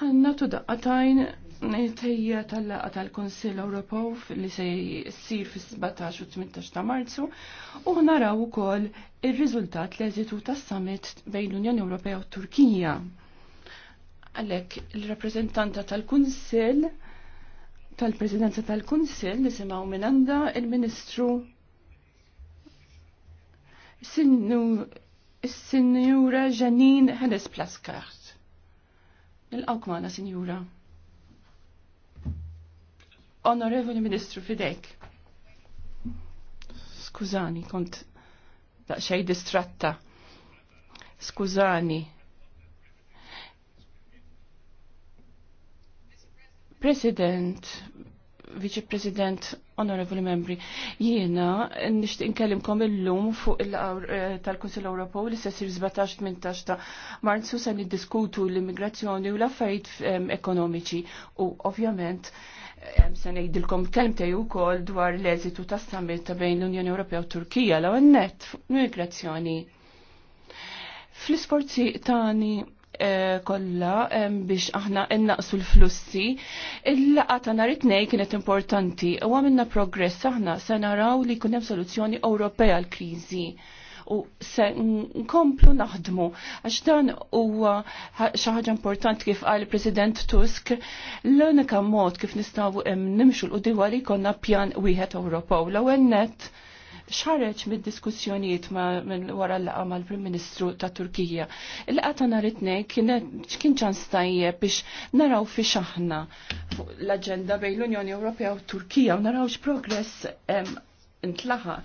Għanna tu daqqatajn tejja tal laqqa tal-Konsil Ewropew li se jsir fis-17 u 18 ta' Marzu u naraw ukoll ir-riżultat l-eżitu tas-summit bejn l-Unjoni Ewropea u Turkija. Għalhekk il-rappreżentanta tal-Kunsill tal-Presidenza tal-Kunsill nisimgħu minn għandha il-Ministru Sinjura Janin Hennes Plaskart. Nil-qawk maħna, Sinjura. Onorevoli Ministru, Fidek. Skużani, kont daqxej distratta. Skużani. President, Viċi President, Onorevoli Membri, jiena nixtieq inkellimkom illum fuq il-qawr eh, tal-Kunsill Ewropew li se 17-18 ta' Marzu se niddiskutu l-immigrazzjoni u l-affarijiet ehm, ekonomiċi u ovvjament ehm, se ngħidilkom kelmtej ukoll dwar l-eżitu ta' summit ta' bejn l-Unjoni Ewropea u Turkija l-ewwel nett fuq immigrazzjoni. Fl-isforzi tani Eh, kollha biex aħna innaqsu l-flussi. Il-laqa ta' nhar it-tnejn kienet importanti u għamilna progress aħna se naraw li jkun hemm soluzzjoni Ewropea l-kriżi u se nkomplu naħdmu għax dan huwa xi ħaġa importanti kif qal President Tusk l-unika mod kif nistgħu nimxu l-qudiem li jkollna pjan wieħed u L-ewwel nett xareċ mid-diskussjonijiet minn wara l-laqa mal-Prim Ministru ta' Turkija. Il-laqa ta' nhar it-tnejn kien ċan tajjeb biex naraw fi xaħna l-aġenda bejn l-Unjoni Ewropea u Turkija u narawx progress intlaħa.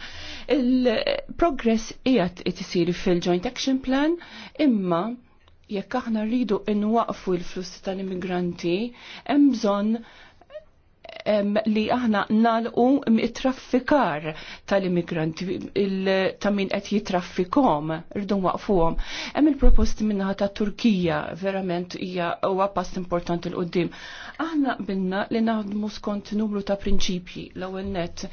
Il-progress qiegħed isir fil-Joint Action Plan imma jekk aħna rridu n-waqfu l-fluss tal-immigranti, hemm bżonn li aħna nalqu traffikar tal-immigranti ta' min qed jitraffikom irdu waqfuhom. Hemm il-proposti minnaħa ta' Turkija verament hija huwa pass importanti l qudiem Aħna binna li naħdmu skont numru ta' prinċipji l-ewwel net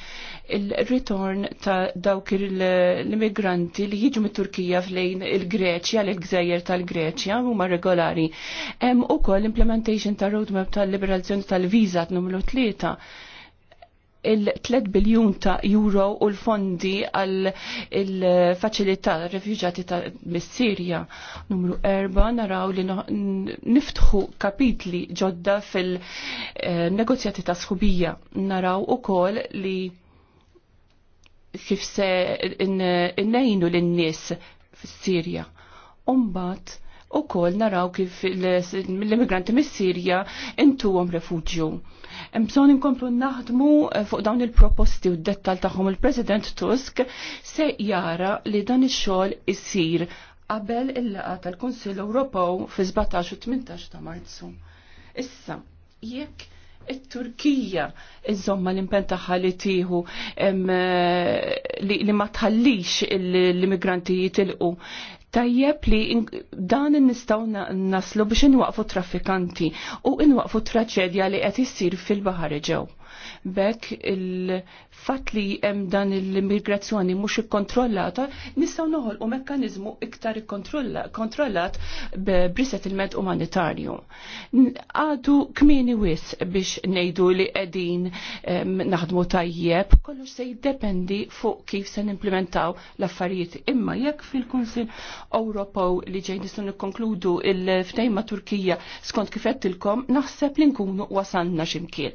il-ritorn ta' dawk l-immigranti li jiġu mit-Turkija flejn il-Greċja l-Gżejjer tal-Greċja huma regolari. Hemm ukoll implementation ta' roadmap tal-liberazzjoni tal-viża numru 3 tlieta il-3 biljun ta' euro u l-fondi għal il-facilità refugjati ta' mis-Sirja. Numru 4 naraw li niftħu kapitli ġodda fil-negozjati ta' sħubija. Naraw u kol li kif se innejnu l-nies fis-Sirja. Umbat u kol naraw kif l-immigranti mis-Sirja intuhom refugju Mbżon inkomplu naħdmu eh, fuq dawn il-proposti u d-dettal tagħhom il-President Tusk se jara li dan ix-xogħol isir qabel il-laqa tal-Kunsill Ewropew fi 17 u 18 ta' Marzu. Issa, jekk it-Turkija iżomma l-impen tagħha li tieħu eh, li ma tħallix l-immigranti jitilqu tajjeb li dan nistaw naslu biex inwaqfu traffikanti u inwaqfu traċedja li qed issir fil-baħar ġew. Bekk il-fat li hemm dan l-immigrazzjoni mhux ikkontrollata, nistgħu noħolqu mekkaniżmu iktar kontrollat il-med umanitarju. Għadu kmini wis biex ngħidu li qegħdin naħdmu tajjeb, kollox se jiddependi fuq kif se nimplementaw l-affarijiet. Imma jekk fil-Kunsil Ewropew li ġej nistgħu nikkonkludu il-ftejma Turkija skont kif naħseb li nkunu wasanna x'imkien.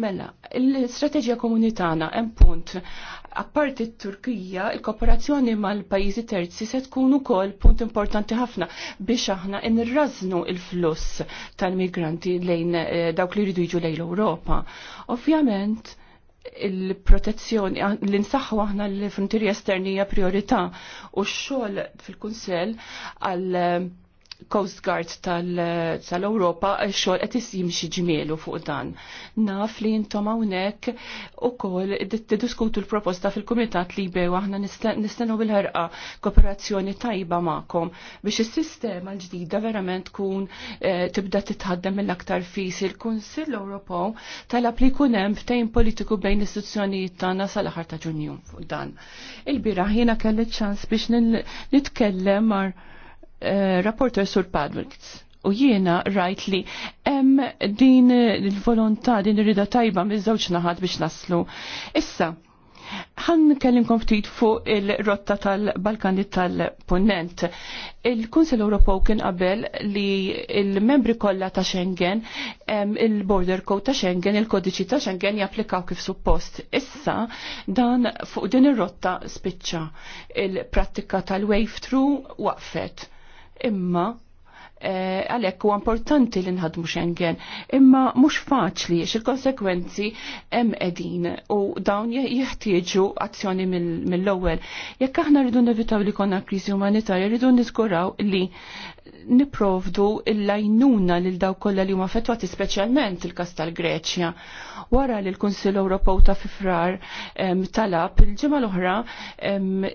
Mela, l-strateġija komunitana hemm punt. Apparti t-Turkija, il-kooperazzjoni mal-pajjiżi terzi se tkun ukoll punt importanti ħafna biex aħna nirrażnu il-fluss tal-migranti lejn eh, dawk li jridu jiġu lejn l-Ewropa. Ovvjament, il-protezzjoni, ah, l-insaxħu aħna l-frontieri esterni hija priorità u x-xogħol fil-Kunsell għal eh, Coast Guard tal-Europa tal xogħol qed jimxi ġmielu fuq dan. Naf li intom hawnhekk ukoll diskutu l-proposta fil-Kumitat Libe u aħna nistennew bil-ħerqa kooperazzjoni tajba magħkom biex is-sistema l-ġdida verament tkun eh, tibda titħaddem mill-aktar fis il-Kunsill Ewropew talab li jkun hemm ftehim politiku bejn istituzzjonijiet tagħna sal-aħħar ta' Ġunju fuq dan. il biraħ jiena kelli ċans biex nitkellem mar Eh, rapporter sur Padwicks u jiena rajt li hemm din il-volontà, din rida tajba miż-żewġ naħat biex naslu. Issa, ħan kellimkom ftit fuq il-rotta tal-Balkani tal-Ponent. Il-Kunsel Ewropew kien qabel li il-membri kollha ta' Schengen, il-Border Code ta' Schengen, il-kodiċi ta' Schengen japplikaw kif suppost. Issa dan fuq din ir-rotta spiċċa il-prattika tal-wave through waqfet imma Eh, għalhekk huwa importanti li nħadmu Schengen, imma mhux faċli x'il-konsekwenzi hemm qegħdin u dawn jeħtieġu azzjoni mill-ewwel. Jekk aħna rridu nevitaw li konna kriżi umanitarja, rridu niżguraw li niprovdu l-lajnuna lil daw kollha li huma affettwati speċjalment il-kas tal-Greċja. Wara li l-Kunsill Ewropew ta' fifrar talab il-ġimgħa l-oħra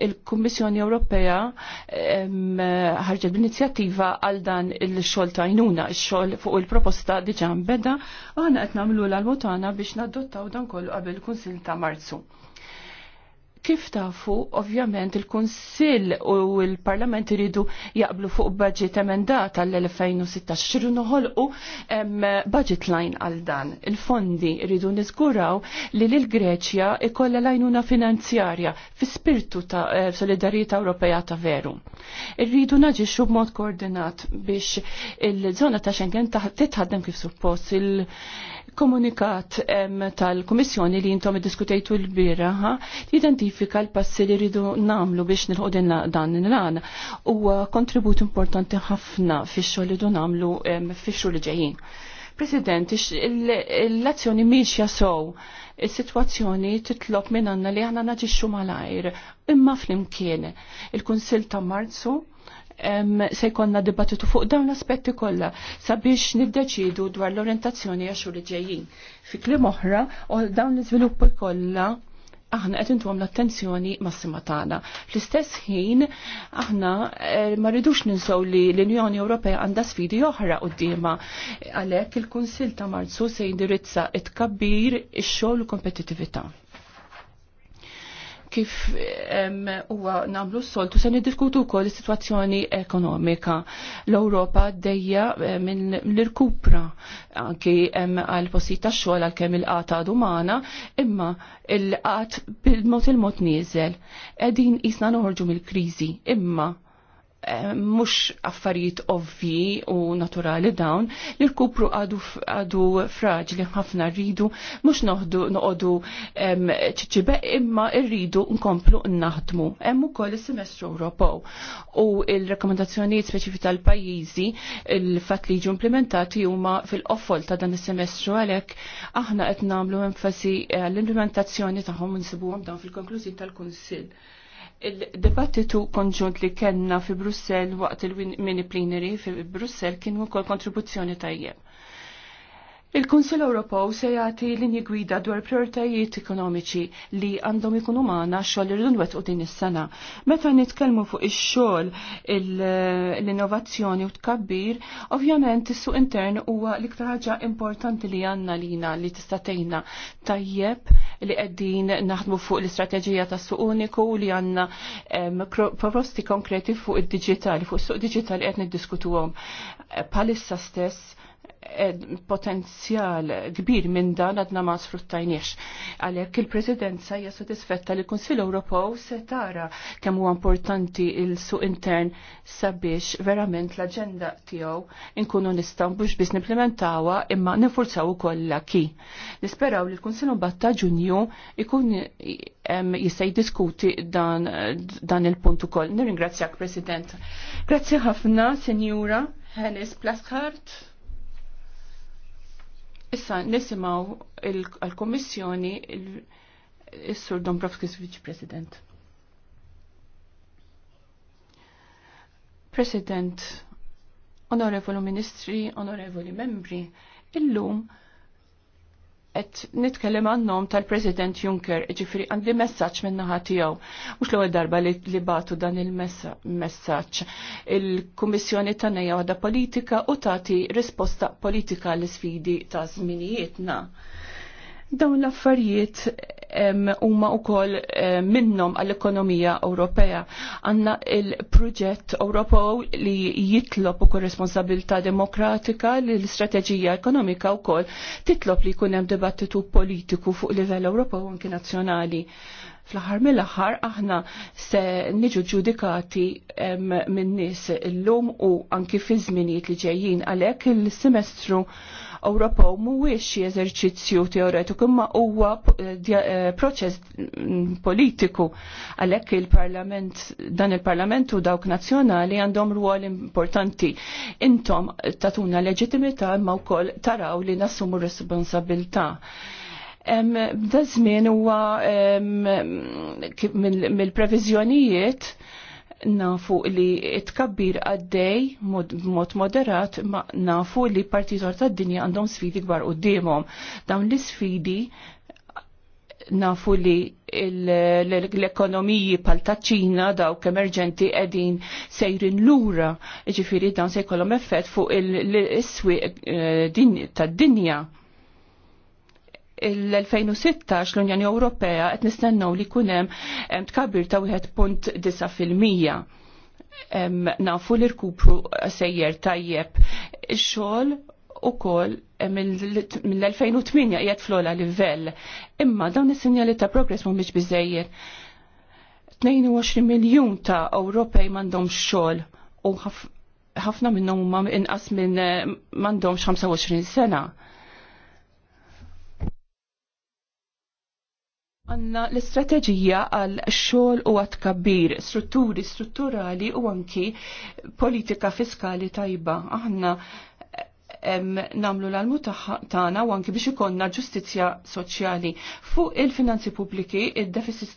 il-Kummissjoni Ewropea ħarġet b'inizjattiva għal dan il-xol jnuna, il-xol fuq il-proposta diġan beda, għana għetnamlu namlu l-almutana biex naddottaw dan kollu qabel kunsil ta' marzu. Kif tafu, ovvjament, il-Konsil u il-Parlament iridu jaqblu fuq budget emendat għall-2016, xirru noħolqu budget line għal dan. Il-fondi iridu nizguraw li l-Greċja ikolla lajnuna finanzjarja fi spirtu ta' eh, solidarieta Ewropea ta' veru. Irridu naġiċu b'mod koordinat biex il-zona ta' Schengen titħaddem kif suppost il- komunikat tal-Komissjoni li jintom diskutejtu l-bira jidentifika l-passi li rridu namlu biex nilħodin dan l-għan u kontribut importanti ħafna fix li rridu namlu fix li ġejjin. President, l-azzjoni miex jasow, il-situazzjoni titlob minn għanna li għanna naġiċu malajr, imma fl-imkien. il konsil ta' Marzu se jkollna dibattitu fuq dawn l-aspetti kollha sabiex niddeċidu dwar l-orientazzjoni għax li ġejjin. Fi kliem oħra, dawn l iżviluppu kollha aħna qed intuhom l-attenzjoni massima tagħna. Fl-istess ħin aħna eh, ma rridux ninsew li l-Unjoni Ewropea għandha sfidi oħra qudiema. Għalhekk il-Kunsill ta' Marzu se jindirizza it-kabbir ix-xogħol u kompetittività kif huwa namlu s-soltu se niddiskutu wkoll is-sitwazzjoni ekonomika. L-Ewropa dejja minn l-irkupra anki għal postijiet tax-xogħol għalkemm il-qata dumana imma il-qat bil-mod il-mod nieżel. Qegħdin jisna noħorġu mill-kriżi imma Eh, mux affarijiet ovvi u naturali dawn, l-kupru għadu fraġli ħafna rridu, mux noħdu noqdu ċiċibe imma rridu nkomplu naħdmu. Hemm ukoll is-semestru Ewropew u il-rekomendazzjonijiet speċifi tal-pajjiżi il fat li ġu implementati huma fil-qoffol ta' dan is-semestru għalhekk aħna qed nagħmlu enfasi l-implementazzjoni tagħhom insibuhom dawn fil konklużi tal-Kunsill Il-debattitu konġunt li kellna fi Brussel waqt il-mini plenary fi Brussel kienu kol kontribuzzjoni tajjeb. Il-Kunsil Ewropew se jagħti linji gwida dwar prioritajiet ekonomiċi li għandhom ikunu magħna xogħol irridu nwettqu din is-sena. Meta nitkellmu fuq ix-xogħol l-innovazzjoni u tkabbir, ovvjament is-suq intern huwa l-iktar ħaġa importanti li għandna lina li tista' tgħinna tajjeb li qegħdin naħdmu fuq l-istrateġija tas-suq uniku li għandna proposti konkreti fuq id-diġitali, fuq is-suq diġitali qed niddiskutuhom. bħalissa stess Eh, potenzjal kbir minn dan għadna ma sfruttajniex. Għalhekk il-Presidenza hija sodisfetta li l Ewropew se tara kemm huwa importanti il-suq intern sabiex verament l-aġenda tiegħu inkunu nistgħu biex biss nimplementawha imma nifurzaw ukoll l-aki. Nisperaw li l-Kunsill mbagħad ta' Ġunju ikun jista' jiddiskuti dan, dan il-punt ukoll. Nirringrazzjak President. Grazzi ħafna, Senjura Hennis Plaskart. Issa nisimaw għal-Komissjoni il-Sur Dombrovskis Vice President. President, Onorevoli Ministri, Onorevoli Membri, illum et nitkellem għannom tal-President Juncker, ġifri għandi messaċ minna ħatijaw. Mux l-għu darba li, li batu dan il-messaċ. Il-Kommissjoni tanajja għada politika u tati risposta politika l-sfidi ta' zminijietna. Dawn l-affarijiet huma wkoll minnhom għall-ekonomija Ewropea. Għandna il-proġett Ewropew li jitlob ukoll responsabilità demokratika li l-istrateġija ekonomika wkoll titlob li jkun hemm dibattitu politiku fuq livell Ewropew anki nazzjonali. Fl-aħħar mill-aħħar aħna se niġu ġudikati minn nies lum u anki fi żminijiet li ġejjin għalhekk il-semestru Ewropew mhuwiex xi eżerċizzju teoretiku imma huwa eh, eh, proċess mm, politiku għalhekk il-Parlament dan il-Parlament u dawk nazzjonali għandhom rwol importanti. Intom tatuna leġitimità imma wkoll taraw li nassumu responsabilità. Da żmien huwa mill-previżjonijiet nafu li tkabbir għaddej mod moderat ma nafu li partitor ta' dinja għandhom sfidi gbar u Dawn li sfidi nafu li l-ekonomiji pal ċina dawk emerġenti edin sejrin lura, ġifiri dan se jkollhom effett fuq il-iswi eh, tad-dinja l-2016 l-Unjoni Ewropea qed nistennew li jkun hemm tkabbir ta' 1.9 fil-mija. Nafu li rkupru sejjer tajjeb ix-xogħol ukoll mill-2008 qiegħed flola livell. Imma dawn is-sinjali ta' progress mhumiex biżejjed. 22 miljun ta' Ewropej m'għandhomx xogħol u ħafna minnhom huma inqas minn eh, m'għandhomx 25 sena Għanna l-istrateġija għal xogħol u għat kabbir, strutturi strutturali u anki politika fiskali tajba. Aħna namlu l-almu taħna u anki biex ikonna ġustizja soċjali. Fuq il-finanzi pubbliki, il-deficit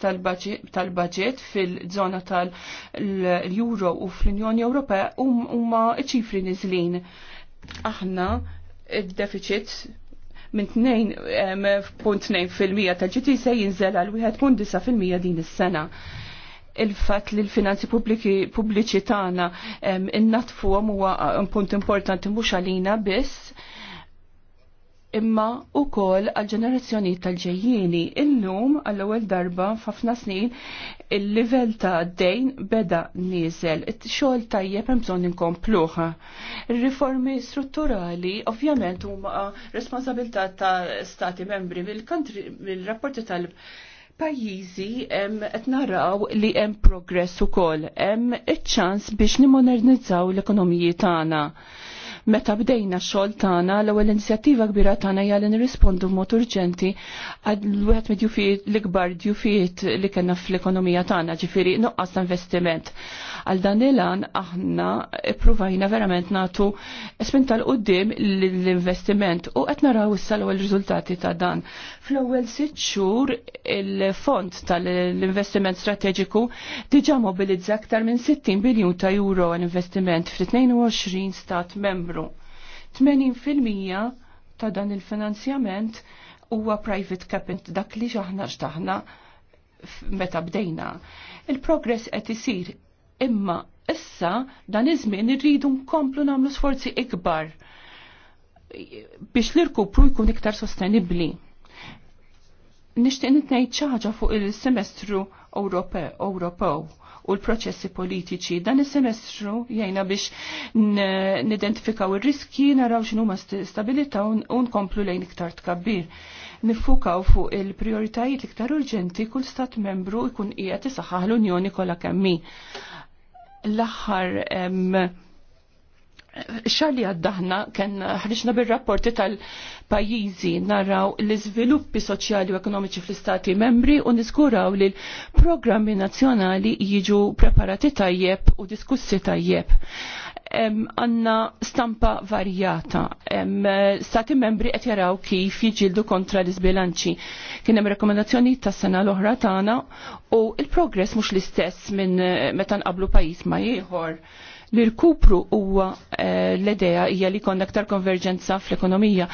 tal-budget fil-zona tal-euro u fl-Unjoni Ewropea huma ċifri niżlin. Aħna il-deficit minn 2.2% tal-GT se jinżel għal 1.9% din is-sena il-fat li l-finanzi pubbliċi tagħna innatfuhom huwa punt importanti mhux għalina biss imma u kol għal-ġenerazzjoni tal-ġejjini. Innum għall-ewwel darba fafna snin il-livell ta' dejn beda niżel. Xogħol tajjeb hemm bżonn inkompluha. Riformi strutturali ovvjament huma responsabilità ta' stati membri mill-kantri mill-rapporti tal- pajjiżi qed naraw li hemm progress ukoll, hemm iċ-ċans biex nimmodernizzaw l-ekonomiji tagħna Meta bdejna xogħol tagħna, l-ewwel inizjattiva kbira tagħna jgħal nirrispondu mod urġenti għad wieħed mid-djufijiet l-ikbar djufijiet li kellna fl-ekonomija tagħna, ġifieri nuqqas investiment. Għal dan il-an aħna ippruvajna verament nagħtu esmin tal-qudiem l-investiment u qed naraw issa l-ewwel riżultati ta' dan Fl-ewwel sitt xhur il-Fond tal-Investiment Strateġiku diġà mobilizza aktar minn 60 biljun ta' euro investiment fl-22 stat membru. 80% ta' dan il-finanzjament huwa private capital dak li xaħna xtaħna meta bdejna. Il-progress qed isir imma issa dan iż-żmien irridu nkomplu nagħmlu sforzi ikbar biex l-irkupru jkun iktar sostenibbli. Nishtiq nitnejt ċaġa fuq il-semestru Ewropew u l-proċessi politiċi. Dan is-semestru jajna biex nidentifikaw ir-riski, naraw xinu ma stabilità u nkomplu lejn iktar tkabbir. Nifukaw fuq il-prioritajiet iktar urġenti kull stat membru jkun qiegħed isaħħaħ l-Unjoni kollha kemm l-aħħar xar li għaddaħna kien ħriġna bil-rapporti tal-pajizi naraw l-izviluppi soċjali u ekonomiċi fl-istati membri u niskuraw li l-programmi nazjonali jiġu preparati tajjeb u diskussi tajjeb. Għanna stampa varjata. stati membri qed jaraw kif jiġildu kontra l-izbilanċi. Kien hemm rekomendazzjoni tas sena l-oħra tagħna u l-progress mhux l-istess minn meta nqablu pajjiż ma ieħor l kupru huwa eh, l-idea hija li jkollna aktar konverġenza fl-ekonomija.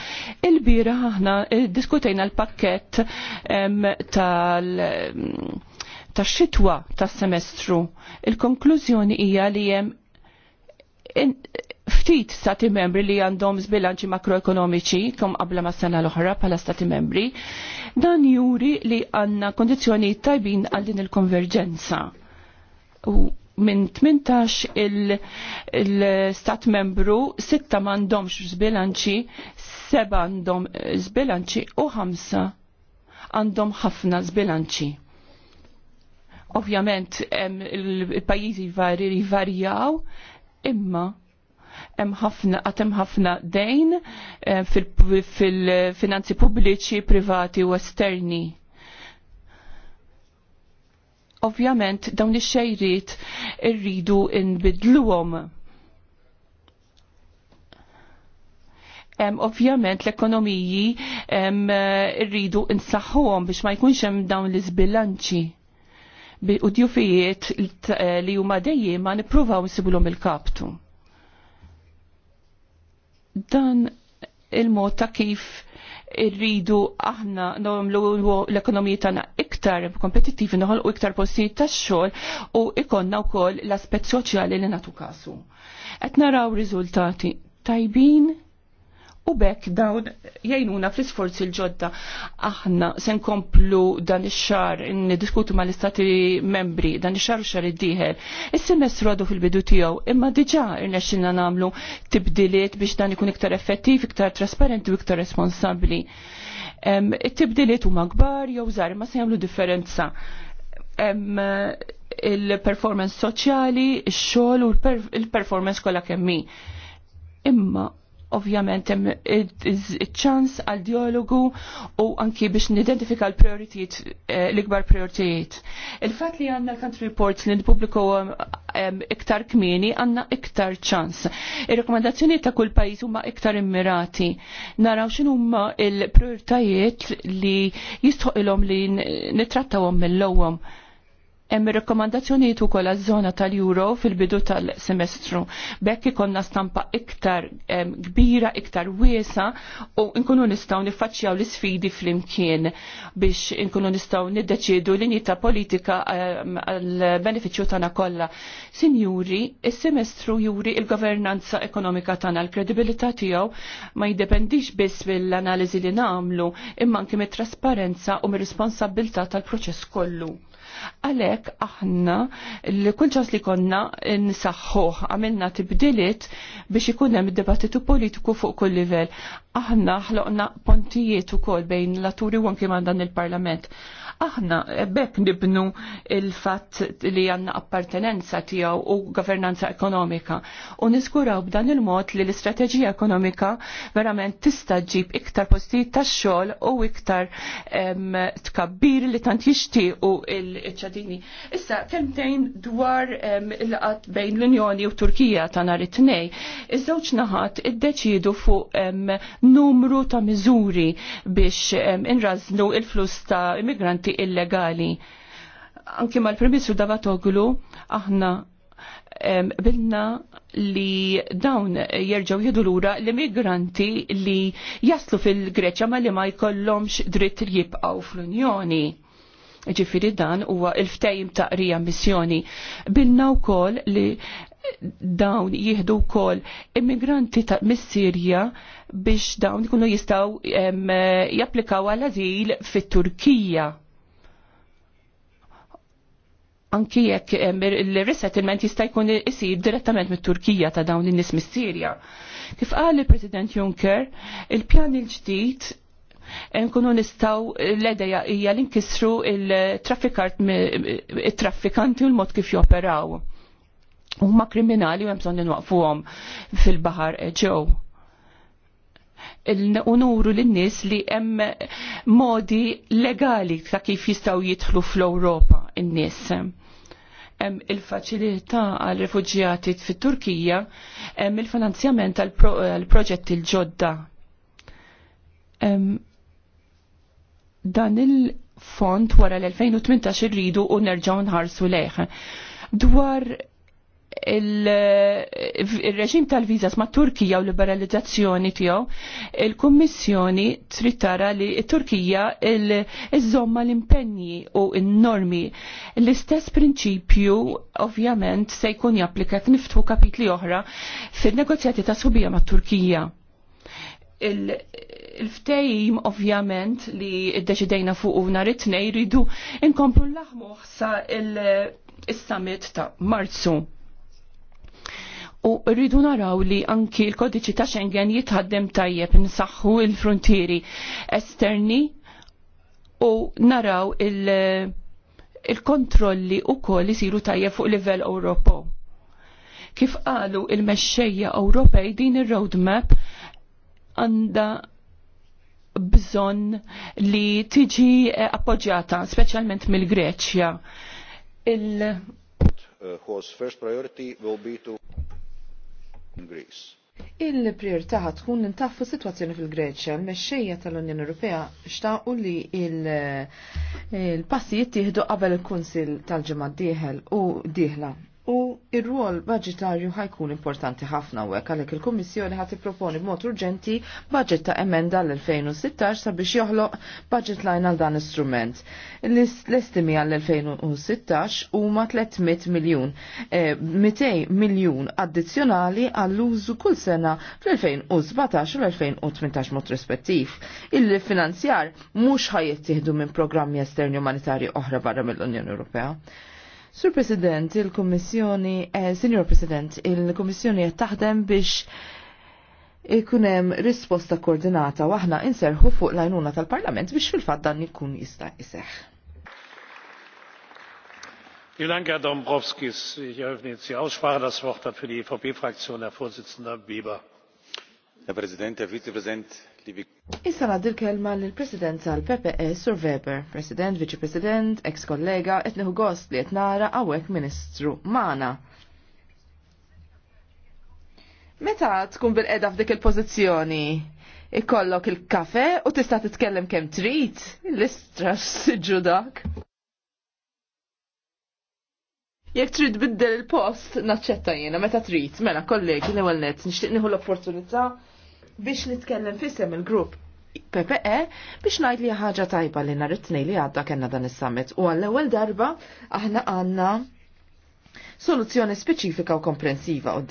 Il-bira aħna eh, diskutejna l-pakket tal tax xitwa tas-semestru. Il-konklużjoni hija li hemm ftit stati membri li għandhom zbilanċi makroekonomiċi kom qabla ma sena l-oħra pala stati membri, dan juri li għanna kondizjoni tajbin għal din il-konverġenza minn 18 il-stat il membru, 6 mandomx zbilanċi, 7 għandhom zbilanċi eh, u 5 għandhom ħafna zbilanċi. Ovjament, il pajizi vari varjaw, imma hemm ħafna għatem ħafna dejn fil-finanzi eh, fil pubbliċi, privati u esterni Ovvjament dawn ix-xejriet irridu nbidluhom. Ovvjament l-ekonomiji irridu nsaħħuhom biex ma jkunx hemm dawn l-iżbilanċi u djufijiet li huma dejjem ma nippruvaw nsibulhom il-kaptu. Dan il-mod ta' kif irridu aħna nagħmlu l-ekonomija tagħna iktar kompetittivi noħol u iktar postijiet ta' xogħol u ikonna wkoll l-aspett soċjali li natu kasu. Qed naraw riżultati tajbin u bekk dawn jgħinuna fl-isforzi l-ġodda. Aħna se nkomplu dan ix-xar niddiskutu mal istati membri dan ix-xar xar id-dieħel. Is-semestru għadu fil-bidu tiegħu imma diġà irnexxilna nagħmlu tibdiliet biex dan ikun iktar effettiv, iktar trasparenti u iktar responsabbli it-tibdiliet huma kbar jew żgħar ma se jagħmlu differenza. il-performance soċjali, ix-xogħol u l-performance kollha kemm Imma ovvjament hemm iċ ċans għal dialogu u anki biex nidentifika l-prioritijiet eh, l-ikbar prioritijiet. Il-fatt li għandna country reports li n eh, iktar kmini għandna iktar ċans. Ir-rekomendazzjoni ta' kull pajjiż huma iktar immirati. Naraw x'in huma l-prioritajiet li jistħoqilhom li nittrattawhom mill-ewwel Hemm rekomandazzjonijiet ukoll għaż-żona tal-Euro fil-bidu tal-semestru. Bekk ikonna stampa iktar kbira, iktar wiesa u nkunu nistgħu niffaċċjaw l-isfidi flimkien biex nkunu nistgħu niddeċiedu linji ta' politika għall-benefiċċju tagħna kollha. Sinjuri, is-semestru juri il-governanza ekonomika tagħna l-kredibilità tiegħu ma jiddependix biss mill-analiżi li nagħmlu imma anke mit-trasparenza u mir-responsabilità tal-proċess kollu. Għalek aħna l-kull li konna nsaħħuħ għamilna tibdilit biex ikun hemm dibattitu politiku fuq kull livell. Aħna ħloqna pontijiet ukoll bejn l-aturi u anki dan il-Parlament Aħna eh, bekk nibnu il-fatt li għanna appartenenza tiegħu u governanza ekonomika. U niskuraw b'dan il-mod li l-istrateġija ekonomika verament tista' ġib iktar postijiet tax-xogħol u iktar tkabbir li tant jixtiequ il-ċadini. Issa kemmtejn dwar il qat bejn l-Unjoni u Turkija ta' nhar it-tnej, iż-żewġ naħat iddeċidu fuq numru ta' miżuri biex inrażnu il-flus ta' immigranti immigranti illegali. Anki mal-Premissru Davatoglu aħna bilna li dawn jerġaw jidu lura l-immigranti li jaslu fil-Greċja ma li ma jkollhomx dritt li jibqgħu fl-Unjoni. Ġifiri dan huwa il ftejm ta' rija missjoni. Bilna wkoll li dawn jihdu kol immigranti ta' mis-Sirja biex dawn ikunu jistaw japplikaw għal-azil fit-Turkija anki jekk eh, il-resettlement jista' jkun isir direttament mit-Turkija ta' dawn in-nies mis-Sirja. Kif qal il-President Juncker, il-pjan il-ġdid eh, nkunu nistaw eh, l-edeja hija li nkissru il-traffikanti u l-mod kif joperaw. Huma kriminali u hemm bżonn inwaqfuhom fil-baħar ġew unuru l-nis li hemm modi legali ta' kif jistaw jidħlu fl-Ewropa n-nis. Hemm il-faċilità għal refuġjati fit-Turkija, hemm il-finanzjament għal proġett il-ġodda. Dan il-font wara l-2018 irridu u nerġgħu nħarsu leħ. Dwar il-reġim tal-vizas ma' Turkija u liberalizzazzjoni tiegħu, il-Kummissjoni trid tara li Turkija iżomma l-impenji u n-normi. L-istess prinċipju ovvjament se jkun japplika niftħu kapitli oħra fil-negozjati ta' subija ma' Turkija. Il-ftejim ovvjament li id-deċidejna fuq u nhar it-tnejn jridu inkomplu l-aħmu ħsa il-summit ta' Marzu U rridu naraw li anki l-kodiċi ta' Schengen jitħaddem tajjeb nsaħħu il-frontieri esterni u naraw il-kontrolli il u koll jisiru tajjeb fuq livell Ewropew. Kif qalu il-mexxejja Ewropej din ir-roadmap għanda bżon li tiġi eh, appoġġjata, speċjalment mill-Greċja. Il- uh, whose first priority will be to Greece. Il-priorità tkun nintaffu situazzjoni fil-Greċja, meċċeja tal-Unjoni Ewropea xtaqu li il-passi il jittieħdu qabel il-Kunsil tal-ġimgħa diħel u dieħla U ir rol budgetarju ħajkun importanti ħafna u għek għalek il komissjoni ħati proponi mod urġenti budget ta' emenda l-2016 sabiex joħloq budget line għal dan istrument. L-estimi għal-2016 huma 300 miljun, 200 eh, miljun addizzjonali għall-użu kull sena fl-2017 u l-2018 mod rispettiv. Il-finanzjar mhux ħajettieħdu minn programmi esterni umanitari oħra barra mill-Unjoni Ewropea Sur President, il-Kommissjoni, eh, Senior President, il-Kommissjoni qed taħdem biex ikunem risposta koordinata waħna inserħu fuq l-għajnuna tal-Parlament biex fil-fat dan ikun jista' iseħ. Vielen Dank, Herr Dombrovskis. Ich eröffne jetzt die Aussprache. Das Wort hat für die EVP-Fraktion Herr Vorsitzender Bieber. Herr Präsident, Herr Vizepräsident, divi. Issa nadil kelma l-President tal-PPE e. Sur Weber, President, Vice President, ex-kollega, etniħu gost li etnara għawek Ministru Mana. Meta tkun bil-edha f'dik il-pozizjoni? Ikollok il-kafe u tista' titkellem kemm trid? L-istra s dak. Jek trid biddel il-post, naċċetta jiena, meta trid, mela kollegi l-ewwel nett nixtieq nieħu l-opportunità biex nitkellem fissem il-grupp PPE biex najt li ħaġa tajba li nhar it-tnejn li għadda kellna dan is-summit u għall-ewwel darba aħna għandna soluzzjoni speċifika u komprensiva Et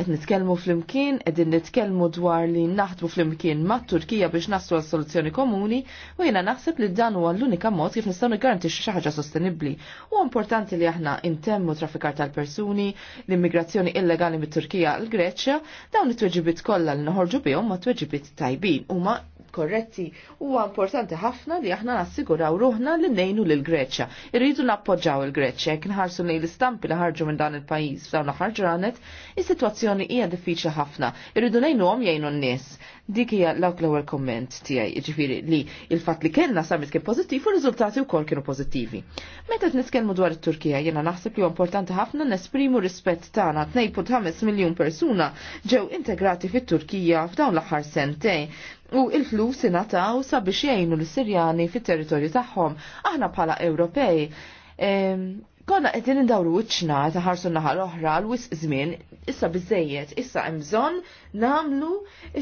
Qed nitkellmu flimkien, qegħdin nitkellmu dwar li naħdmu flimkien mat Turkija biex naslu għal soluzzjoni komuni u jena naħseb li dan huwa l-unika mod kif nistgħu niggarantixxu xi ħaġa sostenibbli. U importanti li aħna intemmu trafikar tal-persuni, l-immigrazzjoni illegali mit-Turkija l Greċja, dawn it-tweġibiet kollha li noħorġu bihom ma tweġibiet tajbin huma korretti. Huwa importanti ħafna li aħna nassiguraw ruħna li nejnu lil Greċja. Irridu nappoġġaw il-Greċja, jekk ħarsu lejn l-istampi li ħarġu minn dan il-pajjiż f'dawn l-aħħar ġranet, is-sitwazzjoni hija diffiċli ħafna. Irridu ngħinuhom jgħinu n-nies. Dik hija l-awk l-ewwel komment tiegħi, jiġifieri li il-fatt li kellna summit kien pożittiv u r-riżultati wkoll kienu pożittivi. Meta qed nitkellmu dwar it-Turkija jiena naħseb li huwa importanti ħafna nesprimu rispett tagħna 2.5 miljun persuna ġew integrati fit-Turkija f'dawn l-aħħar sentejn u il-flus ingħataw sabiex jgħinu l-Sirjani fit-territorju tagħhom aħna bħala Ewropej. Konna qed indawru wiċċna ta' ħarsu naħal l-oħra l wisq żmien, issa biżejjed, issa hemm bżonn nagħmlu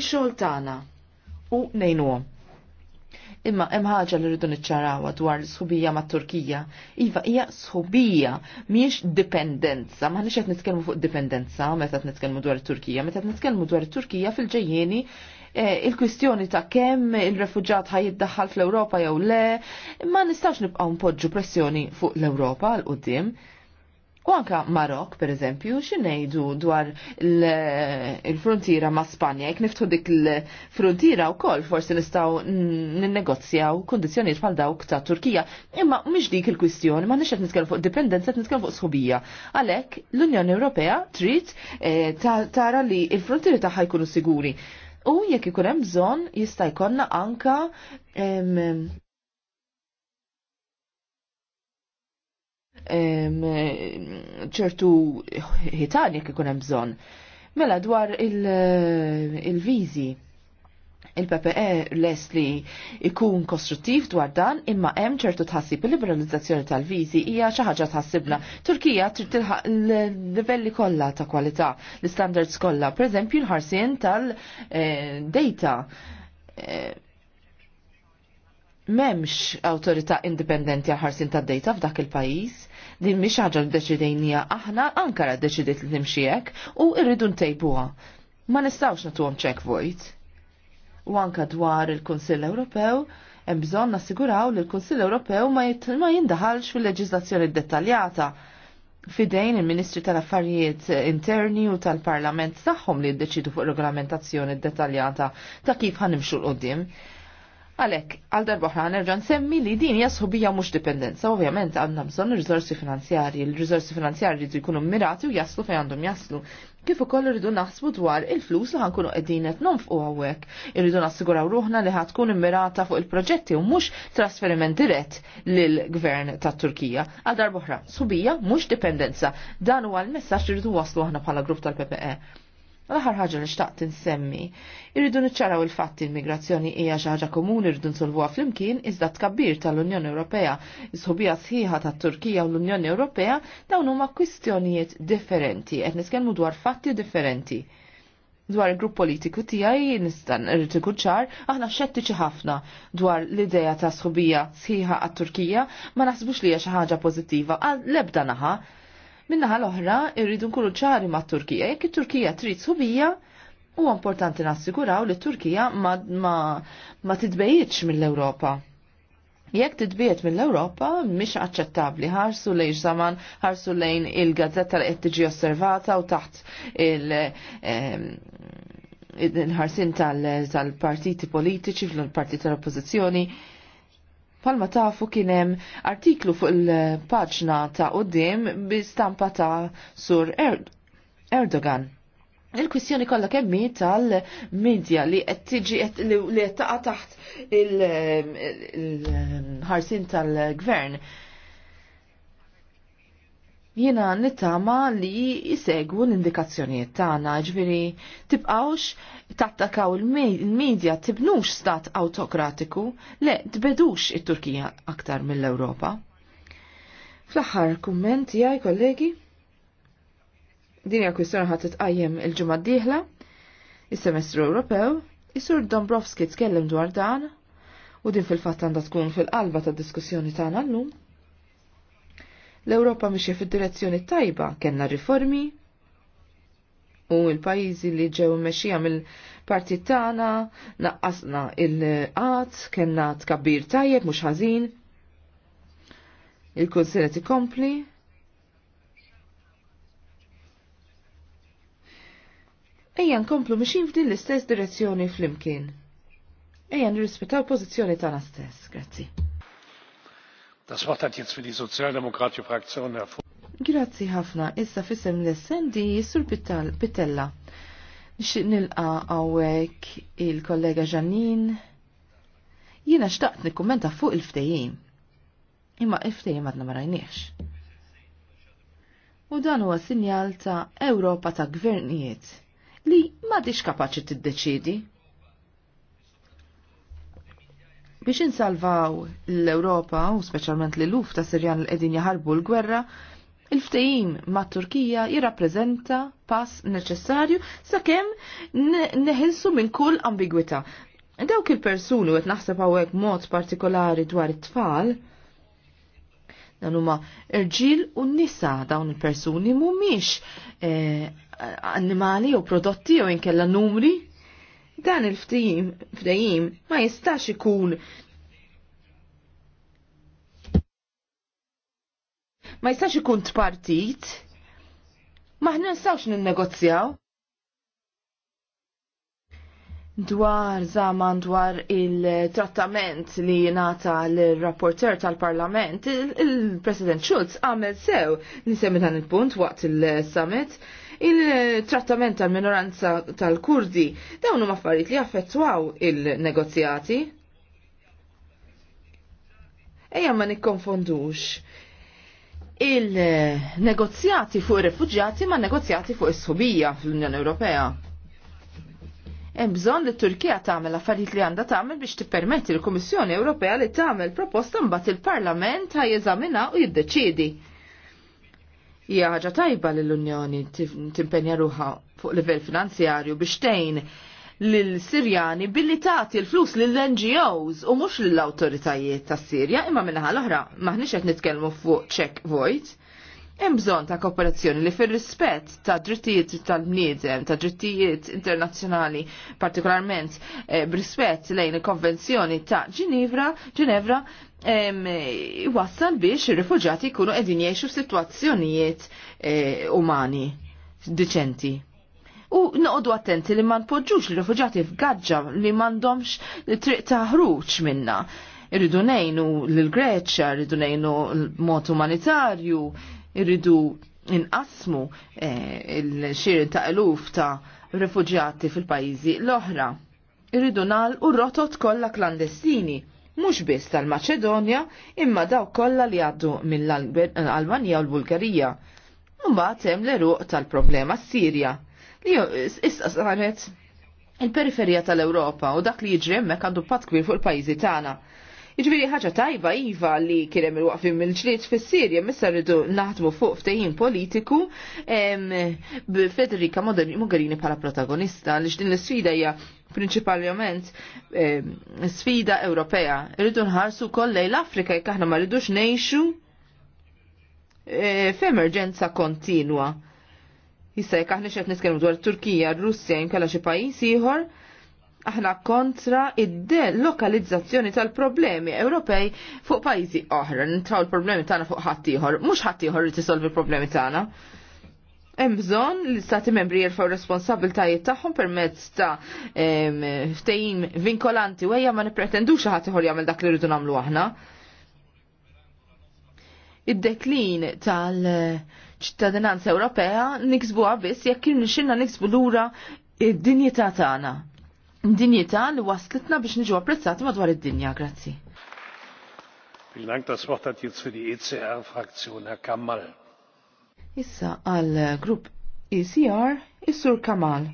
x-xogħol tagħna u ngħinuhom. Imma hemm ħaġa li rridu niċċarawha dwar l-sħubija mat-Turkija. Iva hija sħubija mhijiex dipendenza, maħniex qed nitkellmu fuq dipendenza meta qed nitkellmu dwar it-Turkija, meta qed nitkellmu dwar it-Turkija fil-ġejjieni Eh, il-kwistjoni ta' kemm il-refugġat ħaj jiddaħħal fl-Ewropa jew le, ma nistax nibqgħu npoġġu pressjoni fuq l-Ewropa l qudiem U anka Marok, per eżempju, xinejdu dwar il-frontiera ma' Spanja, jek niftu dik il-frontiera u koll forsi nistaw n-negozjaw kondizjoniet bħal dawk ta' Turkija. Imma mhix dik il-kwistjoni, ma' nixet nitkellem fuq dipendenza, nitkellem fuq sħubija. Għalek, l-Unjoni Ewropea trid eh, tara li il-frontieri tagħha jkunu siguri u jekk ikun hemm bżonn jista' jkollna anka ċertu ħitan jekk ikun hemm bżonn. Mela dwar il-viżi. Il Il-PPE les li ikun kostruttiv dwar dan imma hemm ċertu tħassib il-liberalizzazzjoni tal-viżi hija xi ħaġa tħassibna. Turkija trid tilħaq l-livelli kollha ta' kwalità, l-standards kollha, pereżempju l-ħarsien tal-data. Eh, Memx awtorità indipendenti għal ħarsin tad-data f'dak il-pajjiż din mhix ħaġa li deċidejnija aħna Ankara deċidiet li nimxiek hekk u rridu ntejbuha. Ma nistgħux nagħtuhom check void u anka dwar il-Kunsill Ewropew hemm bżonn nassiguraw li l-Kunsill Ewropew ma, ma jindaħalx fil leġislazzjoni dettaljata fidejn il-Ministri tal-Affarijiet Interni u tal-Parlament tagħhom li jiddeċidu fuq regolamentazzjoni dettaljata ta' kif ħanimxu l-qoddim. Għalek, għal darba ħra nerġa' nsemmi li din hija sħubija mhux dipendenza, ovvjament għandna bżonn riżorsi finanzjarji, l-riżorsi finanzjarji jridu jkunu mirati u jaslu fejn għandhom jaslu kif ukoll irridu naħsbu dwar il-flus li ħankunu qegħdin qed nonfqu hawnhekk. Irridu nassiguraw ruħna li ħatkun immirata fuq il-proġetti u mhux trasferiment dirett lill-Gvern tat-Turkija. Għal darba oħra, subija mhux dipendenza. Dan huwa l-messaġġ irridu waslu aħna bħala grupp tal-PPE. L-aħħar ħaġa li xtaqt insemmi, irridu niċċaraw il-fatti l-migrazzjoni hija xi ħaġa komuni rridu nsolvuha flimkien iżda tkabbir tal-Unjoni Ewropea, is sħiħa tat-Turkija u l-Unjoni Ewropea dawn huma kwistjonijiet differenti qed niskellmu dwar fatti differenti. Dwar il-grupp politiku tiegħi nistan irrid ikun ċar, aħna xettiċi ħafna dwar l-idea ta' sħubija sħiħa għat-Turkija ma naħsbux li hija xi ħaġa pożittiva għal lebda naħa Minnaħa l-oħra irridu nkunu ċari ma' Turkija, jekk it-Turkija trid subija, u importanti nassiguraw li Turkija ma, ma, ma titbejjitx mill-Ewropa. Jekk titbiet mill-Ewropa, mhix aċċettabbli ħarsu lejn zaman, ħarsu lejn il-gazzetta li qed tiġi osservata u taħt il- ħarsin tal-partiti politiċi fl tal oppożizzjoni partiti tal oppozizjoni Palma tafu kienem artiklu fuq il-paġna ta' uddim bi stampa ta' Sur Erd Erdogan. Il-kwistjoni kollha kemm tal-medja li qed tiġi li qed taqa' taħt il-ħarsin tal-gvern. il ħarsin tal gvern Jiena nittama li jisegwu l-indikazzjonijiet tagħna, ġviri tibqawx tattakaw il-medja tibnux stat autokratiku, le tbedux it-Turkija aktar mill-Ewropa. Fl-aħħar kumment jaj kollegi, din hija kwistjoni ħadd titqajjem il-ġimgħa d-dieħla, is-semestru Ewropew, is-Sur Dombrovski tkellem dwar dan, u din fil-fatt għandha tkun fil-qalba tad-diskussjoni tagħna llum L-Ewropa mxie fid-direzzjoni tajba, kenna riformi, u l-pajizi li ġew mexija mill parti tagħna naqqasna il qat kellna tkabbir tajjeb mhux ħażin. Il-kunsilet ikompli. Ejja nkomplu mixin f'din l-istess direzzjoni flimkien. Ejja nirrispetaw pożizzjoni tagħna stess. Grazzi. Das Wort hat jetzt für die Sozialdemokratische Fraktion Herr Grazzi ħafna, issa fissem l-essendi sur Pitella. Nixtieq nilqa għawek il-kollega Ġannin. Jiena xtaqt nikkumenta fuq il-ftejim. Imma il-ftejim għadna ma rajniex. U dan huwa sinjal ta' Ewropa ta' gvernijiet li m'għadix kapaċi t-deċidi. Biex insalvaw l-Europa u speċjalment l luf ta' Sirjan l-edin jaħarbu l-gwerra, il-ftejim ma' Turkija jirrappreżenta pass neċessarju sakemm neħilsu minn kull ambigwità. Dawk il-persuni qed naħseb hawnhekk mod partikolari dwar it-tfal, dan huma irġiel u nisa dawn il-persuni mhumiex eh, annimali jew prodotti jew inkella numri Dan il-ftijim, fdejim, ma jistax ikun ma jistax ikun tpartit, ma ħna n ninnegozjaw. Dwar zaman dwar il-trattament li jenata l-rapporter tal-parlament, il-President Schulz għamel sew li semmi dan il-punt waqt il-summit il-trattament tal-minoranza tal-Kurdi. Dawn huma affarijiet li affettwaw il-negozjati. Ejja ma nikkonfondux il-negozjati fuq ir-refuġjati ma negozjati fuq is-subija fl-Unjoni Ewropea hemm bżonn li t-Turkija tagħmel affarijiet li għandha tagħmel biex tippermetti l-Kummissjoni Ewropea li tagħmel proposta mbagħad il-Parlament ħaj jeżaminha u jiddeċiedi hija ħaġa tajba li l-Unjoni timpenja ruħa fuq livell finanzjarju biex tgħin lill-Sirjani billi tagħti l-flus lill-NGOs u mhux lill-awtoritajiet tas-Sirja imma minnaħa l-oħra maħniex qed nitkellmu fuq check void Hemm bżonn ta' kooperazzjoni li fir-rispett ta' drittijiet tal-bniedem, ta' drittijiet internazzjonali, partikolarment eh, b'rispett lejn il-Konvenzjoni ta' Ginevra, Ginevra wassal biex ir-rifuġati jkunu qegħdin jgħixu f'sitwazzjonijiet eh, umani diċenti. U noqdu attenti li ma npoġġux l-rifuġati f'gaġġa li m'għandhomx triq ta' ħruġ minnha. irridu nejnu l-Greċja, irridu nejnu l-mod umanitarju, irridu inqasmu eh, il-xir ta' eluf ta' refugjati fil-pajizi l-oħra. Irridu nal u rotot kollha klandestini, mhux biss tal-Maċedonja imma daw kollha li għaddu mill-Albanija u l-Bulgarija. Mbagħad hemm l-eruq tal-problema Sirja li issa saret il-periferija tal-Ewropa u dak li jiġri hemmhekk għandu pat kbir fuq il-pajjiżi tagħna. Iġviri ħaġa tajba iva li kirem il-waqfim mill-ġliet fis-Sirja, missa rridu naħdmu fuq ftehim politiku Federica Mogherini bħala protagonista li din l-sfida hija prinċipalment sfida Ewropea. Rridu nħarsu kollej l-Afrika jekk aħna ma rridux ngħixu e, f'emerġenza kontinwa. Issa jekk aħna xed nitkellmu dwar Turkija, Russja jinkalla xi pajjiż ieħor, aħna kontra id-delokalizzazzjoni tal-problemi Ewropej fuq pajjiżi oħra. Nintraw il-problemi tagħna fuq ħattijħor, mhux ħattijħor li tisolvi l-problemi tagħna. Hemm bżonn li stati membri jerfgħu responsabiltajiet tagħhom permezz ta' ftejim vinkolanti u ma nippretendux xi ħadd ieħor jagħmel dak li rridu nagħmlu aħna. Id-deklin tal- ċittadinanza Ewropea niksbuha biss jekk irnexxinna niksbu lura id-dinjità tagħna. Dinjita li waslitna biex niġu apprezzati madwar id-dinja. Grazzi. Vielen Dank, das Wort hat jetzt für die ECR-Fraktion Herr Kamal. Issa għal grupp ECR, Is-Sur Kamal.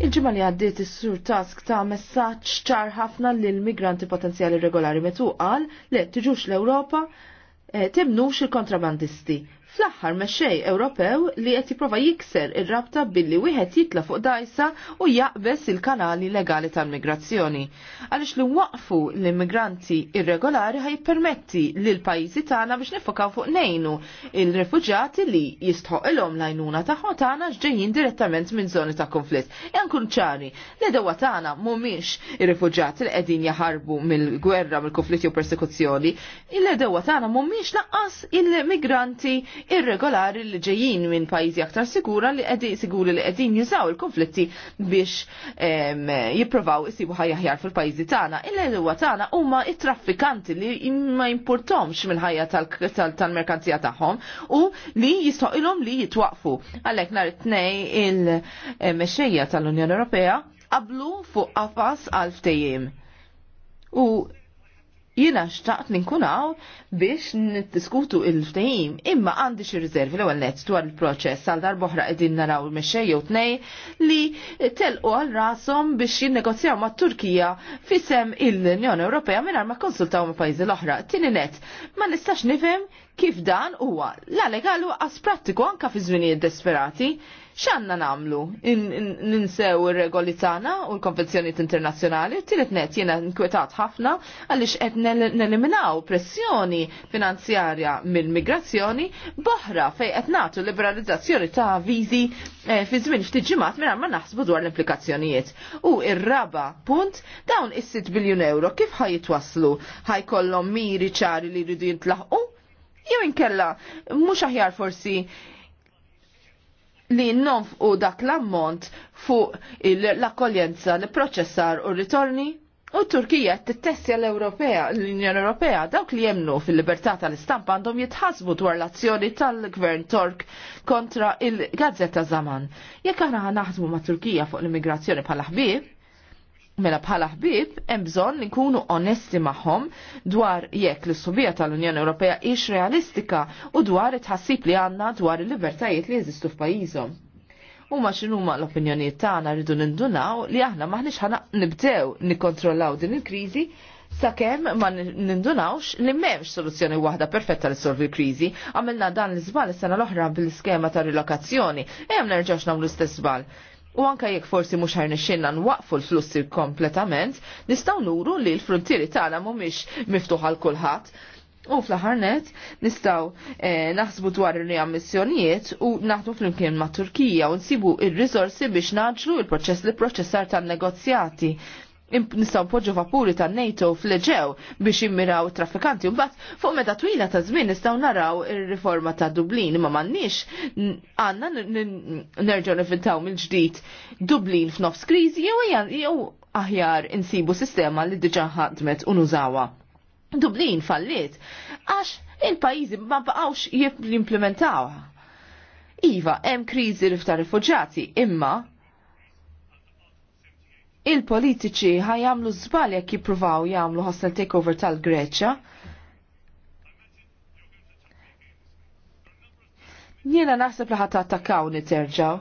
Il-ġimma li għaddiet is-sur task ta' messaġġ ċar ħafna lil migranti potenzjali regolari metu qal li tiġux l-Ewropa eh, timnux il-kontrabandisti fl-aħħar mexej Ewropew li qed jipprova jikser ir-rabta billi wieħed jitla fuq dajsa u jaqbes il-kanali legali tal-migrazzjoni. Għaliex li waqfu l-immigranti irregolari ħajpermetti lil pajjiżi tagħna biex nifokaw fuq nejnu il-refuġati li jistħoq ilhom l-għajnuna tagħhom tagħna ġejjin direttament minn żoni ta' konflitt. Jankun ċari, l edewwa tagħna mhumiex ir-refuġati li qegħdin jaħarbu mill-gwerra, mill-konflitti u persekuzzjoni, il-edewa tagħna mhumiex laqqas il-migranti irregolari li ġejjin minn pajjiżi aktar sigura li qegħdin siguri li qegħdin jużaw il-konflitti biex jippruvaw isibu ħajja ħjar fil-pajjiżi tagħna. Il-elwa tagħna huma it-traffikanti li ma jimpurtomx mill-ħajja tal-merkanzija tagħhom u li jistoqilhom li jitwaqfu. Għalhekk nhar it-tnej il-mexxejja tal-Unjoni Ewropea qablu fuq qafas għal ftejjim. U Jina xtaqt ninkunaw biex niddiskutu il-ftehim, imma għandi xi riservi l-ewwel nett dwar il-proċess għal darb'oħra qegħdin naraw mexxej jew tnej li telqu għal rashom biex jinnegozjaw mat-Turkija fisem il-Unjoni Ewropea mingħajr ma konsultaw ma' pajjiżi l-oħra. Tieni nett, ma nistax nifhem kif dan huwa la legalu għas prattiku anka fi żminijiet desperati xanna namlu? Ninsew ir-regoli tagħna u l-konvenzjonijiet internazzjonali, tielet net jiena nkwetat ħafna għaliex qed neliminaw pressjoni finanzjarja mill-migrazzjoni boħra fejn qed nagħtu liberalizzazzjoni ta' viżi eh, fi żmien ftit ġimgħat mingħajr ma naħsbu dwar l-implikazzjonijiet. U ir-raba punt dawn is-6 biljun euro kif ħajitwaslu? Ħajkollhom miri ċari li jridu jintlaħqu? Jew inkella mhux aħjar forsi li u dak l-ammont fuq l-akkoljenza, li proċessar u ritorni? U Turkija t-tessja l-Ewropea, l-Unjoni Europea, dawk li jemnu fil-libertà tal-istampa għandhom jitħasbu dwar l-azzjoni tal-Gvern Tork kontra il-Gazzetta Zaman. Jekk aħna naħdmu ma' Turkija fuq l-immigrazzjoni bħala ħbieb, Mela bħala ħbib, hemm bżonn nkunu onesti magħhom dwar jekk l-subija tal-Unjoni Ewropea hix realistika u dwar it-ħassib li għandna dwar il-libertajiet li jeżistu f'pajjiżhom. Huma x'inhuma l-opinjonijiet tagħna rridu nindunaw li aħna maħniex ħana nibdew nikkontrollaw din il-kriżi sakemm ma nindunawx li m'hemmx soluzzjoni waħda perfetta li solvi l-kriżi. Għamilna dan l-iżbal is-sena l-oħra bil-iskema ta' rilokazzjoni, hemm nerġgħux nagħmlu l-istess żbal. U anka jekk forsi mhux ħarnexxinna nwaqfu l-flussi kompletament, nistgħu nuru li l-frontieri tagħna mhumiex miftuħa l kulħadd. U fl-aħħar net nistgħu eh, naħsbu dwar ir-riammissjonijiet u naħdu flimkien ma' Turkija u nsibu ir-riżorsi biex naġlu l-proċess li proċessar tan-negozjati nistaw poġġu vapuri ta' NATO fl biex jimmiraw traffikanti. Mbagħad fuq meta twila ta' żmien nistgħu naraw ir-riforma ta' Dublin imma m'għandniex għandna nerġgħu nifintaw mill-ġdid Dublin f'nofs kriżi jew jew aħjar insibu sistema li diġà ħadmet u nużawha. Dublin fallit għax il-pajjiżi ma baqawx jimplementawha. Iva, hemm kriżi ta' rifuġjati, imma il-politiċi ħajamlu zbal jekk jippruvaw jagħmlu ħosna takeover tal-Greċja. Jiena naħseb li ħadd attakkawni niterġaw.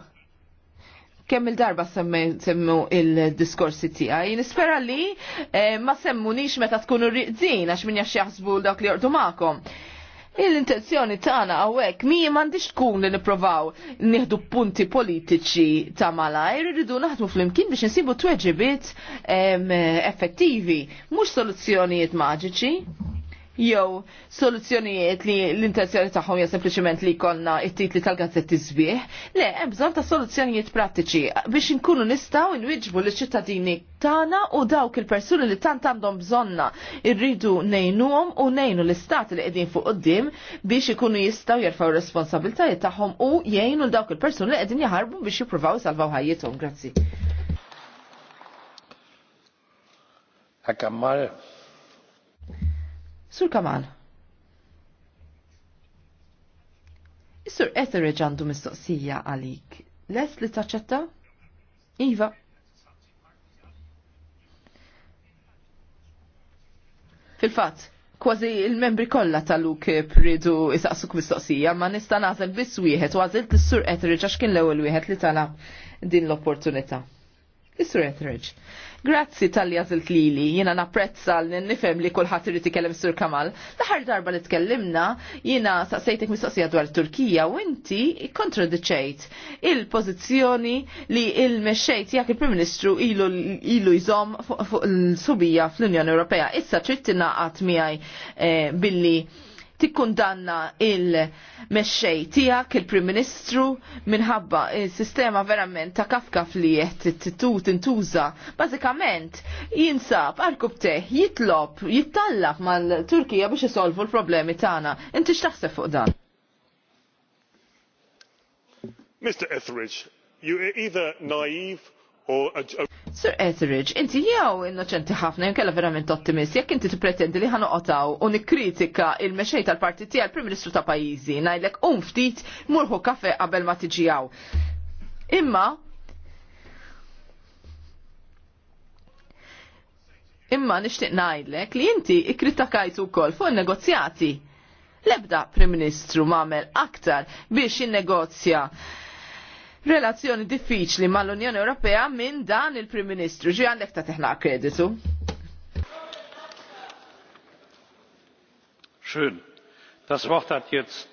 Kemm il-darba semmu il-diskorsi tiegħi, nispera li eh, ma semmunix meta tkunu riqdin għax min jaxx jaħsbu dak li jordu magħkom. Il-intenzjoni tagħna hawnhekk mi m'għandix tkun li nipprovaw nieħdu punti politiċi ta' malajr, irridu naħdmu flimkien biex insibu tweġibiet effettivi, mhux soluzzjonijiet maġiċi jew soluzzjonijiet li l-intenzjoni tagħhom hija sempliċement li jkollna it-titli tal-gazzetti sbieħ. Le, hemm bżonn ta' soluzzjonijiet prattiċi biex inkunu nistgħu nwieġbu liċ-ċittadini tagħna u dawk il-persuni li tant għandhom bżonna irridu nejnuhom u nejnu l-istat li qegħdin fuq qudiem biex ikunu jistgħu jerfgħu responsabiltajiet tagħhom u jgħinu dawk il-persuni li qegħdin jaħarbu biex jippruvaw salvaw ħajjithom. Grazzi. Herr Sur Kamal. Is-sur Etheridge għandu mistoqsija għalik. Les li taċċetta? Iva. Fil-fatt, kważi il-membri kollha tal-UKIP pridu isaqsuk mistoqsija, ma nista' nagħżel biss wieħed u għażilt is-sur Etheridge għax kien l-ewwel wieħed li talab din l-opportunità. Is-sur Etheridge. Grazzi tal-li għazilt li li, jina naprezza l-nifem li kullħat irrit ikellem Sur Kamal. l darba li tkellimna, jina saqsejtek mistoqsija dwar Turkija u inti kontradiċejt il-pozizjoni li il-mexxejt jak il-Prim Ministru ilu ilu fuq l-subija fl-Unjoni Ewropea. Issa ċittina għatmijaj miegħi eh, billi tikkundanna il-mexxej tiegħek il-Prim Ministru minħabba il-sistema verament ta' kafkaf li qed tut intuża. Bażikament jinsab arkub teħ jitlob jittallab mal-Turkija biex isolvu l-problemi tagħna. Inti x'taħseb fuq dan? Mr. Etheridge, you are either naive Sir Etheridge, inti jew innoċenti ħafna jew kella verament ottimist, jekk inti tippretendi li ħanoqotaw u nikkritika il-mexej tal-parti tiegħek prim Ministru ta' pajjiżi, ngħidlek un um, ftit murħu kafe qabel ma tiġijaw. Imma Imma nixtieq ngħidlek li inti ikkritakajt ukoll fuq in-negozjati. L-ebda Prim Ministru m'għamel aktar biex jinnegozja negozja relazzjoni diffiċli mal-Unjoni Ewropea minn dan il-Prim Ministru. Ġi għandek ta' teħna kreditu. Schön. Das Wort hat jetzt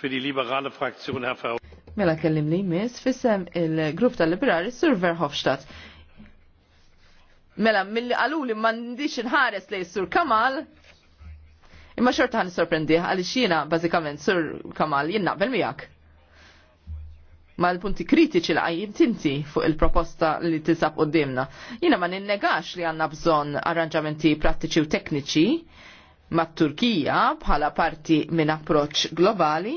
für die liberale Fraktion Herr Mela kellim li mis fissem il-grupp tal-liberali Sur Verhofstadt. Mela, mill-li għalu li mandiċ nħares li Sur Kamal, imma xorta għan sorprendi għalix jina bazikament Sur Kamal jinnaqbel miegħek ma l-punti kritiċi li għajib tinti fuq il-proposta li tisab d-demna. Jina ma ninnegax li għanna bżon arranġamenti prattiċi u tekniċi ma' Turkija bħala parti minn approċ globali,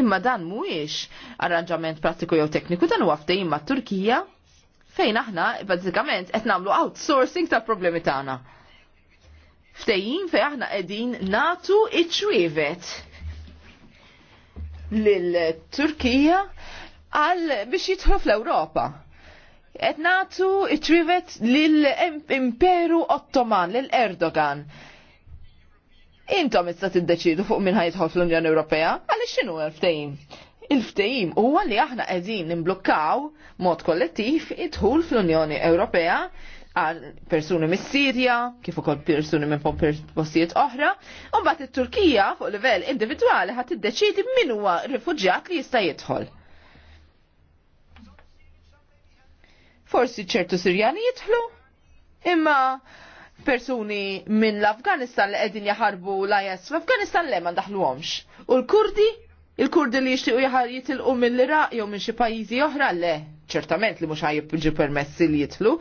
imma dan mhuwiex arranġament prattiku jew tekniku dan huwa ftehim ma' Turkija fejn aħna bażikament qed nagħmlu outsourcing tal-problemi tagħna. Ftehim fejn aħna qegħdin natu iċwievet lil turkija għal biex jitħlu fl-Europa. Et natu itrivet lill imperu Ottoman, lill erdogan Intom issa deċidu fuq minn ħajtħol fl-Unjoni Ewropea, għaliex x'inhu l-ftehim? Il-ftehim huwa li aħna qegħdin nimblukkaw mod kollettiv idħul fl-Unjoni Ewropea għal persuni mis sirja kif ukoll persuni minn postijiet oħra, u mbagħad it-Turkija fuq livell individwali ħadd iddeċiedi min huwa rifuġjat li jista' jidħol. Forsi ċertu Sirjani jidħlu, imma persuni minn l-Afganistan li qegħdin jaħarbu l-IS f'Afganistan le ma U l-Kurdi Il-Kurdi li jixtiqu jħar jitilqu mill-Iraq jew minn xi pajjiżi oħra le, ċertament li mhux ħajib permessi li jitlu,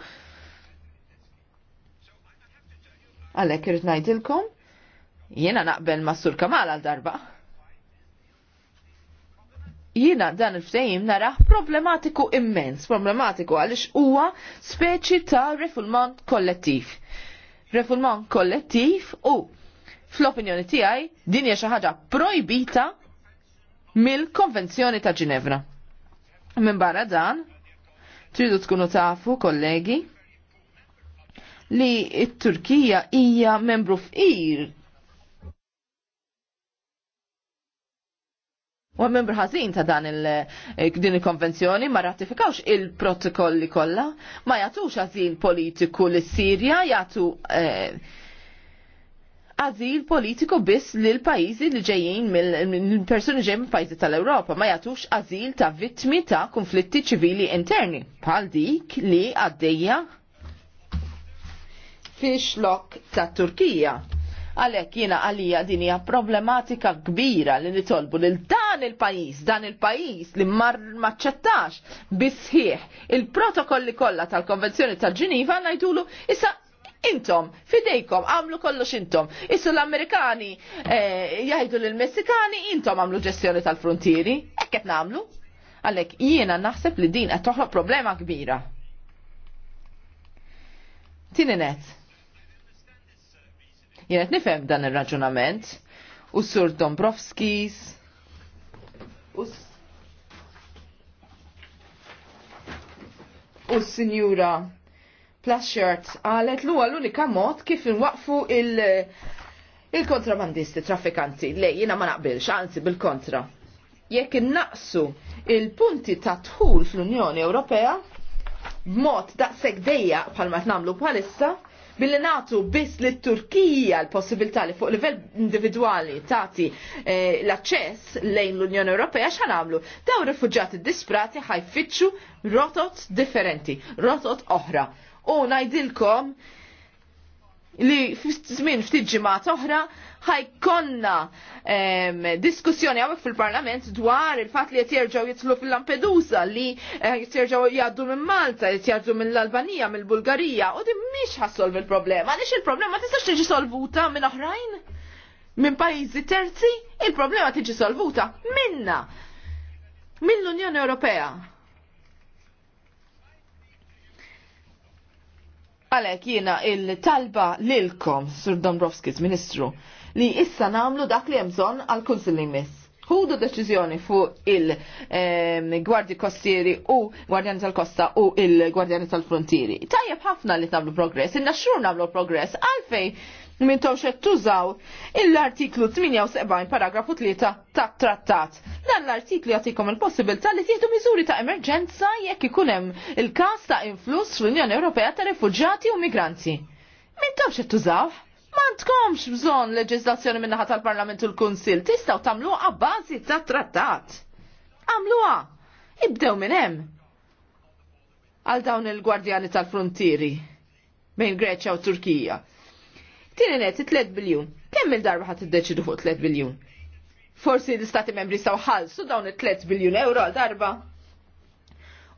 Għalek irrit najdilkom, jena naqbel ma' sur kamal għal darba. Jina dan il-ftejim naraħ problematiku immens, problematiku għalix huwa speċi ta' refulmant kollettiv. Refulmant kollettiv u fl-opinjoni tiegħi din hija xi ħaġa projbita mill-Konvenzjoni ta' Ġinevra. Minn barra dan, tridu tkunu tafu, kollegi, li t-Turkija hija membru f'ir. U membru ħażin ta' dan il-din eh, il-konvenzjoni ma ratifikawx il-protokolli kollha, ma jagħtux għażin politiku l sirja jagħtu għazil eh, politiku biss lil pajjiżi li ġejjin mill-persuni ġejjin mill pajjiżi tal-Ewropa ma jagħtux għażil ta' vittmi ta' konflitti ċivili interni bħal dik li għaddejja fi xlok ta' Turkija. Għalek jina għalija din hija problematika kbira li nitolbu lil dan il-pajis, dan il-pajis li mar maċċettax bisħieħ il-protokolli kollha tal-Konvenzjoni tal-Ġiniva ngħidulu issa intom, fidejkom, għamlu kollox intom. Issu l-Amerikani eh, jajdu l-Messikani, intom għamlu ġestjoni tal-frontieri. Ekket namlu. Għalek, jiena naħseb li din għattuħla toħloq problema kbira. Tini net Jienet nifem dan il-raġunament. U sur Dombrovskis. U s-sinjura Plashert għalet l l-unika mod kif nwaqfu il- il-kontrabandisti, traffikanti, le jina ma naqbilx, anzi bil-kontra. Jekk innaqsu il-punti ta' tħul fl-Unjoni Ewropea, b'mod daqshekk dejja bħalma namlu bħalissa, billi natu biss li Turkija l-possibilità li fuq livell individuali tati eh, l-aċċess lejn l-Unjoni Ewropea x'ħan għamlu? Daw rifuġġati disprati ħajfittxu rotot differenti, rotot oħra. U najdilkom li żmien ftit ġimgħat oħra ħajkonna diskussjoni hawnhekk fil-Parlament dwar il-fatt li qed jerġgħu jitlu fil-Lampedusa li jtjerġaw eh, jerġgħu jgħaddu minn Malta, qed jgħaddu mill-Albanija, mill-Bulgarija, u di mhix ħassolvi il-problema. Għaliex il-problema tistax tiġi solvuta minn oħrajn? Minn pajjiżi terzi? Il-problema tiġi solvuta minna. Mill-Unjoni Ewropea Għalek jiena il-talba lilkom, Sur Dombrovskis, Ministru, li issa namlu dak li jemżon għal-Kunsil li miss. Hudu deċiżjoni fuq il ehm, gwardi Kostieri u Gwardjani tal-Kosta u il-Gwardjani tal-Frontieri. Tajjeb ħafna li tagħmlu progress, inna xhur nagħmlu progress, għalfej mintom xed tużaw l-artiklu 78 paragrafu 3 ta' trattat. Dan l-artiklu jagħtikom il-possibilità li tieħdu miżuri ta' emerġenza jekk ikun hemm il-każ ta' influss fl-Unjoni Ewropea ta' Refuġjati u Migranti. Mintom xed tużaw? Ma tkomx bżon leġizlazzjoni minnaħat tal-Parlament u l-Kunsil, tistaw tamluha għabbażi ta' trattat. Għamluha! Ibdew minn hemm. Għal dawn il-Gwardjani tal-Frontieri bejn Greċja u Turkija. Tieni net 3 biljun. Kemm il-darba ħadd iddeċidu fuq 3 biljun? Forsi l-istati membri saw ħalsu dawn it-3 biljun euro għal darba.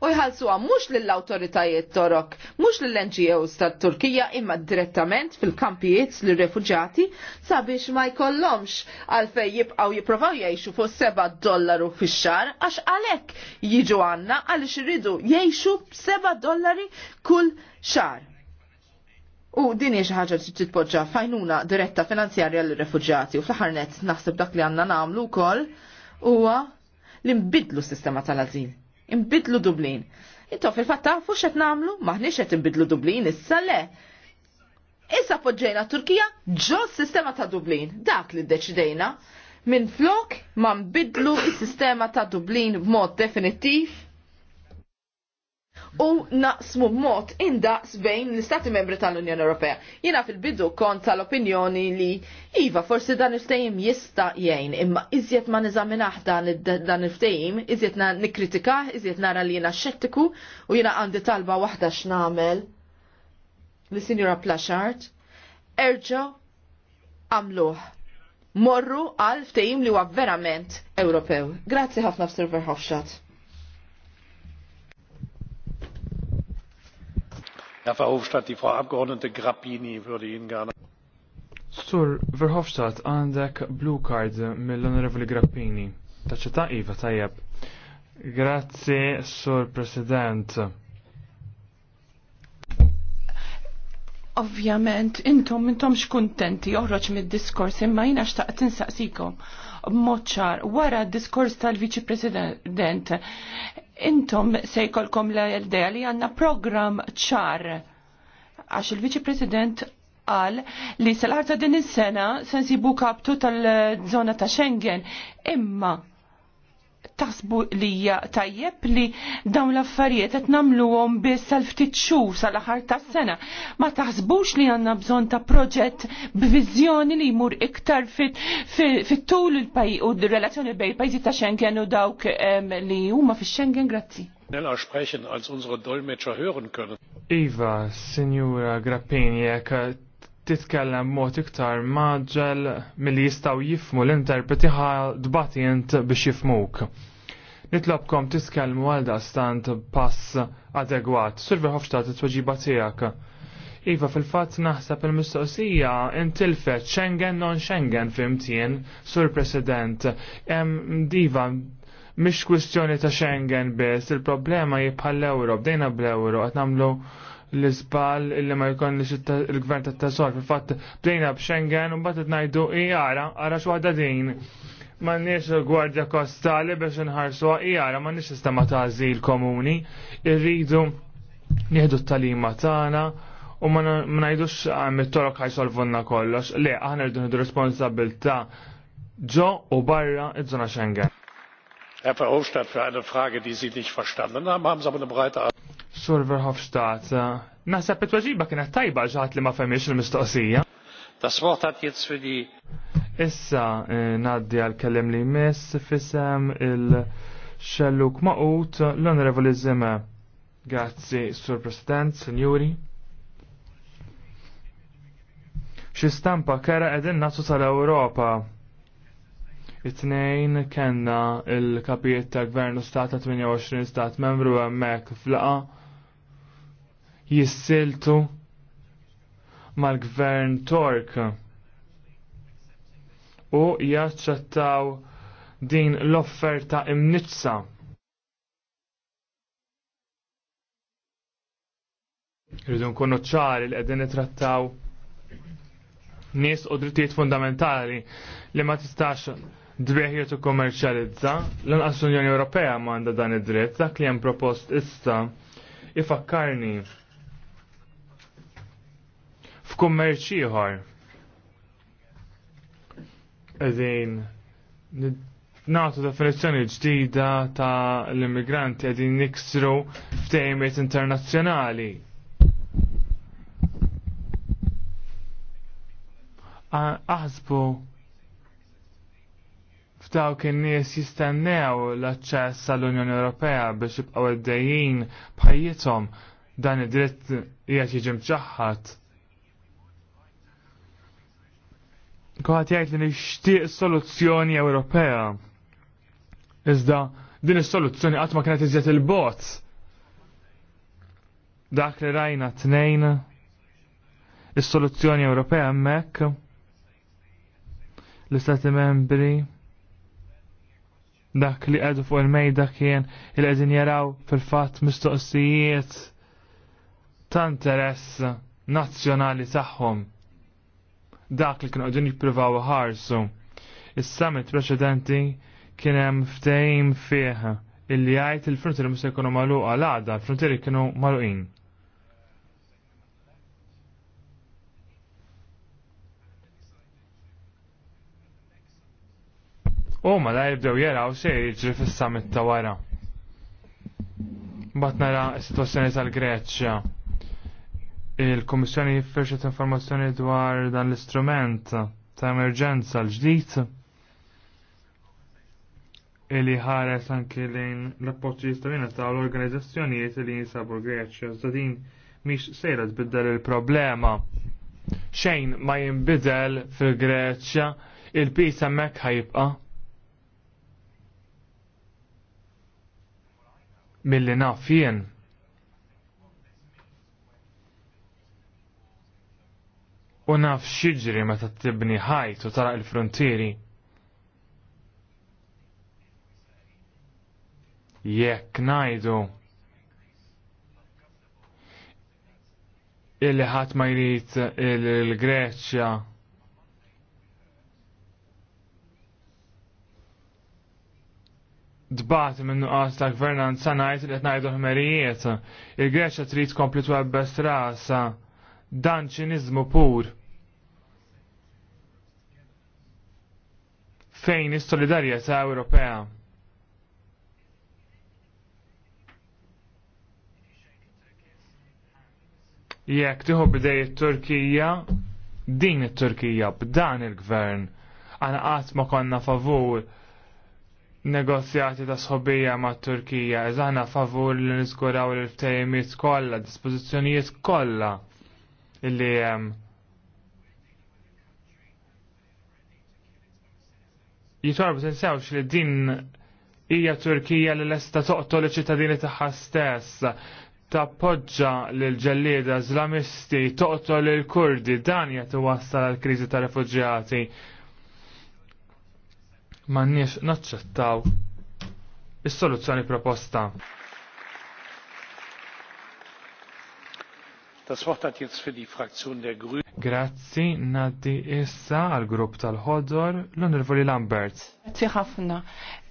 U għam mhux lill-awtoritajiet torok, mhux lill-NGOs tat-Turkija imma direttament fil-kampijiet l refuġati sabiex ma jkollhomx għalfej jibqgħu jipprovaw jgħixu fuq 7 dollaru fix-xar għax għalhekk jiġu għandna għaliex iridu jgħixu 7 dollari kull xar. U din hija xi ħaġa li titpoġġa fajnuna diretta finanzjarja lir refuġjati u fl-aħħar nett naħseb dak li għandna nagħmlu wkoll huwa li nbidlu s-sistema tal-azil. Inbidlu Dublin. Intom fil-fatt tafu x'qed nagħmlu, maħniex qed inbidlu Dublin issa le. Issa poġġejna Turkija ġo s-sistema ta' Dublin. Dak li ddeċidejna minn flok ma nbidlu s-sistema ta' Dublin b'mod definittiv u naqsmu mod indaqs bejn l-Istati membri tal-Unjoni Ewropea. Jiena fil-bidu kont tal-opinjoni li iva forsi dan il-ftejim jista' jgħin, imma iżjed ma niżaminaħ dan il-ftejim, iżjed na nikkritikah, iżjed nara li jiena xettiku u jiena għandi talba waħda x'namel li Sinjura Plashart. erġo għamluh. Morru għal ftejim li huwa verament Ewropew. Grazzi ħafna f'Sir Verhofstadt. Herr Verhofstadt, die Frau Abgeordnete Grappini würde Ihnen gerne. Sur Verhofstadt, għandek blue card mill-Onorevoli Grappini. ta' Iva, tajjeb. Grazie, Sur President. Ovvjament, intom, intom xkuntenti, joħroġ mid-diskors, imma jina xtaqt insaqsikom moċċar wara d-diskors tal-Viċi President. Intom se l-LDA li għanna program ċar għax il-Viċi President qal li sal-ħarta din is-sena se nsibu kaptu tal-żona ta' Schengen. Imma taħsbu li hija tajjeb li dawn l-affarijiet qed nagħmluhom biss sal ftit xhur sal-aħħar tas-sena. Ma taħsbux li għandna bżonn ta' proġett b'viżjoni li jmur iktar fit-tul il-pajjiż u d-relazzjoni bejn pajjiżi ta' Schengen u dawk li huma fix-Schengen grazzi. Nella sprechen als unsere Dolmetscher hören können. Iva, Signora Grappini, jekk titkellem mod iktar maġġel milli jistgħu jifmu l-interpreti dbatjent biex jifmuk. Nitlobkom titkellmu għal stant pass adegwat. Survi ħofxta t-tweġiba tiegħek. Iva fil-fatt naħseb il-mistoqsija intilfet Schengen non Schengen fimtien, sur President. Diva, mish kwistjoni ta' Schengen biss, il-problema jibħal l-Euro, bdejna bl-Euro, għatnamlu l-izbal illi ma jkun il-gvern tat tasor fil-fatt bdejna b'Schengen u najdu i għara, għara x'waħda din. Ma n-nix l gwardja Kostali biex għara, ma n-nix sistema ta' azil komuni, irridu nieħdu t-talima tagħna u ma najdux ah, mit-torok ħajsolvunna kollox. Le, għan irridu nieħdu responsabilta ġo u barra id-zona Schengen. Herr Verhofstadt, für eine Frage, die Sie nicht verstanden haben, haben Sie aber eine breite Antwort. Sur Verhofstadt, eh, naħseb it-tweġiba kienet tajba ġaħat li ma femix il-mistoqsija. Taswot għat jitzfidi. Issa eh, naddi għal-kellem li jmiss fissem il-xelluk maqut l-onorevoli Zime. Grazzi, Sur President, Signori. Xi stampa kera qegħdin nasu tal-Ewropa it-tnejn kellna il-kapijiet ta' gvernu stat ta' 28 stat membru hemmhekk flaqa jissiltu mal-gvern Tork u jaċċettaw din l-offerta imnitsa. Rridu nkunu ċari li qegħdin trattaw nies u drittijiet fundamentali li ma tistax dbieħiet u komerċalizza lanqas l-Unjoni Ewropea m'għandha dan id-dritt, dak li hemm propost issa ifakkarni f'kummerċ ieħor. Qegħdin nagħtu definizzjoni ġdida ta' l-immigranti qegħdin niksru f'tejmiet internazzjonali. Aħsbu f'dawk in-nies jistennew l-aċċess għall-Unjoni Ewropea biex jibqgħu għaddejjin bħajjithom dan id-dritt qiegħed jiġi mċaħħad. Kħat jgħajt li nixtieq soluzzjoni Ewropea. Iżda din is-soluzzjoni qatt ma kienet iżjed il-bot. Dak li rajna tnejn is-soluzzjoni Ewropea hemmhekk l-istati membri dak li għadu fuq il-mejda kien il-għedin jaraw fil-fat mistoqsijiet ta' interess nazzjonali tagħhom dak li kienu għadin jippruvaw ħarsu. Is-summit preċedenti kien hemm ftehim fih illi jgħid il-frontieri mhux se jkunu magħluqa l-għada, l-frontieri kienu magħluqin. U ma la jibdew jaraw xej jiġri fis-summit ta' wara. Bat nara s-sitwazzjoni tal-Greċċja il-Komissjoni jiffirxet informazzjoni dwar dan l-istrument ta' emerġenza l-ġdid illi ħares anke lejn l-appoġġi jistawina ta' l-organizzazzjonijiet li jinsabu Greċja. Zadin miex sejra tbiddel il-problema. Xejn ma jinbidel fil Greċja il-pis hemmhekk ħajibqa. Milli naf jien. u naf xieġri meta tibni ħajt u taraq il-frontieri. Jekk najdu illi ħadd ma jrid il-Greċja dbat minnu nuqqas ta' gvernanza ngħid li qed ngħidu ħmerijiet. Il-Greċja trid kompli twebbes rasa dan ċinizmu pur. Fejn is-solidarjetà Ewropea? Jekk tieħu bidej it-Turkija, din it-Turkija b'dan il-gvern għana qatt ma konna favur negozjati ta' sħobija ma' Turkija, eżana favur li niskuraw l-ftejmiet kollha, dispożizzjonijiet kollha illi jitorbu tinsewx li din hija Turkija li lesta toqtol iċ-ċittadini tagħha stess tappoġġa lil ġellieda Islamisti toqtol il-Kurdi dan qed iwassal għal kriżi ta' refuġjati. M'għandniex naċċettaw is-soluzzjoni proposta. Das Wort hat jetzt für die Fraktion der Grünen. Grazzi, naddi issa għal grupp tal-ħodor l-Onorevoli Lambert. Grazzi ħafna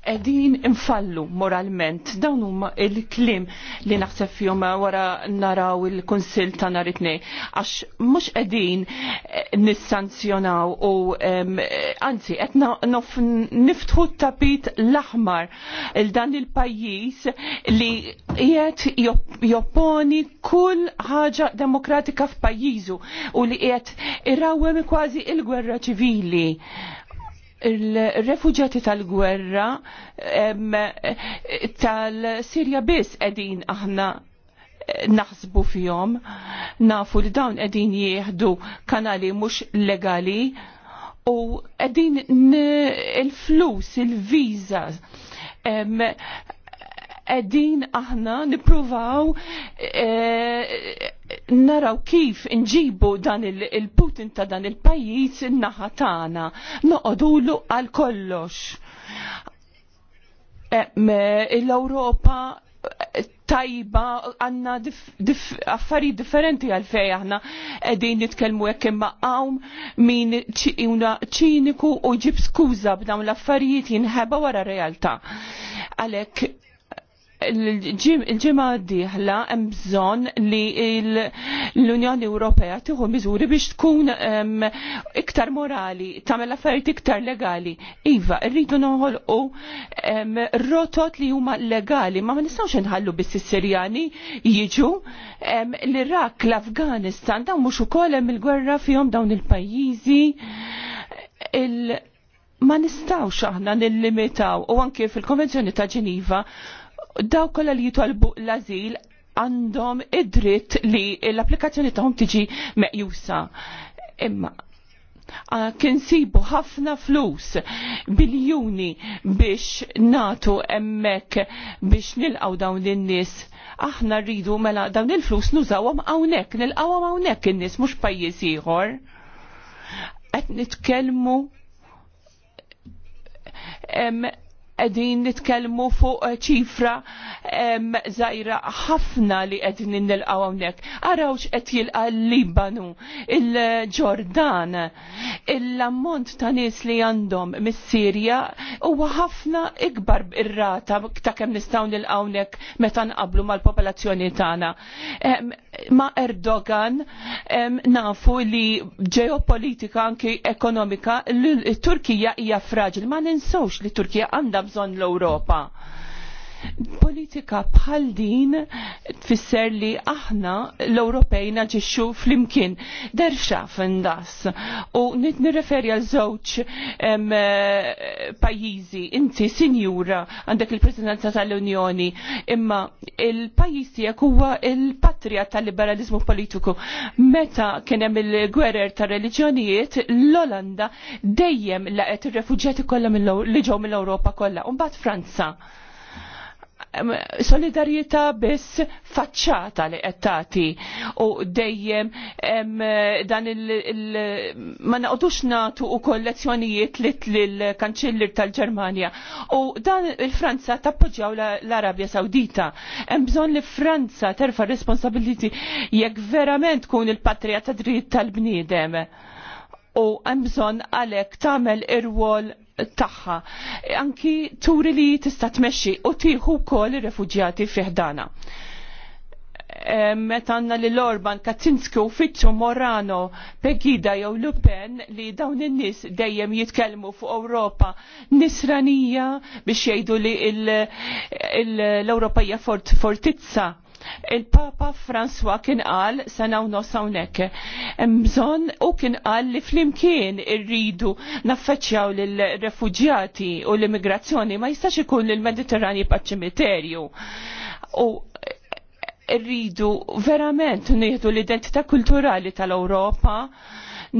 edin infallu moralment. Dawn huma il-klim li naħseb fihom wara naraw il-Kunsill ta' nhar it-tnejn għax mhux qegħdin eh, nissanzjonaw u anzi qed niftħu tapit l-aħmar il dan il-pajjiż li qiegħed jopponi kull ħaġa demokratika f'pajjiżu u li qiegħed irawwem kważi il-gwerra ċivili il-refugjati tal-gwerra tal-Sirja biss edin aħna eh, naħsbu fjom, nafu li dawn edin jieħdu kanali mux legali u edin il-flus, il-viza edin aħna nipruvaw eh, naraw kif nġibu dan il-Putin ta' dan il-pajis in naħa tagħna. Noqodulu għal kollox. Eh, L-Ewropa eh, tajba għanna affari differenti għal fej aħna edin nitkelmu hekk imma min ċiniku u ġib skuza b'dawn l-affarijiet jinħeba wara realtà. Għalek il-ġimgħa d-dieħla hemm bżonn li l-Unjoni Ewropea tieħu miżuri biex tkun iktar morali, tagħmel affarijiet iktar legali. Iva, rridu noħolqu rotot li huma legali, ma ma nistgħux inħallu biss is-Sirjani jiġu l-Irak, l-Afganistan, dawn mhux ukoll hemm il-gwerra fihom dawn il-pajjiżi ma nistawx aħna nillimitaw u anke fil-Konvenzjoni ta' Ġeniva daw kolla li jitolbu l-azil għandhom id-dritt li l-applikazzjoni tagħhom tiġi meqjusa. Imma kien sibu ħafna flus biljuni biex natu emmek biex nilqaw dawn in-nies. Aħna rridu mela dawn il-flus nużawhom hawnhekk, nilqawhom hawnhekk in-nies mhux pajjiż ieħor. Qed nitkellmu edin nitkelmu fuq eh, ċifra zaħira ħafna li edin nilqaw għonek. Arawx et jilqa l-Libanu, il-ġordan, il-ammont ta' nis li għandhom mis-Sirja huwa ħafna ikbar ir-rata ta' kem nistaw nilqawnek meta nqablu mal-popolazzjoni tagħna ma' Erdogan nafu li ġeopolitika anki ekonomika li Turkija hija fraġil. Ma ninsewx li Turkija għandha bżonn l-Ewropa Politika bħal din tfisser li aħna l-Ewropej naġixxu flimkien derxa f'indas u nit nirreferi għal żewġ pajjiżi inti sinjura għandek il-Presidenza tal-Unjoni imma il-pajjiż tiegħek huwa il-patrija tal-liberalizmu politiku. Meta kien hemm il-gwerer ta' reliġjonijiet l-Olanda dejjem laqet ir-refuġjati kollha li ġew mill-Ewropa kollha u mbagħad Franza solidarjetà biss faċċata li qed tagħti u dejjem dan il ma naqdux natu u kollezzjonijiet li lill-kanċillir tal-Ġermanja. U dan il-Franza tappoġġjaw l-Arabja Sawdita. Hemm bżonn li Franza terfa' responsabiliti jekk verament tkun il-patrija ta' dritt tal-bniedem. U hemm bżonn għalhekk tagħmel ir taħħa. Anki turi li tista' tmexxi u tieħu wkoll ir fiħdana. E, meta għandna li l-Orban Kaczynski u Fitxu Morano Pegida jew Lupen li dawn in-nies dejjem jitkellmu fuq Ewropa nisranija biex jgħidu li l-Ewropa hija fortizza il-Papa Franswa kien qal sena u nos hawnhekk bżonn u kien qal li flimkien irridu naffeċjaw lill refugġjati u l-immigrazzjoni ma jistax ikun il-Mediterrani paċ-ċimiterju. U rridu verament nieħdu l-identità kulturali tal-Ewropa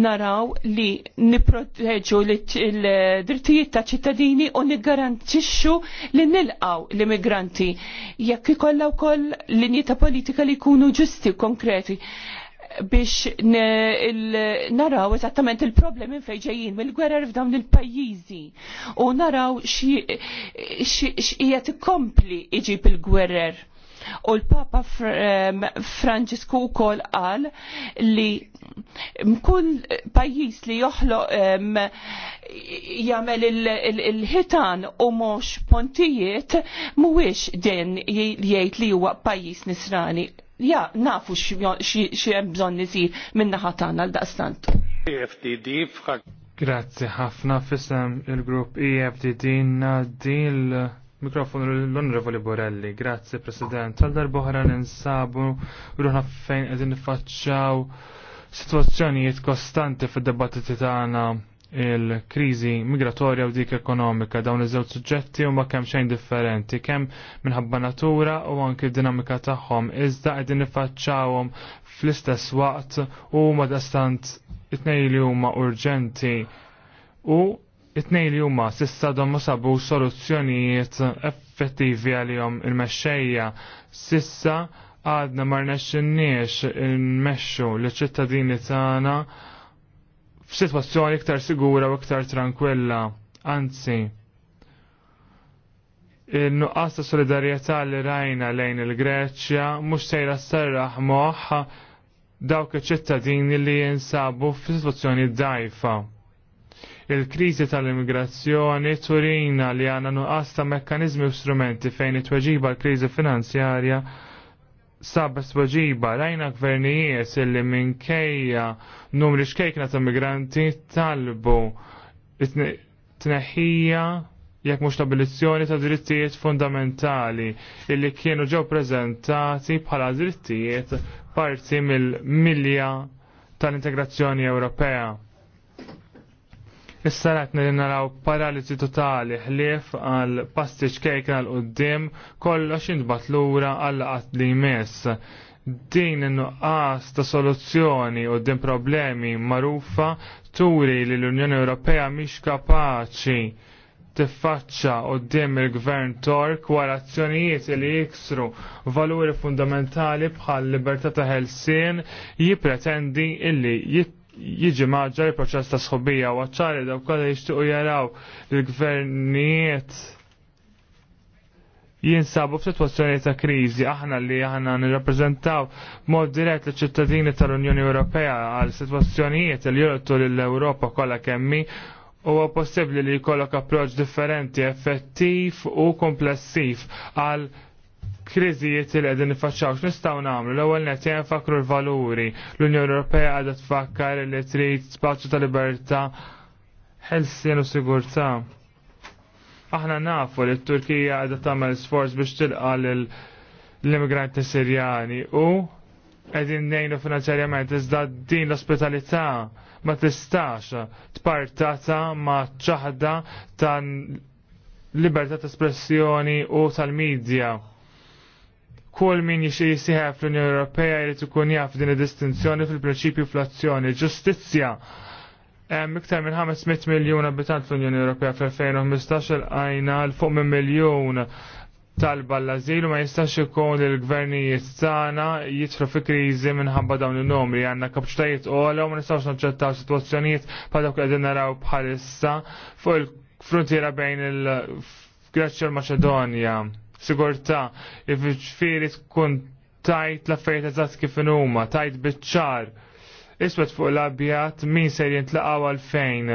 naraw li niproteġu l-drittijiet ta' ċittadini u niggarantixxu li nilqaw l-immigranti jekk ikollha wkoll linji ta' politika li jkunu ġusti konkreti biex naraw eżattament il-problemi fejn ġejjin mill-gwerer f'dawn il-pajjiżi u naraw x'qiegħed ikompli iġib il-gwerer U l-Papa Franġisku wkoll qal li mkull pajjiż li joħloq jagħmel il-ħitan u mhux pontijiet mhuwiex din jgħid li huwa pajjiż nisrani. Ja, nafu x'hemm bżonn nizir minn ħatan għal daqstant. E Grazzi ħafna fisem il-grupp EFDD nadil Mikrofonu l-Onorevoli Borelli, grazie President. Tal-darbohra ninsabu ruħna fejn qegħdin nifaċċaw situazzjonijiet kostanti fid-debattiti tagħna il-kriżi migratorja u dik ekonomika dawn iż-żewġ suġġetti huma kemm xejn differenti, kemm minħabba natura u anke dinamika tagħhom iżda qegħdin nifaċċawhom fl-istess waqt u dastant it-tnejn li huma urġenti u it-nej li huma sissa dom ma sabu soluzzjonijiet effettivi għalihom il-mexxejja sissa għadna ma rnexxinniex nmexxu l ċittadini tagħna f'sitwazzjoni iktar sigura u iktar tranquilla. Anzi, il-nuqqas ta' solidarjetà li rajna lejn il-Greċja mhux sejra s-serraħ moħħ dawk iċ-ċittadini li jinsabu f'sitwazzjoni dajfa Il-kriżi tal-immigrazzjoni turina li għandna nuqqas ta' mekkaniżmi u strumenti fejn it-tweġiba l-kriżi finanzjarja sabes weġiba rajna gvernijiet illi minkejja numri xkejkna ta' migranti talbu t tneħħija jekk mhux tabilizzjoni ta' drittijiet fundamentali illi kienu ġew preżentati bħala drittijiet parti mill-milja tal-integrazzjoni Ewropea. Issa ratni naraw paralizi totali ħlief għal pastiċ kejk għal qoddim kollox jintbat lura għal qatt li jmiss. Din in-nuqqas ta' soluzzjoni u din problemi marufa turi li l-Unjoni Ewropea mhix kapaċi tiffaċċa qudiem il-gvern Tork wara azzjonijiet li jiksru valuri fundamentali bħal libertà ta' ħelsien jippretendi illi jiġi maġġar il-proċess ta' sħobija u għacċari daw kolla jishtiqu jaraw il-gvernijiet jinsabu f'sitwazzjoni ta' kriżi aħna li aħna nirrappreżentaw mod dirett li ċittadini tal-Unjoni Ewropea għal sitwazzjonijiet li jolqtu lill-Ewropa kollha kemmi huwa possibbli li jkollok approċċ differenti, effettiv u komplessiv għal kriżijiet li qegħdin nifaċċaw x'nistgħu nagħmlu. L-ewwel nett jenfakru l-valuri. L-Unjoni Ewropea qiegħda tfakkar li trid spazju ta' libertà, ħelsien u sigurtà. Aħna nafu li t-Turkija qiegħda tagħmel sforz biex tilqa' l-immigranti Sirjani u qegħdin ngħinu finanzjarjament iżda din l-ospitalità ma tistax tpartata ma ċaħda tan libertà ta' espressjoni u tal-medja kull min jixi jisiħa fl-Unjoni Ewropea jrid ikun jaf din id-distinzjoni fil-prinċipju fl-azzjoni. Ġustizzja. miktar minn 500 miljun abitant fl-Unjoni Ewropea fl-2015 għajna l fuq minn miljun talba l-azil ma jistax ikun il gvernijiet tagħna jitru fi kriżi minħabba dawn in-numri għandna kapċtajiet ola u ma nistgħux naċċettaw sitwazzjonijiet bħal dawk qegħdin naraw bħalissa fuq il-frontiera bejn il-Greċja u l-Maċedonja sigurtà ġifieri tkun tajt l fejta eżatt kif huma, tajt biċ-ċar. fuq l-abjat min ser jintlaqgħu għalfejn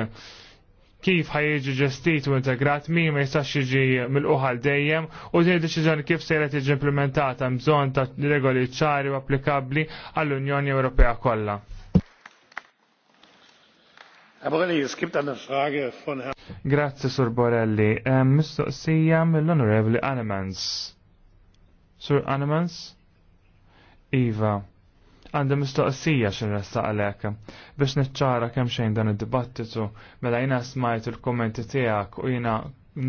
kif ħajġi ġestit u integrat min ma jistax jiġi mill-uħal dejjem u din deċiżjoni kif se jrid jiġi implementata bżonn ta' regoli ċari u applikabbli għall-Unjoni Ewropea kollha. Grazzi, Sur Borelli. Mistoqsija mill-Onorevoli Animans. Sur Animans? Iva. Għandi mistoqsija xin resta għalek. Biex neċċara kemm xejn dan id-dibattitu, mela jina smajt il-kommenti tiegħek u jina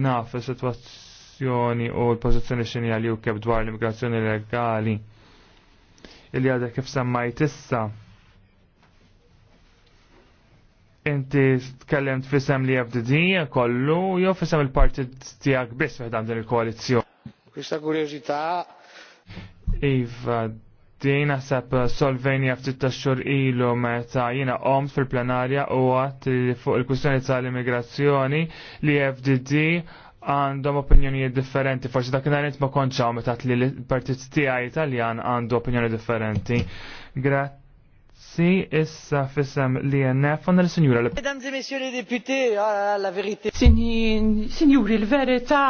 naf is-sitwazzjoni u l-pożizzjoni xinja li ukeb dwar l-immigrazzjoni legali. Illi għadek kif semmajt issa inti tkellemt fisem li FDD kollu jew fisem il-partit tiegħek biss fiħdan din il koalizjon Kwista kurjożità. Iva, din naħseb Solveni ftit ta' xhur ilu meta jina qomt fil-plenarja u għat fuq il-kwistjoni tal-immigrazzjoni li FDD għandhom opinjonijiet differenti, forsi dak narint ma konċaw meta li l-partit tijaj Italjan għandu opinjoni differenti. Grazie. Sì, issa fissam li jennef, għanna l-Sinjura. Mesdames et messieurs les députés, oh la verità. Sinjuri, l-verità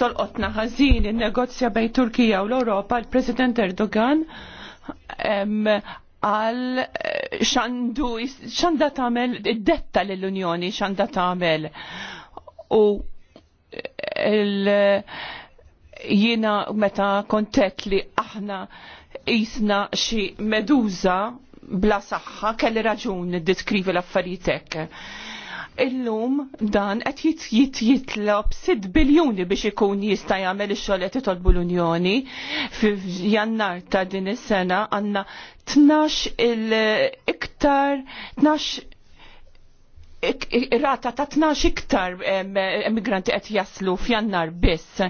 tolqotna ħazin il-negozja bej Turkija u l-Europa, il-President Erdogan għal xandu, xanda tamel, id-detta l-Unjoni, xanda tamel. U jina meta kontet li aħna jisna xi meduza bla saħħa kelli raġun diskrivi l-affarijiet Illum dan qed jitlob 6 biljuni biex ikun jista' jagħmel ix-xogħol qed itolbu l-Unjoni. Fi Jannar ta' din is-sena għandna 12 il-iktar 12 rata ta' 12 iktar emigranti qed jaslu f'jannar biss.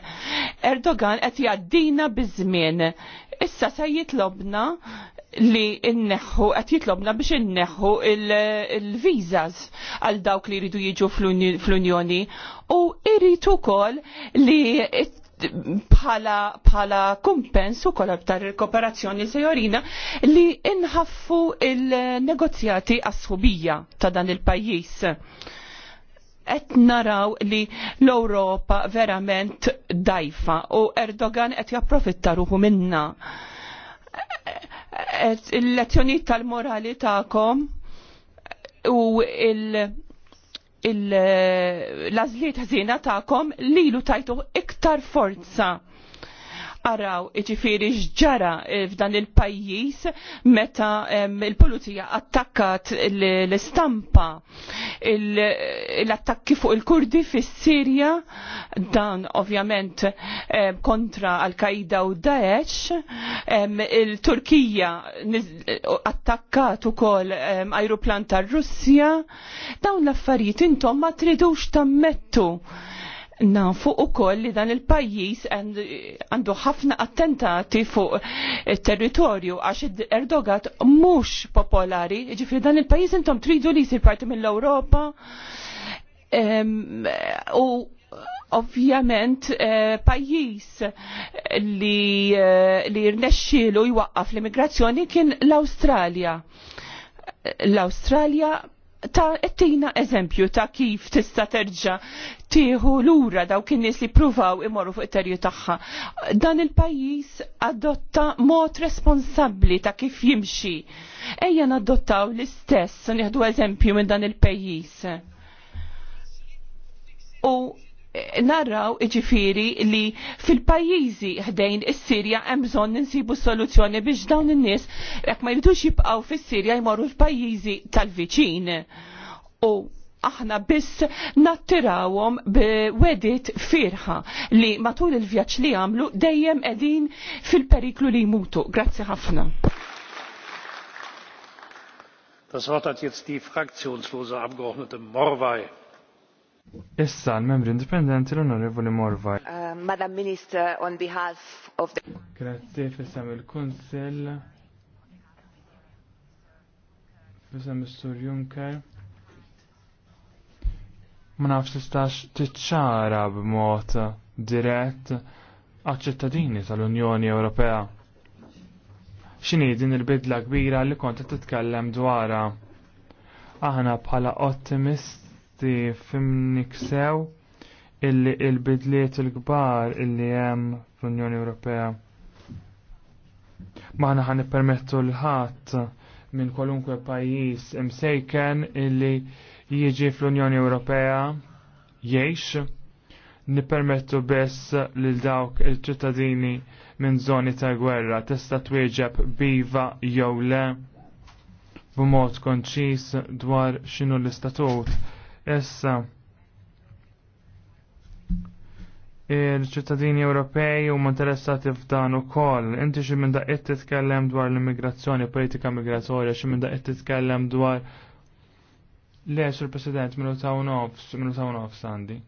Erdogan qed jgħaddina biż-żmien. Issa se jitlobna li inneħħu, qed jitlobna biex inneħħu il-vizas il għal dawk li jridu jiġu fl-Unjoni u irrid ukoll li bħala bħala kumpens u kol għabtar il-kooperazzjoni sejorina li inħaffu il-negozjati għas-subija ta' dan il-pajjiż qed naraw li l-Ewropa verament dajfa u Erdogan qed japprofitta ruħu minna il lezzjoni tal-morali ta'kom u il- il-lazliet ħzina ta'kom lilu tajtu iktar forza araw iġifiri xġara eh, f'dan il-pajjiż meta il-pulizija attakkat l-istampa l-attakki fuq il-Kurdi fis-Sirja dan ovvjament kontra Al-Qaida u Daesh il-Turkija attakkat ukoll ajruplan tar-Russja dawn l-affarijiet intom ma tridux tammettu nafu u koll li dan il-pajis għandu ħafna attentati fuq territorju għax Erdogat mux popolari, ġifri dan il-pajis intom tridu li jisir parti mill-Europa u ovvjament eh, pajis li, eh, li jirnexxilu jwaqqaf l-immigrazzjoni kien l-Australja. L-Australja ta' ettina eżempju ta' kif tista' terġa tieħu lura dawk in-nies li pruvaw imorru fuq it-terju tagħha. Dan il-pajjiż adotta mod responsabbli ta' kif jimxi. Ejja nadottaw l-istess, nieħdu eżempju minn dan il-pajjiż. U narraw iġifiri li fil-pajjiżi ħdejn is-Sirja hemm bżonn insibu soluzzjoni biex dawn in-nies jekk ma jridux jibqgħu fis-Sirja jmorru l-pajjiżi tal-viċin. U aħna biss nattirawhom wedit firħa li matul il-vjaġġ li għamlu dejjem qegħdin fil-periklu li jmutu. Grazzi ħafna. Das Wort hat jetzt die fraktionslose Abgeordnete Morvay. Issa l-membri indipendenti l-Onorevoli Morva. Uh, Madam Minister, on behalf of the... Grazie, fissam il-Kunsel. Fissam il-Sur Juncker. Ma nafx tistax tiċċara b'mod dirett għal-ċittadini tal-Unjoni Ewropea. X'inhi din il-bidla kbira li kont titkellem dwarha. Aħna bħala ottimist Forsi fimniksew illi il-bidliet il-kbar illi hemm fl-Unjoni Ewropea. Maħna ħan permettu l-ħadd minn kwalunkwe pajjiż imsejken illi jiġi fl-Unjoni Ewropea jgħix nippermettu biss lil dawk il-ċittadini minn żoni ta' gwerra tista' twieġeb biva jew le b'mod konċis dwar x'inhu l-istatut Issa, il-ċittadini Ewropej huma interessati f'dan ukoll. Inti xi minn daqqiet titkellem dwar l-immigrazzjoni, politika migratorja, xi minn daqqiet titkellem dwar Le, sur President, minn ta' nofs, minn ta' nofs għandi.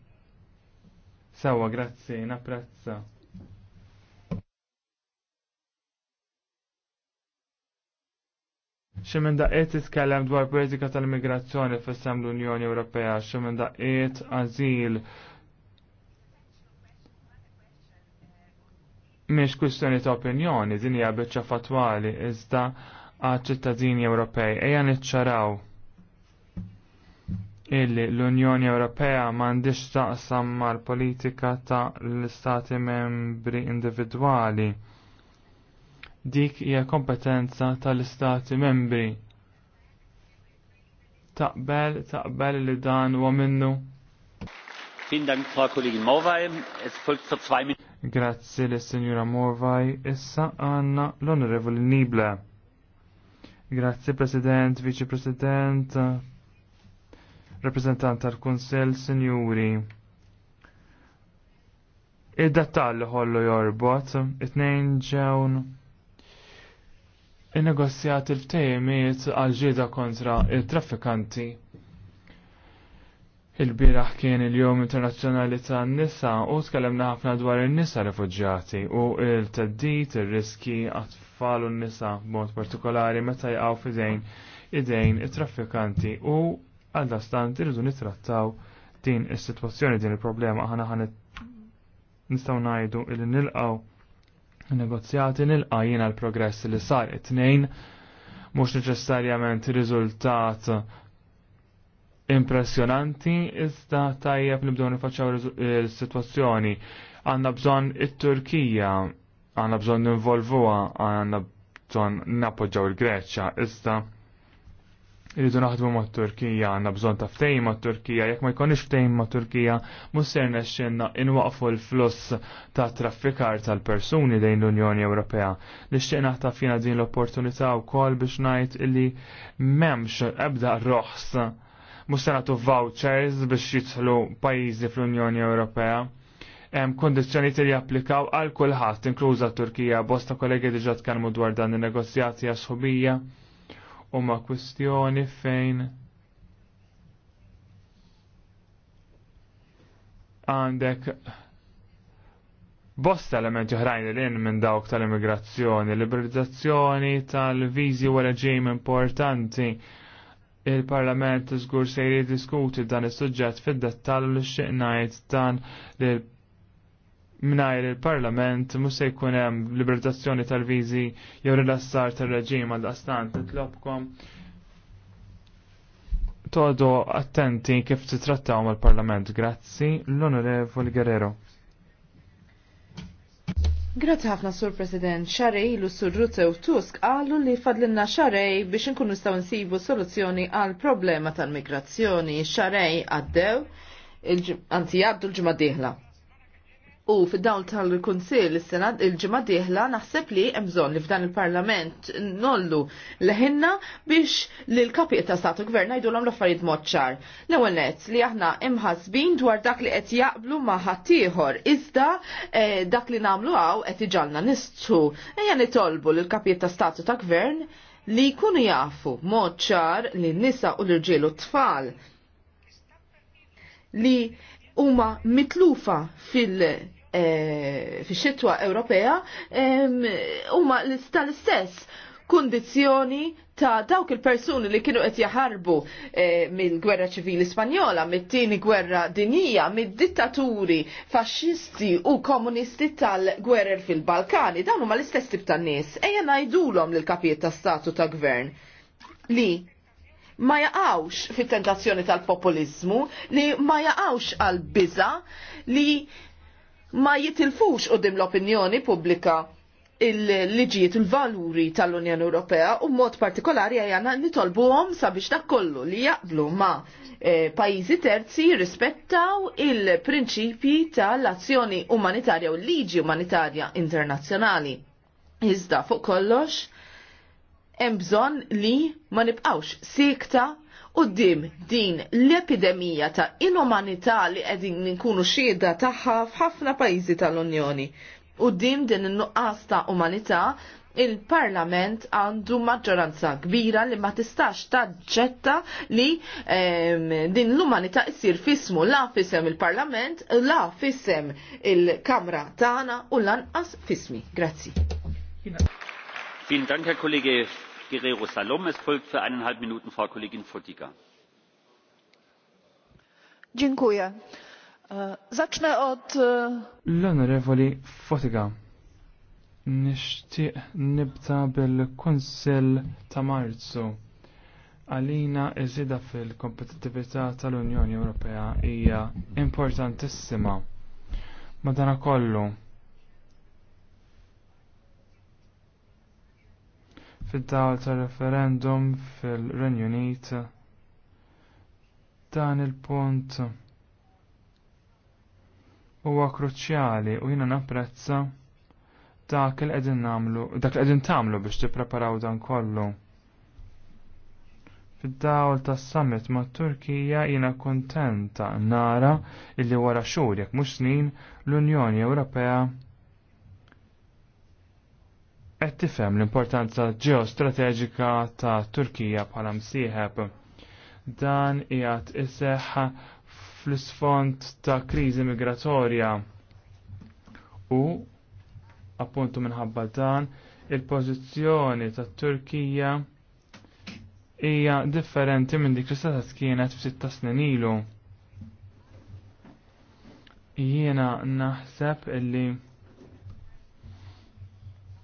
Sawa, grazzi, napprezza. Xemmen daqqiet titkellem dwar politika tal-immigrazzjoni fis-sem l-Unjoni Ewropea, xemmen daqqiet azil. Miex kwistjoni ta' opinjoni, din hija biċċa fatwali, iżda għad ċittadini Ewropej, ejja niċċaraw illi l-Unjoni Ewropea m'għandix taqsam mal-politika ta' l-istati membri individwali dik hija kompetenza tal-istati membri. Taqbel, taqbel li dan huwa minnu. Kollegin Es zwei Grazzi l signora Morvaj. Issa għanna l-Onorevoli Nibla. Grazzi, President, Vice President, Rappresentant tal-Kunsel, Signori. Id-detall ħollu jorbot, it-nejn ġewn il-negozjat il-ftejemiet għal-ġieda kontra il-traffikanti. Il-biraħ kien il-Jom Internazzjonali ta' nisa u tkellemna ħafna dwar il-nisa rifugġjati u il-teddit, il-riski għatfall u n-nisa b'mod partikolari meta jgħaw fidejn idejn il-traffikanti u għal-dastant irridu nitrattaw din is-sitwazzjoni din il-problema ħana ħanet nistaw najdu il-nilqaw negozjati nil-qajjien l progress li sar it-tnejn mhux neċessarjament riżultat impressjonanti iżda tajjeb nibdew nifaċċaw is-sitwazzjoni. Għandna bżonn it-Turkija, għandna bżonn ninvolvuha, għandna bżonn nappoġġaw il-Greċċja, iżda Irridu naħdmu ma' Turkija, għanna bżon ta' ftejn ma' Turkija, jekk ma' jkonix ftejn ma' Turkija, musser nexxenna inwaqfu l-fluss ta' traffikar tal-persuni dejn l-Unjoni Ewropea. Nixtieq naħtaf fina din l-opportunità wkoll biex ngħid illi m'hemmx ebda roħs musser nagħtu vouchers biex jidħlu pajjiżi fl-Unjoni Ewropea hemm kondizzjoni li japplikaw għal kulħadd inkluża Turkija bosta kollegi diġà tkellmu dwar dan in-negozjati għas u ma' kwistjoni fejn għandek bosta element ġoħrajn l-in minn dawk tal-immigrazzjoni, liberalizzazzjoni tal-viżi u reġim importanti. Il-Parlament żgur se jrid diskuti dan is-suġġett fid-dettall u l dan lil minnajr il-Parlament mhux se jkun hemm libertazzjoni tal-viżi jew rilassar tar-reġim għal daqstant titlobkom Todo attenti kif titrattaw mal-Parlament. Grazzi l-Onorevoli Guerrero. Grazzi ħafna Sur President, xarej ilu Sur Rutte u Tusk għallu li fadlinna xarej biex nkunu staw nsibu soluzzjoni għal problema tal-migrazzjoni. Xarej għaddew, għanti għaddu l-ġimma diħla. U fid tal-Kunsil is-sena il-ġimgħa dieħla naħseb li hemm bżonn li f'dan il-Parlament nollu leħinna biex lil kapiet ta' Statu Gvern ngħidulhom l-affarijiet mod ċar. L-ewwel nett li aħna imħasbin dwar dak li qed jaqblu ma' ħaddieħor iżda eh, dak li nagħmlu hawn qed iġalna nistħu. Ejja nitolbu lil kapiet ta' Statu ta' Gvern li jkunu jafu mod ċar li nisa u l-irġiel u t-tfal li huma mitlufa fil- Eh, fix-xitwa Ewropea huma tal-istess kondizjoni ta' dawk il-persuni li kienu qed jaħarbu eh, mill-gwerra ċivili Spanjola, mit-tieni gwerra dinija, mid-dittaturi faxxisti u komunisti tal-gwerer fil-Balkani. Dawn huma l-istess tip ta' nies. Ejja ngħidulhom lill kapijiet ta' statu ta' gvern li ma jaqawx fit-tentazzjoni tal-populizmu, li ma jaqawx għal-biża, li ma jitilfux dim l-opinjoni pubblika il-liġijiet, il-valuri tal-Unjoni Ewropea u mod partikolari għajana nitolbu għom sabiex dak kollu li jaqblu ma e, pajizi terzi rispettaw il-prinċipji tal-azzjoni umanitarja u liġi umanitarja internazzjonali. Iżda fuq kollox, hemm bżonn li ma nibqawx sikta dim din l-epidemija ta' inumanità li qegħdin ninkunu xieda tagħha f'ħafna pajjiżi tal-Unjoni. dim din in-nuqqas ta' umanità il-parlament għandu maġġoranza kbira li ma tistax taġġetta li ehm, din l-umanità issir fismu la fisem il-parlament, la fisem il-kamra tagħna u lanqas fismi. Grazzi. Vielen Dank, guerrero salom. es folgt für eineinhalb minuten frau kollegin dziękuję. E, zacznę od. E, l-onorevoli Fotiga. nixtieq nibta bil-kunsill ta' marzu għalina iżida fil kompetitività tal-Unjoni Ewropea hija importantissima. Madana kollu, fid-dawl ta' referendum fil-Renju Unit dan il-punt huwa kruċjali u jiena napprezza dak li qegħdin nagħmlu dak li qegħdin tagħmlu biex tippreparaw dan kollu. Fid-dawl tas-summit mat Turkija jiena kuntenta nara illi wara xhur jekk mhux snin l-Unjoni Ewropea qed tifhem l-importanza ġeostrateġika ta' Turkija bħala msieħeb. Dan qiegħed iseħħ fl-isfond ta' kriżi migratorja u appuntu minħabba dan il-pożizzjoni ta' Turkija hija differenti minn dik li setat kienet f'sitta snin ilu. Jiena naħseb illi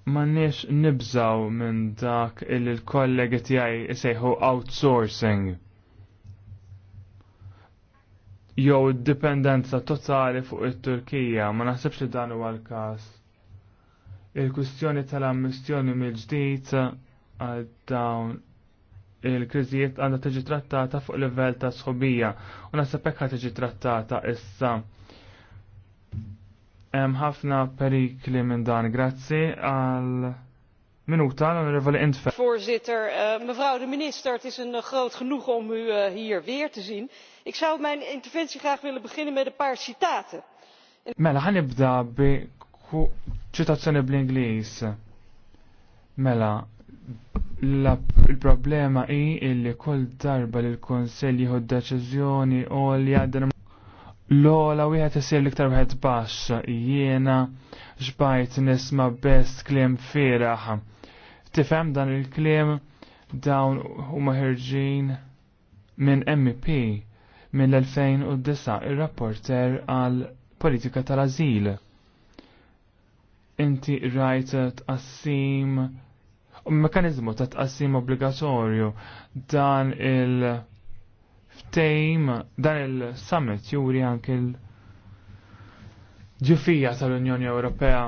Mannix nibżaw minn dak il kollegi tijaj jisejħu outsourcing. Jo dipendenza totali fuq il-Turkija, ma naħsebx li dan huwa l-każ. Il-kwistjoni tal-ammissjoni mill-ġdid għal dawn il-kriżijiet għandha tiġi trattata fuq livell ta' sħobija u naħseb hekk tiġi trattata issa Hemm ħafna perikli minn dan. Grazzi għal minuta l onorevole Entfer. Voorzitter, uh, mevrouw de minister, het is een uh, groot genoeg om u uh, hier weer te zien. Ik zou mijn interventie graag willen beginnen met een paar citaten. Mela, ħanibda bi ċitazzjoni bl inglis Mela, il-problema i illi kull darba li l-Konsell jieħu deċiżjoni li din L-ola wieħed isir l-iktar wieħed baxx jiena xbajt nisma' best kliem firaħ. Tifhem dan il-kliem dawn huma ħirġin minn MP minn l-2009 ir-rapporter għal politika tal-azil. Inti rajt tqassim u mekanizmu ta' tqassim obbligatorju dan il- ftejm dan il-summit juri anke l-ġufija tal-Unjoni Ewropea.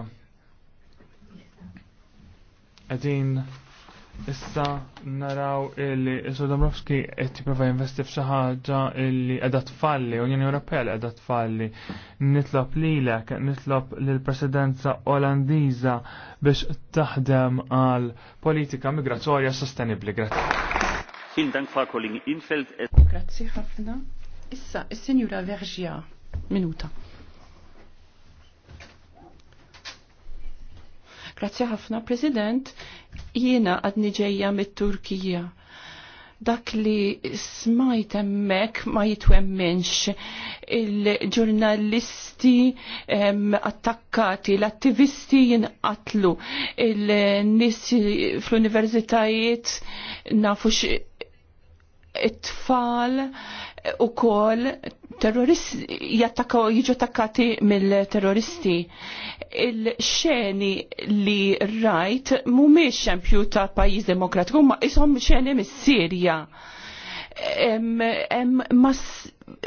Għedin issa naraw illi Sodomrovski qed jipprova jinvesti f'xi ħaġa illi qiegħda tfalli, Unjoni Ewropea li qiegħda tfalli. Nitlob lilek, nitlob lill-Presidenza Olandiża biex taħdem għal politika migratorja sostenibbli. Grazzi. Grazzi ħafna. Issa, il-Sinjura minuta. Grazzi ħafna, President. Jiena għadni ġejja mit-Turkija dak li smajt emmek ma jitwemminx il-ġurnalisti attakkati, l-attivisti jinqatlu, il-nis fl-universitajiet nafux it-tfal u kol jattakaw jiġu attakkati mill-terroristi. Il-xeni li rajt mumiex xempju ta' pajiz demokratiku, ma' isom xeni mis-Sirja.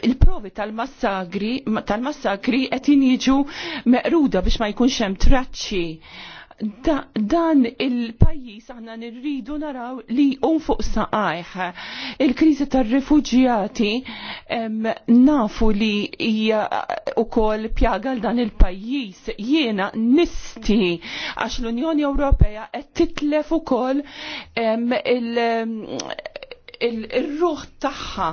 Il-provi tal massagri tal massagri qed jiġu meqruda biex ma jkunx hemm traċċi da, dan il-pajjiż aħna nirridu naraw li jqum fuq saqajh. Il-kriżi tar-refuġjati nafu li hija ukoll pjaga l dan il-pajjiż jiena nisti għax l-Unjoni Ewropea qed titlef ukoll il- il-ruħ tagħha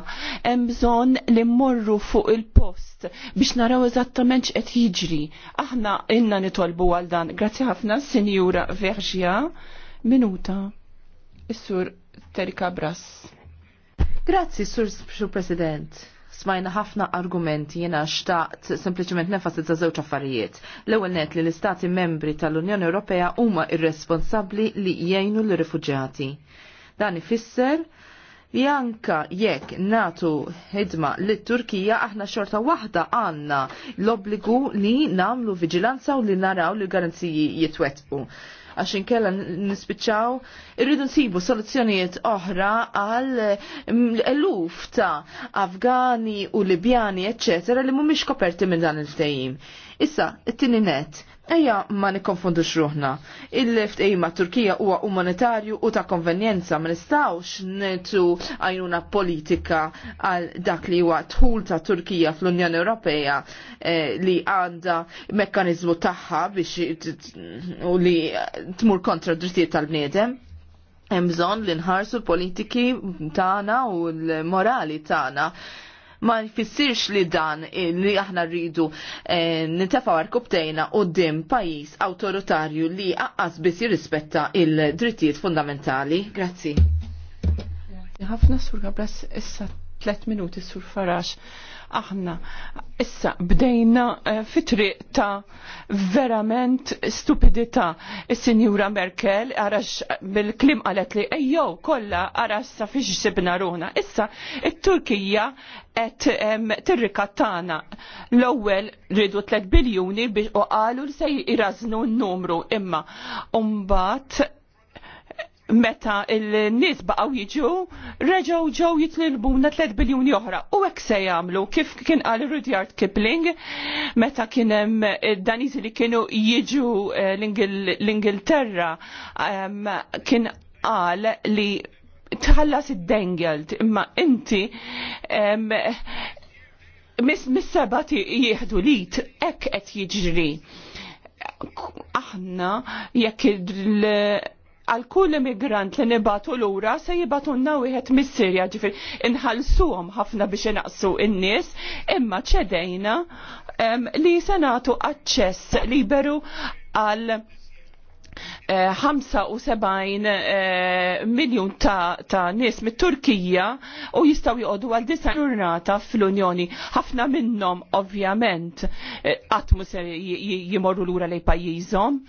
hemm bżonn li mmorru fuq il-post biex naraw eżattament x'qed jiġri. Aħna inna nitolbu għal dan. Grazzi ħafna, Sinjura Verġja. Minuta. Is-sur Terika Bras. Grazzi, Sur President smajna ħafna argumenti jena xtaqt sempliciment nefasizza żewġ affarijiet. L-ewwel net li l-Istati membri tal-Unjoni Ewropea huma irresponsabbli li jgħinu l rifuġjati Dan ifisser Janka jekk natu ħidma lit turkija aħna xorta waħda għanna l-obbligu li namlu vigilanza u li naraw li garanziji jitwetqu għax inkella nispiċċaw, irridu nsibu soluzzjonijiet oħra għal mm, eluf ta' Afgani u Libjani, eccetera, li mhumiex koperti minn dan il-tejjim. Issa, it-tini net, Ejja ma nikkonfondux xruħna. il lift ma' Turkija huwa umanitarju u ta' konvenjenza ma nistawx netu għajnuna politika għal dak li huwa tħul ta' Turkija fl-Unjoni Ewropea eh, li għanda mekkanizmu tagħha biex u li tmur kontra drittijiet tal-bniedem. Hemm bżonn li nħarsu l-politiki tagħna u l-morali tagħna ma jfissirx li dan li aħna rridu eh, nintefaw arkubtejna u dim pajis autoritarju li għaqqas biss jirrispetta il-drittijiet fundamentali. Grazzi. Ħafna sur għabras issa tlet minuti sur farax. Aħna issa bdejna eh, fitriq ta' verament stupidità. Is-Sinjura Merkel għarax bil-klim qalet li ejjew kollha għarax sa fiex sibna ruħna. Issa il turkija qed tirrikattana l-ewwel ridu 3 biljuni biex u qalu l se jirażnu n-numru imma umbat meta il-nis baqaw jiġu, reġaw ġew jitlilbuna 3 biljuni oħra. U hekk se jagħmlu kif kien għal Rudyard Kipling meta kien hemm li kienu jiġu eh, l-Ingilterra ehm, kien qal li tħallas id-dengelt imma inti ehm, mis-seba jieħdu lit hekk qed jiġri aħna jekk għal kull immigrant li nibatu lura se jibatunna wieħed mis-Sirja ġifir inħalsuhom ħafna biex inaqsu n nies imma ċedejna li se nagħtu aċċess liberu għal 75 eh, eh, miljon ta', ta nies mit-Turkija u jistaw joqogħdu għal disa ġurnata fl-Unjoni. Ħafna minnhom ovvjament eh, qatt se jimorru lura lejn pajjiżhom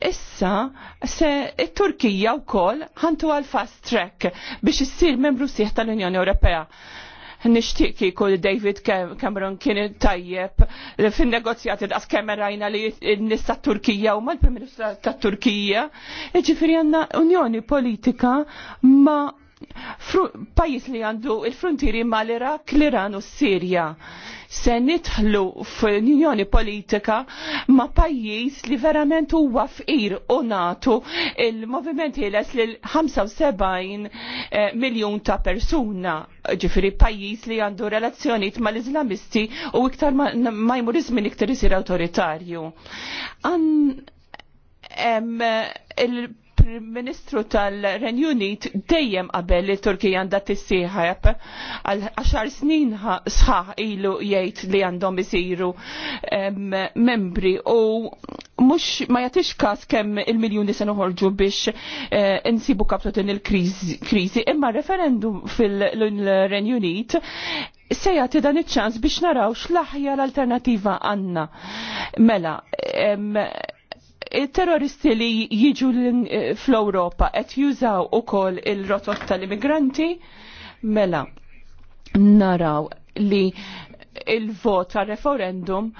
issa se il turkija wkoll ħantu għal fast track biex issir membru sieħ tal-Unjoni Ewropea. Nixtieq kieku David Cameron kien tajjeb fin-negozjati daqs kemerajna li n-nies tat-Turkija u mal-Prim Ministru tat-Turkija. Ġifieri għandna Unjoni Politika ma' pajis li għandu il-frontieri mal-Irak, l-Iran u s-Sirja. Se nitħlu f'unjoni politika ma pajis li verament huwa fqir u natu il-moviment li lil 75 eh, miljon ta' persuna, ġifiri pajis li għandu relazzjoniet mal-Islamisti u iktar ma jmur iktar isir autoritarju. An, em, il prim Ministru tal-Renju Unit dejjem qabel li Turkija għandha tissieħab għal għaxar snin sħaħ ilu jgħid li għandhom isiru membri u mhux ma jagħtix każ kemm il-miljuni se noħorġu biex eh, insibu kaptu din il-kriżi imma referendum fil-Renju Unit se jagħti dan iċ-ċans biex naraw x'laħja aħjar alternativa għandna. Mela, terroristi li jiġu eh, fl-Europa qed jużaw ukoll il-rotot tal-immigranti, mela naraw li il-vot għal referendum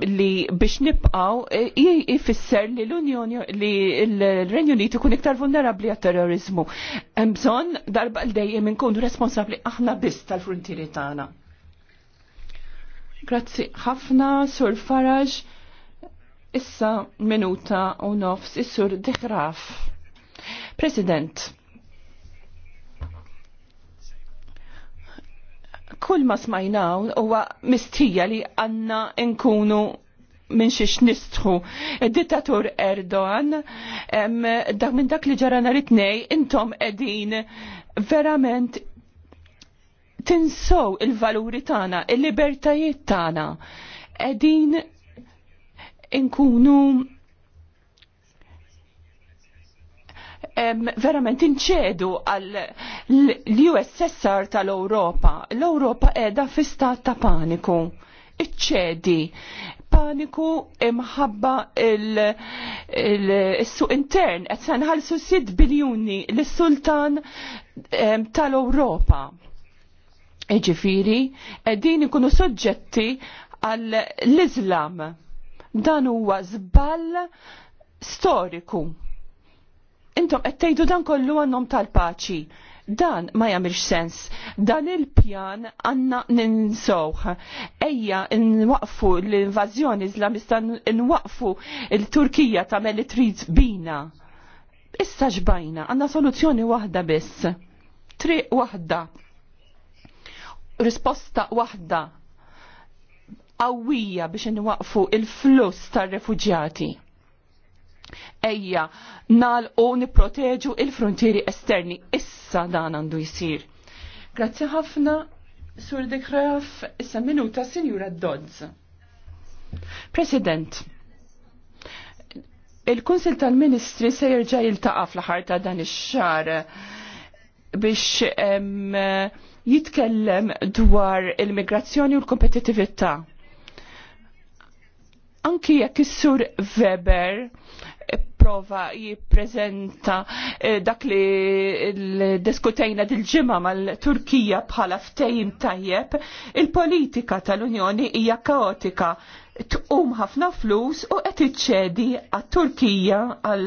li biex nibqaw jifisser eh, li l-Unjoni li l-Renju Unit ikun iktar vulnerabli għat terrorizmu. bżonn darba l-dejjem inkunu responsabli aħna biss tal fruntieri tagħna. Grazzi ħafna, Sur Farage. Issa minuta u nofs is diħraf. President, kull ma smajnaw huwa mistija li għanna nkunu minn xiex nistħu. Dittatur Erdogan, dak minn dak li ġara naritnej, it intom qegħdin verament tinsow il-valuri tagħna, il-libertajiet tagħna. Edin inkunu verament inċedu għal l-USSR tal-Europa. L-Europa edha fi stat ta' paniku. Iċċedi. Paniku imħabba il-suq intern. Qed su sid biljuni l-sultan tal-Europa. Iġifiri, edin ikunu soġġetti għall-Islam Dan huwa żball storiku. Intom qed tgħidu dan kollu għannom tal-paċi. Dan ma jagħmilx sens. Dan il-pjan għandna ninsowħ. Ejja nwaqfu l-invażjoni Islamista nwaqfu il-Turkija tagħmel li trid bina. Issa xbajna, għandna soluzzjoni waħda biss. Triq waħda. Risposta waħda qawwija biex nwaqfu il-fluss tar-refuġjati. Ejja, nalqu niproteġu il-frontieri esterni. Issa dan għandu jisir. Grazzi ħafna, Sur de Graf, issa minuta Sinjura Dodds. President, il-Kunsil tal-Ministri se jerġa' jiltaqa' fl-ħar ta' dan ix-xar biex jitkellem dwar il-migrazzjoni u l kompetitivita Anki jekk is-sur Weber prova jipprezenta eh, dak li diskutejna dil-ġimma mal-Turkija bħala ftejim tajjeb, il-politika tal-Unjoni hija kaotika tqum ħafna flus u qed iċċedi għat-Turkija għal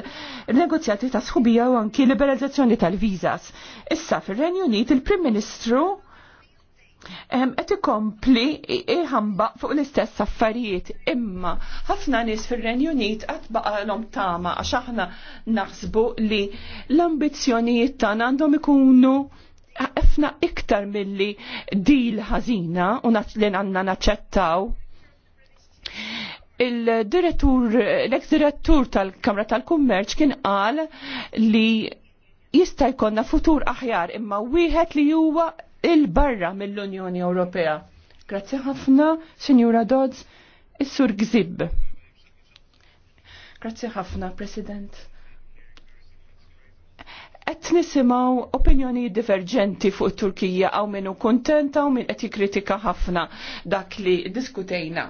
negozjati ta' sħubija u anki liberalizzazzjoni tal-viżas. Issa fir-Renju Unit il-Prim Ministru qed ikompli iħamba fuq l-istess affarijiet. Imma ħafna nies fir-Renju Unit qatt baqalhom tama għax aħna naħsbu li l-ambizzjonijiet tagħna għandhom ikunu għafna iktar milli dil ħażina u li għandna naċċettaw il-direttur, l-ex-direttur tal-Kamra tal-Kummerċ kien qal li jista' jkollna futur aħjar imma wieħed li huwa il-barra mill-Unjoni Ewropea. Grazzi ħafna, Sinjura Dodds, is-Sur Gzib. Grazzi ħafna, President qed nisimgħu opinjoni diverġenti fuq it-Turkija hawn min hu kuntenta u min qed jikkritika ħafna dak li diskutejna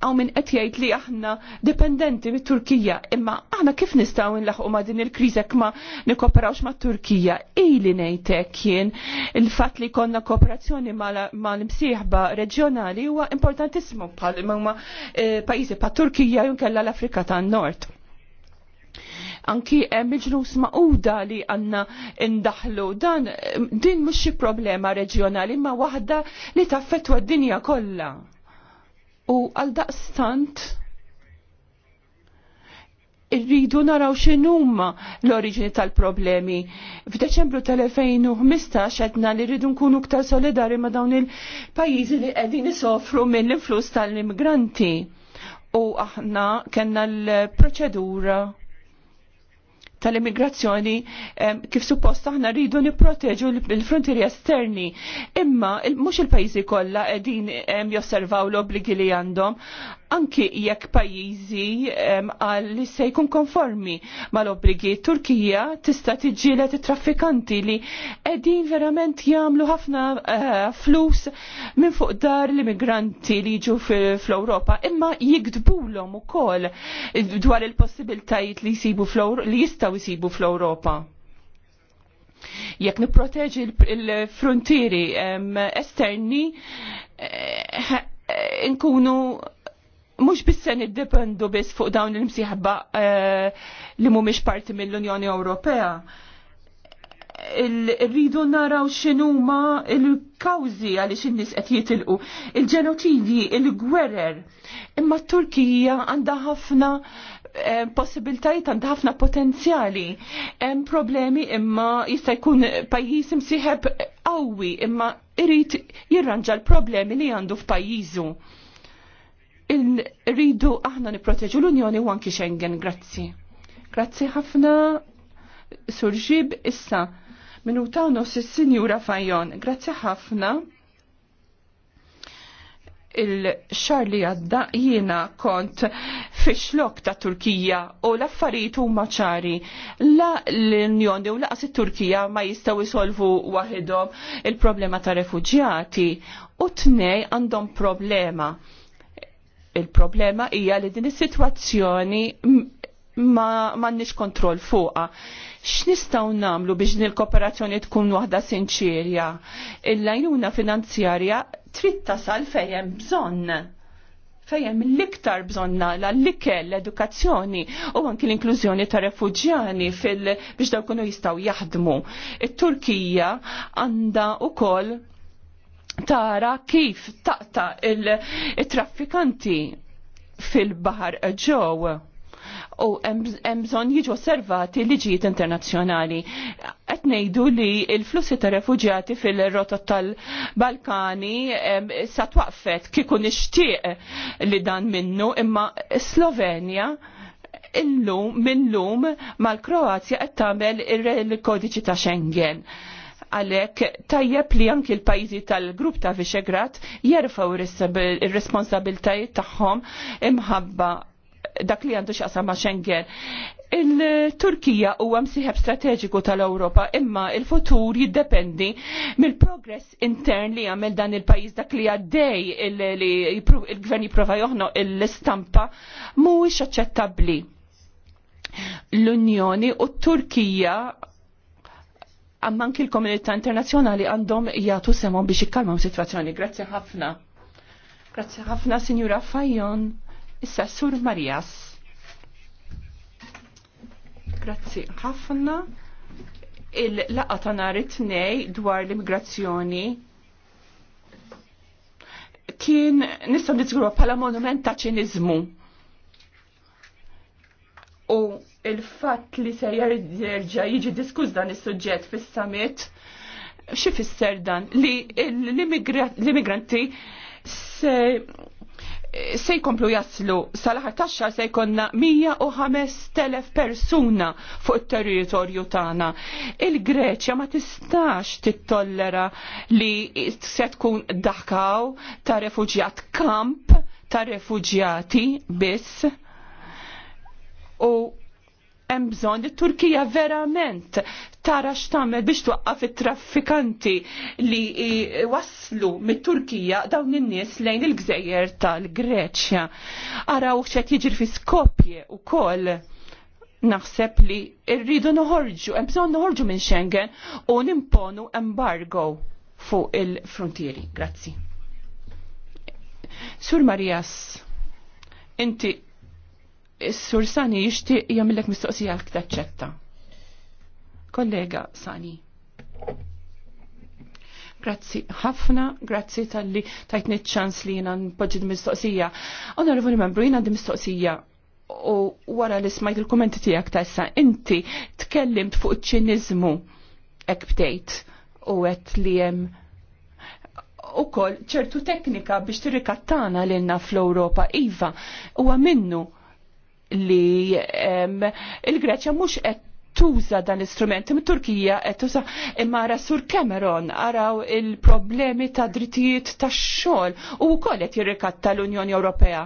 għaw minn qed jgħid li aħna dipendenti mit turkija imma aħna kif nistgħu nlaħqu ma' din il-kriża ma nikkoperawx ma' Turkija. Ili nejtek jien il-fatt li konna kooperazzjoni ma' l-imsieħba reġjonali huwa importantissimu bħal ma' eh, pajjiżi pa' Turkija kella l-Afrika tan-Nord anki hemm il-ġnus maquda li għandna indaħlu dan eh, din mhux xi problema reġjonali ma waħda li taffetwa d-dinja kollha u għal daqstant irridu naraw x'inhuma l-oriġini tal-problemi. F'Deċembru tal-2015 għedna li rridu nkunu ktar solidari ma' dawn il-pajjiżi li qegħdin isofru mill-influss tal-immigranti. U aħna kellna l-proċedura tal-immigrazzjoni kif suppost aħna rridu nipproteġu l-frontieri esterni. Imma mhux il-pajjiżi kollha qegħdin josservaw l-obbligi li għandhom anki jekk pajjiżi għal li se jkun konformi mal-obbligi Turkija tista' tiġġieled it-traffikanti li qegħdin verament jagħmlu ħafna eh, flus minn fuq dar l-immigranti li jiġu fl-Ewropa imma u ukoll dwar il-possibiltajiet li jsibu li jistgħu jsibu fl-Ewropa jekk niproteġi l-frontieri esterni eh, eh, nkunu mux id-dependu biss fuq dawn il-msiħba uh, eh, li mumiex parti mill-Unjoni Ewropea. Rridu naraw xinuma il-kawzi għalix in-nies qed jitilqu. il ġenotidi il-gwerer. Imma Turkija għandha ħafna eh, possibiltajiet għandha ħafna potenzjali. Hemm problemi imma jista' jkun pajjiż imsieħeb qawwi imma irid jirranġa l-problemi li għandu f'pajjiżu il-ridu aħna niproteġu l-Unjoni u anki Schengen, grazzi. Grazzi ħafna, surġib issa, minuta u nos il-Sinjura Fajon, grazzi ħafna. Il-xar li għadda jiena kont fixlok ta' Turkija u l-affarijiet huma ċari. La l-Unjoni u laqas it-Turkija ma jistgħu jisolvu wahidom il-problema ta' refuġjati u tnej għandhom problema Il-problema hija li din is-sitwazzjoni ma m'għandniex kontroll fuqha. X'nistgħu nagħmlu biex din il-kooperazzjoni tkun waħda sinċerja? Il-lajnuna finanzjarja trid tasal fejn bżonn Fejjem l-iktar bżonna l-ikel, l-edukazzjoni u anki l-inklużjoni ta' refugjani fil biex dawk kunu jistaw jaħdmu. it turkija għanda u koll tara kif taqta il-traffikanti fil-bahar ġew u hemm bżonn jiġu osservati liġijiet internazzjonali. Qed ngħidu li l-flussi ta' refuġjati fil-rotot tal-Balkani sa twaqfet kieku nixtieq li dan minnu imma Slovenja illum minnlum mal-Kroazja qed tagħmel il-kodiċi ta' Schengen Għalhekk tajjeb li anki l-pajjiżi tal-grupp ta' Vixegrat jerfgħu ir-responsabiltajiet tagħhom imħabba dak li għandu xaqsa ma' Schengen. Il-Turkija huwa msieħeb strateġiku tal-Ewropa, imma il-futur jiddependi mill-progress intern li għamil dan il-pajjiż dak li għaddej li il-gvern jiprofa joħno l-istampa mhuwiex aċċettabbli. L-Unjoni u t-Turkija anki il komunità internazjonali għandhom jgħatu semhom biex ikkalmaw situazzjoni. Grazzi ħafna. Grazzi ħafna, signora Fajon. Issa Sur Marias. Grazzi ħafna. il laqqa ta' nhar it-tnej dwar l-immigrazzjoni kien nistgħu niżgurwa bħala monument ta' ċiniżmu. U il-fatt li se jerġa' jiġi diskuż dan is-suġġett fis-summit xi fisser dan li l-immigranti se se jkomplu jaslu sal-aħar tax se jkonna 105.000 persuna fuq it-territorju tagħna. Il-Greċja ma tistax tittollera li se tkun daħkaw ta' refuġjat kamp ta' refuġjati biss u hemm bżonn it-Turkija verament tara x'tagħmel biex twaqqaf it-traffikanti li waslu mit-Turkija dawn in-nies lejn il-gżejjer tal-Greċja. Araw x'qed jiġri fi Skopje wkoll naħseb li rridu noħorġu, hemm bżonn noħorġu minn Schengen u nimponu embargo fuq il-frontieri. Grazzi. Sur Marias, inti Is-sur Sani jixtieq jagħmilek mistoqsija għal taċċetta. Kollega Sani. Grazzi ħafna, grazzi tal-li tajtni ċans li jina npoġġid mistoqsija. Onorevoli membru, jina di mistoqsija u wara li smajt il-kommenti tiegħek ta' issa, inti tkellimt fuq ċinizmu hekk bdejt u għet li hemm u kol ċertu teknika biex tirrikattana l-inna fl-Europa. Iva, u minnu li il-Greċja mhux qed tuża dan l-istrument mit-Turkija qed tuża imma ara Sur Cameron araw il-problemi ta' drittijiet tax-xogħol u wkoll qed jirrikatta l-Unjoni Ewropea.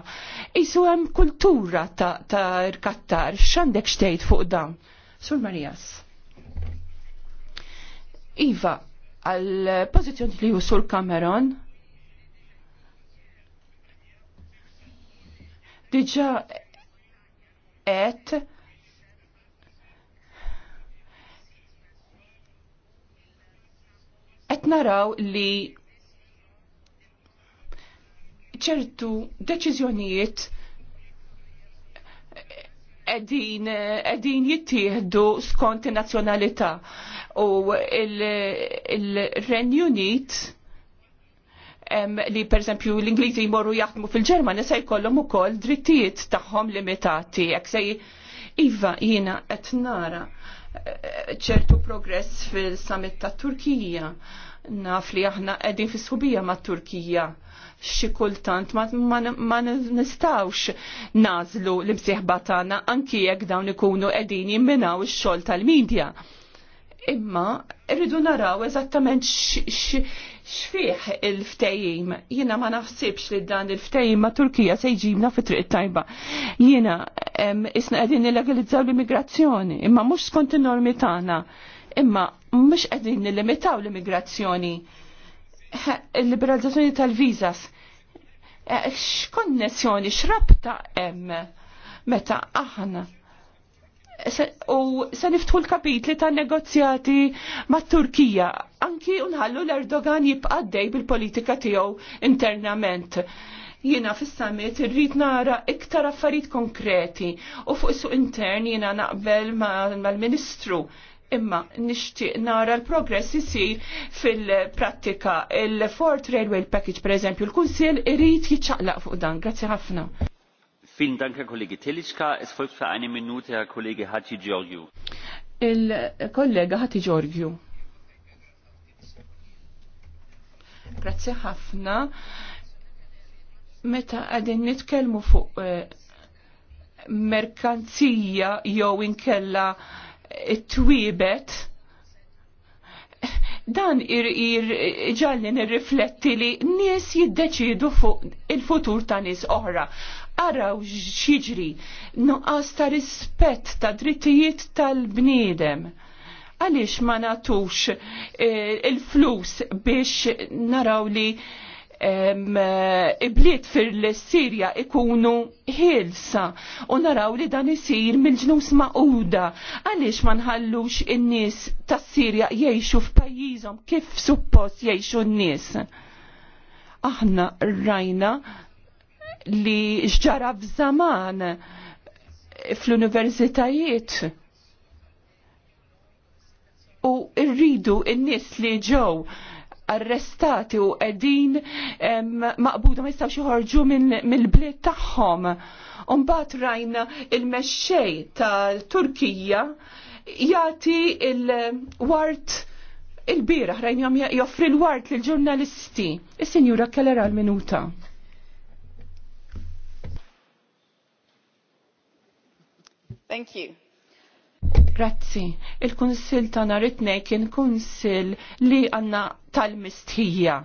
Isu hemm kultura ta', ta rkattar x'għandek xtejt fuq dan. Sur Marijas. Iva, għal pożizzjoni li hu Sur Cameron diġa qed et naraw li ċertu deċiżjonijiet edin, edin jittieħdu skont nazzjonalità u il-Renju il, il Unit li per esempio l-Ingliżi jmorru jaħdmu fil-Ġermanja se jkollhom ukoll drittijiet tagħhom limitati jekk se iva jiena qed nara eh, ċertu progress fil-summit ta' Turkija. Naf li aħna qegħdin fis subija ma' Turkija xi kultant ma, ma, ma nistawx nażlu l-imsieħba tagħna anki jekk dawn ikunu qegħdin jimminaw ix-xogħol tal-medja imma rridu naraw eżattament xfieħ il-ftejim. Jiena ma naħsibx li dan il-ftejim ma' Turkija se jġibna fi triq tajba. Jiena isna qegħdin illegalizzaw l-immigrazzjoni, imma mhux skont in-normi tagħna. Imma għedin qegħdin nillimitaw l-immigrazzjoni. Il-liberalizzazzjoni tal-viżas. Eh, x'konnessjoni, x'rabta hemm meta aħna u se niftħu l-kapitli ta' negozjati mat Turkija. Anki unħallu l-Erdogan jibqaddej bil-politika tiegħu internament. Jiena fis-summit irrid nara iktar affarijiet konkreti u fuq is-suq intern jiena naqbel mal-Ministru imma nixtieq nara l-progress isir fil-prattika. Il-Fort Railway Package, per eżempju, l-Kunsil irrid jiċċaqlaq fuq dan. Grazzi ħafna. Il-kollega Hati Giorgio. Grazzi ħafna. Meta għadin nitkellmu fuq eh, merkanzija jew inkella eh, twibet, dan ġalli nirrifletti li nies jiddeċidu fuq il-futur ta' nies oħra. Araw x'jiġri nuqqas ta' rispett ta' drittijiet tal-bniedem għaliex ma natux eh, il-flus biex naraw li eh, ibliet fil-Sirja ikunu ħilsa u naraw li dan isir mill-ġnus maquda għaliex ma nħallux in-nies tas-Sirja jgħixu f'pajjiżhom kif suppost jgħixu n-nies. Aħna rajna li xġara f'żaman fl-universitajiet. U rridu n-nis li ġew arrestati u qegħdin maqbuda ma jistgħux joħorġu mill-bliet tagħhom. Umbagħad rajna il-mexxej tal-Turkija jagħti il-wart il-bieraħ rajna joffri l-wart lill ġurnalisti Is-Sinjura Keller għal-minuta. Thank you. Grazzi. Il-Kunsil ta' nhar it-tnejn kien kunsil li għandna tal-mistħija.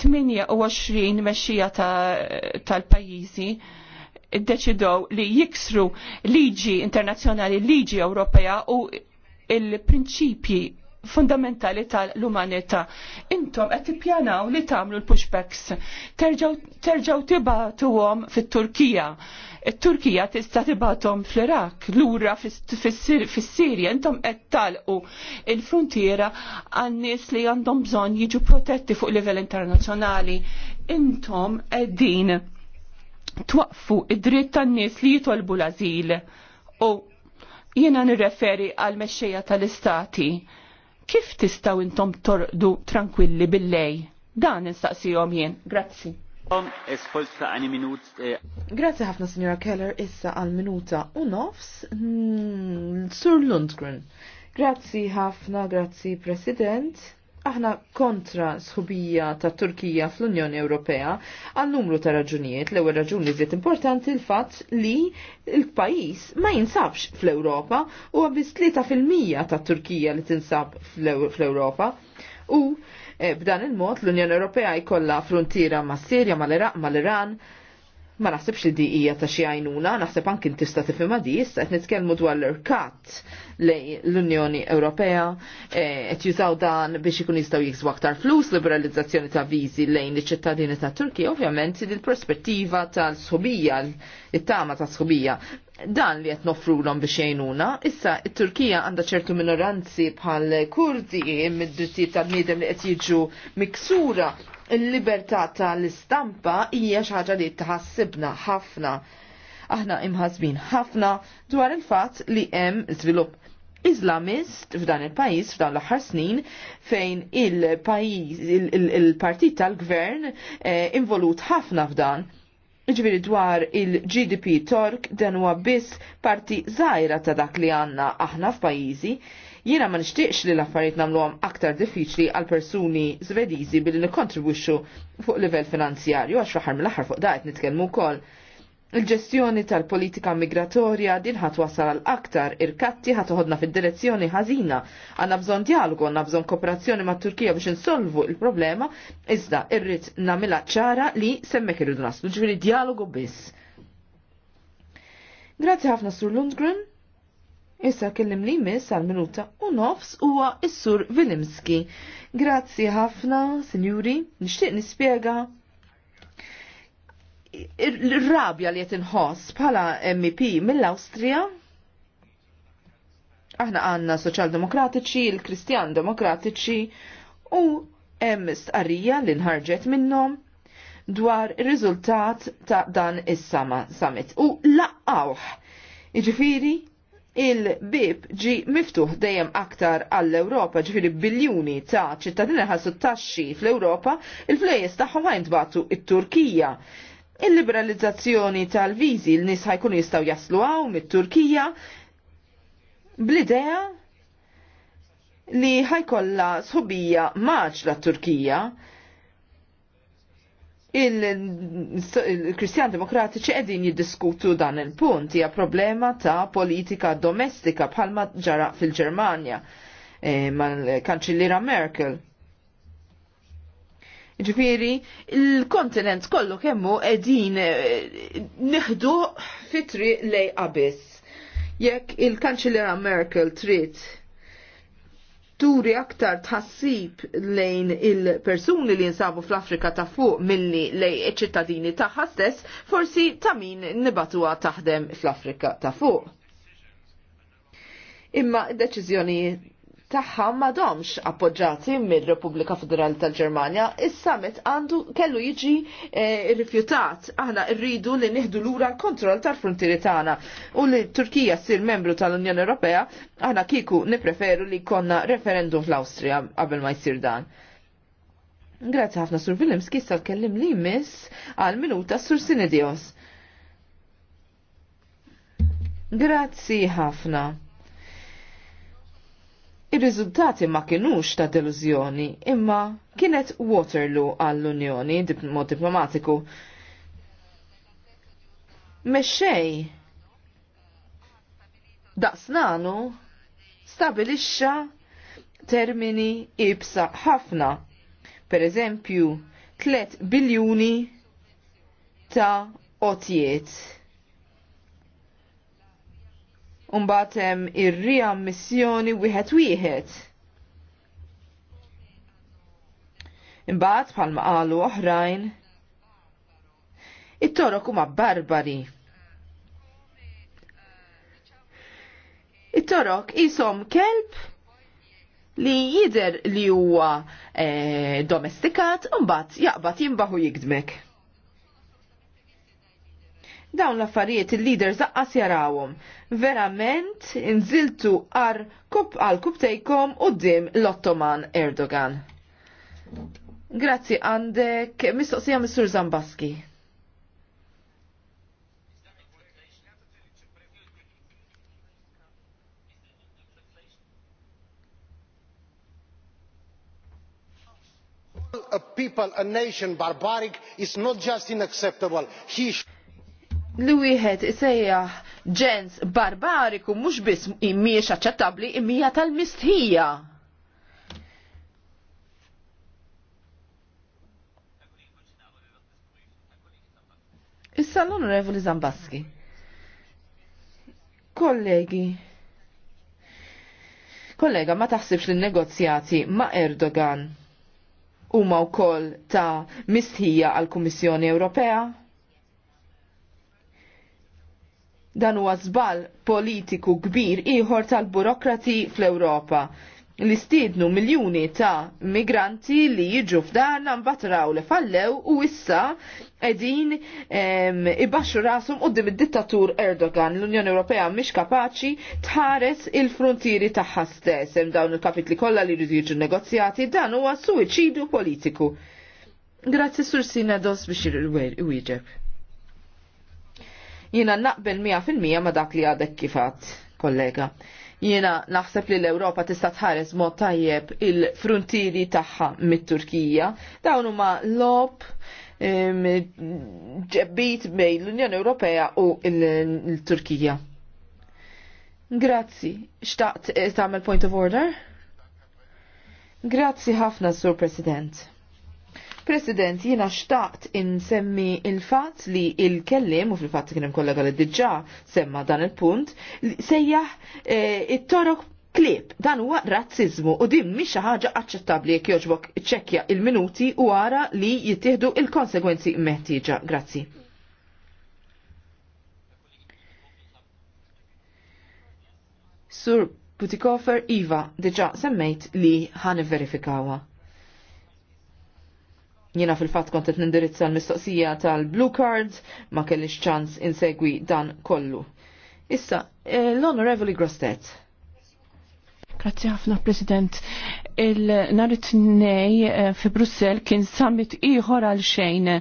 28 mexxija tal-pajjiżi deċidow li jiksru liġi internazzjonali, liġi Ewropea u il-prinċipji fundamentali tal-umanità. Intom qed tippjanaw li tagħmlu l-pushbacks. Terġgħu għom fit-Turkija Turkija tista' tibatom fl-Irak, lura fis-Sirja, intom qed talqu il-frontiera għan-nies li għandhom bżonn jiġu protetti fuq livell internazzjonali. Intom qegħdin twaqfu id-dritt tan-nies li jitolbu l-azil u jiena nirreferi għal mexxejja tal-istati. Kif tistaw intom torqdu tranquilli bil-lej? Dan nistaqsijom jien. Grazzi. Äh, Grazie ħafna, Signora Keller, issa għal minuta u nofs, mm, Sur Lundgren. Grazzi ħafna, grazzi President. Aħna kontra sħubija ta' Turkija fl-Unjoni Ewropea għal numru ta' raġunijiet. L-ewwel raġun li żiet importanti l-fatt li l-pajjiż ma jinsabx fl-Ewropa u għabis 3% ta' Turkija li tinsab fl-Ewropa. U E, b'dan il-mod l-Unjoni Ewropea jkollha frontiera ma' Sirja, mal-Iraq, mal-Iran, mal iraq mal iran ma nasibx li diqija ta' xi għajnuna, naħseb anki tista' tifima di issa qed nitkellmu dwar l-irkat li l-Unjoni Ewropea e, qed jużaw dan biex ikun jistgħu jiksbu aktar flus, liberalizzazzjoni ta' viżi lejn iċ-ċittadini ta' Turkija, ovvjament din perspettiva tal-sħubija, it-tama ta' sħubija. Dan li qed nofrulhom biex jgħinuna, issa it-Turkija għandha ċertu minoranzi bħal Kurdi mid-drittijiet tal-niedem li qed jiġu miksura il-libertà tal-istampa hija xi ħaġa li tħassibna ħafna. Aħna imħasbin ħafna dwar il-fatt li hemm żvilupp Islamist f'dan il-pajis f'dan l-aħħar snin fejn il-pajis il-partit tal-gvern eh, involut ħafna f'dan. Ġviri dwar il-GDP Tork dan huwa biss parti żgħira ta' dak li għandna aħna f'pajjiżi Jiena ma nixtieqx li l-affarijiet nagħmluhom aktar diffiċli għal persuni Svediżi billi nikkontribwixxu fuq livell finanzjarju għax fl-aħħar mill-aħħar fuq daqt nitkellmu wkoll. Il-ġestjoni tal-politika migratorja din ħat wasal għal aktar irkatti ħat uħodna fid-direzzjoni ħażina. Għanna bżon dialogu, għanna bżon kooperazzjoni ma' Turkija biex insolvu il-problema, iżda irrit namila ċara li semmek irridu naslu, ġviri dialogu biss. Grazzi ħafna Sur Lundgren. Issa kellim li jmiss għal minuta u nofs huwa s-sur Vilimski. Grazzi ħafna, sinjuri, nixtieq nispjega il-rabja li qed inħoss bħala MEP mill-Awstrija aħna għanna soċjaldemokratiċi, il-kristjan demokratiċi u hemm stqarrija li nħarġet minnhom dwar ir-riżultat ta' dan is-sama summit u laqgħu, Iġifiri, il-bib ġi miftuħ dejjem aktar għall-Ewropa, ġifiri biljuni ta' ċittadini ħassu taxxi fl-Ewropa, il-flejes tagħhom ħajn tbatu it-Turkija. Il-liberalizzazzjoni tal-viżi l-nies ħajkun jistgħu jaslu hawn mit-Turkija bl-idea li ħajkolla sħubija maġ t Turkija il-Kristjan Demokratiċi qegħdin jiddiskutu dan il-punt hija problema ta' politika domestika bħalma ġara fil-Ġermanja eh, mal-kanċillira Merkel. Ġifiri, il-kontinent kollu kemmu edin eh, nieħdu fitri lej abis. Jekk il-kanċillira Merkel trid turi aktar tħassib lejn il-persuni li jinsabu fl-Afrika ta' fuq milli lej ċittadini ta' stess, forsi ta' min nibatuha taħdem fl-Afrika ta' fuq. Imma deċiżjoni tagħha m'għadhomx appoġġati mill repubblika Federali tal-Ġermanja, il summit għandu kellu jiġi eh, rifjutat. Aħna rridu li nieħdu lura l-kontroll tal-frontieri tagħna u li Turkija ssir membru tal-Unjoni Ewropea, aħna kiku nippreferu li konna referendum fl-Awstrija qabel ma jsir dan. Grazzi ħafna Sur Vilimski Kissa kellim li miss għal minuta Sur Sinedios. Grazzi ħafna. Ir-riżultati ma kienux ta' deluzjoni, imma kienet Waterloo għall-Unjoni mod diplomatiku. Mexxej daqsnanu stabilixxa termini ibsa ħafna. Per eżempju, 3 biljuni ta' otjiet Umbat hemm ir-riammissjoni wieħed wieħed. Imbagħad bħalma qalu oħrajn it-torok huma barbari. It-torok isom kelb li jider li huwa eh, domestikat u mbagħad jaqbad jinbaħu jikdmek. Dawn l-affarijiet il leader zaqqas jarawhom. Verament inżiltu għar kub għal kubtejkom u l-Ottoman Erdogan. Grazzi għandek mistoqsija Mr. Zambaski. a people, a nation barbaric is not just unacceptable. He li wieħed isejjaħ ġens barbariku mhux biss mhijiex aċċettabbli imija tal-mistħija. Issa l-Onorevoli Zambaski. Kollegi, kollega ma taħsibx li negozjati ma' Erdogan huma wkoll ta' mistħija għall-Kummissjoni Ewropea? Dan huwa żball politiku kbir ieħor tal-burokrati fl-Ewropa li stidnu miljuni ta' migranti li jiġu f'darna mbatraw li fallew u issa edin ibaxxu rasum qudiem id-dittatur Erdogan. L-Unjoni Ewropea mhix kapaċi tħares il-frontieri tagħha stess hemm dawn il-kapitli kollha li jridu jiġu negozjati dan huwa suwiċidu politiku. Grazzi Sur Sinados Dos biex iwieġeb. Jiena naqbel 100% ma dak li għadek kifat, kollega. Jiena naħseb li l-Ewropa tista' tħares mod tajjeb il frontiri tagħha mit-Turkija. Dawn huma lob ġebbit bejn l-Unjoni Ewropea u l-Turkija. Grazzi. Xtaqt eh, tagħmel point of order? Grazzi ħafna, Sur President. President, jina xtaqt insemmi il-fat li il-kellim, u fil-fat kien hemm kollega li diġà semma dan il-punt, sejjaħ eh, it-torok klib dan huwa razzizmu u din mhix xi ħaġa aċċettabbli jekk jogħġbok ċekkja il-minuti u ara li jittieħdu il-konsegwenzi meħtieġa. Grazzi. Sur Putikofer Iva diġa semmejt li ħan verifikawa. Jina fil-fat kontet nindirizza l-mistoqsija tal-Blue Card, ma kellix ċans insegwi dan kollu. Issa, eh, l-Honorevoli Grostet. Grazie ħafna, President. Il-nar nej eh, fi Brussel kien summit iħor għal xejn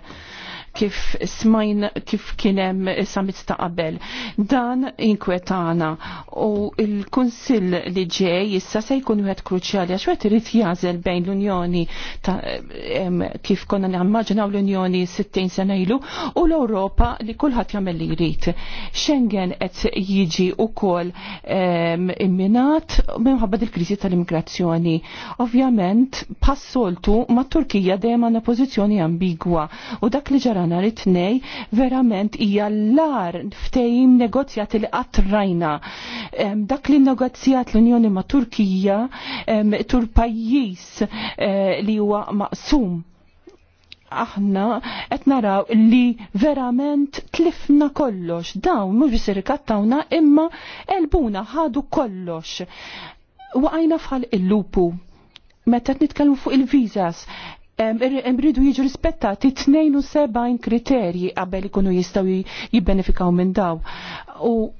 kif smajn kif kienem samit ta' qabel. Dan inkwetana u il-Kunsill li ġej issa se jkun wieħed kruċjali għax wieħed irid jażel bejn l-Unjoni kif konna nammaġinaw l-Unjoni 60 sena ilu u l-Ewropa li kulħadd jagħmel li jrid. Schengen qed jiġi wkoll imminat minħabba il-kriżi tal-immigrazzjoni. Ovvjament, passoltu ma' Turkija dejjem għandna pożizzjoni ambigwa u dak li ġara wara nhar it-tnej verament hija l-ar ftejim negozjat li qatt rajna. Dak li negozjat l-Unjoni ma' Turkija tur pajjiż eh, li huwa maqsum aħna qed naraw li verament tlifna kollox. Dawn mhux biss irrikattawna imma elbuna ħadu kollox. Waqajna fħal il-lupu. Meta nitkellmu fuq il-vizas, rridu jiġu rispettati 72 kriterji qabel ikunu jistaw jibbenefikaw minn daw. U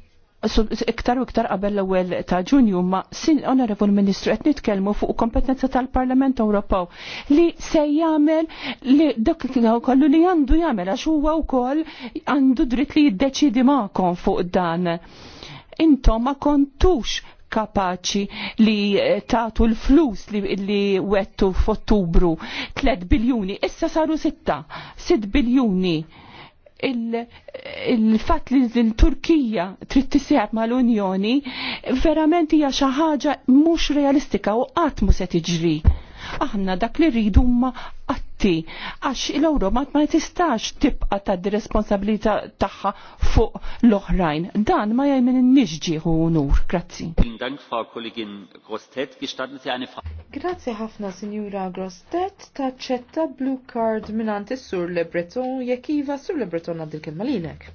iktar u iktar qabel l-ewwel ta' Ġunju ma' sin onorevol Ministru qed nitkellmu fuq kompetenza tal-Parlament Ewropew li se jagħmel li dak kollu li għandu jagħmel għax huwa wkoll għandu dritt li jiddeċidi magħkom fuq dan. Intom ma kontux kapaċi li eh, tatu l-flus li, li wettu f'Ottubru 3 biljuni, issa saru 6, 6 biljuni. Il-fat il li l-Turkija trid tisiħab mal-Unjoni verament hija xi ħaġa mhux realistika u qatt mu se tiġri. Aħna dak li rridu huma diritti għax il ewro ma tistax tibqa ta' responsabilità tagħha fuq l-oħrajn. Dan ma jajmen n-nixġiħu nur. Grazzi. Grazzi ħafna, Sinjura Grostet, taċċetta blue card minanti sur Le Breton, jekk iva sur Le Breton għaddil kemmalinek.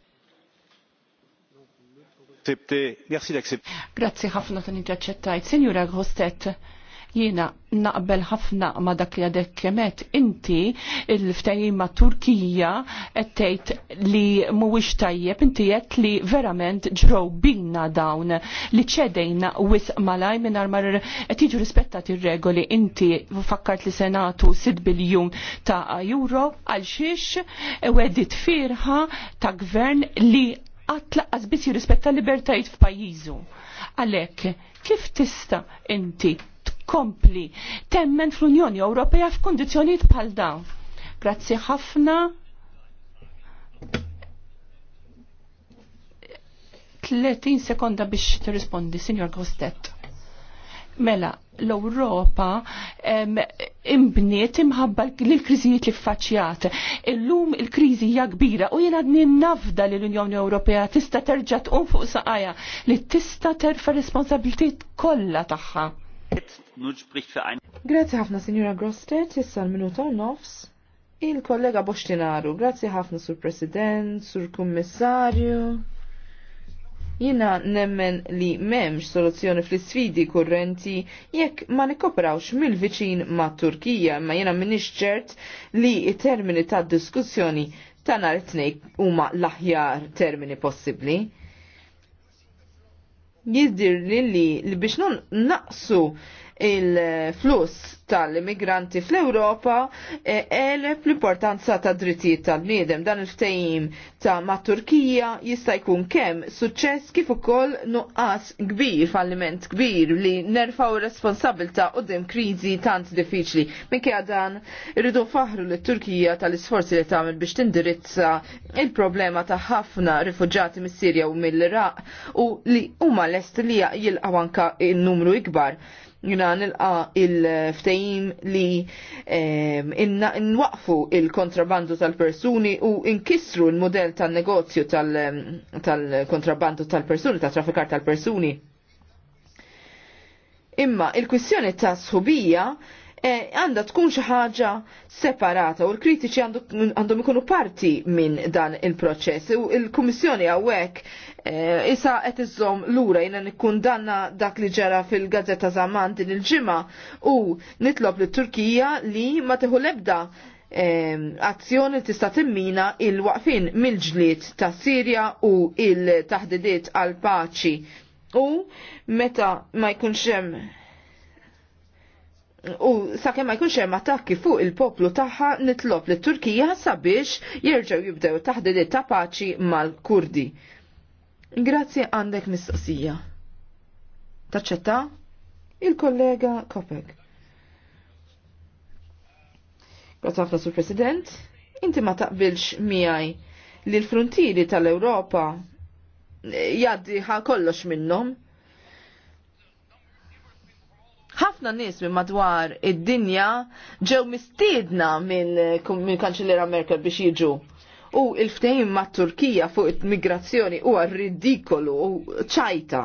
Grazzi ħafna tan intaċċettajt. Signora Grostet, Jiena naqbel ħafna ma dak li għadek kemet inti il-ftajim ma' Turkija għettejt li mhuwiex tajjeb inti qed li verament ġrow bina dawn li ċedejna wis malaj minn armar qed jiġu rispettati regoli inti fakkart li senatu 6 biljun ta' euro għal xiex weddit firħa ta' gvern li għatlaqqas bis jirrispetta libertajt f'pajizu. Għalek, kif tista inti tkompli temmen fl-Unjoni Ewropea f'kundizzjonijiet bħal dawn. Grazzi ħafna. Tletin sekonda biex tirrispondi, Signor Gostet. Mela, l-Europa imbniet imħabba l-kriżijiet li faċjat. Illum il-kriżi hija kbira u jiena nafda li l-Unjoni Ewropea tista' terġa' tqum fuq saqajja li tista' terfa' responsabilitiet kollha tagħha Grazzi ħafna, Signora Grostet, issa l-minuta u nofs. Il-kollega Boċtinaru, grazzi ħafna, Sur President, Sur Kummissarju. Jina nemmen li memx soluzzjoni fl-sfidi kurrenti jekk ma nikoperawx mill-viċin ma' Turkija, ma jina minix ċert li termini ta' diskussjoni ta' nar it-tnejk huma l-aħjar termini possibli jiddir li li biex naqsu il-fluss tal-immigranti fl-Europa għelef eh, l-importanza ta' drittijiet tal-bniedem. Dan il-ftejim ta' ma' Turkija jista' jkun kemm suċċess kif ukoll nuqqas kbir, falliment kbir li nerfaw responsabilta' dem kriżi tant diffiċli. Minkejja dan irridu faħru li Turkija tal-isforzi li tagħmel biex tindirizza il-problema ta' ħafna rifuġati mis-Sirja u mill-Iraq u li huma lest li jilqgħu anka n-numru ikbar jina nilqa il ftajim li nwaqfu il-kontrabandu tal-persuni u inkissru il model tal-negozju tal-kontrabandu tal-persuni, tal-trafikar tal-persuni. Imma il-kwissjoni ta' sħubija E, għandha tkun xi ħaġa separata u l-kritiċi għandhom ikunu parti minn dan il-proċess. U l-Kummissjoni hawnhekk e, isa qed iżżomm lura jiena danna dak li ġara fil-Gazzetta Zaman din il-ġimgħa u nitlob lit turkija li ma teħu lebda e, azzjoni tista' timmina il-waqfin mill-ġlied ta' Sirja u il-taħdidiet għal paċi u meta ma jkunx hemm U sakemm ma jkunx hemm attakki fuq il-poplu tagħha nitlob lit turkija sabiex jerġgħu jibdew taħdili ta' paċi mal-Kurdi. Grazzi għandek mistoqsija. Taċċetta? Il-kollega Kopek. Grazzi ħafna sur President, inti ma taqbilx miegħi li l-frontieri tal-Ewropa jaddi kollox minnhom ħafna nies minn madwar id-dinja ġew mistiedna minn kanċellera Merkel biex jiġu. U il-ftehim ma' Turkija fuq it-migrazzjoni huwa ridikolu u ċajta.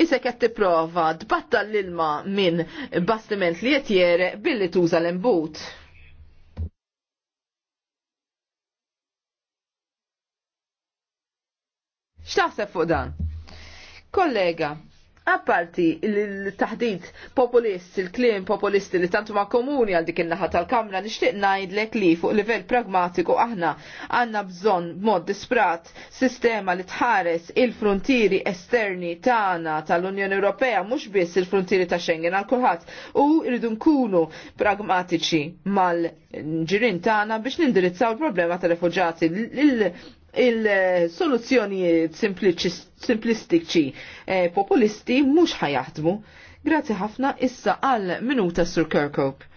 Issa qed tipprova tbatta l-ilma minn bastiment li qed jereq billi tuża l-imbut. X'taħseb fuq dan? Kollega, apparti l-taħdid populist, il-klim populisti li tantu ma' komuni għal dik naħat naħa tal-kamra, nishtiq najdlek li fuq livell pragmatiku aħna għanna bżon mod disprat sistema li tħares il-frontieri esterni tagħna tal-Unjoni Ewropea mhux biss il-frontieri ta' Schengen għal kulħadd u rridu nkunu pragmatiċi mal-ġirin tagħna biex nindirizzaw il-problema tal refugġati il-soluzzjonijiet simplistiċi eh, populisti mhux ħajaħdmu. Grazzi ħafna issa għal minuta Sur Kirkhope.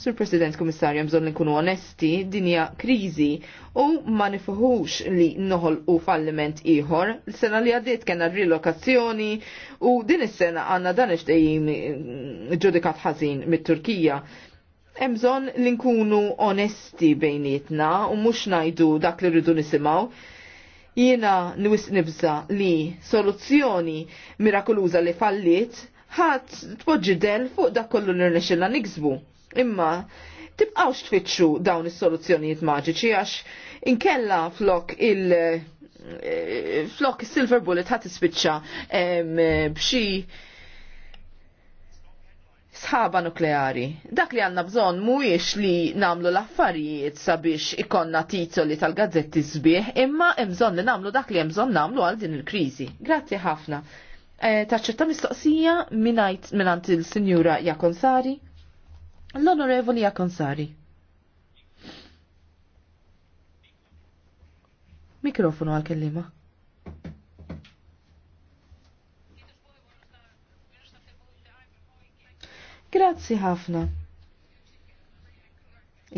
Sur President Komissarju, mżon li nkunu onesti, dinja krizi u ma nifuħux li noħol u falliment iħor. L-sena li għaddit kena rilokazzjoni u din is-sena għanna dan iġdejjim ġudikat ħażin mit-Turkija. Emżon li nkunu onesti bejnietna u mux najdu dak li rridu nisimaw jiena nwis nibza li soluzzjoni mirakoluza li fallit ħat tpoġġi del fuq dak kollu li rnexxilna niksbu. Imma tibqawx tfittxu dawn is-soluzzjonijiet maġiċi għax inkella flok il- eh, flok silver bullet ħat ispiċċa b'xi sħaba nukleari. Dak li għanna bżon mhuwiex li namlu l-affarijiet sabiex ikonna titoli tal-gazzetti sbieħ, imma imżon li namlu dak li imżon namlu għal din il-krizi. Grazzi ħafna. E, Taċċetta mistoqsija minajt minant il-Sinjura Jakonsari. L-Onorevoli Jakonsari. Mikrofonu għal-kellima. Grazzi ħafna.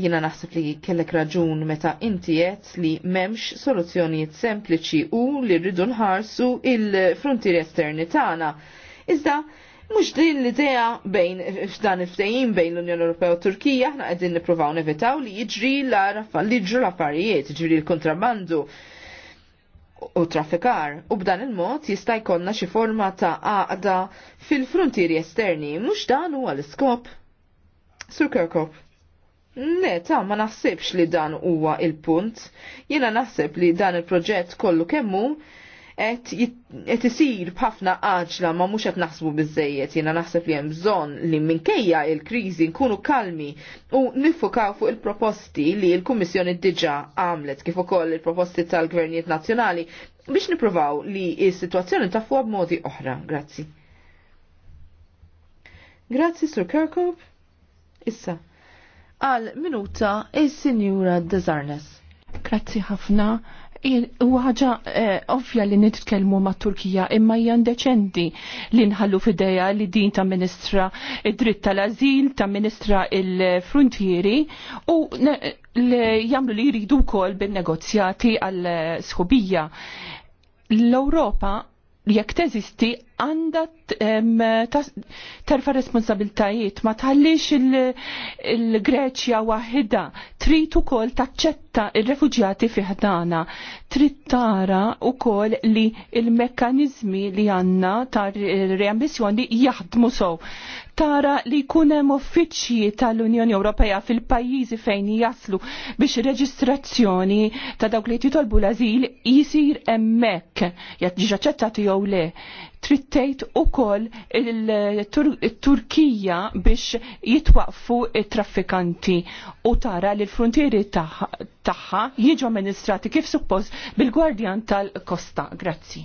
Jina naħseb li kellek raġun meta inti qed li memx soluzzjonijiet sempliċi u li rridu nħarsu il-frontier esterni tagħna. Iżda mhux din l-idea bejn f'dan il-ftehim bejn l-Unjoni Ewropea u Turkija aħna qegħdin nippruvaw nevitaw li jiġri l-affarijiet, jiġri l-kontrabandu, u traffikar u b'dan il-mod jista' jkollna xi forma ta' għaqda fil-frontieri esterni mhux dan huwa l-iskop. Sur Kirkop. Ne, ta' ma naħsibx li dan huwa il-punt. Jiena naħseb li dan il-proġett kollu kemmu qed isir b'ħafna għaġla ma mhux qed naħsbu biżejjed jiena naħseb li hemm bżonn li minkejja il-kriżi nkunu kalmi u nifukaw fuq il-proposti li l-Kummissjoni diġà għamlet kif ukoll il-proposti tal-Gvernijiet Nazzjonali biex nippruvaw li s-sitwazzjoni tafu b'modi oħra. Grazzi. Grazzi, Sur Kirkup. Issa, għal minuta is-Sinjura Desarnes. Grazzi ħafna huwa ħaġa eh, ovvja li nitkellmu ma' Turkija imma hija indeċenti li nħallu fideja li din ta' ministra id-dritt tal-azil, ta' ministra il-frontieri u jagħmlu li jridu wkoll bin-negozjati għal sħubija. L-Ewropa jekk teżisti għanda terfa responsabiltajiet ma tħallix il-Greċja wahida trid ukoll taċċetta il-refugjati fiħdana trid tara ukoll li il-mekkaniżmi li għandna tar reambizjoni jaħdmu sow. tara li kunem uffiċji tal-Unjoni Ewropea fil-pajjiżi fejn jaslu biex reġistrazzjoni ta' dawk li jitolbu l-azil jisir emmek, jgħat ġiġaċettat jew le trittejt u koll il-Turkija biex jitwaqfu il-traffikanti u tara li l-frontieri taħħa jiġu amministrati kif suppost bil-gwardjan tal-Kosta. Grazzi.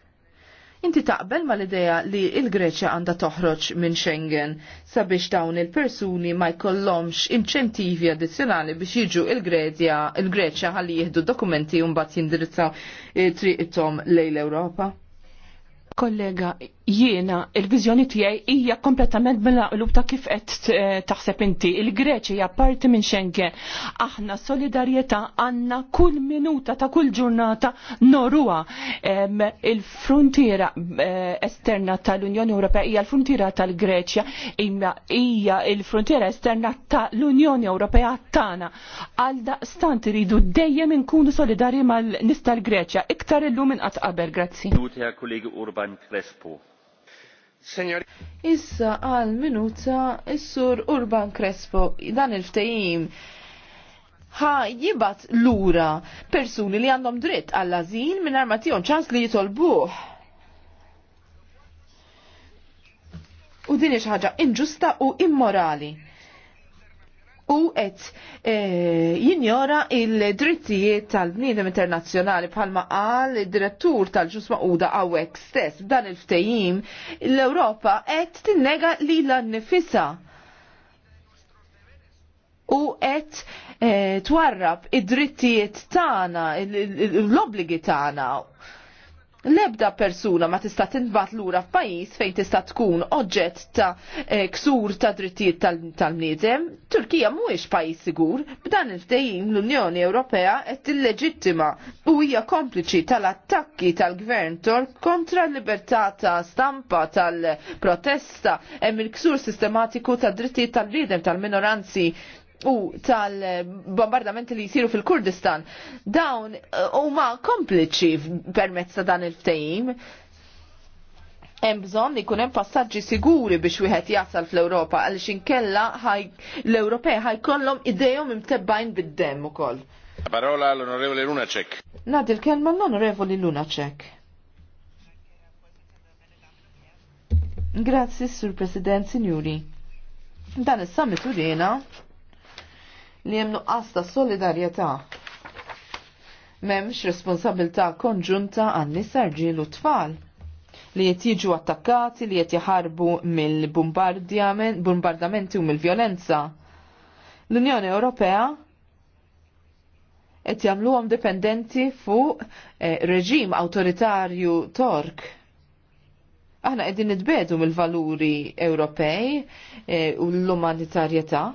Inti taqbel ma l-ideja li il-Greċja għandha toħroġ minn Schengen sabiex dawn il-persuni ma jkollhomx inċentivi addizzjonali biex jiġu il-Greċja il ħalli jieħdu dokumenti u mbagħad jindirizzaw eh, triqithom lej l-Ewropa. Kollega, jiena il-vizjoni tiegħi hija kompletament mill-qlub mela ta' kif qed eh, taħseb inti. Il-Greċi hija parti minn Schengen. Aħna solidarjetà għandna kull minuta ta' kull ġurnata norua. Il-frontiera eh, esterna tal-Unjoni Ewropea hija l-frontiera tal-Greċja, hija il-frontiera esterna tal-Unjoni Ewropea tagħna. Għal daqstant iridu dejjem inkunu solidarji mal-nista l-Greċja. Iktar illum minn qabel, grazzi. Urban Crespo. Senjor. Issa għal minuta is-sur Urban Crespo dan il-ftejim ħa jibat lura persuni li għandhom dritt għall azin minn armatijon ċans li jitolbuħ. U din ħaġa inġusta u immorali u qed e, jinjora il-drittijiet tal-bniedem internazzjonali bħalma qal id-direttur tal-ġus maquda għawek stess b'dan il ftejim l-Ewropa qed tinnega lilha nnifisha u qed e, twarrab id-drittijiet tagħna, l-obbligi tagħna L-ebda persuna ma tista' tintbat lura f'pajjiż fejn tista' tkun oġġett ta' eh, ksur ta' drittijiet tal-bniedem. Turkija mhuwiex pajjiż sigur, b'dan il-ftehim l-Unjoni Ewropea qed illeġittima u hija kompliċi tal-attakki tal-Gvern Tork kontra l-libertà ta' stampa tal-protesta hemm il-ksur sistematiku ta' drittijiet tal-bniedem tal-minoranzi u tal-bombardamenti li jisiru fil-Kurdistan, dawn eh, huma kompliċi permezz ta' dan il-ftehim. Hemm bżonn li jkun hemm passaġġi siguri biex wieħed jasal fl-Ewropa għaliex inkella l-Ewropej ħajkollhom idejhom imtebbajn bid-demm ukoll. La parola l-Onorevoli Lunacek. Nadil kelma l-Onorevoli Lunacek. Grazzi, Sur President, Signori. Dan is-summit urina li hemm nuqqas solidarieta. solidarjetà. M'hemmx responsabilità konġunta għan nisa l tfal li qed jiġu attakkati, li qed jaħarbu mill-bombardamenti u mill-vjolenza. L-Unjoni Ewropea qed jagħmluhom dipendenti fuq eh, reġim awtoritarju tork. Aħna qegħdin nitbedu mill-valuri Ewropej eh, u l-umanitarjetà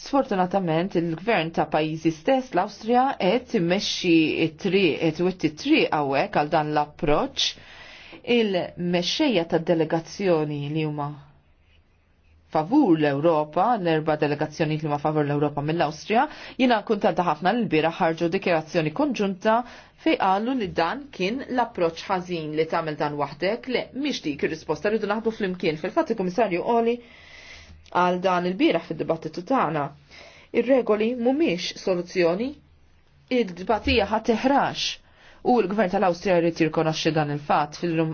Sfortunatament, il-gvern ta' pajizi stess, l-Austria, qed timmexxi t-triq, qed triq hawnhekk għal dan l-approċċ. Il-mexxejja tad-delegazzjoni li huma favur l-Europa, l-erba delegazzjoni li ma favur l-Europa mill-Austria, jina kuntanta ħafna l-bira ħarġu dikjerazzjoni konġunta fej għallu li dan kien l-approċ ħażin li tagħmel dan waħdek li mhix dik ir-risposta rridu naħdu flimkien. Fil-fatt il-Kummissarju Oli għal dan il bira fid-dibattitu tagħna. Ir-regoli mhumiex soluzzjoni, id-dibatija ħat teħrax. U l-Gvern tal-Awstrija jrid jirkonoxxi dan il-fatt fil-rum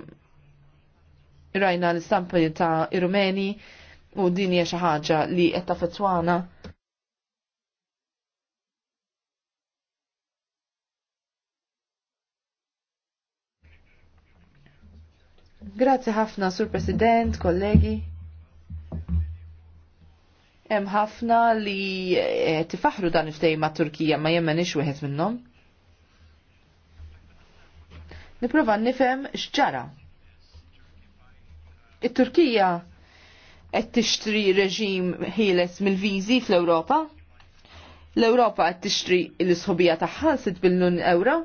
rajna l-istampi ta' Ir-Rumeni u din hija xi ħaġa li qed tafettwana Grazie ħafna, Sur President, kollegi. Hemm ħafna li eh, tifaħru dan il ma' Turkija ma jemmen ix wieħed minnhom. Niprova nifhem x'ġara. It-Turkija qed tixtri reġim ħieles mill-viżi fl-Ewropa? L-Ewropa qed tixtri l-isħobija tagħha sit bil-Nun Ewro?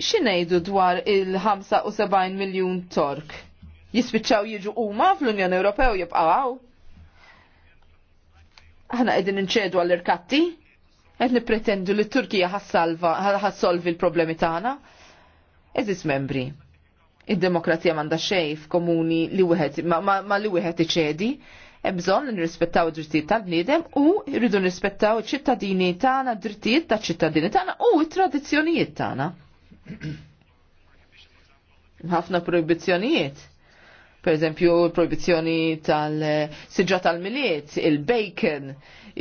xinejdu dwar il-75 miljon tork? Jispiċċaw jiġu huma fl-Unjoni Ewropew jibqgħu? Aħna qegħdin inċedu għall-irkatti? Qed nippretendu li t-Turkija ħassolvi l-problemi tagħna? Eżis membri, id-demokrazija m'għandha xejn komuni li wieħed ma, li wieħed iċedi bżon nirrispettaw id-drittijiet tal-bniedem u rridu nirrispettaw iċ-ċittadini tagħna, d-drittijiet taċ-ċittadini tagħna u t-tradizzjonijiet tagħna. ħafna proibizzjonijiet. Per eżempju, proibizzjoni tal-siġġa tal-miliet, il-bacon,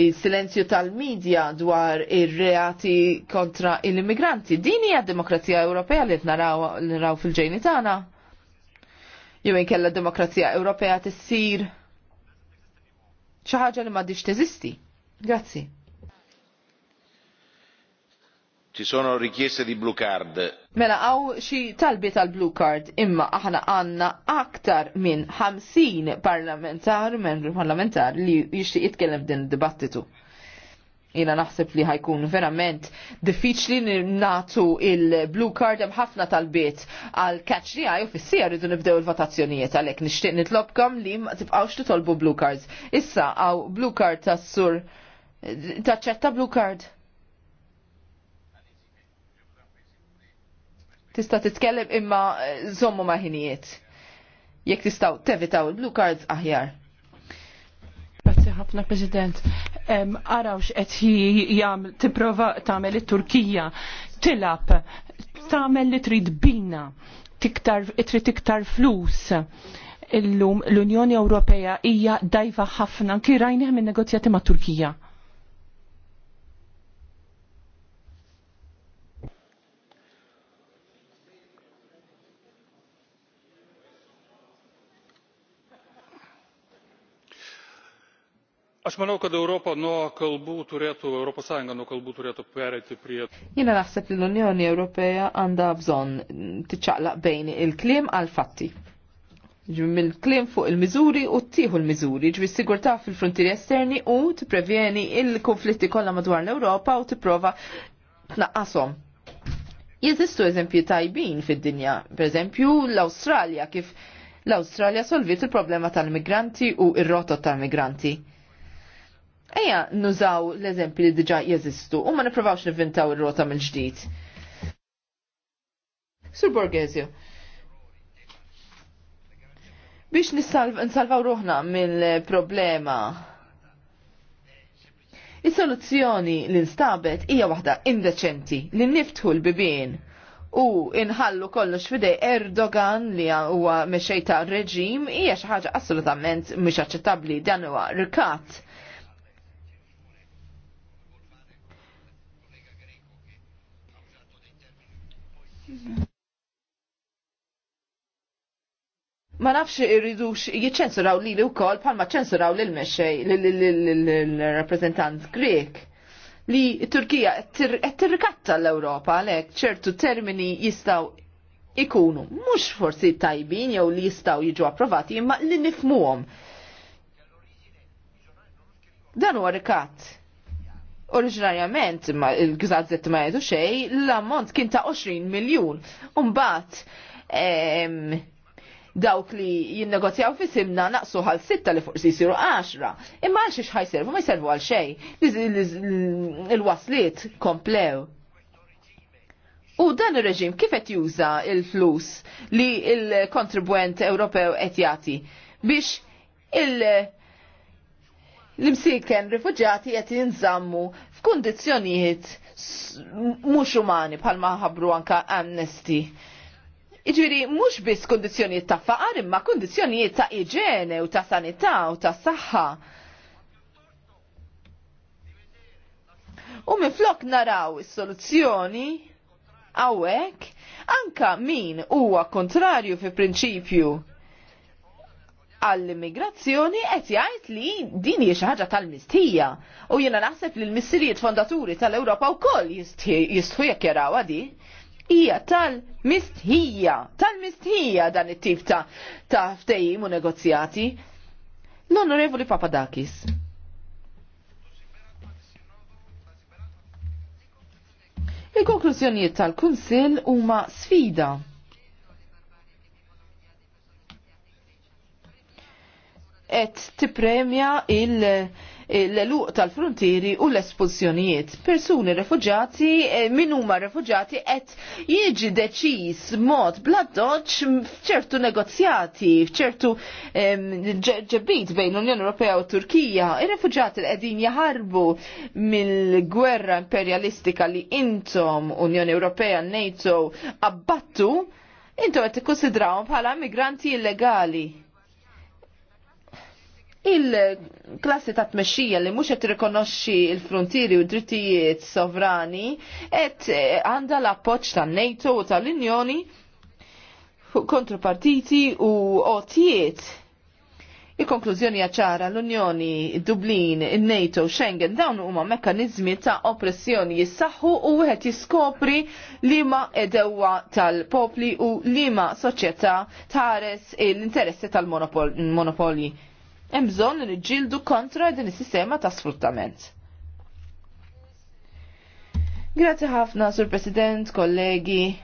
il-silenzju tal-medja dwar ir-reati kontra l-immigranti. Din hija demokrazija Ewropea li naraw, naraw fil-ġejni tagħna. Jew kella demokrazija Ewropea tissir xi ħaġa li m'għadix teżisti. Grazzi. Ci sono richieste di blue card. Mela, għaw xi talbi tal-blue card, imma aħna għanna aktar minn 50 parlamentar, membru parlamentar li jixtieq jitkellem din id-dibattitu. Jiena naħseb li ħajkun verament diffiċli natu il-blue card hemm ħafna tal-bit għal catch li għaj u fissija rridu nibdew il-votazzjonijiet għalhekk nixtieq nitlobkom li ma tibqawx titolbu blue cards. Issa għaw blue card tas-sur taċċetta blue card. tista' titkellem imma eh, żommu ma' ħinijiet. Jekk tistgħu tevitaw il-blue cards aħjar. Grazzi ħafna President. Araw x'qed jam tipprova tagħmel it-Turkija tilab tagħmel li trid bina tiktar trid iktar flus illum l-Unjoni Ewropea hija dajva ħafna kien rajna minn negozjati ma' Turkija. Aš manau, kad Europa nuo kalbų turėtų, Europos Sąjunga nuo kalbų turėtų pereiti prie. Jina naħseb li l-Unjoni Ewropea għandha bżon tiċċaqlaq bejn il-klim għal-fatti. Mill-klim fuq il-mizuri u t-tiħu l-mizuri, ġvi sigurta fil-frontieri esterni u t-prevjeni il-konflitti kollha madwar l-Europa u t-prova tnaqqasom. Jeżistu eżempji tajbin fid-dinja, per eżempju l awstralja kif l awstralja solvit il-problema tal-migranti u ir-rotot tal-migranti. tal migranti u ir rotot tal migranti Eja, nużaw l-eżempi li diġa jeżistu u ma niprofawx nivvintaw il-rota mill-ġdid. Sur Borgesio, biex nsalvaw ruħna mill-problema Is-soluzzjoni li nstabet hija waħda indeċenti li niftħu l-bibien u inħallu kollox fidej Erdogan li huwa mexej ta' reġim hija xi ħaġa assolutament mhix aċċettabbli dan huwa rikat ma nafx irridu jiċensuraw li li u kol palma ċensuraw li l-mexxej l-rappresentant Grek li Turkija qed tirrikatta l-Ewropa għalhekk ċertu termini jistaw ikunu mhux forsi tajbin jew li jistaw jiġu approvati imma li nifmuhom. Dan huwa rikat! Oriġinarjament imma il-gżazzett ma jgħidu xej, l-ammont kien ta' 20 miljun. Umbat dawk li jinnegozjaw fi simna naqsu għal sitta li forsi jisiru 10. Imma għal xiex ħajservu, ma jservu għal xej. il waslit komplew. U dan ir-reġim kif qed juża il-flus li il-kontribwent Ewropew qed jagħti biex il- l-imsiken rifugjati qed jinżammu f'kundizzjonijiet mhux umani bħalma ħabru anka amnesti. Iġviri, mhux biss kundizzjonijiet ta' faqar imma kundizzjonijiet ta' iġene u ta' sanità u ta' saħħa. U miflok naraw is-soluzzjoni għawek, anka min huwa kontrarju fi prinċipju għall-immigrazzjoni qed jgħid li din hija xi ħaġa tal-mistija. U jiena naħseb li l-missirijiet fondaturi tal-Ewropa wkoll jistħu jekk jarawha Hija tal-mistħija, tal-mistħija dan it-tip ta' ta' u negozjati. L-Onorevoli Papadakis. Il-konklużjonijiet tal-Kunsill huma sfida qed tippremja l-eluq tal-frontieri u l-espulsjonijiet. Persuni refugjati, eh, min huma refugjati qed jiġi deċiż mod bladdoċ f'ċertu negozjati, f'ċertu ġebbit bejn l-Unjoni Ewropea u Turkija. Ir-refugjati li qegħdin jaħarbu mill-gwerra imperialistika li intom Unjoni Ewropea NATO abbattu, intom qed tikkonsidrawhom bħala migranti illegali il-klassi ta' tmexxija li mhux qed tirrikonoxxi l-frontieri u drittijiet sovrani qed għandha l-appoġġ tan-NATO u tal-Unjoni fuq kontrapartiti u otijiet. Il-konklużjoni ċara l-Unjoni, Dublin, il-NATO, Schengen, dawn huma mekkanizmi ta' oppressjoni jissaħħu u wieħed jiskopri li ma edewa tal-popli u li ma soċjetà tħares l-interessi tal-monopoli hemm bżonn li niġġieldu kontra din is-sistema ta' sfruttament. Grazzi ħafna, Sur President, kollegi.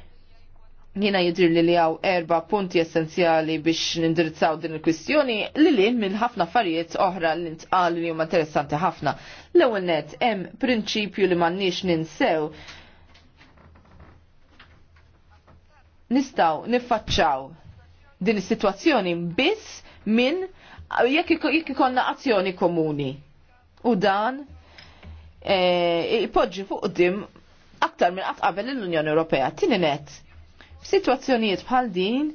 Jina jidir li li għaw erba punti essenzjali biex nindirizzaw din il-kwistjoni li li minn ħafna affarijiet oħra li ntqal li huma interessanti ħafna. L-ewwel net hemm prinċipju li m'għandniex ninsew nistaw niffaċċaw din is-sitwazzjoni biss minn jekk ikonna azzjoni komuni. U dan e, ipoġġi fuq qudiem aktar minn qatt qabel l-Unjoni Ewropea. Tieni net, f'sitwazzjonijiet bħal din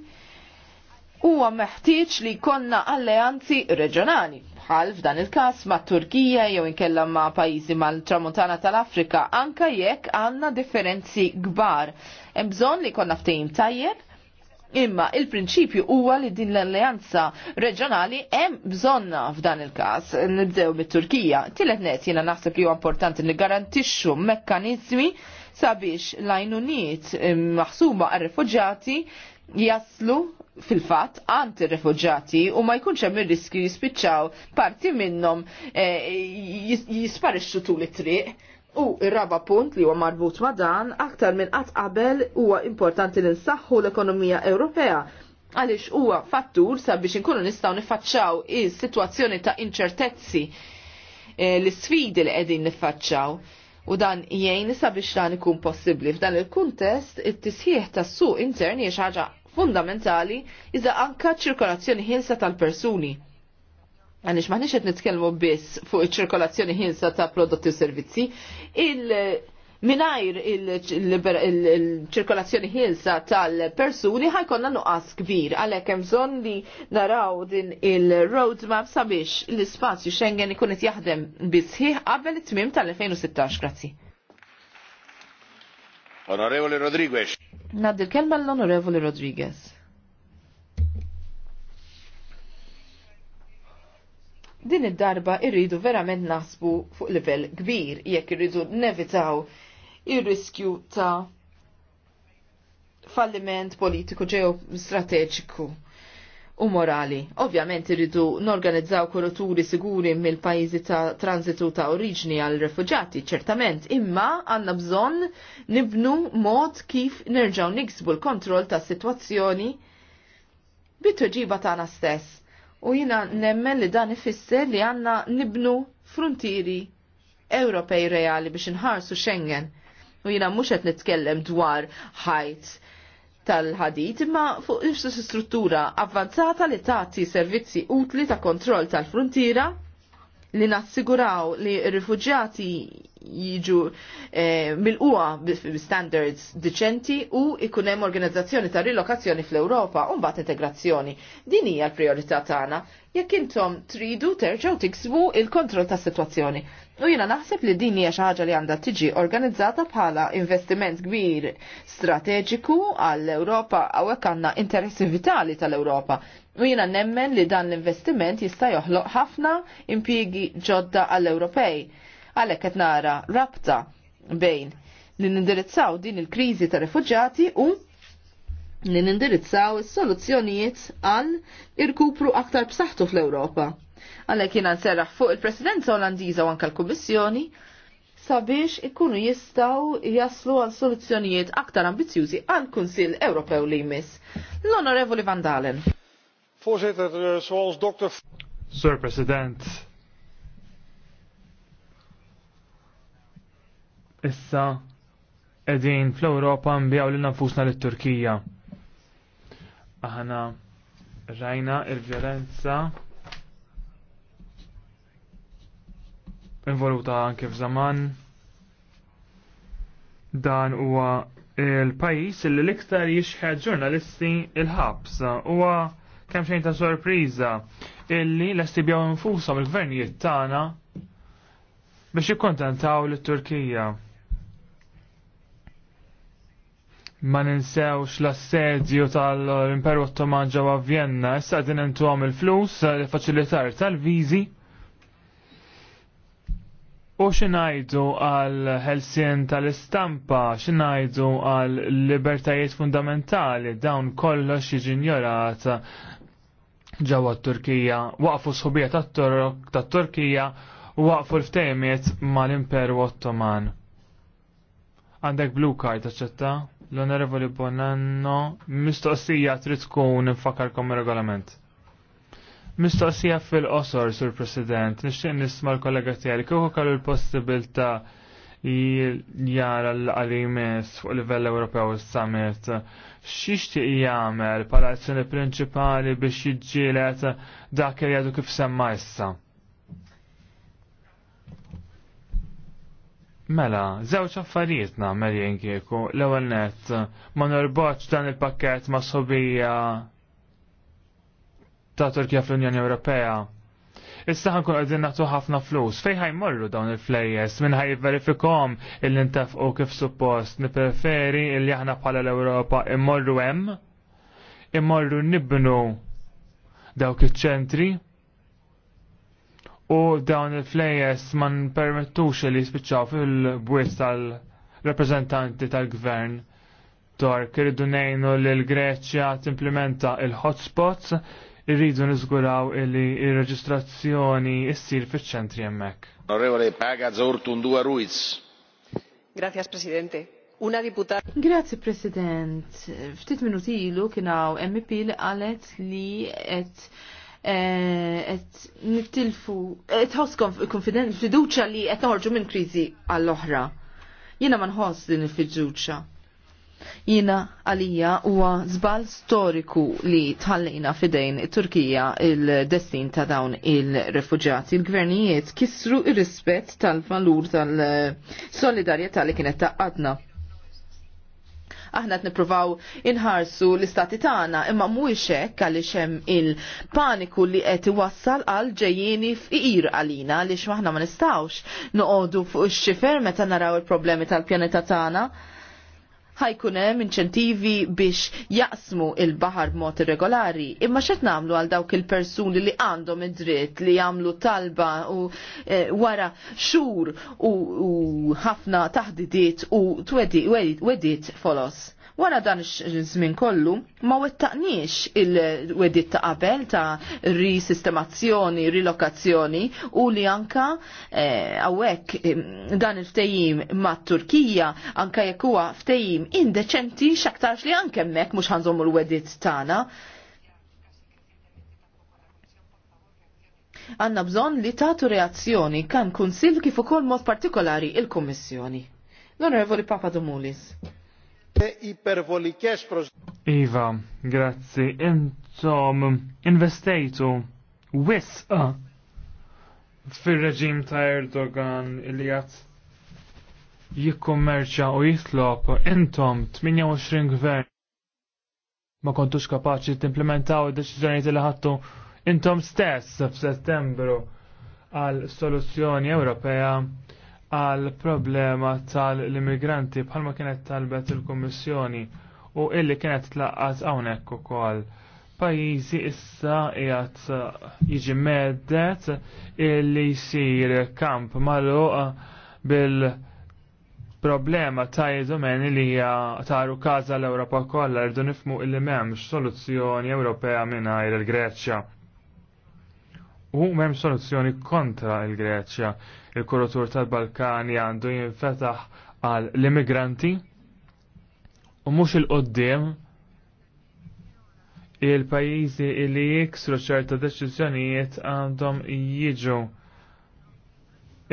huwa meħtieġ li jkollna alleanzi reġjonali bħal f'dan il-każ ma' Turkija jew inkella ma' pajjiżi mal-Tramuntana tal-Afrika anka jekk għandna differenzi kbar. Hemm bżonn li jkollna ftehim tajjeb Imma il-prinċipju huwa li din l-alleanza reġjonali hemm bżonna f'dan il-każ. Nibdew mit-Turkija. Tielet net jiena naħseb li huwa importanti li garantixxu mekkaniżmi sabiex l-għajnuniet maħsuma għar-refuġjati jaslu fil-fat għant il-refugġati u ma jkunx hemm ir-riskju jispiċċaw parti minnhom eh, jisparixxu tul it-triq U ir-raba punt li huwa marbut ma' dan, aktar minn qatt qabel huwa importanti li nsaħħu l-ekonomija Ewropea għaliex huwa fattur sabiex inkunu nistgħu nifaċċaw is-sitwazzjoni ta' inċertezzi eh, l-sfidi li qegħdin nifaċċaw. U dan jgħin sabiex dan ikun possibbli. F'dan il-kuntest, it-tisħiħ tas-suq intern hija xi ħaġa fundamentali iżda anka ċirkolazzjoni ħilsa tal-persuni għanix maħnix għet nitkelmu biss fuq iċirkolazzjoni ċirkolazzjoni ħinsa ta' prodotti u servizzi, il- Minajr il-ċirkolazzjoni ħilsa tal-persuni ħajkonna nuqqas kbir, għalhekk hemm bżonn li naraw din il-roadmap sabiex l-ispazju Schengen ikun qed jaħdem bisħiħ qabel it-tmim tal-2016. Grazzi. Onorevoli Rodriguez. Nad il-kelma l-Onorevoli Rodriguez. din id-darba irridu verament nasbu fuq livell kbir jekk irridu nevitaw ir-riskju ta' falliment politiku ġew strateġiku u morali. Ovvjament irridu norganizzaw koroturi siguri mill-pajjiżi ta' transitu ta' oriġni għal refugjati, ċertament, imma għandna bżonn nibnu mod kif nerġaw niksbu l-kontroll tas sitwazzjoni bit-tweġiba tagħna stess U jina nemmen li dan ifisser li għanna nibnu frontieri Ewropej reali biex nħarsu Schengen. U jina muxet qed nitkellem dwar ħajt tal-ħadid imma fuq struttura avvanzata li tagħti servizzi utli ta' kontroll tal-frontiera li nassiguraw li rifugjati jiġu eh, mil-qua standards diċenti u ikunem organizzazzjoni ta' rilokazzjoni fl-Europa un bat integrazzjoni. Din hija l-priorità tagħna jekk intom tridu terġgħu tiksbu il-kontroll tas-sitwazzjoni. U jina naħseb li din hija xi ħaġa li għandha tiġi organizzata bħala investiment kbir strateġiku għall europa hawnhekk għandna interessi vitali tal-Ewropa. U jina nemmen li dan l-investiment jista' joħloq ħafna impjiegi ġodda għall-Ewropej. Għalhekk qed nara rabta bejn li nindirizzaw din il-kriżi ta' rifuġjati u li nindirizzaw is-soluzzjonijiet għal irkupru aktar b'saħħtu fl-Ewropa. Għalhekk jiena serraħ fuq il-Presidenza Olandiża u anke l-Kummissjoni sabiex ikunu jistaw jaslu għal soluzzjonijiet aktar ambizjużi għal Kunsill Ewropew li jmiss. L-Onorevoli Van Dalen. Voorzitter, eh, zoals dokter... Sir President. Issa, edin fl-Europa nbjaw li nafusna l-Turkija. Aħna rajna il-violenza involuta anke f'żaman. Dan huwa il-pajis li l-iktar jixħed ġurnalisti il-ħabs huwa kemm xejn ta' sorpriża illi lesti bjaw infushom il-gvernijiet tagħna biex jikkontentaw lit-Turkija. Ma ninsewx l-assedju tal-Imperu Ottoman ġewwa Vjenna, issa din intuhom il-flus, li faċilitar tal-viżi, U xinajdu għal ħelsien tal-istampa, xinajdu għal libertajiet fundamentali, dawn kollox jiġinjorat ġewwa t-Turkija, waqfu sħubija tat-Turkija u waqfu l-ftejmiet mal-Imperu Ottoman. Għandek blue card taċċetta? L-Onorevoli Bonanno, mistoqsija trid tkun kom regolament. Mistoqsija fil-qosor, Sur President, nixtieq nisma' l-kollega tiegħi kieku kellu l-possibilità jara l-qalimis fuq livell Ewropew is-summit. X'ixtieq jagħmel bħala azzjoni prinċipali biex jiġġielet dak li jgħidu kif semma issa. Mela, żewġ affarijiet nagħmel jien kieku l-ewwel nett ma norboċ dan il-pakkett ma' sobija ta' Turkija fl-Unjoni Ewropea. Issa ħankun għedin naħtu ħafna flus. Fej morru dawn il-flejjes, minn ħaj verifikom il u kif suppost, nipreferi il-li ħana bħala l-Ewropa immorru hemm, immorru nibnu dawk iċ-ċentri u dawn il-flejjes man permettux li jispiċċaw fil bwis tal-reprezentanti tal-gvern tork irridu ngħinu li l-Greċja timplementa il-hotspots irridu nizguraw illi il reġistrazzjoni issir fiċ-ċentri hemmhekk. Onorevole Paga Zortundua Ruiz. Grazie, Presidente. Una diputata. Grazie, President. Ftit minuti ilu kienaw MP li qalet li qed et eh, nittilfu, et eh, hos konfident fiduċa li et noħorġu minn krizi għall-oħra. Jena ma nħoss din il-fiduċa. Jina għalija huwa zbal storiku li tħallina fidejn Turkija il-destin ta' dawn il refugġati Il-gvernijiet kisru ir-rispett tal-valur tal-solidarjetà li kienet taqqadna aħna qed nippruvaw inħarsu l-istati tagħna imma mhuwiex hekk għaliex hemm il-paniku li qed iwassal għal ġejjieni f'qir għalina għaliex aħna ma nistgħux noqogħdu fuq ix-xifer meta naraw il-problemi tal-pjaneta tagħna ħajkun hemm inċentivi biex jaqsmu il-baħar b'mod irregolari. Imma xet nagħmlu għal dawk il-persuni li għandhom id-dritt li jagħmlu talba u e, wara xhur u ħafna taħdidiet u t-wedit folos. Wara dan iż-żmien kollu ma wettaqniex il-wedit ta' qabel ta' risistemazzjoni, rilokazzjoni u li anka eh, għawek dan il-ftejim ma' Turkija anka jekk huwa ftejim indeċenti x'aktarx li anke hemmhekk mhux ħanżommu l-wedit tagħna. għanna bżon li tatu reazzjoni kan kunsil kif ukoll mod partikolari il-Kummissjoni. L-Onorevoli Papa Dumulis pros. Iva, grazzi. Intom investejtu wisqa fil-reġim ta' Erdogan li għat jikkommerċa u jitlob intom 28 gvern ma kontux kapaċi timplementaw id-deċiżjonijiet li ħattu intom stess f'Settembru għal soluzzjoni Ewropea għal problema tal-immigranti bħalma kienet talbet il-Kommissjoni u illi kienet tlaqqat hawnhekk ukoll. Pajjiżi issa qiegħed jiġi medet illi jsir kamp magħluq bil-problema ta' jizumeni li hija taru kaza l-Ewropa kollha rridu nifmu illi m'hemmx soluzzjoni Ewropea mingħajr il-Greċja. U mem soluzzjoni kontra il-Greċja. Il-kuratur tal-Balkani għandu jinfetaħ għal l-immigranti u mux il-qoddim il-pajizi li jiksru ċerta deċizjonijiet għandhom jiġu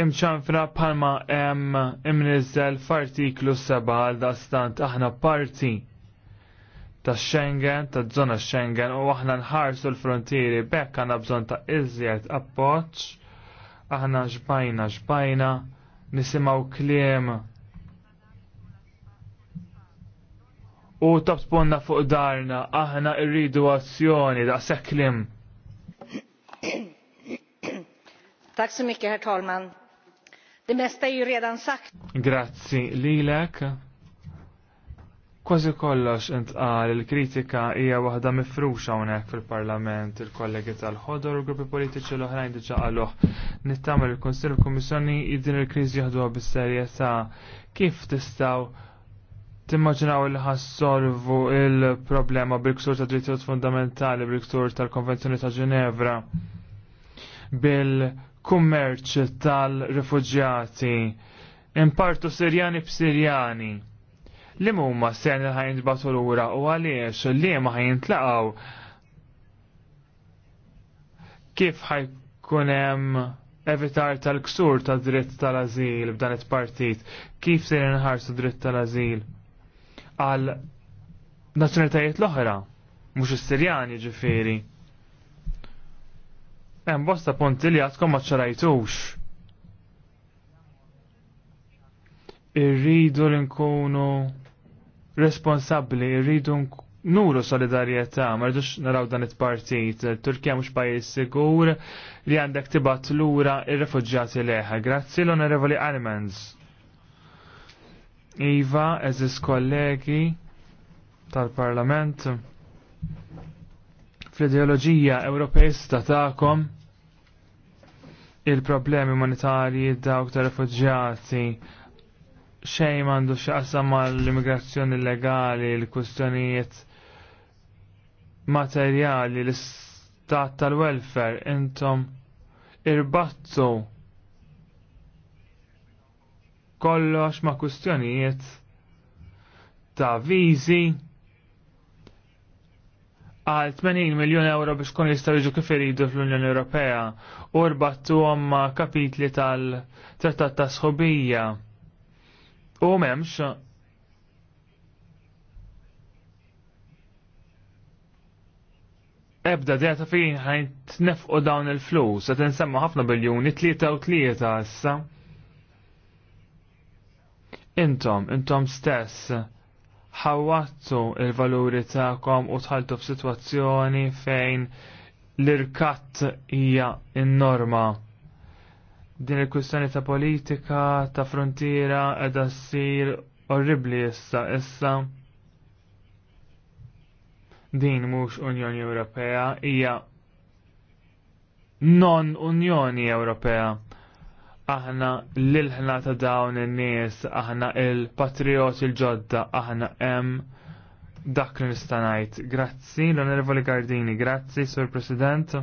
imċanfra palma em imnizzel f'artiklu seba' għal stant aħna parti ta' Schengen, ta' zona Schengen u aħna nħarsu l-frontieri bekk għandna bżonn ta' iżjed appoċ, aħna ġbajna ġbajna, nisimgħu kliem u tabsponna fuq darna, aħna rridu azzjoni da' seklim. Tak så herr talman. Det mesta är ju redan sagt. Grazzi, Lilek. Kważi kollox intqal il-kritika hija waħda mifruxa hawnhekk fil-Parlament il-kollegi tal-ħodor u gruppi politiċi l-oħrajn diġà qaluh. Nittamel il-Kunsill Kummissjoni din il-kriżi jaħduha bis-serjetà kif tistgħu Timmaġinaw li ħassolvu il-problema bil-ksur ta' drittijiet fundamentali, bil-ksur tal-Konvenzjoni ta' Ġenevra, bil-kummerċ tal-refugjati, impartu Sirjani b'Sirjani li mumma sen li ħajn lura u għaliex li ma ħajn tlaqaw kif ħajkun hemm evitar tal-ksur ta' dritt tal-azil b'dan it-partit, kif se nħarsu dritt tal-azil għal nazjonalitajiet l-oħra, mhux is-Sirjani ġifiri. Hemm bosta punti li għadkom ma ċarajtux. Irridu li nkunu responsabbli rridu nuru solidarjetà, ma rridux naraw dan it-partit. Turkija mhux pajjiż sigur li għandek tibat lura ir-refuġġjati leħa. Grazzi l-Onorevoli Almens. Iva, eżis kollegi tal-Parlament, fl-ideoloġija Ewropejista ta'kom il-problemi umanitarji dawk ta' refuġjati xejn mandu ma mal-immigrazzjoni legali, l-kustjonijiet materjali, l-istat tal-welfare, intom irbattu kollox ma' kustjonijiet ta' vizi għal 80 miljon euro biex kun jistaw jiġu kif iridu fl-Unjoni Ewropea u rbattu ma' kapitli tal-trattat ta' sħobija U memx ebda data fejn ħajn tnefqu dawn il-flus, għet nsemma ħafna biljoni, tlieta u tlieta issa. Intom, intom stess, ħawattu il-valuri ta'kom u tħaltu f'sitwazzjoni fejn l irkat hija in-norma. Din il-kwistjoni ta' politika, ta' frontiera, edha ssir orribli issa, issa. Din mhux Unjoni Ewropea, hija non-Unjoni Ewropea aħna l-ilħna ta' dawn in-nies, aħna il-patrioti l-ġodda, aħna em dak li nistanajt. Grazzi, l-Onorevoli Gardini, grazzi, Sur President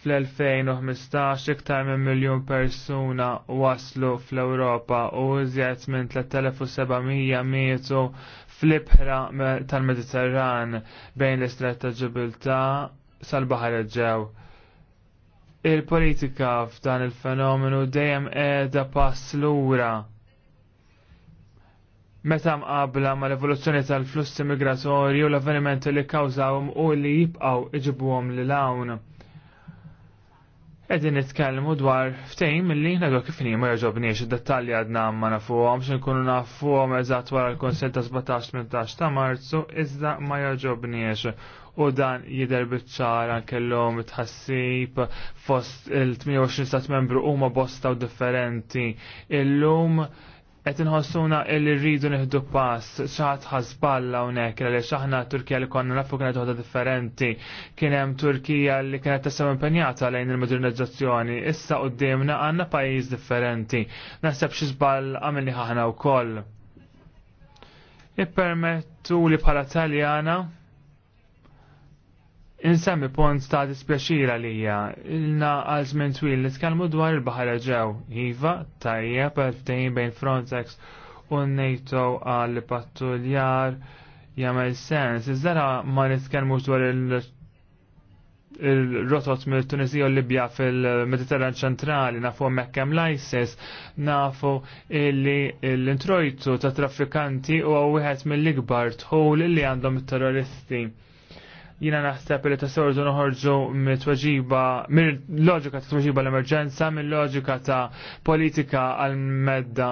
fl-2015 iktar minn miljon persuna waslu fl-Ewropa u iżjed minn 3700 mietu fl-ibħra tal-Mediterran bejn l-Istret ta' Ġibilta sal-Baħar Eġew. Il-politika f'dan il-fenomenu dejjem qiegħda pass lura meta mqabla ma' evoluzzjoni tal-flussi migratorju l-avvenimenti li kkawżawhom u li jibqgħu iġibuhom lil hawn Edin nitkellmu dwar ftejn mill-li nagħdu kif ma jogħġobniex id-dettalji għadna ma nafuhom xi nkunu nafuhom eżatt wara l-Kunsell ta' 17-18 ta' Marzu iżda ma jogħġobniex u dan jidher biċċara kellhom tħassib fost il-28 stat membru huma bosta u differenti illum qed inħossuna illi rridu nieħdu pass xaħat ħazballa hawnhekk għaliex aħna Turkija li konna nafu kienet uħda differenti. Kien hemm Turkija li kienet tassew impenjata lejn il-modernizzazzjoni, issa d-demna għandna pajjiż differenti. Naħseb xi żball ħahna u wkoll. Ippermettu li bħala Taljana Insemmi pont ta' dispjaċira li hija ilna għal żmien twil li tkellmu dwar il-baħar ġew iva tajjeb ftehim bejn Frontex u NATO għal pattuljar jagħmel sens. Iżda ma nitkellmux dwar il- rotot mill tunisija u Libja fil-Mediterran ċentrali, nafu hemm l-ISIS, nafu illi l-introjtu ta' traffikanti u wieħed mill-ikbar tħul li għandhom terroristi jina naħseb li tassorżu noħorġu mit-tweġiba, mill-loġika ta' tweġiba l-emerġenza, mill-loġika ta' politika għal-medda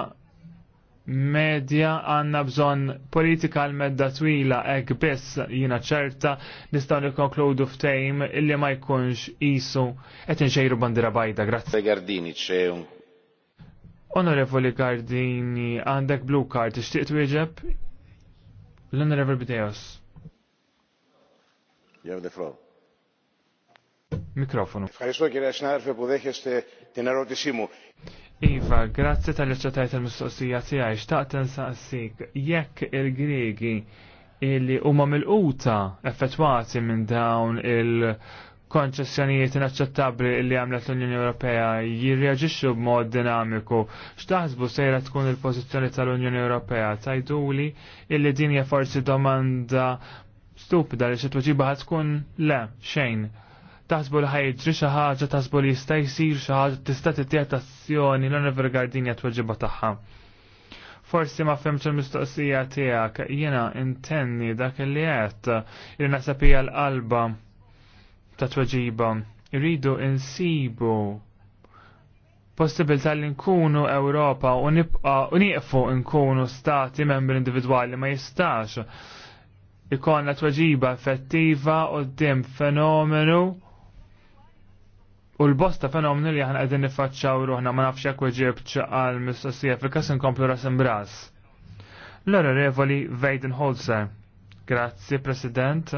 medja għanna bżon politika għal-medda twila ek biss jina ċerta nistaw nikonkludu ftejm illi ma jkunx isu et nxejru bandira bajda, grazie. Gardini ċeju. Onorevoli Gardini, għandek blue card, ixtiqt wieġeb? L-Onorevoli Bidejos. Mikrofonu. Iva, grazzi tal-ċetajt tal-mistoqsija tiegħi xtaqt nsaqsik jekk il-Griegi illi huma mil quta effettwati minn dawn il- konċessjonijiet inaċċettabbli li għamlet l-Unjoni Ewropea jirreaġixxu b'mod dinamiku. X'taħsbu sejra tkun il-pożizzjoni tal-Unjoni Ewropea tajduli illi din hija forsi domanda stupida li xi tweġiba ħad tkun le xejn. Taħsbu li ħajġri xi ħaġa, taħsbu li jista' jsir xi ħaġa tista' tittieħed azzjoni l gardin jgħat tuġiba tagħha. Forsi ma femx il-mistoqsija tiegħek jiena intenni dak li jgħat, li sapija l-qalba ta' tweġiba. jridu insibu possibilità li nkunu Ewropa u nibqa' u nieqfu nkunu stati membri individwali ma jistax ikonna tweġiba effettiva u d-dim fenomenu u l-bosta fenomenu li ħana għedin nifacċaw ruħna ma nafx kweġib weġib ċaqal mistoqsija fil-kas nkomplu rasim imbras. L-onorevoli Vejden Holzer. Grazzi, President.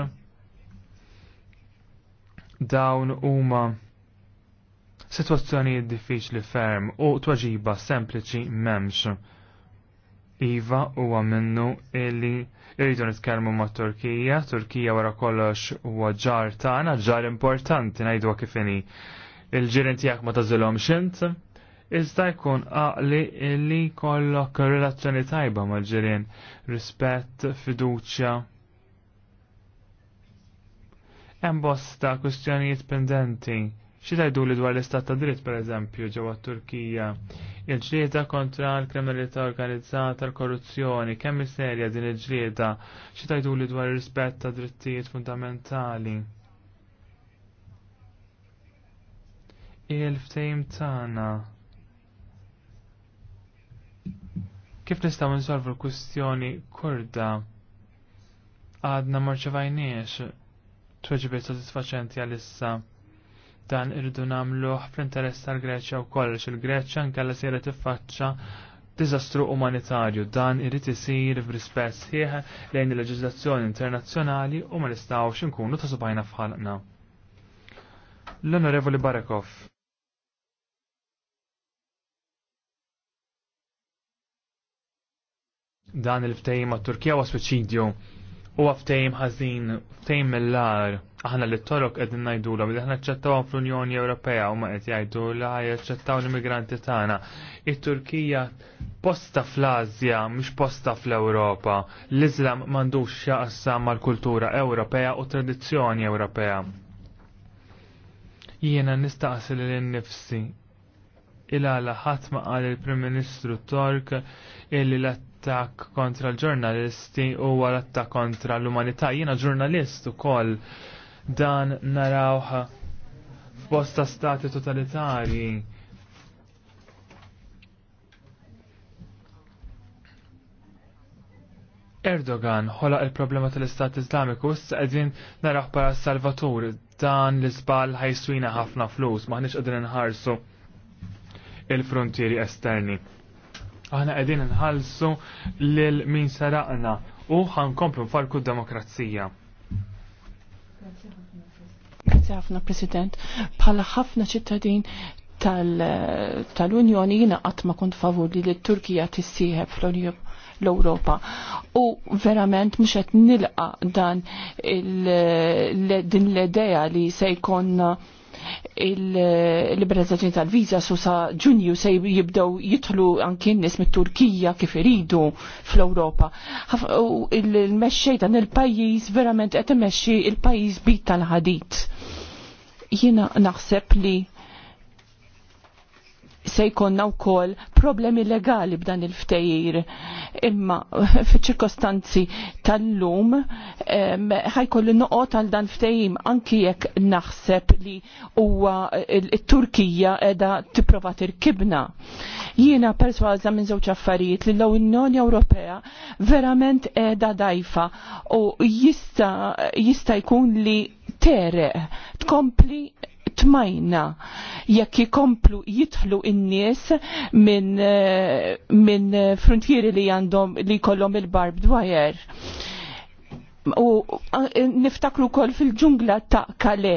Dawn huma situazzjonijiet diffiċli ferm u tweġiba sempliċi memx. Iva huwa minnu illi Irridu nitkellmu ma' Turkija, Turkija wara kollox huwa ġar tagħna, ġar importanti ngħidu kif inhi. Il-ġirien tiegħek ma tażilhom xint, iżda jkun qali li kollok relazzjoni tajba mal ġirien rispett, fiduċja. Hemm bosta kwistjonijiet pendenti Xi tajdu li dwar l-istat ta' dritt pereżempju ġewwa Turkija, il-ġlieda kontra l-kriminalità organizzata l-korruzzjoni, kemm serja din il-ġlieda, xi tajdu li dwar ir-rispett ta' drittijiet fundamentali. Il-ftejm tagħna. Kif nistgħu nsolvu l-kwistjoni kurda għadna marċevajniex tweġibiet sodisfaċenti għalissa. issa dan irridu nagħmluh fl-interess tal-Greċja wkoll għax il-Greċja nkella sejra tiffaċċa diżastru umanitarju dan irid isir f'rispett sħiħ lejn il-leġiżlazzjoni internazzjonali u ma nistgħux inkunu ta' subajna f'ħalqna. L-Onorevoli Barakov. Dan il ftejim għat-Turkija was suċidju huwa ftehim ħażin, ftehim mill-lar aħna li t-torok edin najdulom, li aħna ċettawhom fl-Unjoni Ewropea u ma qed jgħidu li ċettaw l-immigranti tagħna. il turkija posta fl-Azja mux posta fl-Ewropa. L-Iżlam m'għandux ma mal-kultura Ewropea u tradizzjoni Ewropea. Jiena nistaqsil lil nifsi il-għala ħadd ma qal il-Prim Ministru Tork illi l-attak kontra l-ġurnalisti huwa l-attak kontra l-umanità. Jiena ġurnalist ukoll. koll dan narawħa f'bosta stati totalitarji Erdogan ħola il-problema tal-Istat Islamiku issa qegħdin naraħ para Salvatur dan l-isbal ħajswina ħafna flus maħniex qegħdin nħarsu il-frontieri esterni. Aħna qegħdin nħallsu lil min saraqna u ħankomplu nfalku d-demokrazija. Grazie ħafna, President. Pala ħafna ċittadin tal-Unjoni jina qatt ma kont favur li l-Turkija tissieħeb l-Europa. U verament mhux qed nilqa dan din l-idea li se jkollna il-liberalizzazzjoni tal-viza sa ġunju se jibdew jitħlu anki n-nies mit-Turkija kif iridu fl-Ewropa. Il-mexxej dan il-pajjiż verament qed imexxi il-pajjiż bit tal-ħadit. Jiena naħseb li se jkonna u kol problemi legali b'dan il-ftejir. Imma fil-ċirkostanzi tal-lum ħajkollu noqot għal dan ftejim anki jekk naħseb li huwa il-Turkija edha tipprova tirkibna. Jiena perswa minn żewġ affarijiet li l-Unjoni Ewropea verament edha dajfa u jista jista jkun li tere tkompli tmajna jekk jikomplu jitħlu in-nies minn eh, min frontieri li għandhom li kollhom il-barbed wire. U eh, niftakru kol fil-ġungla ta' kale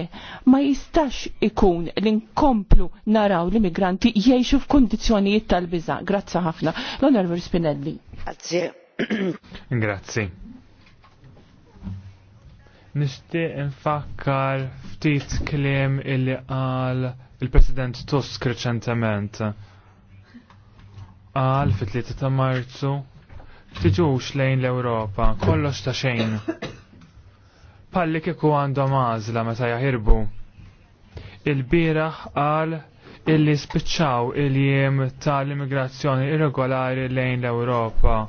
ma jistax ikun li nkomplu naraw l-immigranti jiexu f'kondizjonijiet tal-biza. Grazza ħafna. L-Onorevoli Spinelli. Grazie. Grazie. Nishtiq infakkar ftit kliem illi qal il-President Tusk reċentement. Qal fit-3 ta' Marzu tiġux lejn l-Ewropa, kollox ta' xejn. Palli kieku għandhom għażla meta jaħirbu. il biraħ qal illi spiċċaw il-jiem tal-immigrazzjoni irregolari lejn l-Ewropa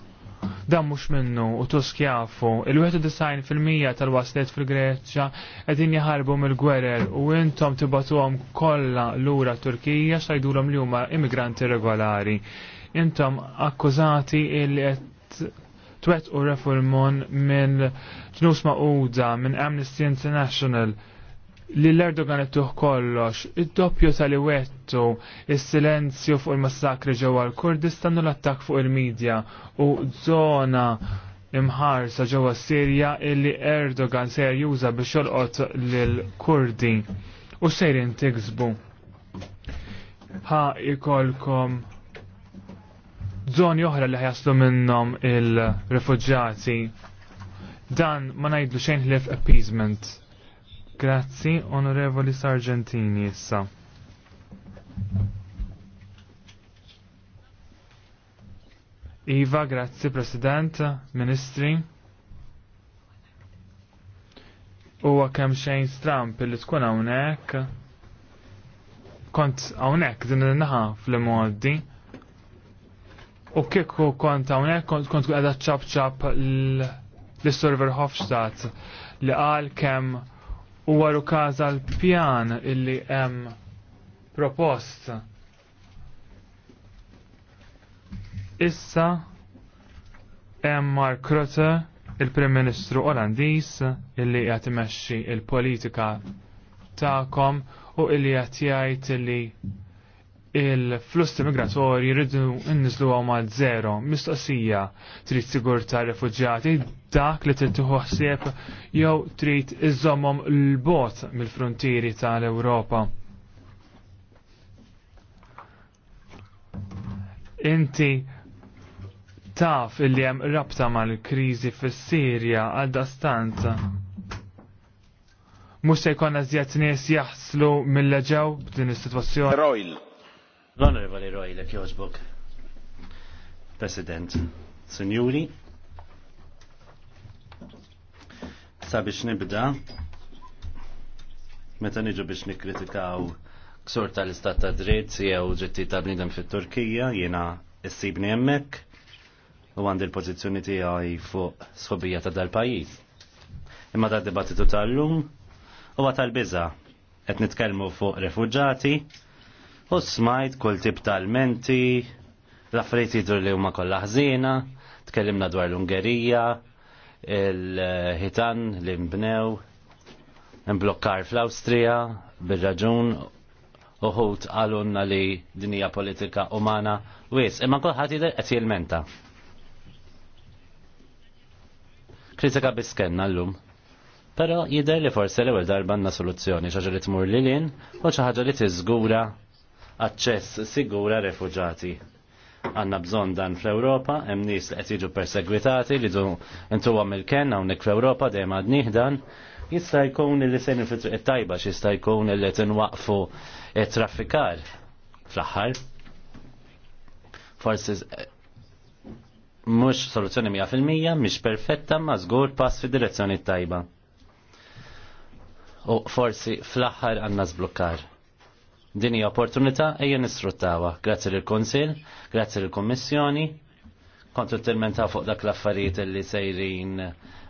dan mhux minnu u Tusk jafu il-91% tal-waslet fil-Greċja qegħdin jaħarbu mill-gwerer u intom kolla kollha lura Turkija xajdulhom li huma immigranti regolari. Intom akkużati li qed twettqu reformon minn ġnus maquda minn Amnesty International li l-Erdogan ittuħ kollox, id-doppju tal-iwettu, il-silenzju fuq il-massakri ġewwa l-Kurdistan u l-attak fuq il-medja u zona imħarsa ġewwa Sirja illi Erdogan se juża biex jolqot lil-Kurdi u sejrin tiksbu. Ha ikolkom zoni oħra li ħjaslu minnhom il refugġati Dan ma ngħidlu xejn l appeasement. Grazzi, onorevoli Sargentini, issa. Iva, grazie President, Ministri. Huwa kemm xejn stramp li tkun hawnhekk. Kont hawnhekk din l naħa fl moddi U kieku kont hawnhekk kont kont qiegħda ċab ċab l server Hofstadt li qal kemm u għaru kaza l-pjan illi hemm propost. Issa hemm Mark Rutte, il-Prim Ministru Olandiż, illi qed imexxi il-politika tagħkom u illi qed jgħid illi il-flussi migratorji rridu nniżlu għaw ma' zero, mistoqsija, trid ta' refugġati, dak li trid tuħseb jew trid iżommhom l-bot mill-frontieri tal-Ewropa. Inti taf illi hemm rabta mal-kriżi fis-Sirja għal dastant mux se jkun għazjat nies jaħslu mill-leġaw b'din is-sitwazzjoni. L-Onorevoli Roy, l President, Signori, sabiex nibda, meta niġu biex nikritikaw ksur tal-istat ta' dritt jew ġitti ta' bnidem fit-Turkija, jiena issibni hemmhekk u għandi l-pożizzjoni tiegħi fuq sħobija ta' dal-pajjiż. Imma ta' dibattitu tal-lum huwa tal-biża' qed nitkellmu fuq refugġati, u smajt kull tip tal-menti, l-affarijiet jidru li huma kollha ħżina, tkellimna dwar l-Ungerija, il-ħitan li mbnew, mblokkar fl-Awstrija, bir-raġun uħut għalunna li dinija politika umana wis, imma kolħat jidher qed jilmenta. kritika biskenna l-lum. Pero jider li forse l ewwel darba għandna soluzzjoni xaġa li tmur li l-in, u xaġa li tiżgura aċċess sigura refuġati. Għanna bżon dan fl-Europa, hemm nies li qed jiġu persegwitati li du għam il-ken hawnhekk fl-Europa dejjem għad nieħdan. jista' jkun li se nifitru tajba x'jista' jkun li qed inwaqfu traffikar fl-aħħar. Forsi mhux soluzzjoni fil-mija, mhix perfetta ma żgur pass fi direzzjoni tajba. U forsi fl-aħħar għandna żblukkar. Dini opportunità ejja nisfruttawa. Grazzi lill konsil grazie lill kommissjoni kontu t-tilmenta fuq dak l-affarijiet li sejrin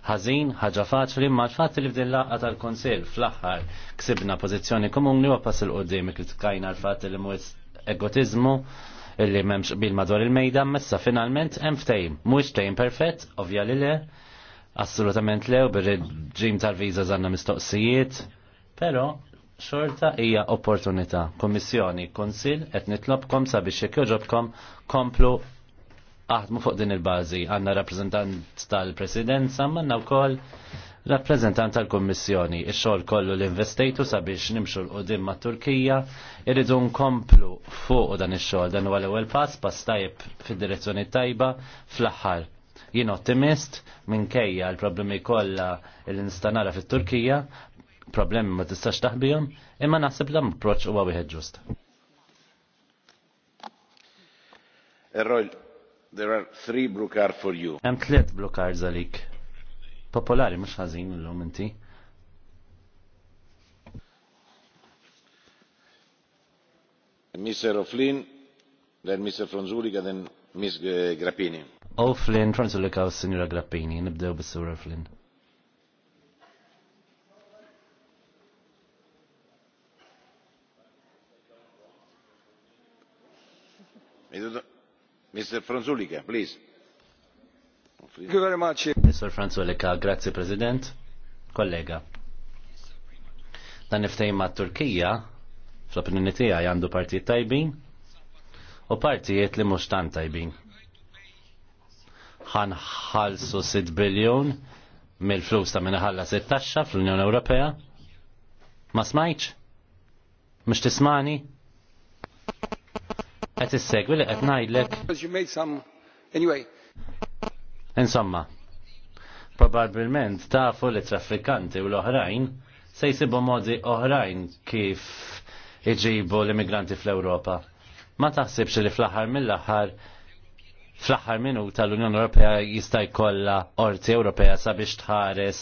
ħażin, ħaġa faċli, ma l l-fat li f'din laqqa tal-Konsil fl-aħħar ksibna pożizzjoni komuni u pass il t-kajna l fat li mhuwiex egotizmu illi memx bil madwar il-mejda, messa finalment hemm ftejm. Mhuwiex ftejm perfett, ovvja li le, assolutament le u bir-reġim tal-viża żanna mistoqsijiet, però xorta hija opportunità. Kommissjoni, Konsil, qed nitlobkom sabiex jekk joġobkom komplu aħdmu fuq din il-bażi. Għandna rappreżentant tal-Presidenza, manna wkoll rappreżentant tal-Kommissjoni. Ix-xogħol kollu l-investejtu sabiex nimxu l qudiem ma' Turkija, irridu nkomplu fuq dan ix-xogħol dan huwa l-ewwel pass pass tajb fid-direzzjoni tajba fl-aħħar jien ottimist minkejja l-problemi kollha l-instanara fit-Turkija, problemi ma tistax taħbihom, imma naħseb dan approċċ huwa wieħed ġust. Errol, there are three blue cards for you. Hemm tliet blue cards għalik. Popolari mhux ħażin illum inti. Mr. O'Flynn, then Mr. Franzulica, then Ms. Grappini. O'Flynn, Franzulica Signora Grappini, nibdew bis-Sura O'Flynn. Mr. Franzulika, please. Thank you very much. Mr. grazie President. Kollega. Dan iftejn ma' Turkija, fl-opinjoni tiegħi għandu partijiet tajbin u partijiet li mhux tant tajbin. Ħanħallsu 6 biljun mill-flus ta' minn it taxxa fl-Unjoni Ewropea. Ma smajtx? Mhux tismani? Qed issegwi li qed ngħidlek. Insomma, probabilment tafu li traffikanti u l-oħrajn se jisibu modi oħrajn kif iġibu l-immigranti fl-Ewropa. Ma taħsibx li fl-aħħar mill-aħħar fl-aħħar minuta l-Unjoni Ewropea jista' jkollha orti Ewropea sabiex tħares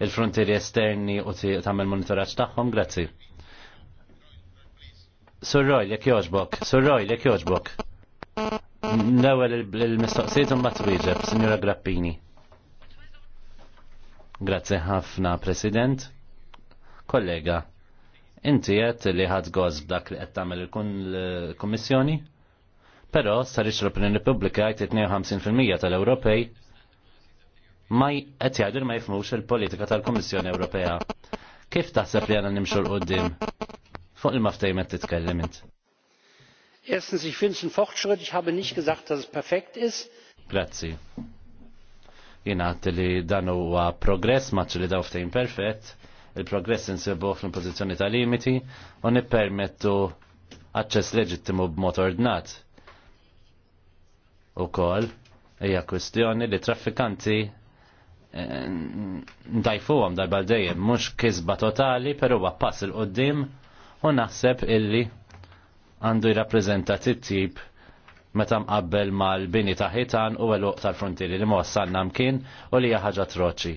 il-frontieri esterni u tagħmel monitoraċ tagħhom, grazzi. Surroj, jek joġbok, surroj, jek joġbok. l il-mistoqsijiet un matwiġeb, Signora Grappini. Grazie ħafna, President. Kollega, inti jett li ħadd goż dak li qed tagħmel il-Kummissjoni? Però sar ix il Republika jgħid 52% tal-Ewropej ma qed jgħidu ma jifmux il-politika tal kommissjoni Ewropea. Kif taħseb li għandna nimxu l fuq il-maftajmet titkellem int. Erstens, ich finde es ein Fortschritt. Ich habe nicht gesagt, dass es perfekt ist. Grazzi. Jina li dan huwa progress maċ li daw ftejn perfett, il-progress insibu fl pożizzjoni ta' limiti u nippermettu aċċess leġittimu b'mod ordnat. kol, hija kwestjoni li traffikanti eh, ndajfuhom darba dejjem mhux kisba totali, però huwa pass il qoddim u naħseb illi għandu jirrappreżenta tittib meta mqabbel mal-bini ta' ħitan u għal uq tal-frontieri li mwassalna mkien u li hija ħaġa troċi.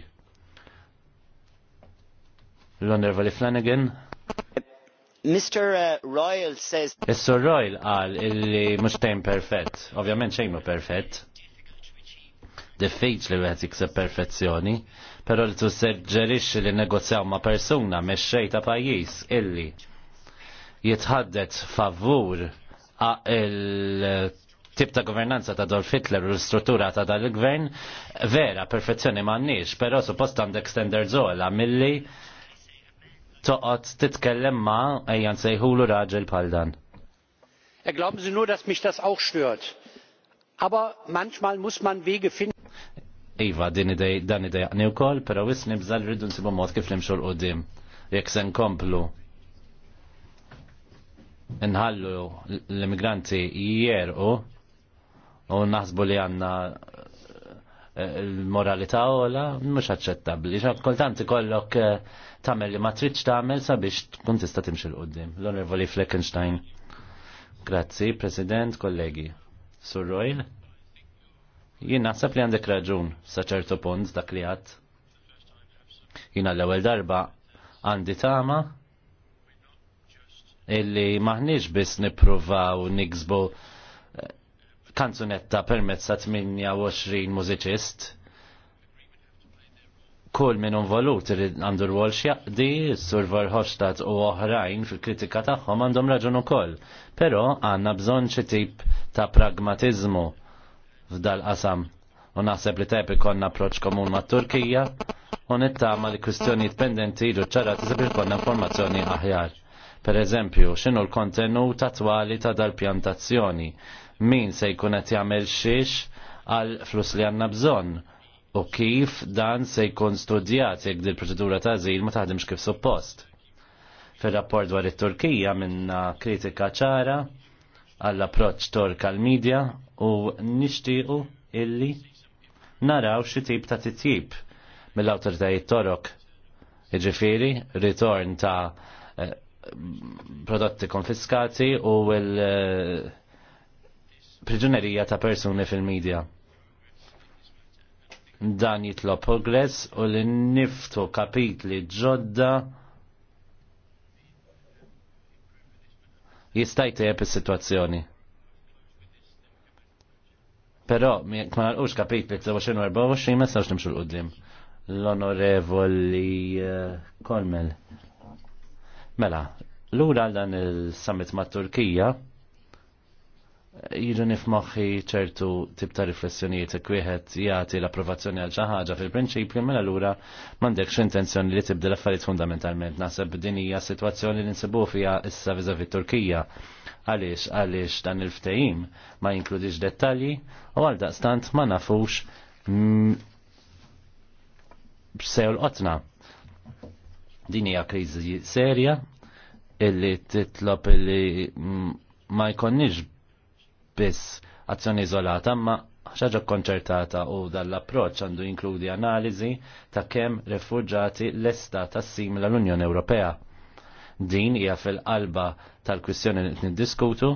l honorable Flanagan. Mr. Uh, Royal says... Is-Sur Royal qal illi mhux tejn perfett, ovvjament xejn perfett. Diffiċ li wieħed jikseb perfezzjoni, però li tusserġerixxi li negozjaw ma' persuna miex-xej ta' pajjiż illi jitħaddet favur il-tip ta' governanza ta' Dolf Hitler u l-struttura ta' dal-gvern, vera, perfezzjoni mannix, pero suppost għandek standard zola milli toqot titkellem ma' ejjan sejħulu raġel bħal dan. Glauben Sie nur, dass mich das auch stört. Aber manchmal muss man Wege finden. Iva, din idej, dan idej ni u koll, pero wis nibżal rridu nsibu mod kif nimxu u dim. Jek sen komplu nħallu l-immigranti jierqu u naħsbu li għanna eh, l-moralità ola mhux aċċettabbli. Xa kultant ikollok eh, tagħmel li ma tridx tagħmel sabiex tkun tista' timxi l qoddim L-Onorevoli Fleckenstein. Grazzi, President, kollegi. Sur Royal? Jien naħseb li għandek raġun sa ċertu punt dak li għad. Jien l-ewwel darba għandi tama illi maħniġ biss niprovaw niksbu eh, kanzunetta permezz ta' 28 mużiċist. Kull minn involut irid għandu rwol x'jaqdi, Survar Hoxtat u oħrajn fil-kritika tagħhom għandhom raġun ukoll. Però għandna bżonn xi tip ta' pragmatiżmu f'dal-qasam. U naħseb li tajb ikonna approċ komun ma' Turkija u nittama li kwistjoni pendenti ilu ċara tisib konna informazzjoni aħjar Per eżempju, xinu l-kontenut attwali ta' dal-pjantazzjoni? Min se jkun qed jagħmel xiex għal flus li għandna bżonn? U kif dan se jkun studjat jekk dil proċedura ta' żil ma taħdimx kif suppost? Fir-rapport dwar it-Turkija minna kritika ċara għall-approċċ tork għall medja u nixtiequ illi naraw xi tip ta' titjib mill-awtoritajiet torok. Iġifieri, ritorn ta' eh, prodotti konfiskati u l-priġunerija eh, ta' persuni fil-medja. Dan jitlob progress u li niftu kapitli ġodda jistajte jep is-sitwazzjoni. Però, ma nalqux kapitli 24-24, ma nistax nimxu l-qoddim. L-onorevoli Kolmel. Eh, Mela, l-ura dan il-summit ma' Turkija, jiru nifmoħi ċertu tip ta' riflessjonijiet kwiħet jagħti l-approvazzjoni għal xi ħaġa fil-prinċipju mela lura m'għandekx intenzjoni li tibdel affarijiet fundamentalment naħseb din hija sitwazzjoni li nsibu fiha issa viżavi Turkija. Għaliex għaliex dan il-ftehim ma jinkludix dettalji u għal daqstant ma nafux sew l-qotna. Din hija kriżi serja illi titlob illi mm, ma jkonniġ biss azzjoni iżolata, ma ħaġa konċertata u dall-approċ għandu jinkludi analiżi ta' kemm refuġati l-esta ta' simla l-Unjoni Ewropea. Din hija fil-qalba tal-kwistjoni li niddiskutu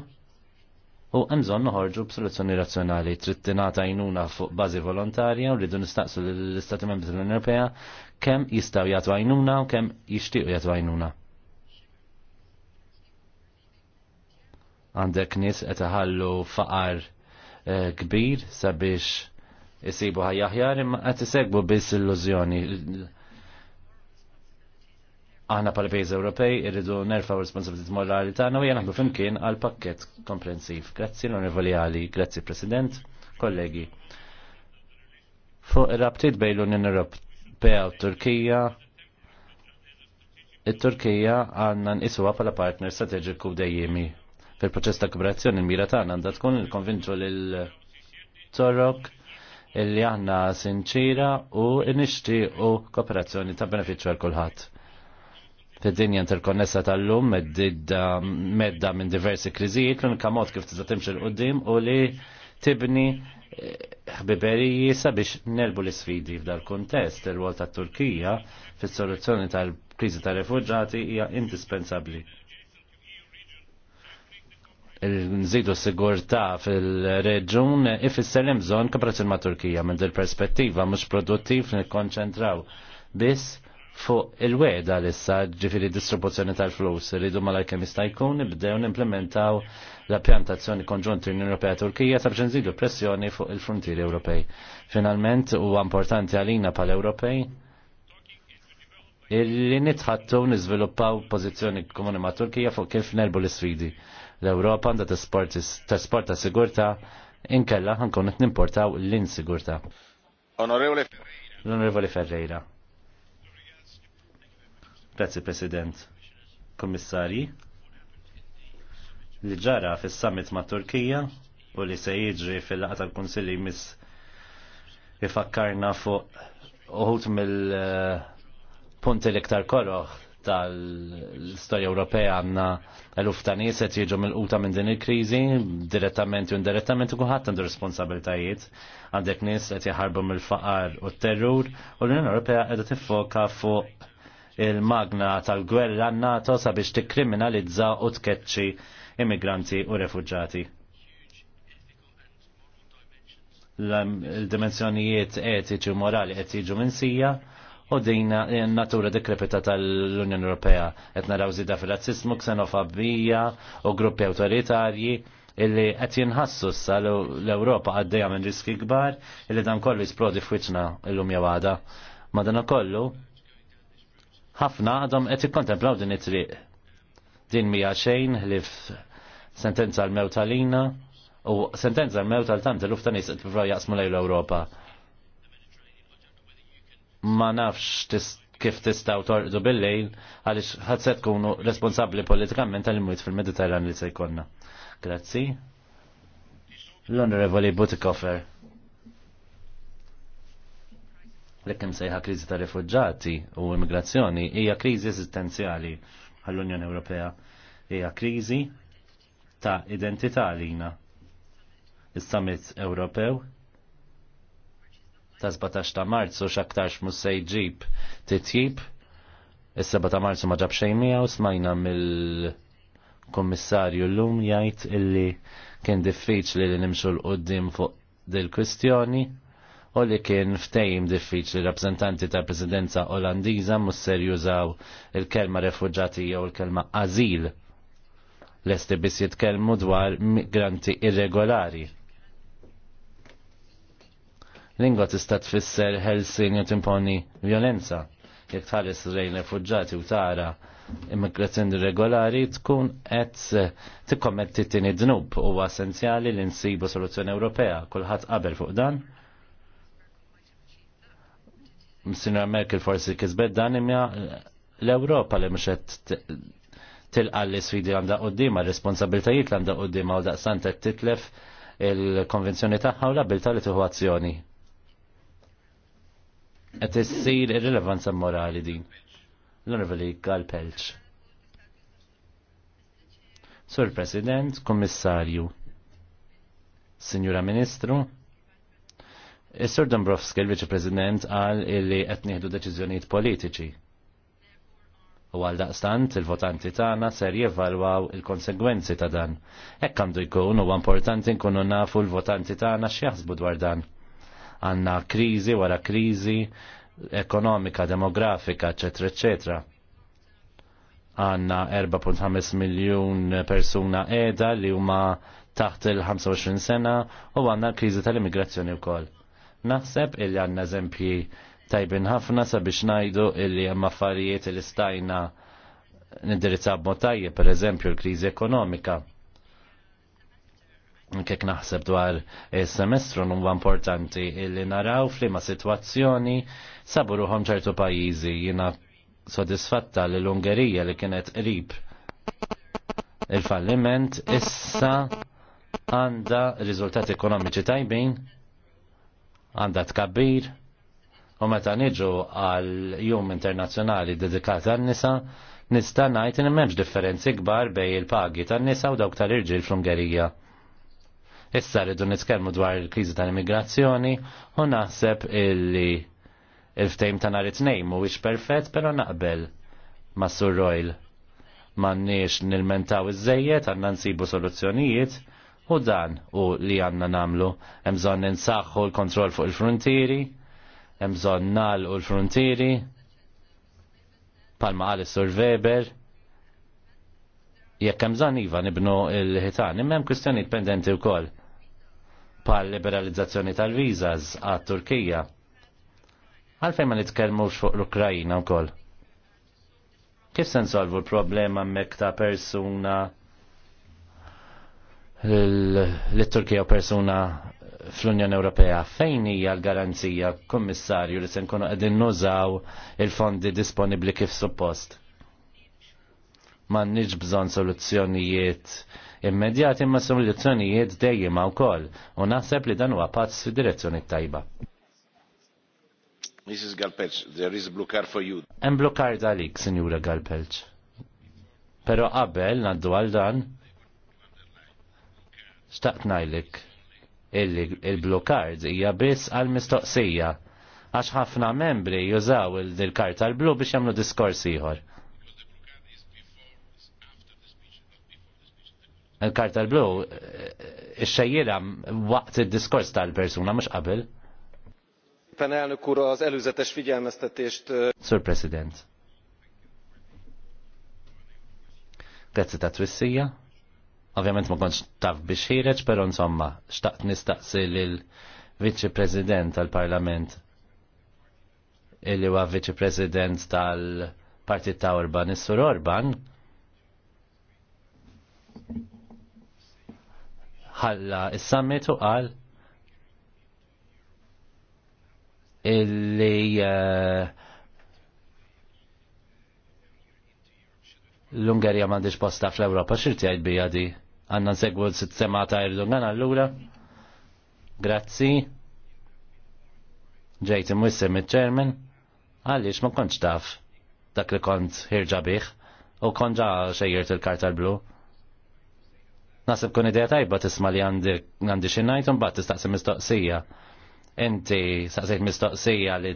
u għemżon b b'soluzzjoni razzjonali trittinata għajnuna fuq bazi volontarja u rridu nistaqsu l-Istati Membri tal-Unjoni Ewropea kemm jistgħu jagħtu għajnuna u kemm jixtiequ jagħtu għajnuna. Għandek nies qed iħallu faqar eh, kbir sabiex isibu aħjar imma qed isegbu biss illużjoni Aħna pal pajjiż Ewropej irridu nerfaw responsabilità morali tagħna u naħdu flimkien għal pakkett komprensiv. Grazzi l-Onorevoli Ali, grazzi President, kollegi. Fuq ir-rabtiet bejn l-Unjoni Ewropea u Turkija, it-Turkija għandna nqisuha bħala partner strateġiku dejjemi. Fil-proċess ta' kooperazzjoni l-mira tagħna għandha tkun il-konvinċu lil Torok illi għanna sinċira u nishti u kooperazzjoni ta' beneficju għal kulħadd. Fid-dinja interkonnessa tal-lum medda minn diversi kriżijiet l-unika mod kif tista' timxi l qoddim u li tibni eh, ħbiberi biex nelbu l-sfidi f'dal kontest ir wol tat-Turkija fis-soluzzjoni tal-kriżi tar-refuġġati hija indispensabbli nżidu sigurtà fil-reġun ifisser hemm bżonn kooperazzjoni ma' Turkija minn dil perspettiva mhux produttiv nikkonċentraw biss fuq il-weda l-issa ġifiri distribuzzjoni tal-flus rridu ma l-kem jkun bdew implementaw la pjantazzjoni konġunti l-Unjoni Ewropea Turkija sabiex nżidu pressjoni fuq il-frontieri Ewropej. Finalment huwa importanti għalina pal ewropej illi nitħattu niżviluppaw pożizzjoni komuni ma' Turkija fuq kif nerbu l-isfidi. L-Ewropa għandha tesporta sigurta inkella ħankun qed nimportaw l-insigurta. Onorevole Ferreira. L-Onorevole Ferreira. Grazzi President, Kommissari, li ġara fis summit ma' Turkija u li se jiġri fil laqgħa tal kunsilli mis ifakkarna fuq uħut mill-punti l-iktar koroħ tal-istorja Ewropea għanna eluf ta' nies qed jiġu mill-quta minn din il-kriżi direttament u indirettament u ħadd għandu responsabiltajiet għandek nies qed jaħarbu mill-faqar u t-terrur u l-Unjoni Ewropea qiegħda tiffoka fuq il-magna tal-gwerra n NATO sabiex tikkriminalizza u tkeċċi immigranti u refugġati. Il-dimensjonijiet etiċi u morali qed jiġu minsija u din natura dekrepita tal-Unjoni Ewropea qed naraw żida fil-razzismu, ksenofobija u gruppi awtoritarji illi qed jinħassu sa l-Ewropa għaddejja minn riski kbar illi dan kollu jisplodi f'wiċċna illum jew għada. Madana kollu, ħafna għadhom qed ikkontemplaw din it-triq. Din mija xejn li sentenza l-mew tal-lina u sentenza l-mew tal-tant l ta' nies qed jaqsmu lejl l-Ewropa. Ma nafx kif tistaw torqdu bil-lejl għaliex ħadd se tkunu responsabbli politikament tal-imwiet fil-Mediterran li se jkollna. Grazzi. L-Onorevoli Butikofer. l-ekkem sejħa krizi ta' rifugġati u immigrazzjoni hija krizi esistenziali għall-Unjoni Ewropea. Hija krizi ta' identità għalina. Is-Summit Ewropew ta' 17 ta' Marzu x'aktarx mhux se jġib titjib. Is-7 ta' Marzu ma ġab xejn miegħu smajna mill-Kummissarju llum jgħid illi kien diffiċli li nimxu l-qoddim fuq dil-kwistjoni u li kien ftejim diffiċli rappresentanti ta' presidenza olandiza musser jużaw il-kelma refugġati jew il-kelma azil. Lesti bis jitkellmu dwar migranti irregolari. Lingwa tista' tfisser ħelsin jew timponi violenza. Jekk tħares rejn refugġati u tara immigrazzjoni irregolari tkun qed tikkommetti t-tieni dnub huwa essenzjali li nsibu soluzzjoni Ewropea. Kulħadd qabel fuq dan Sinjora Merkel forsi kisbet dan imja l-Ewropa li mxet tilqa l-sfidi għanda għoddima, responsabiltajiet għanda għoddima u daqsan qed titlef il-konvenzjoni tagħha u l-abilità li tieħu azzjoni. Qed issir irrelevanza morali din. l onorvali Gal Pelċ. Sur President, Kommissarju, Signora Ministru, Is-Sur Dombrovski, il-Viċi President, għal illi qed nieħdu deċiżjonijiet politiċi. U għal daqstant il-votanti tagħna ser jevalwaw il-konsegwenzi ta' dan. Hekk għandu jkun huwa importanti nkunu nafu l-votanti tagħna x'jaħsbu dwar dan. Għandna kriżi wara kriżi ekonomika, demografika, eċetera, eċetera għanna 4.5 miljun persuna edha li huma taħt il-25 sena u għanna kriżi tal-immigrazzjoni wkoll. koll. Naħseb illi għanna eżempji tajbin ħafna sabiex najdu illi hemm affarijiet li stajna nindirizza b'mod tajjeb, per eżempju l-kriżi ekonomika kek naħseb dwar il-semestru numba importanti illi naraw flima situazzjoni sabu ruħom ċertu pajizi jina sodisfatta li l-Ungerija li kienet qrib il-falliment issa għanda riżultati ekonomiċi tajbin għandha tkabbir u meta niġu għal jum internazzjonali dedikat għan nisa nista' ngħid in m'hemmx differenzi kbar bej il-pagi tan-nisa u dawk tal-irġiel fl-Ungerija. Issa rridu nitkellmu dwar il-kriżi tal-immigrazzjoni u naħseb illi il-ftejm ta' nhar it-tnejn mhuwiex perfett però naqbel ma' Sur Royal. M'għandniex nilmentaw iż-żejjed għandna nsibu soluzzjonijiet U dan u li għanna namlu, emżon ninsaxħu l-kontroll fuq il-frontieri, emżon nal u l-frontieri, palma għal sur Weber, jekk emżon iva nibnu il-ħitan, immem kustjoni pendenti u koll, pal liberalizzazzjoni tal-vizas għat Turkija. Għalfejn ma nitkellmux fuq l-Ukrajina u koll. Kif sensolvu l-problema mekta persuna l-Turkija persuna fl-Unjoni Ewropea fejn hija l-garanzija kommissarju li se nkunu qegħdin nużaw il-fondi disponibbli kif suppost. M'għandniex bżonn soluzzjonijiet immedjati imma soluzzjonijiet dejjem wkoll u naħseb li dan huwa pazz fid-direzzjoni tajba. Mrs. Galpelch, there is a blue card for you. Hemm blue card għalik, Sinjura Galpelch. Però qabel ngħaddu għal dan, Xtaqt il-blokard hija biss għal-mistoqsija għax ħafna membri jużaw il kart l-blu biex jagħmlu diskors ieħor. il kart l-blu eh, ix-xejjira waqt id-diskors tal-persuna mhux qabel. Elnök úr, az előzetes figyelmeztetést... Eh, Sir President. Grazie ta' twissija. Ovvjament ma konċ taf biex ħireċ, pero insomma, xtaqt nistaqsi l-Viċi President tal-Parlament illi huwa Viċi President tal-Partit ta' Orban, is-Sur Orban, ħalla is-summit u qal illi eh, l-Ungerija mandiġ posta fl-Europa, xirti għajt bija di? għanna segwu s-sistema ta' Erdogan allura. Grazzi. Ġejt imwissem il-ċermen. Għallix ma konċ taf dak li kont hirġa biħ u konġa xejjert il-karta l-blu. Nasib kun ideja tajba tisma li għandi xinajt un bat tistaqsi mistoqsija. Inti saqsejt mistoqsija li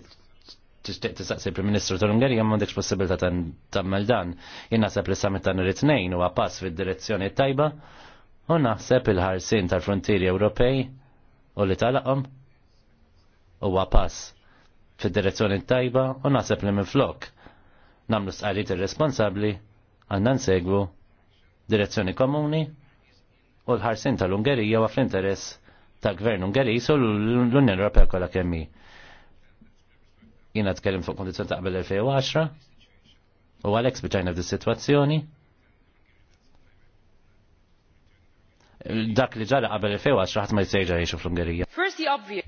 tixtieq tistaqsi prim ministru tal-Ungerija m'għandekx possibilità tagħmel dan. Jien naħseb li summit tan it-tnejn huwa pass fid-direzzjoni tajba u naħseb il-ħarsin tal-frontieri Ewropej u li talaqhom huwa pass fid-direzzjoni tajba u naħseb li minflok nagħmlu stqarrijiet irresponsabbli għandna nsegwu direzzjoni komuni u l-ħarsin tal-Ungerija huwa fl-interess tal-Gvern Ungerijs u l-Unjoni Ewropea kollha kemm jina tkellim fuq kondizjon ta' qabel 2010 u għalek spiċajna f'di situazzjoni dak li ġara qabel 2010 ħadd ma jsejġa jiexu fl-Ungerija. First the obvious.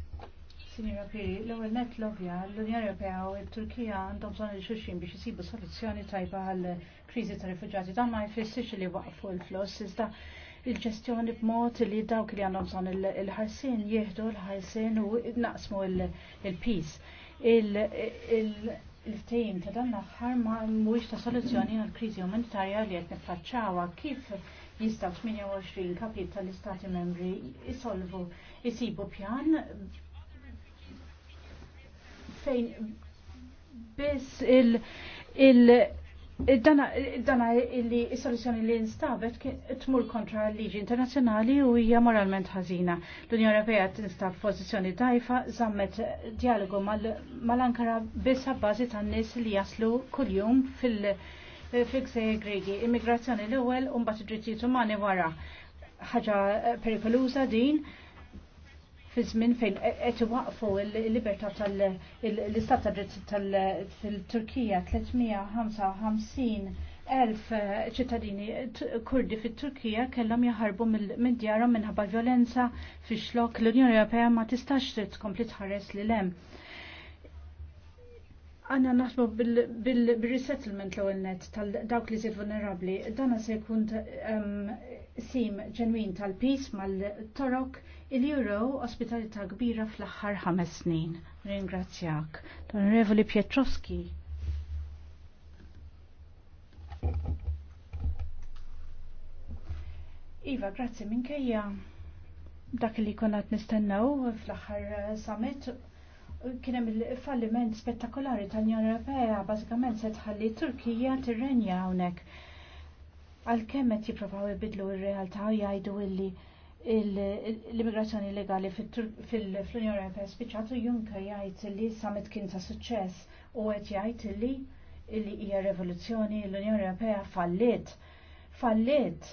Signora Piri, l-ewwel net l-ovja, l-Unjoni Ewropea u l turkija għandhom bżonni il-xulxin biex jisibu soluzzjoni tajba għal kriżi ta' rifuġjati. Dan ma jfissirx li waqfu l-flus, iżda il-ġestjoni b'mod li dawk li għandhom bżonn il-ħarsin jieħdu l-ħarsin u naqsmu l peace il-ftejim ta' dan l-aħħar ma mhuwiex ta' soluzzjoni għal kriżi umanitarja li qed niffaċċawha kif jistaw 28 kapit tal-Istati membri jisolvu jisibu pjan fejn biss il- Dana illi il-soluzjoni li instabet tmur kontra l-liġi internazjonali u hija moralment ħażina. L-Unjoni Ewropea tinstab pożizzjoni dajfa żammet dialogu mal-Ankara biss bażi tan-nies li jaslu kuljum fil- fil Gregi. Immigrazzjoni l-ewwel u mbagħad id-drittijiet umani wara. Ħaġa perikoluża din fi żmien fejn e- qed iwaqfu l-libertà tal-istat tal-Turkija 355 elf ċittadini kurdi fit-Turkija kellhom jaħarbu minn djarhom minħabba violenza fi xlok l-Unjoni Ewropea ma tistax trid tkompli tħares li lem. Għanna naħsbu bil-resettlement l-ewwel net tal-dawk li żied vulnerabbli, dana se jkun sim ġenwin tal-peace mal-torok Il-Euro ospitalità kbira fl-aħħar ħames snin. Ringrazzjak. l Revoli Pietrowski. Iva, grazzi minkejja dak li konat nistennaw fl-aħħar summit kien hemm il-falliment spettakolari tal-Unjoni Ewropea bażikament se tħalli Turkija tirrenja hawnhekk. Għalkemm qed jippruvaw ibidlu r-realtà jgħidu illi l-immigrazzjoni legali fil-Unjoni Ewropea spiċċatu Juncker jgħid li summit kien ta' suċċess u qed jgħid li li hija rivoluzzjoni l-Unjoni Ewropea fallit. Fallit.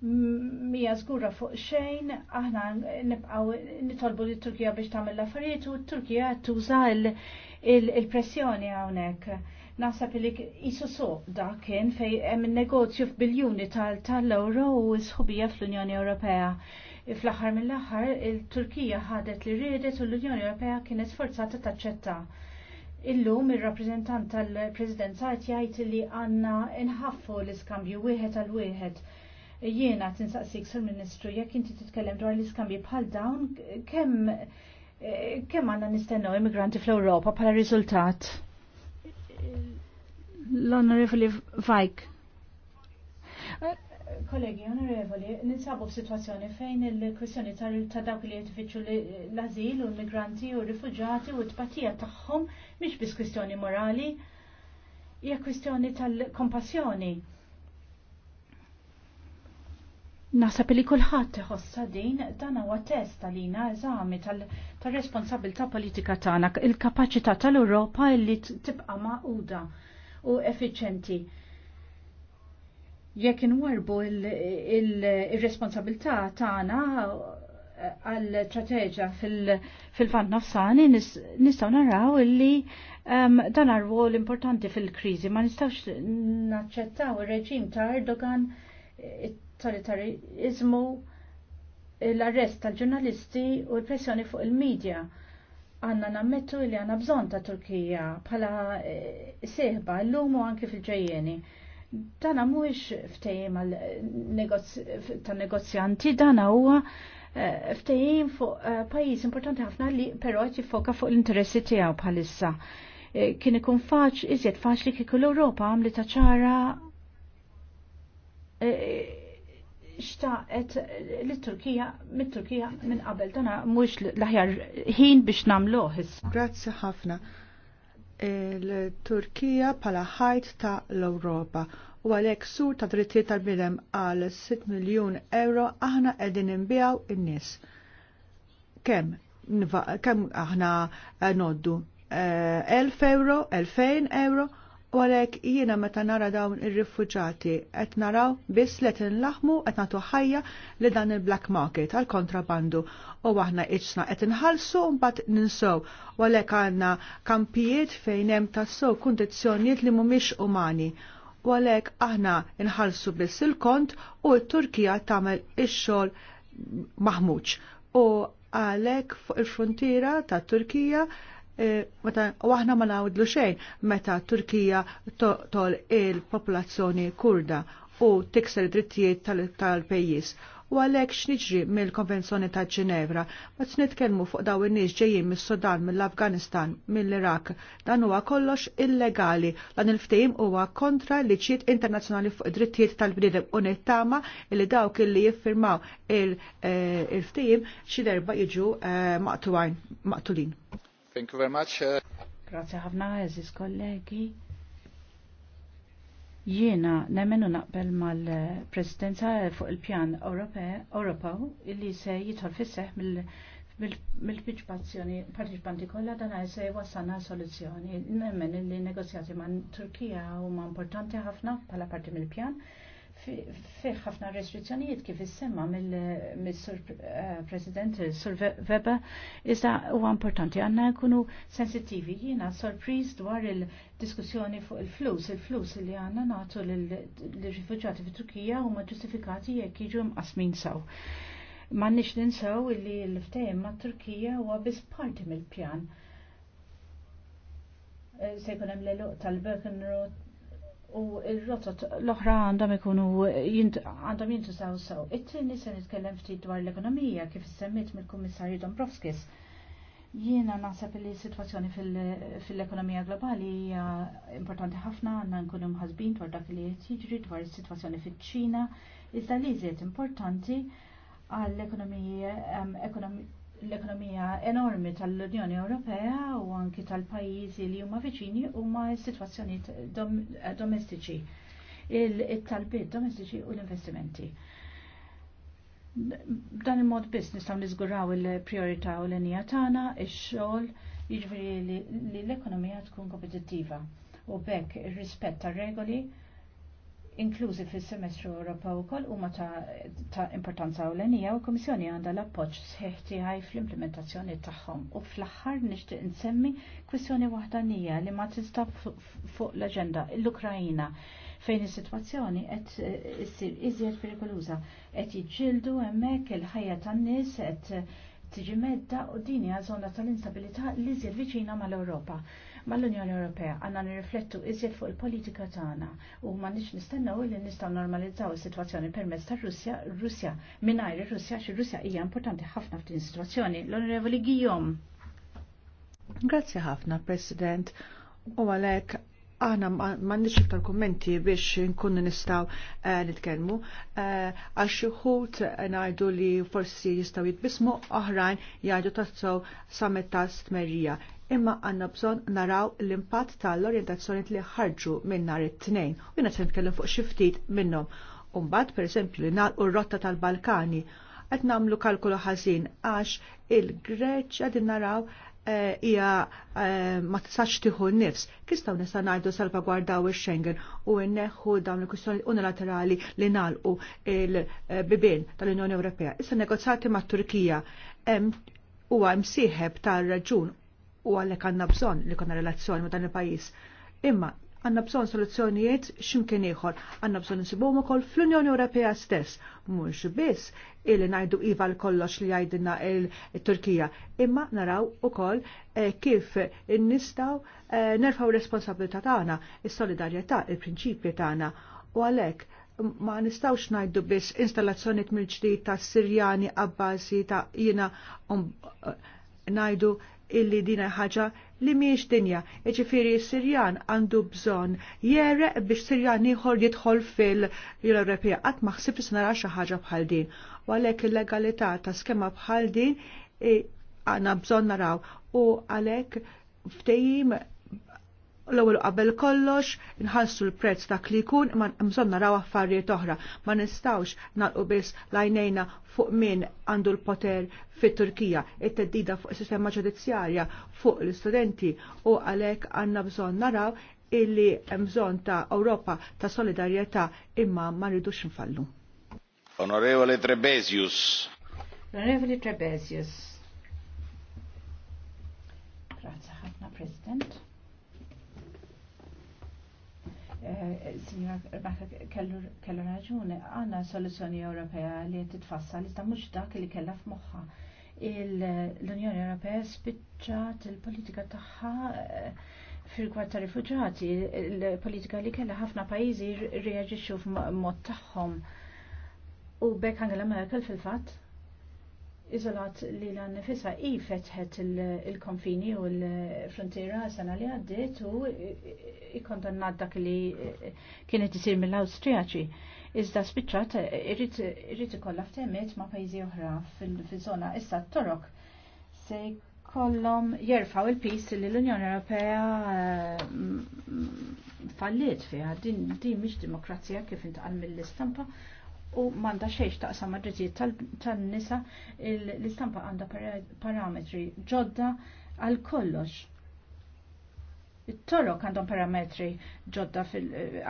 Mija żgura fuq xejn, aħna nibqgħu nitolbu lit Turkija biex tagħmel l-affarijiet u t-Turkija tuża il-pressjoni hawnhekk Nasab li jisu so da kien fej hemm negozju f'biljuni tal-euro u sħubija fl-Unjoni Ewropea. Fl-aħħar mill-aħħar il-Turkija ħadet li riedet u l-Unjoni Ewropea kienet sforzata taċċetta. Illum ir-rappreżentant tal president Sajt jgħid li għandna inħaffu l-iskambju wieħed għal wieħed jiena tinsaqsik sur ministru jekk inti titkellem dwar l-iskambji bħal dawn kemm eh, kemm għandna nistennew immigranti fl-Ewropa bħala riżultat? l-Onorevoli Vajk. Kollegi, onorevoli, ninsabu f-situazzjoni fejn il-kwestjoni ta' dawk li jitfittxu l-azil u l-migranti u rifugjati u t-patija tagħhom mhix biss kwestjoni morali, hija kwestjoni tal-kompassjoni. Nasa li kulħadd iħossa din dan huwa test għalina eżami tal- tar-responsabilità politika tagħna, il-kapaċità tal-Ewropa li tibqa' maquda u effiċenti. Jekk inwarbu il-responsabilità tagħna eh, għal trateġa fil-fan nafsani nistaw naraw li ehm, dan għarwol importanti fil-krizi ma nistawx naċċettaw il-reġim ta' Erdogan totalitarizmu l-arrest tal-ġurnalisti u l-pressjoni fuq il-medja. Għanna nammettu li għanna bżon ta' Turkija bħala eh, seħba l lumu anki fil-ġejjeni. Dan mhuwiex ftejim ta' negozjanti, dan huwa eh, ftehim fuq eh, pajjiż importanti ħafna li però qed jiffoka fuq l-interessi tiegħu bħalissa. Kien ikun faċ, iżjed faċli kieku l-Ewropa għamli ta' ċara xtaqet l-Turkija, mit-Turkija minn qabel, dana mux l-ħjar ħin biex namluħ. Grazzi ħafna. L-Turkija pala ħajt ta' l-Europa u għalek sur ta' drittijiet tal-bidem għal 6 miljon euro aħna edin imbijaw in-nis. Kem? Kem aħna noddu? 1000 eh, euro? 2000 euro? U għalek jiena meta nara dawn ir-rifuġati qed naraw biss li tinlaħmu qed nagħtu ħajja li dan il-black market għal kontrabandu u aħna iċna qed inħallsu mbagħad ninsew u għalhekk għandna kampijiet fejn hemm tassew kundizzjonijiet li mhumiex umani. U għalhekk aħna inħallsu biss il-kont u t-Turkija tagħmel ix-xogħol maħmuġ. U għalhekk fuq il-frontiera tat Turkija u eh, aħna ma nawdlu xejn meta Turkija tol il-popolazzjoni kurda u tikser drittijiet tal-pejjiż. U għalhekk x'niġri mill-Konvenzjoni ta' Ġinevra, ma nitkellmu fuq daw in-nies ġejjin mis-Sudan, mill-Afganistan, mill-Irak, dan huwa kollox illegali. Dan il-ftehim huwa kontra liċiet internazzjonali fuq drittijiet tal-bniedem u nittama li dawk illi jiffirmaw eh, il-ftehim xi darba jiġu eh, maqtulin. Thank you very much. Uh, Grazie ħafna, eżis kollegi. Jiena nemmenu naqbel mal-presidenza fuq il-pjan Ewropew illi se jitħol fisseħ mill-parteċipazzjoni partiċipanti kollha dan se wasalna soluzzjoni. Nemmen illi negozjati ma' Turkija huma importanti ħafna bħala parti mill-pjan fih ħafna restrizzjonijiet kif issemma mill-Sur eh, President Sur Weber, iżda huwa importanti għandna jkunu sensittivi jiena sorpriż dwar il-diskussjoni fuq il-flus, il-flus li għandna nagħtu lir-rifuġjati fit-Turkija huma ġustifikati jekk jiġu mqasmin sew. M'għandniex ninsew li l-ftehim mat-Turkija huwa biss parti mill-pjan. Eh, se jkun hemm l-eluq tal birkenrod U il-rotot l-oħra għandhom ikunu għandhom jintużaw sew. It-tieni se nitkellem ftit dwar l-ekonomija kif semmit mill-Kummissarju Dombrovskis. Jiena naħseb li s-sitwazzjoni fil-ekonomija globali hija importanti ħafna għandna nkunu mħasbin dwar dak li qed jiġri dwar is-sitwazzjoni fiċ-Ċina, iżda li importanti għall-ekonomija ehm, l-ekonomija enormi tal-Unjoni Ewropea u anki tal-pajjiżi li huma viċini huma s-sitwazzjonijiet domestiċi, il-talbiet domestiċi u l-investimenti. Dan il-mod biss nistgħu niżguraw il-priorità u l-enija tagħna, ix-xogħol, jiġri li l-ekonomija tkun kompetittiva u bekk ir-rispett tar-regoli inklużi fis-semestru Ewropew ukoll huma ta' importanza ewlenija u l komissjoni għandha l-appoġġ sħiħti għaj fl-implementazzjoni tagħhom u fl-aħħar nixtieq insemmi kwistjoni Nija li ma tista' fuq l-aġenda l-Ukrajina fejn is-sitwazzjoni qed eh, issir iżjed perikoluża qed jiġġieldu hemmhekk il-ħajja tan-nies qed tiġi medda u dinja zona żona tal-instabilità li iżjed viċina mal-Ewropa mal-Unjoni Ewropea għandna nirriflettu iżjed fuq il-politika tagħna u nix nistennew li nistgħu normalizzaw is-sitwazzjoni permezz ta' Russja, Russja mingħajr ir-Russja xi Russja hija importanti ħafna f'din is-sitwazzjoni. L-Onorevoli Guillaume. Grazzi ħafna, President. U għalhekk aħna m'għandniex iktar kummenti biex nkunu nistgħu eh, nitkellmu eh, għax xi wħud ngħidu li forsi jistgħu jitbismu oħrajn jgħidu tazzow sa meta stmerija imma għanna bżon naraw l-impatt tal-orientazzjoni li ħarġu minn nhar it-tnejn u jiena se nitkellem fuq xi ftit minnhom. per pereżempju li nagħlqu r-rotta tal-Balkani qed nagħmlu kalkulu ħażin għax il-Greċja din naraw eh, hija eh, ma tiħu tieħu n-nifs. Kistgħu nista' ngħidu gwardaw ix-Schengen u nneħħu dawn il-kwistjoni unilaterali li nagħlqu il-bibien tal-Unjoni Ewropea. Issa negozjati mat-Turkija huwa msieħeb tar-raġun u għalhekk għandna bżonn li konna relazzjoni ma' dan il-pajjiż. Imma għandna bżonn soluzzjonijiet x'imkien ieħor, għandna bżonn insibuhom ukoll fl-Unjoni Ewropea stess, mhux biss illi ngħidu iva l kollox li jgħidilna il-Turkija, imma naraw ukoll eh, kif innistgħu eh, nerfgħu responsabilità tagħna, is-solidarjetà, il-prinċipji tagħna u għalhekk ma nistawx najdu biss installazzjoni mill-ġdid ta' Sirjani għabbażi ta' jina um, eh, najdu illi dina ħaġa li miex dinja. Iġifiri Sirjan għandu bżon jereq biex Sirjan ieħor jidħol fil-Europea. Qatt ma ħsibx nara xi ħaġa bħal din. Għalhekk il-legalità ta' skema bħal din għana bżonn naraw u għalhekk ftejim l-ewwel qabel kollox inħassu l-prezz dak li jkun ma bżonn naraw affarijiet oħra. Ma nistgħux nagħlqu biss lajnejna fuq min għandu l-poter fit-Turkija, it-teddida fuq is-sistema ġudizzjarja, fuq l-istudenti u għalhekk għandna bżonn naraw illi hemm bżonn ta' Ewropa ta' solidarjetà imma ma rridux nfallu. Onorevole Trebesius. Onorevole Trebesius. Grazie ħafna, President. Eh, signora kellu raġuni, għanna soluzzjoni Ewropea li qed li ta' mhux dak li kellha f'moħħa. L-Unjoni Ewropea spiċċat il-politika tagħha eh, fil-kwad ta' rifuġati, il-politika li kellha ħafna pajjiżi reaġixxu f'mod tagħhom. U bekk Angela Merkel fil-fatt iżolat li l-annifisa i fetħet il-konfini u l-frontiera sena li għaddit u ikondannat dak li kienet isir mill-Austriaċi. Iżda spiċċat irrit ikolla f'temet ma' pajjiżi oħra fil-żona issa torok se kollom jerfaw il-pis li l-Unjoni Ewropea eh, fallit fiha din mhix demokrazija kif intqal mill-istampa u manda xejx taqsam maġġiet tan-nisa l-istampa għanda parametri ġodda għal kollox. It-torok għandhom parametri ġodda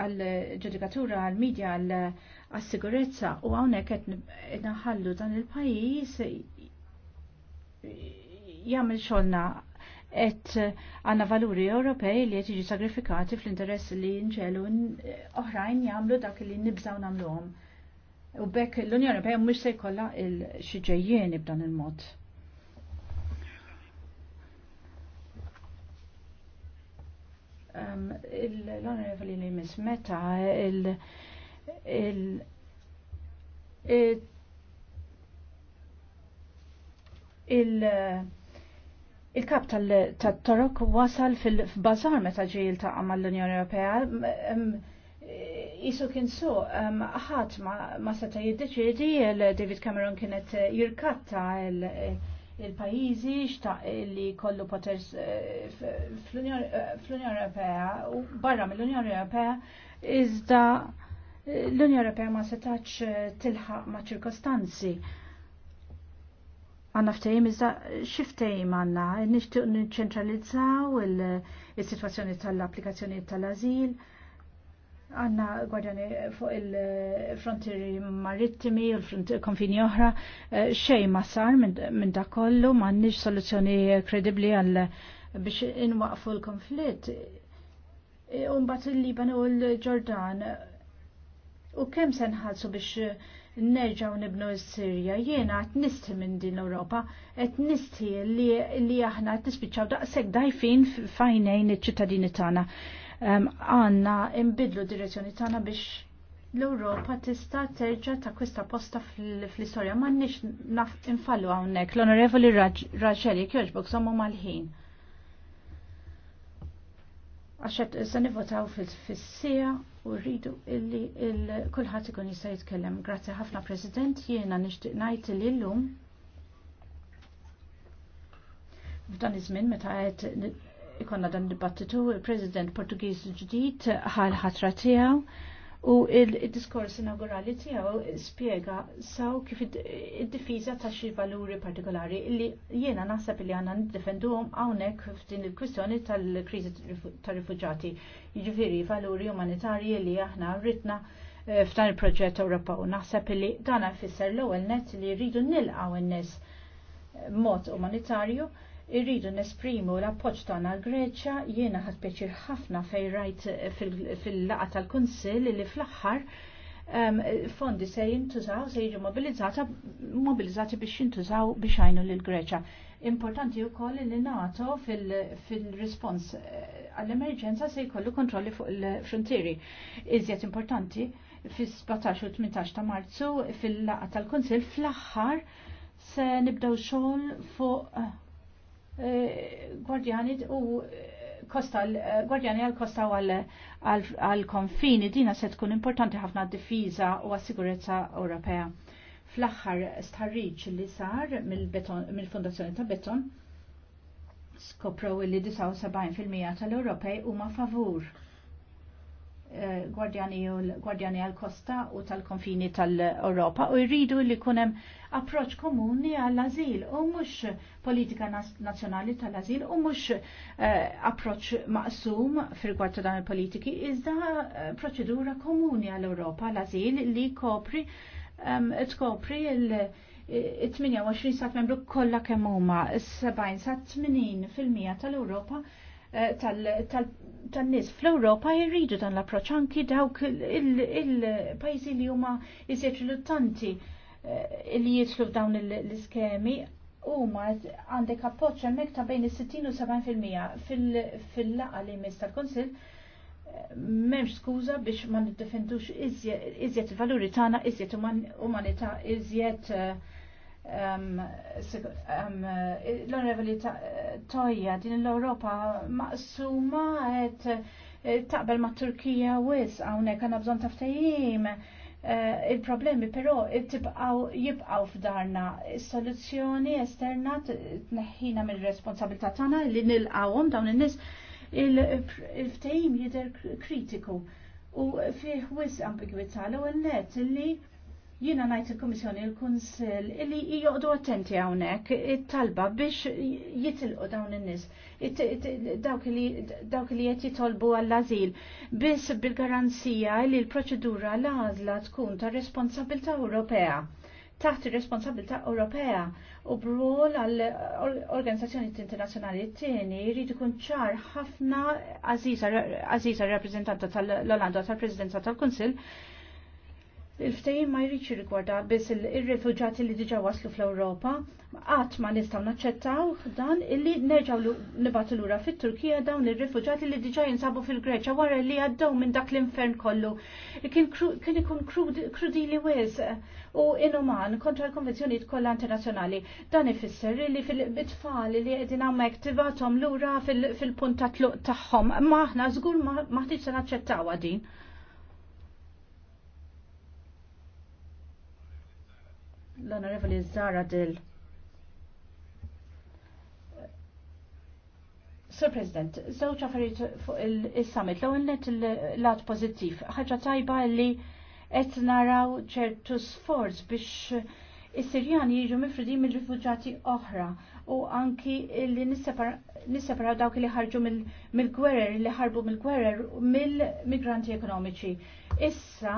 għal ġudikatura, għal media, għal sigurezza u hawnhekk qed naħallu dan il-pajjiż jagħmel xogħolna et għanna valuri Ewropej li qed jiġi sagrifikati fl-interess li nġelu oħrajn jagħmlu dak li nibżgħu nagħmluhom U bekk l-Unjoni Ewropea mhux se jkollha l-xiġejjien b'dan il-mod. Ehm, L-Onorevoli li mis meta il- il- il- il- kap tal-Torok wasal fil-bazar meta ġil ta' għamal l-Unjoni Ewropea ehm, Isu kien so, ħadd ma seta jiddeċiedi il-David Cameron kienet eh, jirkatta eh, il-pajizi xtaq li kollu poters eh, fl-Unjoni Ewropea u barra mill-Unjoni Ewropea iżda l-Unjoni Ewropea ma setax tilħaq ma' ċirkostanzi. Għanna ftejim iżda xiftejim għanna, nixtieq niċċentralizzaw il-situazzjoni tal-applikazzjoni tal-azil. tal applikazzjoni tal azil għanna għadjani fuq il-frontieri marittimi u l-konfini oħra, eh, xej ma sar minn da kollu, ma nix soluzzjoni kredibli għal biex inwaqfu l-konflitt. Eh, Umbat il-Liban u l-Ġordan. U kem senħalsu biex nerġaw nibnu s-Sirja, jiena għat nisti minn din l-Europa, għat nisti li aħna għat nisbiċaw daqseg dajfin fajnejn iċ-ċittadini tagħna għanna imbidlu direzzjoni tagħna biex l-Europa tista terġa ta' kwista posta fl-istoria ma' nix infallu għawnek l-onorevoli Raġeli kjoġbok sommu mal-ħin. Għaxet se nivotaw fil-fissija u rridu illi kullħat ikun jista' jitkellem. Grazzi ħafna President jiena nixtieq ngħid li llum f'dan iż-żmien meta qed ikonna dan dibattitu il-President Portugiż ġdid ħal ħatra tiegħu u il-diskors inaugurali tiegħu spjega saw kif id-difiża ta' xi valuri partikolari li jiena naħseb li għandna niddefenduhom hawnhekk f'din il-kwistjoni tal-kriżi tar-rifuġati. Jiġifieri valuri umanitarji li aħna rritna eh, f'dan il-proġett Ewropew. Naħseb li dan ifisser l-ewwel nett li rridu nilqgħu in-nies eh, mod umanitarju irridu nesprimu l-appoġġ tagħna l greċja jiena ħadd ħafna fejn rajt eh, fil-laqgħa tal-Kunsill li fl-aħħar ehm, fondi se jintużaw, se jiġu mobilizzata, mobilizzati biex jintużaw biex għajnu lil greċja Importanti wkoll li NATO fil-respons eh, għall-emerġenza se jkollu kontrolli fuq il-frontieri. Iżjed importanti fis-17 u 18 ta' Marzu fil-laqgħa tal-Kunsill fl-aħħar se nibdew xogħol fuq eh, gwardjani u eh, eh, gwardjani għal-kosta għal-konfini dina se tkun importanti ħafna d-difiża u għas-sigurezza Ewropea. Fl-aħħar starriċ li sar mill-Fondazzjoni ta' Beton skopru li 79% tal-Ewropej huma favur gwardjani u l-Gwardjani għal-Kosta u tal-Konfini tal-Europa u jridu li kunem approċ komuni għall-azil u mux politika nazjonali tal-azil u mux eh, approċ maqsum fil-gwart dan il-politiki iżda eh, proċedura komuni għall-Europa l-azil li kopri tkopri il- 28 eh, sat membru kollha kemm huma 70 sa 80 fil-mija tal-Ewropa Eh, tan-nies fl-Ewropa jridu dan l-approċċ anki dawk il-pajjiżi li huma iżjed riluttanti eh, li jislu f'dawn l-iskemi huma għandek appoċ hemmhekk ta' bejn is-60 u 70% fil-laqa li jmiss tal-Kunsill eh, memx skuza biex ma niddefendux iżjed valuri tagħna, iżjed umanità, iżjed uh, Eh, l-onorevoli eh, Toja din l-Europa maqsuma qed eh, taqbel ma' Turkija għis, hawnhekk għandna bżonn taftajim. Il-problemi però jibqgħu f'darna. Is-soluzzjoni esterna t tneħħina mill-responsabilità tagħna li nil-għawom dawn in-nies il-ftehim jidher kritiku u fih wis ambigwità l-ewwel net li Jiena najt il-Komissjoni il-Kunsil illi joqdu attenti hawnhekk it-talba biex jitilqu dawn in-nies. Dawk li qed jitolbu għall-azil biss bil-garanzija li l-proċedura l-għażla tkun ta' responsabilità Ewropea taħt ir-responsabilità Ewropea u brol għall organizzazzjoni internazzjonali t-tieni jrid ikun ċar ħafna għażiża rappreżentanta tal-Olanda tal-Presidenza tal-Kunsill il ftejim ma jridx jirrigwarda biss ir-refuġati li diġa waslu fl-Ewropa, qatt ma nistgħu naċċettaw dan illi nerġgħu nibatu lura fit-Turkija dawn ir-refuġati li diġa jinsabu fil-Greċja wara li għaddaw minn dak l-infern kollu. Kien ikun krudili wis u inuman kontra l konvenzjoni kollha internazzjonali. Dan ifisser li fil-bitfall li qegħdin hawnhekk tibatom lura fil-punt tagħhom. Ma aħna żgur ma se naċċettawha din. l-Onorevoli Zara Dill. Sir President, żewġ affarijiet fuq il-summit, l-ewwel net il-lat pożittiv, ħaġa tajba li qed naraw ċertu sforz biex is-Sirjani jiġu mifridi minn rifuġati oħra u anki li nisseparaw dawk li ħarġu mill-gwerer, li ħarbu mill-gwerer mill-migranti ekonomiċi. Issa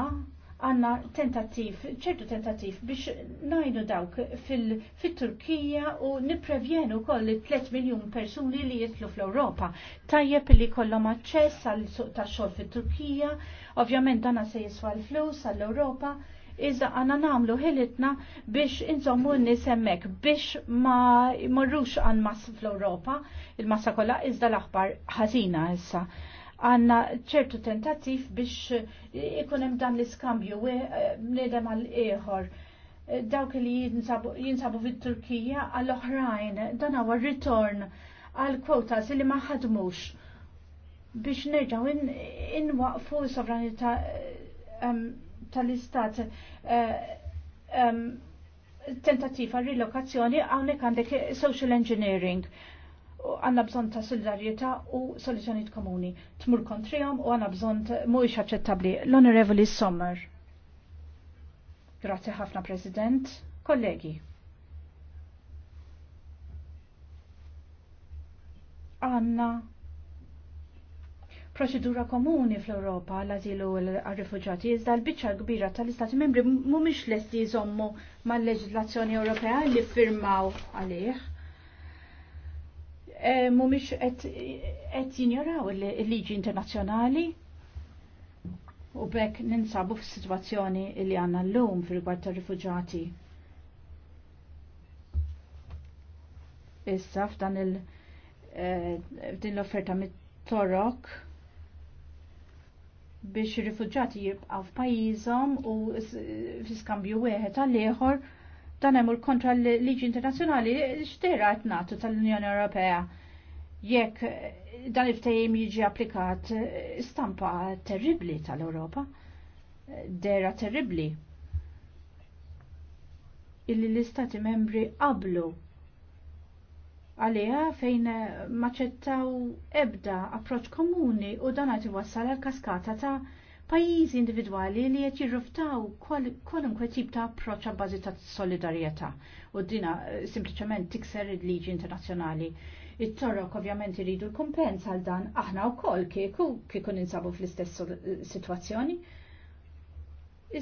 għanna tentattiv, ċertu tentattiv biex najdu dawk fil-Turkija u niprevjenu koll 3 miljon persuni li jitlu fl-Europa. Tajjeb li kollom aċċess għal suq ta' xogħol fil-Turkija, ovvjament għanna se jiswa l-flus għall-Europa, iżda għanna namlu ħilitna biex inżommu nisemmek biex ma morrux għan mas fl-Europa, il-massa kolla iżda l-aħbar ħazina issa għanna ċertu tentattiv biex ikunem dan l-iskambju eh, nedem għal-ieħor eh, dawk li jinsabu, fit-Turkija għall-oħrajn dan huwa ritorn għal kwotas li ma ħadmux biex nerġaw inwaqfu in sovranità eh, tal-istat tentativ għal rilokazzjoni għawnek għandek social engineering għanna bżon ta' solidarieta u soluzjoniet komuni. Tmur kontrijom u għanna bżon mhuwiex aċċettabbli. l honorable Sommer. Grazie ħafna President, kollegi. Għanna proċedura komuni fl-Europa l-azilu għal-rifugġati iżda l-bicċa kbira tal-Istati membri mumiex lesti jżommu mal-leġislazzjoni Ewropea li firmaw għalih Eh, mumiex qed jinjoraw il-liġi internazzjonali u bekk ninsabu f-situazzjoni li għanna l-lum fil gwart ta' Issa f'dan il- eh, din l-offerta mit-torok biex ir-rifugġati jibqaw f'pajjiżhom u fiskambju wieħed għall-ieħor dan hemm kontra l-liġi internazzjonali x'tera qed nagħtu tal-Unjoni Ewropea. Jekk eh, dan il-ftehim jiġi applikat eh, stampa terribli tal-Ewropa, eh, dera terribli. Illi l-istati membri qablu għaliha fejn maċettaw ebda approċ komuni u dan għati wassal għal kaskata ta' pajjiżi individwali li qed jirruftaw kwalunkwe tip ta' approċċ bażi ta' solidarjetà u dina eh, sempliċement tikser il-liġi internazzjonali. It-torok ovvjament iridu l-kumpens għal dan aħna wkoll kieku kieku ninsabu fl-istess sitwazzjoni.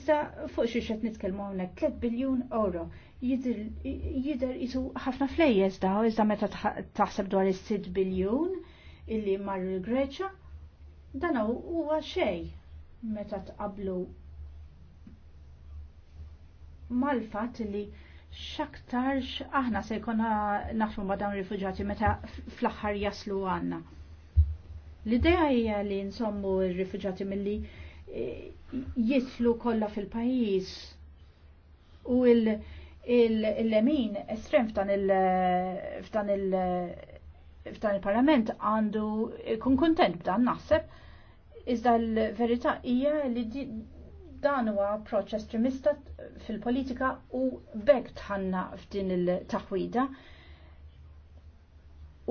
Iżda fuq xi xed nitkellmu hawnhekk 3 biljun euro jidher jisu ħafna flejjes daw iżda meta taħseb dwar is-6 biljun illi marru l-Greċa dan huwa xejn meta tqablu mal-fatt li xaktarx aħna se jkonna naħfu ma dawn rifuġati meta fl-aħħar jaslu għanna. L-idea hija li nsommu r-rifuġati milli e, jitlu kollha fil-pajjiż u l-lemin estrem f'dan il- f'dan il- f'dan il-parlament għandu e, kun kontent b'dan naħseb Iżda l-verità hija li dan huwa approċċ estremista fil-politika u bekk tħanna f'din il-taħwida.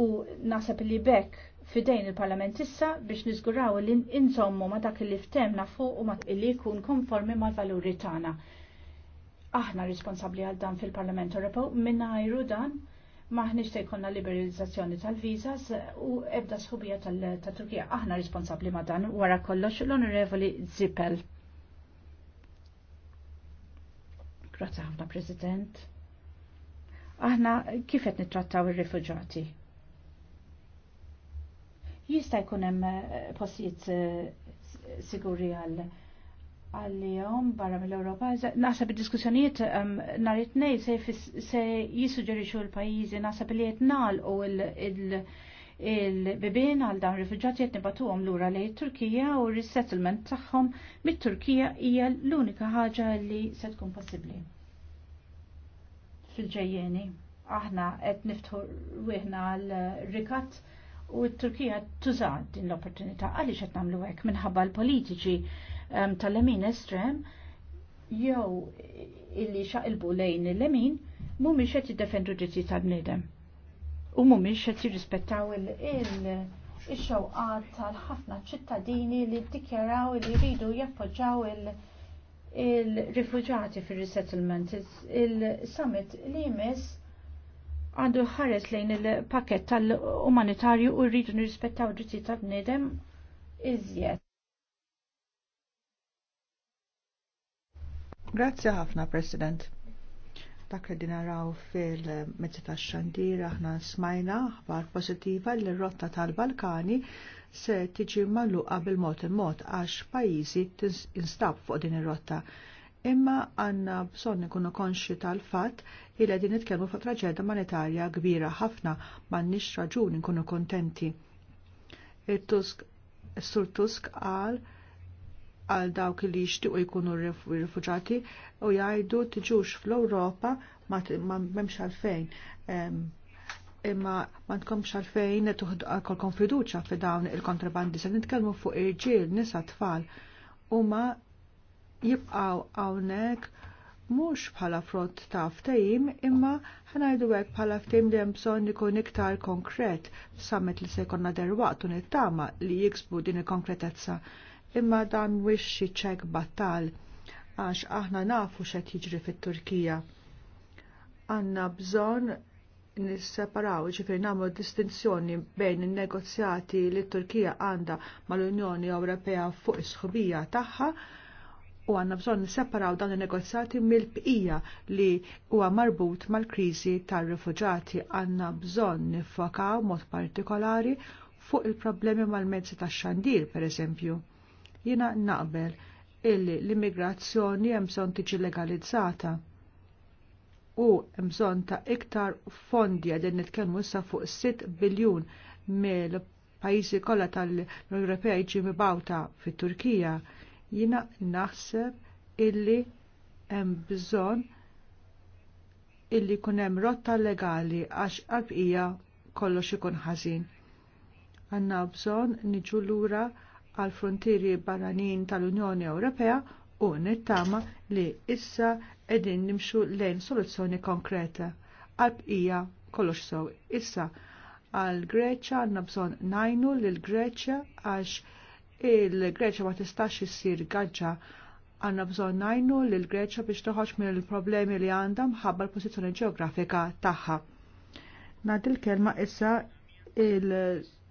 U naħseb li bekk fidejn il-Parlament issa biex niżguraw li insommu ma dak li ftemna fuq u ma li jkun konformi mal valuri tagħna. Aħna responsabbli għal dan fil-Parlament Ewropew mingħajru dan maħniġ se jkollna liberalizzazzjoni tal-vizas u ebda sħubija tal-Turkija. Aħna responsabli ma' dan wara kollox l-Onorevoli Zippel. Grazie ħafna, President. Aħna kif qed nittrattaw ir Jista' jkun hemm eh, postijiet eh, siguri għal għal-jom barra mill-Europa. Nasab il-diskussjonijiet um, nhar it-tnejn se jissuġġerixxu l-pajjiżi nasab li qed nagħlqu il-bibien għal dawn batu għom l lura lejn Turkija u r-resettlement tagħhom mit-Turkija hija l-unika ħaġa li se tkun possibbli. Fil-ġejjeni aħna qed niftħu wieħna għal rikat u t-Turkija tuża din l-opportunità għaliex qed nagħmlu hekk minħabba l-politiċi tal-lemin estrem jew illi xaqilbu lejn il-lemin mhumiex qed jiddefendu defendu dritti tal-bniedem. U mhumiex qed jirrispettaw il-xewqat tal-ħafna ċittadini li ddikjaraw li jridu jappoġġaw il- il-rifuġati fil-resettlement, il-summit li jmiss għandu ħares lejn il-pakket tal-umanitarju u rridu nirrispettaw ġitti tal bnidem iżjed. Grazzi ħafna, President. Dak li naraw fil-mezzi tax xandir aħna smajna aħbar pożittiva li r-rotta tal-Balkani se tiġi magħluqa bil-mod il-mod għax pajjiżi instab fuq din ir-rotta. Imma għanna bżonn ikunu konxi tal-fatt li qegħdin nitkellmu fuq traġedja umanitarja kbira ħafna m'għandniex raġuni nkunu kontenti. Il-Tusk, Sur Tusk qal għal dawk li jixtiequ jkunu rifuġati u jgħidu tiġux fl-Ewropa ma m'hemmx għalfejn. Imma ma tkomx għalfejn kolkom fiduċa fi dawn il-kontrabandi se nitkellmu fuq irġiel, nisa tfal huma jibqgħu hawnhekk mhux bħala frott ta' ftehim imma ħanajdu hekk bħala ftejim li hemm bżonn ikun iktar konkret f'summit li se jkollna derwaqt u nittama li jiksbu din il-konkretezza imma dan mhuwiex xi ċek battal għax aħna nafu x'qed jiġri fit-Turkija. Għandna bżonn nisseparaw, ġifir namlu distinzjoni bejn il-negozjati li Turkija għanda mal-Unjoni Ewropea fuq is-sħubija tagħha u għanna bżon nisseparaw dan il-negozjati mill-bqija li huwa marbut mal-kriżi tar-rifuġati għanna bżon nifokaw mod partikolari fuq il-problemi mal-mezzi tax-xandir, per eżempju Jiena naqbel illi l-immigrazzjoni hemm bżonn tiġi legalizzata u hemm bżonn ta' iktar fondi għedin nitkellmu issa fuq 6 biljun mill-pajjiżi kollha tal-Ewropea jġi mibawta fit-Turkija. Jiena naħseb illi hemm bżonn illi kunem hemm rotta legali għax qalbqija kollox ikun ħażin. Għanna bżonn niġu lura għal frontieri barranin tal-Unjoni Ewropea u nittama li issa edin nimxu lejn soluzzjoni konkreta. għal-bqija kollox sew issa għal Greċja għandna bżonn najnu lill Greċja għax il-Greċja ma tistax issir gaġġa għanna bżon najnu li l-Greċa biex toħoġ minn il-problemi li għandha minħabba l pożizzjoni ġeografika tagħha. Nad il-kelma issa il-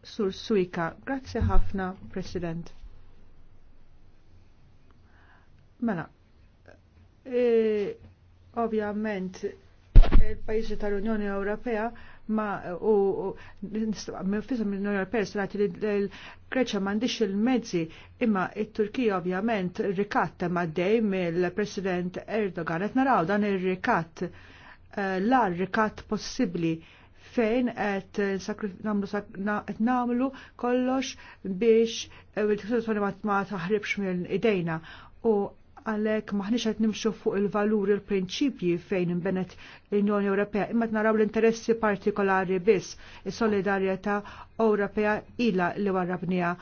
Sur Suika. Grazzi ħafna, President. Mela, e, ovvjament il-pajjiżi tal-Unjoni Ewropea ma u mifisa mill-Unjoni Ewropea s li l-Greċja m'għandix il-mezzi imma it-Turkija ovvjament rikatt ma' dej mill-President Erdogan qed naraw dan ir-rikatt eh, l-ar rikatt possibbli fejn qed qed nagħmlu kollox biex eh, il-situazzjoni ma taħribx minn idejna u għalek maħniċ għet nimxu fuq il-valuri il-prinċipji fejn imbenet l-Unjoni Ewropea, imma naraw l-interessi partikolari biss, il-solidarieta Ewropea ila li warrabnija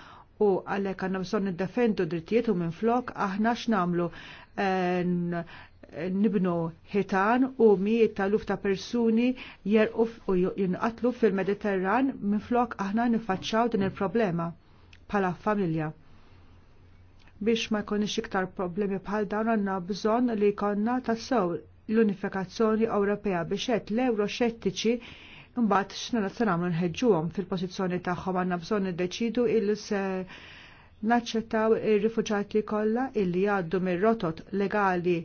u għalek għanna bżon id-defendu drittijiet u minn flok aħna x'namlu eh, nibnu ħitan u mijiet tal-luf ta' persuni jerquf u jinqatlu fil-Mediterran minflok aħna nifacċaw din il-problema bħala familja. Biex ma jkunix iktar problemi bħal dawn għandna bżonn li jkollna tassew l-unifikazzjoni Ewropea biex qed l-euro xettiċi Mbagħad x'na se nagħmlu nħeġġuhom fil-pożizzjoni tagħhom għandna bżonn iddeċidu il se naċċettaw ir-rifuġati kollha illi jgħaddu mir-rotot legali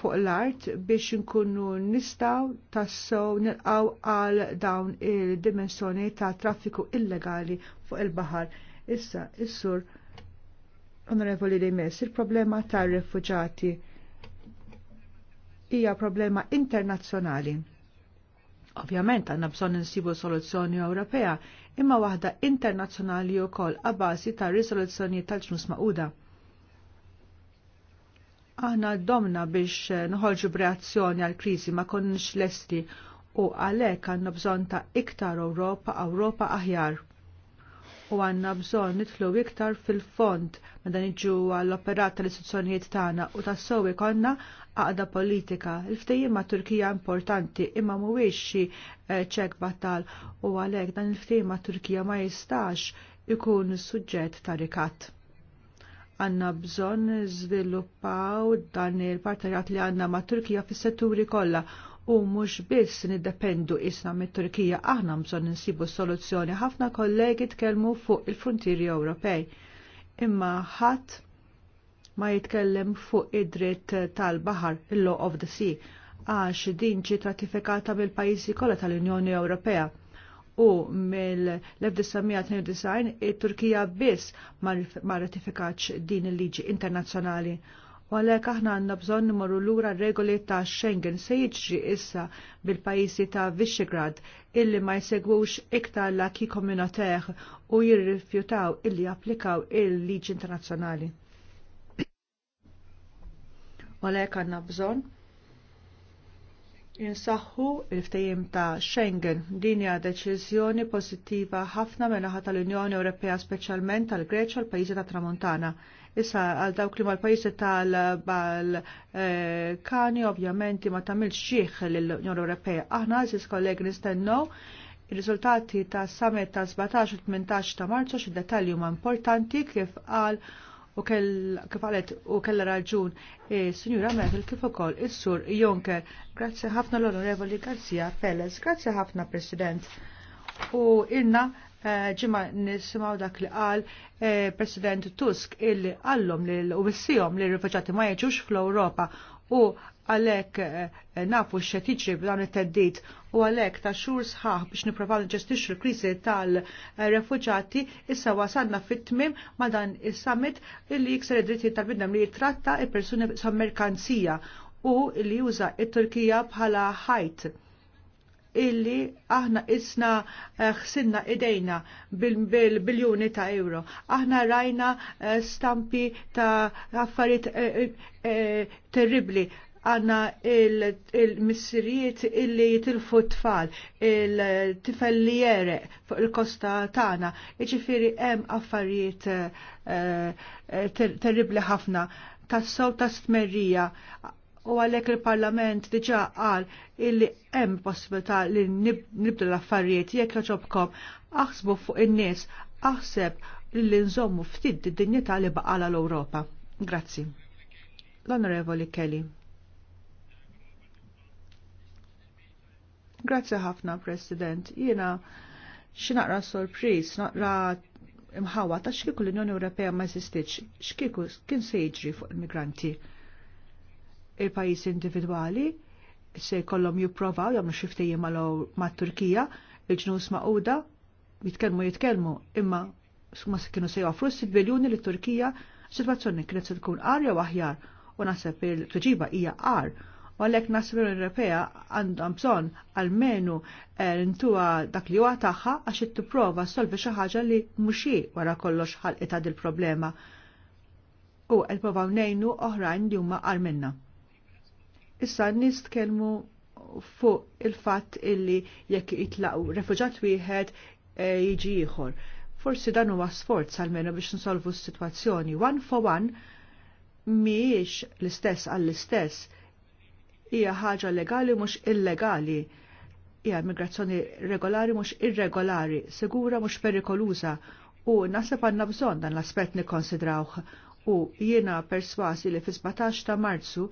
fuq l-art biex nkunu nistaw tassow nilqaw għal dawn il-dimensjoni ta' traffiku illegali fuq il-bahar. Issa, issur, onorevoli li mess, il-problema ta' rifugjati hija problema internazzjonali. Ovvjament għanna bżonn insibu soluzzjoni Ewropea imma waħda internazzjonali wkoll bażi ta' risoluzzjoni tal-ġnus maquda Aħna domna biex eh, nħolġu b'reazzjoni għal kriżi ma konniex lesti u għalhekk għandna bżonn ta' iktar Ewropa Ewropa aħjar. U għandna bżonn nidħlu iktar fil-fond meta iġu għall-operat tal-istituzzjonijiet tagħna u tassew konna għaqda politika. Il-ftejjim ma' Turkija importanti imma mhuwiex xi eh, ċek battal u għalhekk dan il-ftejjim ma' Turkija ma jistax ikun suġġett ta' rikat għanna bżon zviluppaw dan il-partenjat li għanna ma' Turkija fis-setturi kollha u mhux biss niddependu isna mit-Turkija aħna bżonn insibu soluzzjoni ħafna kollegi tkellmu fuq il-frontieri Ewropej. Imma ħadd ma jitkellem fuq id-dritt tal-baħar, il-law of the sea, għax din ġiet ratifikata mill-pajjiżi kollha tal-Unjoni Ewropea u mill-1992 it-Turkija biss ma ratifikax din il-liġi internazzjonali. U għalhekk aħna għandna bżonn nimorru lura regoli ta' Schengen se jiġri issa bil-pajjiżi ta' Visegrad illi ma jsegwux iktar l-aki komunitar u jirrifjutaw illi applikaw il-liġi internazzjonali. U għalhekk għandna bżonn Insaħħu il-ftejim ta' Schengen din hija deċiżjoni pożittiva ħafna minaħa tal-Unjoni Ewropea speċjalment tal-Greċja u l-pajjiżi tat-Tramuntana. Issa għal dawk li mal-pajjiżi tal-Balkani ovvjament ma tagħmilx xieħ lill-Unjoni Ewropea. Aħna għażis kollegi nistennew ir-riżultati ta' summit ta' 17 u 18 ta' Marzu xi dettalji huma importanti kif qal u kif għalet u kella raġun e, Sinjura Merkel kif ukoll is-Sur Juncker. Grazzi ħafna l-Onorevoli Garzija Pellez, grazzi ħafna President. U inna e, ġimma nisimaw dak li qal e, President Tusk illi għallom li u bissijom li rifuġati ma jieġux fl-Europa u għalhekk eh, nafu x'qed jiġri b'dawn it teddit u għalhekk ta' xhur sħaħ biex nipprovaw nġestix l-kriżi tal-refuġati issa wasadna fit-tmim ma' dan is-summit illi jikser id-dritti tal-bidnem li jitratta il-persuni sommerkanzija u li juża it-Turkija bħala ħajt illi aħna isna xsinna eh, idejna bil-biljoni ta' euro. Aħna rajna eh, stampi ta' affarijiet terribli għanna il-missirijiet il illi jitilfu tfal, il tifelliere fuq il-kosta tana, iġifiri hemm affarijiet uh, terribli ħafna, tas ta' stmerija. tmerrija u għalek il-parlament diġa għal illi hemm possibilità li nibdu l-affarijiet jekk joġobkom aħsbu fuq in-nies aħseb li nżommu ftit id-dinjità li baqala l-Ewropa. Grazzi. L-Onorevoli Kelly. Grazzi ħafna, President. Jena xinaqra sorpris, naqra imħawa ta' xkiku l-Unjoni Ewropea ma' jesistiċ, xkiku kien se jiġri fuq il-migranti. Il-pajis individwali se kollom jipprovaw jamlu xiftejjem ma' Turkija, il-ġnus ma' Uda, jitkelmu jitkelmu, imma summa se kienu se joffru 6 biljuni li Turkija, situazzjoni kienet se tkun għar u aħjar, u naħseb il-tweġiba hija għar u għalhekk nasru l-Ewropea għandhom bżonn għalmenu eh, rintuha dak li huwa tagħha għax tipprova solvi xi ħaġa li mhux wara kollox ħalqita il problema u qed ngħinu oħrajn li huma qal minna. Issa kelmu fuq il-fatt illi jekk jitlaqu refuġat wieħed eh, jiġi ieħor. Forsi dan huwa sforz għalmenu biex nsolvu s-sitwazzjoni one for one miex l-istess għall-istess hija ħaġa legali mhux illegali. Hija migrazzjoni regolari mhux irregolari, sigura mhux perikoluża u naħseb għandna bżonn dan l-aspett nikkonsidrawh u jiena perswasi li fis-17 ta' Marzu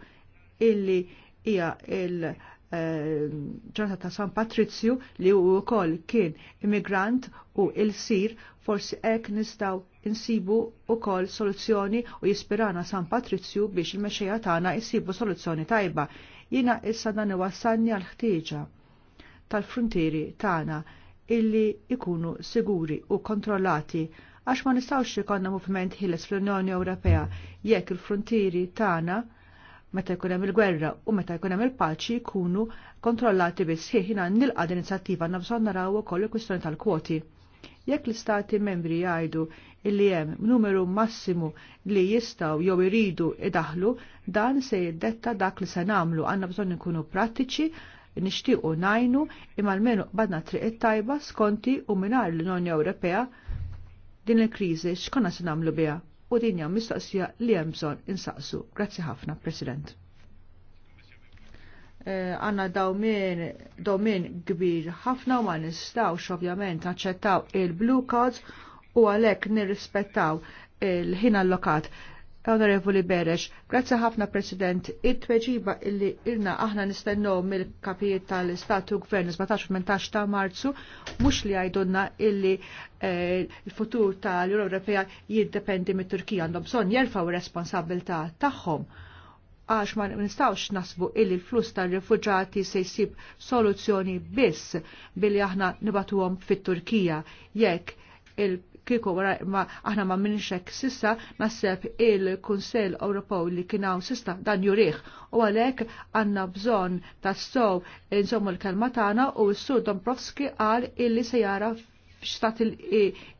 illi hija il- eh, ġurnata ta' San Patrizju li u wkoll kien immigrant u il-sir forsi hekk nistgħu insibu wkoll soluzzjoni u jispirana San Patrizju biex il-mexxejja tagħna jsibu soluzzjoni tajba. Jina issa dan iwassalni għal ħtieġa tal-frontieri tagħna illi ikunu siguri u kontrollati għax ma nistawx ikonna movement ħiles fl-Unjoni Ewropea jekk il-frontieri tagħna meta jkun hemm il-gwerra u meta jkun hemm il-paċi jkunu kontrollati biss ħin nilqa' din inizjattiva nabżon naraw ukoll il-kwistjoni tal-kwoti Jekk l-istati membri jgħidu illi hemm numeru massimu li jistaw jew iridu idaħlu, dan se jiddetta dak li se nagħmlu għandna bżonn inkunu prattiċi nixtiequ najnu imma almenu badna triq it-tajba skonti u minar l-Unjoni Ewropea din il-kriżi x'konna se nagħmlu biha u din hija mistoqsija li hemm bżonn insaqsu. Grazzi ħafna, President. Eh, għanna dawmin, domin kbir ħafna u ma nistawx ovvjament naċċettaw il-blue cards u għalek nirrispettaw il-ħin allokat. Onorevoli Beres, grazzi ħafna President, it-tweġiba illi irna aħna nistennu mill-kapijiet tal-Istatu Gvern 17-18 ta' Marzu, mux li għajdunna illi eh, il-futur tal-Europa jiddependi mit-Turkija għandhom bżonn jerfaw responsabilta tagħhom għax ma nistawx nasbu illi l-flus tal-refugġati se jsib soluzzjoni biss billi aħna nibatuhom fit-Turkija jekk il kiko ma aħna ma minxek sissa nasseb il-Kunsel Ewropew li kienaw sista dan juriħ u għalek għanna bżon ta' sow insommu l-kelma tagħna u s-sur Dombrovski qal illi se jara biex tat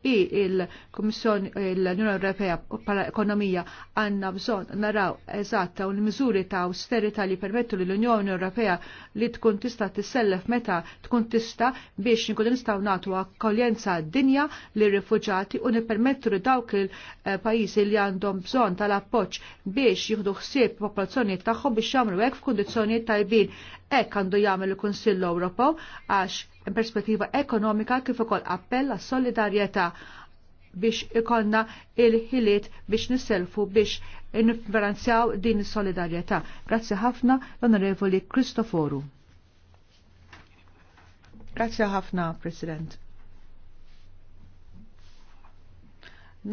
il-Kommissjoni l-Unjoni Ewropea bħala ekonomija għandna bżonn naraw eżatta u l-miżuri ta' austerità li permettu l unjoni Ewropea li tkun tista' tissellef meta tkun tista' biex nkunu nistgħu nagħtu akkoljenza dinja lir rifuġati u nippermettu li dawk il-pajjiżi eh, li għandhom bżonn tal-appoġġ biex jieħdu ħsieb popolazzjonijiet tagħhom biex jagħmlu hekk f'kundizzjonijiet tajbin Ek għandu jagħmel il-Kunsill Ewropew għax perspettiva ekonomika kif ukoll appell għas solidarjetà biex ikonna il-ħiliet biex niselfu biex nifranzjaw din is-solidarjetà. Grazzi ħafna l-Onorevoli Kristoforu. Grazzi ħafna, President.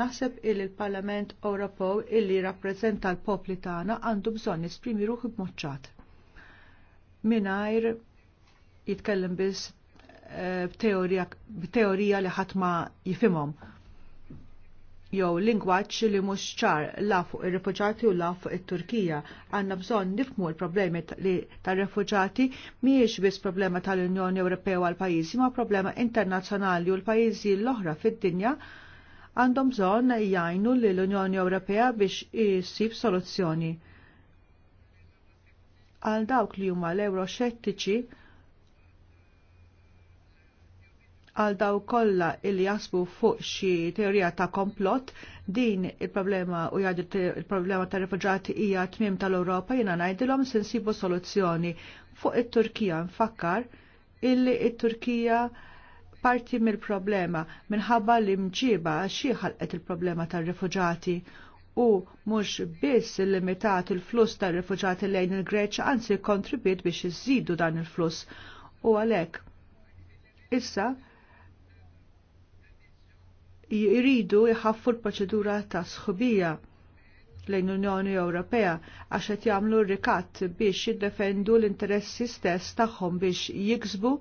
Naħseb il il-Parlament Ewropew illi rappreżenta l-popli tagħna għandu bżonn esprimi ruħi b'moċċat minajr jitkellem biss eh, b'teorija li ħadd ma jifimhom. Jew lingwaġġ li mhux ċar la fuq ir-rifuġati u la fuq it-Turkija. Għandna bżonn nifmu l-problemi tar-rifuġati mhijiex biss problema tal-Unjoni Ewropea għal pajjiżi ma problema internazzjonali u l-pajjiżi l-oħra fid-dinja għandhom bżonn jgħinu lill unjoni Ewropea biex issib soluzzjoni għal dawk li huma l-euroxettiċi għal daw kollha il jasbu fuq xi teorija ta' komplott din il-problema u jgħidu il-problema ta' rifuġati hija tmim tal-Ewropa jiena ngħidilhom se nsibu soluzzjoni fuq it-Turkija nfakkar illi it-Turkija parti mill-problema minħabba li mġiba xi ħalqet il-problema tar-rifuġati u mhux biss limitat il-fluss tar rifuġati lejn il-Greċja anzi kontribit biex jizzidu dan il-fluss. U għalhekk issa jiridu jħaffu l-proċedura ta' sħubija lejn Unjoni Ewropea għax qed jagħmlu rikatt biex jiddefendu l-interessi stess tagħhom biex jiksbu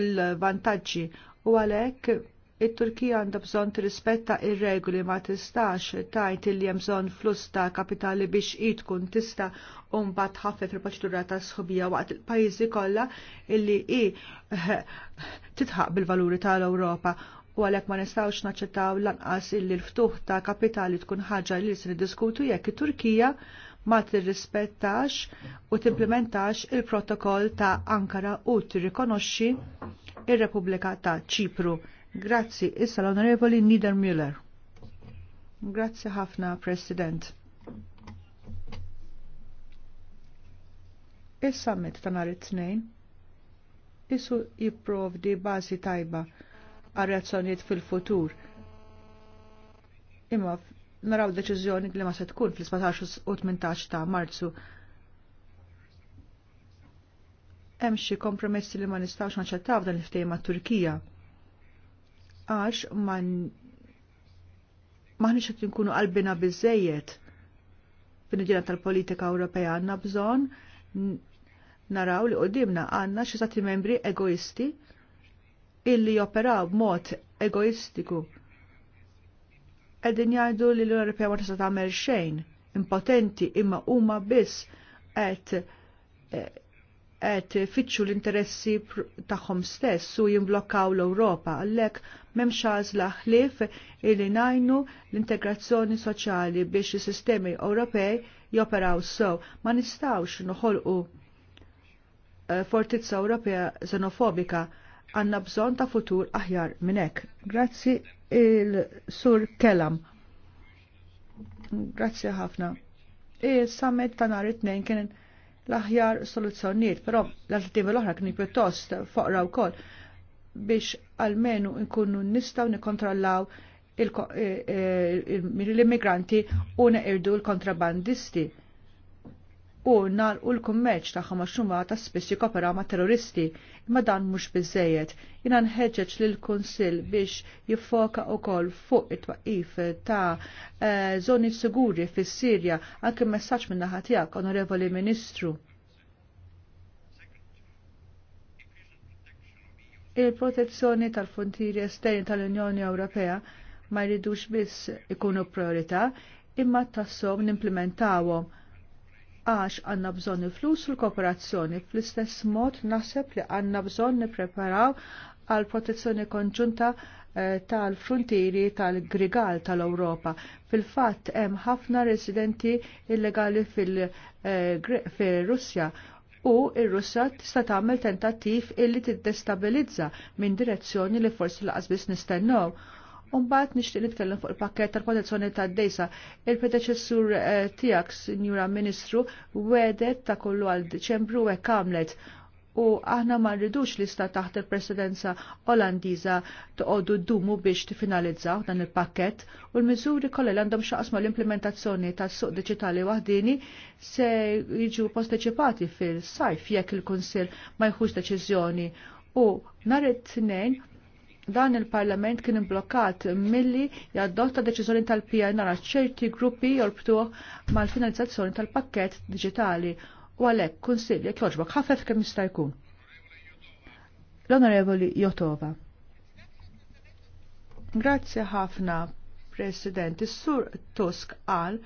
l-vantaġġi u għalhekk it-Turkija għandha bżonn tirrispetta ir-regoli ma tistax tajt li hemm bżonn flus ta' kapitali biex id tkun tista' u mbagħad tħaffef il-proċedura ta' sħubija waqt il-pajjiżi kollha illi hi titħaq bil-valuri tal-Ewropa u għalhekk ma nistgħux naċċettaw lanqas illi l-ftuħ ta' kapitali tkun ħaġa li se niddiskutu jekk it-Turkija ma tirrispettax u timplementax il-protokoll ta' Ankara u tirrikonoxxi ir-Repubblika ta' Ċipru Grazzi, issa l-Onorevoli Nieder Müller. Grazzi ħafna, President. Is-summit ta' nhar it-tnejn isu jipprovdi bażi tajba għal reazzjonijiet fil-futur. Imma naraw deċiżjoni li ma se tkun fl-17 u 18 ta' Marzu hemm xi kompromessi li ma nistgħux naċċettaw dan il-ftehim mat-Turkija għax man maħniċ qed nkunu qalbina biżejjed fin-ġina tal-politika Ewropea għandna bżonn naraw li qudiemna għandna xi stati membri egoisti illi joperaw b'mod egoistiku. Qegħdin jgħidu li l-Unjoni Ewropea ma tista' tagħmel xejn, impotenti imma huma biss qed eh, qed fitxu l-interessi tagħhom stess u jimblokkaw l-Ewropa għalhekk m'hemmx għażla ħlief li ngħinu l-integrazzjoni soċjali biex is-sistemi Ewropej joperaw sew. Ma nistgħux noħolqu eh, fortizza Ewropea xenofobika għandna bżonn ta' futur aħjar minn hekk. Grazzi il-Sur Kellam. Grazzi ħafna. il summit ta' nhar it-tnejn kien l-aħjar soluzzjonijiet, però l-alternativi l-oħra kien pjuttost foqra wkoll biex almenu nkunu nistgħu nikkontrollaw l-immigranti eh, eh, u neqirdu l-kontrabandisti u u l-kummerċ ta' għax huma ta' spiss jikopera ma' terroristi, imma dan mhux jina Jiena nħeġġeġ l kunsill biex jiffoka wkoll fuq it waqif ta' eh, żoni siguri fis-Sirja anke messaġġ minn naħa tiegħek Onorevoli Ministru. Il-protezzjoni tal-frontieri esterni tal-Unjoni Ewropea ma jridux biss ikunu priorità imma tassom nimplementawhom għax għanna bżon il-flus u l-kooperazzjoni. Fl-istess mod naħseb li għanna bżon nipreparaw għal protezzjoni konġunta eh, tal-frontieri tal-grigal tal-Europa. Fil-fatt hemm ħafna residenti illegali eh, fil-Russja u il russja tista' tagħmel tentattiv illi tiddestabilizza minn direzzjoni li forsi laqas biss nistennew Umbat nixtieq nitkellem fuq il-pakket tal-protezzjoni tad-dejsa. Il-predeċessur eh, tiegħek, Sinjura Ministru, wedet ta' kollu għal Deċembru hekk għamlet u aħna ma rridux li sta taħt il-presidenza Olandiża toqogħdu ddumu biex tifinalizza dan il-pakket u l-miżuri kollha li għandhom xaqsma l-implementazzjoni tas-suq diġitali waħdini se jiġu posteċipati fil-sajf jekk il-Kunsill ma jħux deċiżjoni u nhar it-tnejn dan il-Parlament kien imblokkat milli jadotta deċiżjoni tal-PNR għal ċerti gruppi jorbtuh mal-finalizzazzjoni tal-pakket digitali u għalhekk kunsilli jogħġbok ħafef kemm jista' jkun. L-Onorevoli Jotova. Grazzi ħafna, President. Is-Sur Tusk qal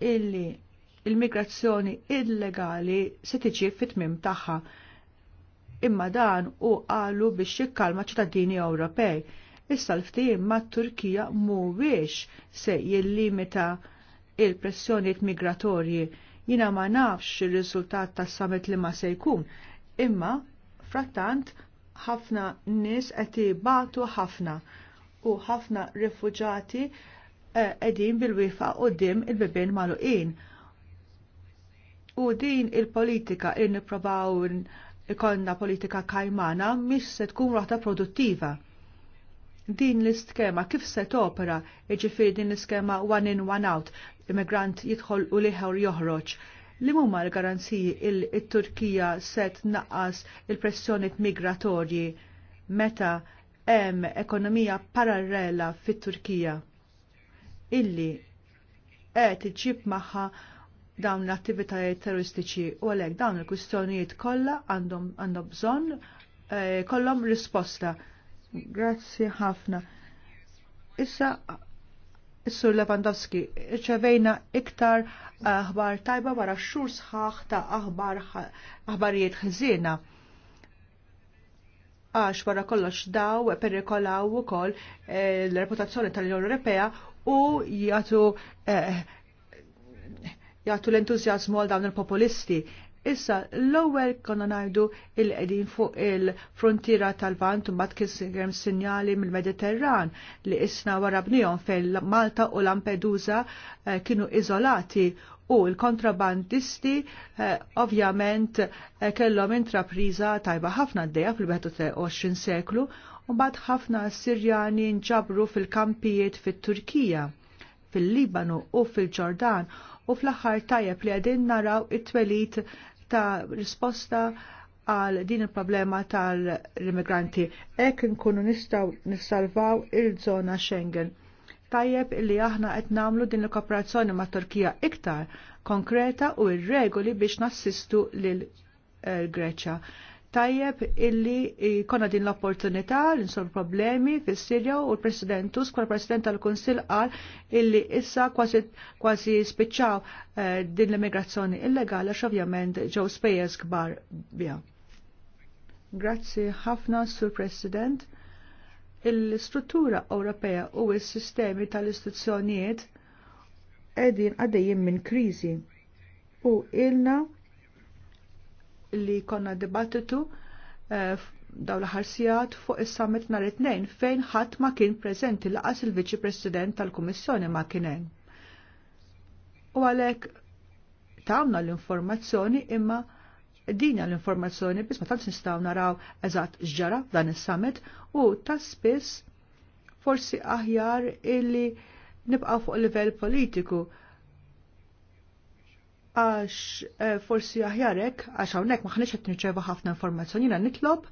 illi il-migrazzjoni illegali se tiġi fit mim tagħha imma dan u qalu biex jikkalma ċittadini Ewropej. Issa l ftim ma Turkija mhuwiex se jillimita il-pressjoniet migratorji. Jina ma nafx il-riżultat tas summit li ma se jkun, imma frattant ħafna nis qed jibatu ħafna u ħafna rifuġati eh, qegħdin bil-wifa dim il-bibien magħluqin. U din il-politika li nipprobaw ikonna politika kajmana mis se tkun waħda produttiva. Din l-iskema kif se topera, jiġifieri din l-iskema one in one out, immigrant jidħol u liħor joħroġ li mumma l-garanziji il-Turkija set naqas il-pressjoni migratorji meta hemm ekonomija parallela fit-Turkija illi qed iġib magħha dawn l-attivitajiet terroristiċi u għalhekk dawn il-kwistjonijiet kollha għandhom għandhom bżonn eh, kollhom risposta. Grazzi ħafna. Issa Is-Sur Lewandowski, ċevejna iktar aħbar tajba wara xhur sħaħ ta' aħbar aħbarijiet ħżiena. Għax wara kollox daw perikolaw ukoll eh, l-reputazzjoni tal-Unjoni Ewropea u jagħtu eh, jagħtu l-entużjażmu għal dawn il-populisti. Issa l-ewwel konna ngħidu il edin fuq il-frontiera tal-Vant u mbagħad kien sinjali mill-Mediterran li isna wara bnihom fejn Malta u Lampedusa eh, kienu iżolati u l-kontrabandisti eh, ovvjament eh, kellhom intrapriża tajba ħafna d-dejja fil-21 seklu u mbagħad ħafna Sirjani nġabru fil-kampijiet fit-Turkija, fil-Libanu u fil-Ġordan u fl-aħħar tajjeb li għedin naraw it-twelit ta' risposta għal din il-problema tal-immigranti. Ek nkunu nistaw nissalvaw il-żona Schengen. Tajjeb li aħna qed namlu din il kooperazzjoni ma' Turkija iktar konkreta u ir-regoli biex nassistu lil eh, Greċja tajjeb illi konna din l-opportunità li nsol problemi fis sirja u l-President Tusk u l-President tal konsil qal illi issa kważi kważi spiċċaw eh, din l-immigrazzjoni illegali għax ovvjament ġew spejjeż kbar biha. Grazzi ħafna sur President. Il-struttura Ewropea u s-sistemi tal-istituzzjonijiet qegħdin għaddejjin minn kriżi u ilna li konna dibattitu eh, daw laħarsijat ħarsijat fuq is-summit nhar it-tnejn fejn ħadd ma kien preżenti laqas il-Viċi President tal-Kummissjoni ma kien hemm. U għalhekk tagħna l-informazzjoni imma din l-informazzjoni biss ma tantx nistgħu naraw eżatt x'ġara dan is-summit u ta' spiss forsi aħjar illi nibqa' fuq livell politiku għax eh, forsi aħjarek, għax hawnhekk maħniex qed nirċeva ħafna informazzjoni jiena nitlob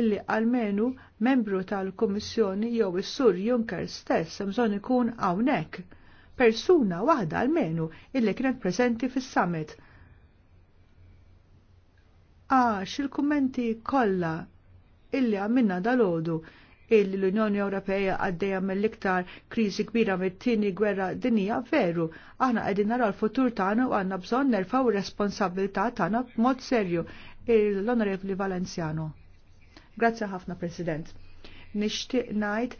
illi għalmenu membru tal-Kummissjoni jew is-Sur Juncker stess mżon ikun hawnhekk. Persuna waħda għalmenu illi kienet preżenti fis-summit. Għax il-kummenti kollha illi għamilna dal-għodu illi l-Unjoni Ewropea għaddejja mill-iktar kriżi kbira mit-tieni gwerra dinija veru. Aħna qegħdin naraw l-futur tagħna u għandna bżonn nerfgħu ir-responsabilità tagħna b'mod serju. L-Onorevoli Valenzjano. Grazzi ħafna President. Nixtieq ngħid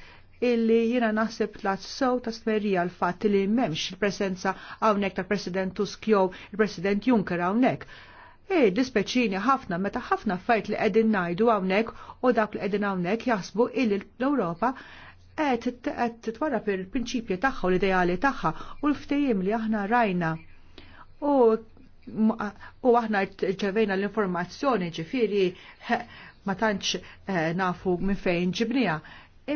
illi jiena naħseb tlat sew ta' stmerija l-fatt li memx il-presenza hawnhekk tal President Tusk jew il-President Juncker hawnhekk. Ej, dispeċini ħafna meta ħafna fajt li qegħdin ngħidu hawnhekk u dak li qegħdin hawnhekk jaħsbu illi l-Ewropa qed titwara per il-prinċipji tagħha u l-ideali tagħha u l-ftehim li aħna rajna. U aħna ġevejna l-informazzjoni ġifieri ma tantx eh, nafu minn fejn ġibnija.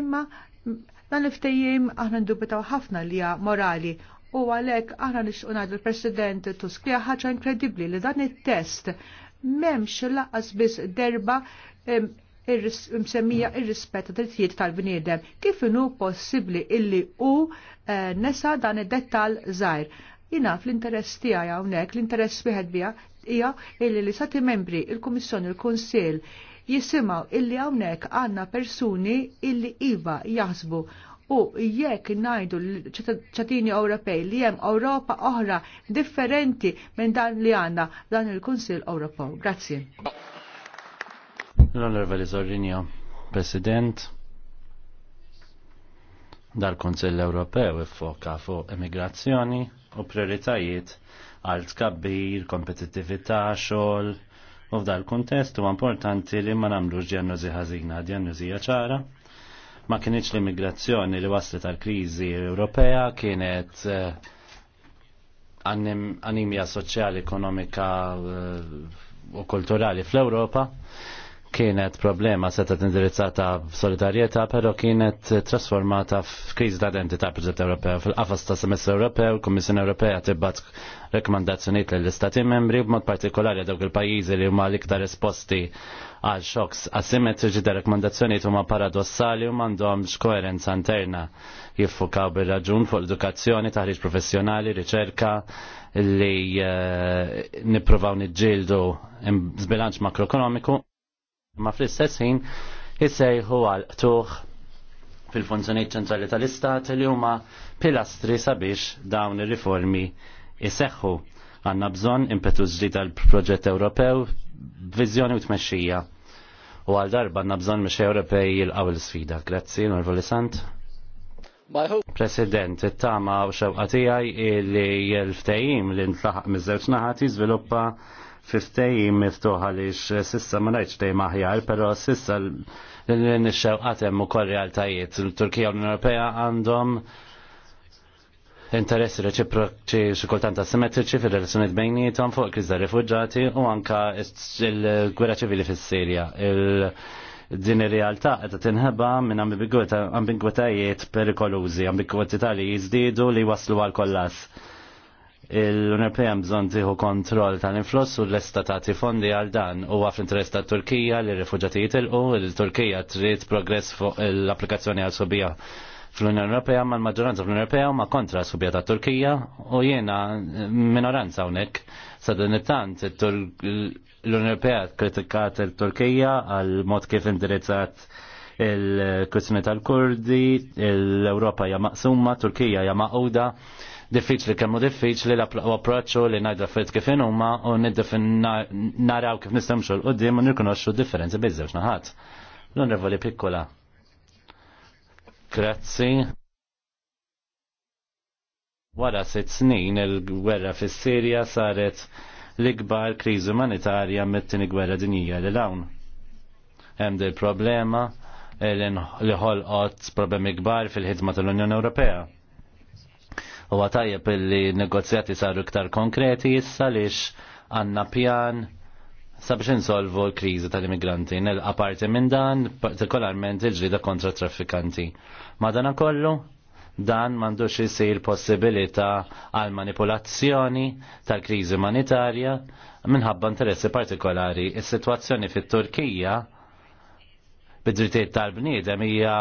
Imma dan l-ftehim aħna ndubitaw ħafna li hija morali U għalek aħna nixqu ngħidu l-President Tusk li ħaġa inkredibbli li dan it-test m'hemmx laqas biss derba msemmija ir rispet ta' drittijiet tal-bniedem. Kif inhu possibbli illi u eh, nesa dan id-dettal żgħir. Jina fl-interess tiegħi hawnhekk, l-interess wieħed bija hija illi li sati membri il-Kummissjoni il-Kunsill jisimaw illi hawnhekk għandna persuni illi iva jaħsbu U jekk najdu ċatini Ewropej li hemm Ewropa oħra differenti minn dan li għandna dan il-Kunsill Ewropew. Grazzi. L-Onorevoli Zorrinja, President dal-Kunsill Ewropew iffoka fuq immigrazzjoni u prioritajiet għal tkabbir, kompetittività, xogħol u f'dal kuntest huwa importanti li ma nagħmlux ġennużi ħażina, ġennużija ċara ma kienieċ l-immigrazzjoni li waslet tal kriżi Ewropea kienet eh, animja soċjali, ekonomika eh, u kulturali fl-Ewropa, kienet problema seta indirizzata solidarieta, pero kienet trasformata f-kriz ta' identità proġett Ewropew. Fil-qafas ta' semestru Ewropew, Kummissjoni Ewropea tibbat rekomandazzjoniet lill istati membri b'mod partikolari dawk il-pajjiżi li huma l-iktar esposti għal xoks asimetriċi ta' rekomandazzjoniet huma paradossali u m'għandhomx koerenza interna jiffukaw bil raġun fuq l edukazzjoni, taħriġ professjonali, riċerka li uh, nippruvaw niġġieldu zbilanċ makroekonomiku Ma fl-istess ħin jissejħu għal tuħ fil-funzjoniet ċentrali tal-Istat li huma pilastri sabiex dawn ir-riformi jseħħu. Għanna bżonn impetu ġdid tal-proġett Ewropew, viżjoni u tmexxija. U għal darba għanna bżonn mhux Ewropej jilqgħu l-sfida. Grazzi, Norvoli Sant. President, it-tama u xewqa tiegħi li l-ftehim li ntlaħaq miż-żewġ naħat jiżviluppa fiftej mistuħa li sissa ma rajtx dej aħjar, però sissa l-nixxewqat hemm ukoll realtajiet. Il-Turkija u l europea għandhom interessi reċiproċi xikultant asimetriċi fil relazzjoniet bejnietom fuq kriza rifugġati u anka il-gwerra ċivili fis-Sirja. Din ir-realtà qed tinħeba minn ambigwitajiet perikolużi, ambigwità li jiżdiedu li waslu għal kollas l-Unjopea bżon tiħu kontroll tal-influss u l-esta ta' fondi għal dan u għaf interess ta' Turkija li rifuġati jitilqu, il-Turkija trid progress fuq l-applikazzjoni għal subija fl-Unjoni Ewropea ma l-maġġoranza fl-Unjoni Ewropea ma kontra subija ta' Turkija u jiena minoranza hawnhekk sa din it-tant l-Unjoni Ewropea kritikat il-Turkija għal mod kif indirizzat il-kwistjoni tal-Kurdi, l-Ewropa hija maqsuma, Turkija hija maquda diffiċli kemmu diffiċli l-approċċu li ngħidu affarijiet kif huma u naraw kif nistemxu l-qudiem u nirkonoxxu differenzi bejn żewġ naħat. L-onorevoli Pikkola. Grazzi. Wara sitt snin il-gwerra fis-Sirja saret l-ikbar kriżi umanitarja mit-tieni gwerra dinjija li dawn. Hemm del problema li ħolqot problemi kbar fil-ħidma tal-Unjoni Ewropea U għatajjeb li negozjati saru iktar konkreti issa lix għanna pjan sabiex insolvu l-krizi tal-immigranti. Nelqa parti minn dan, partikolarment il ġrida kontra traffikanti. Madana kollu, dan mandu jisir possibilita għal manipolazzjoni tal-krizi umanitarja minħabba interessi partikolari. Is-sitwazzjoni fit-Turkija bidritiet tal-bniedem hija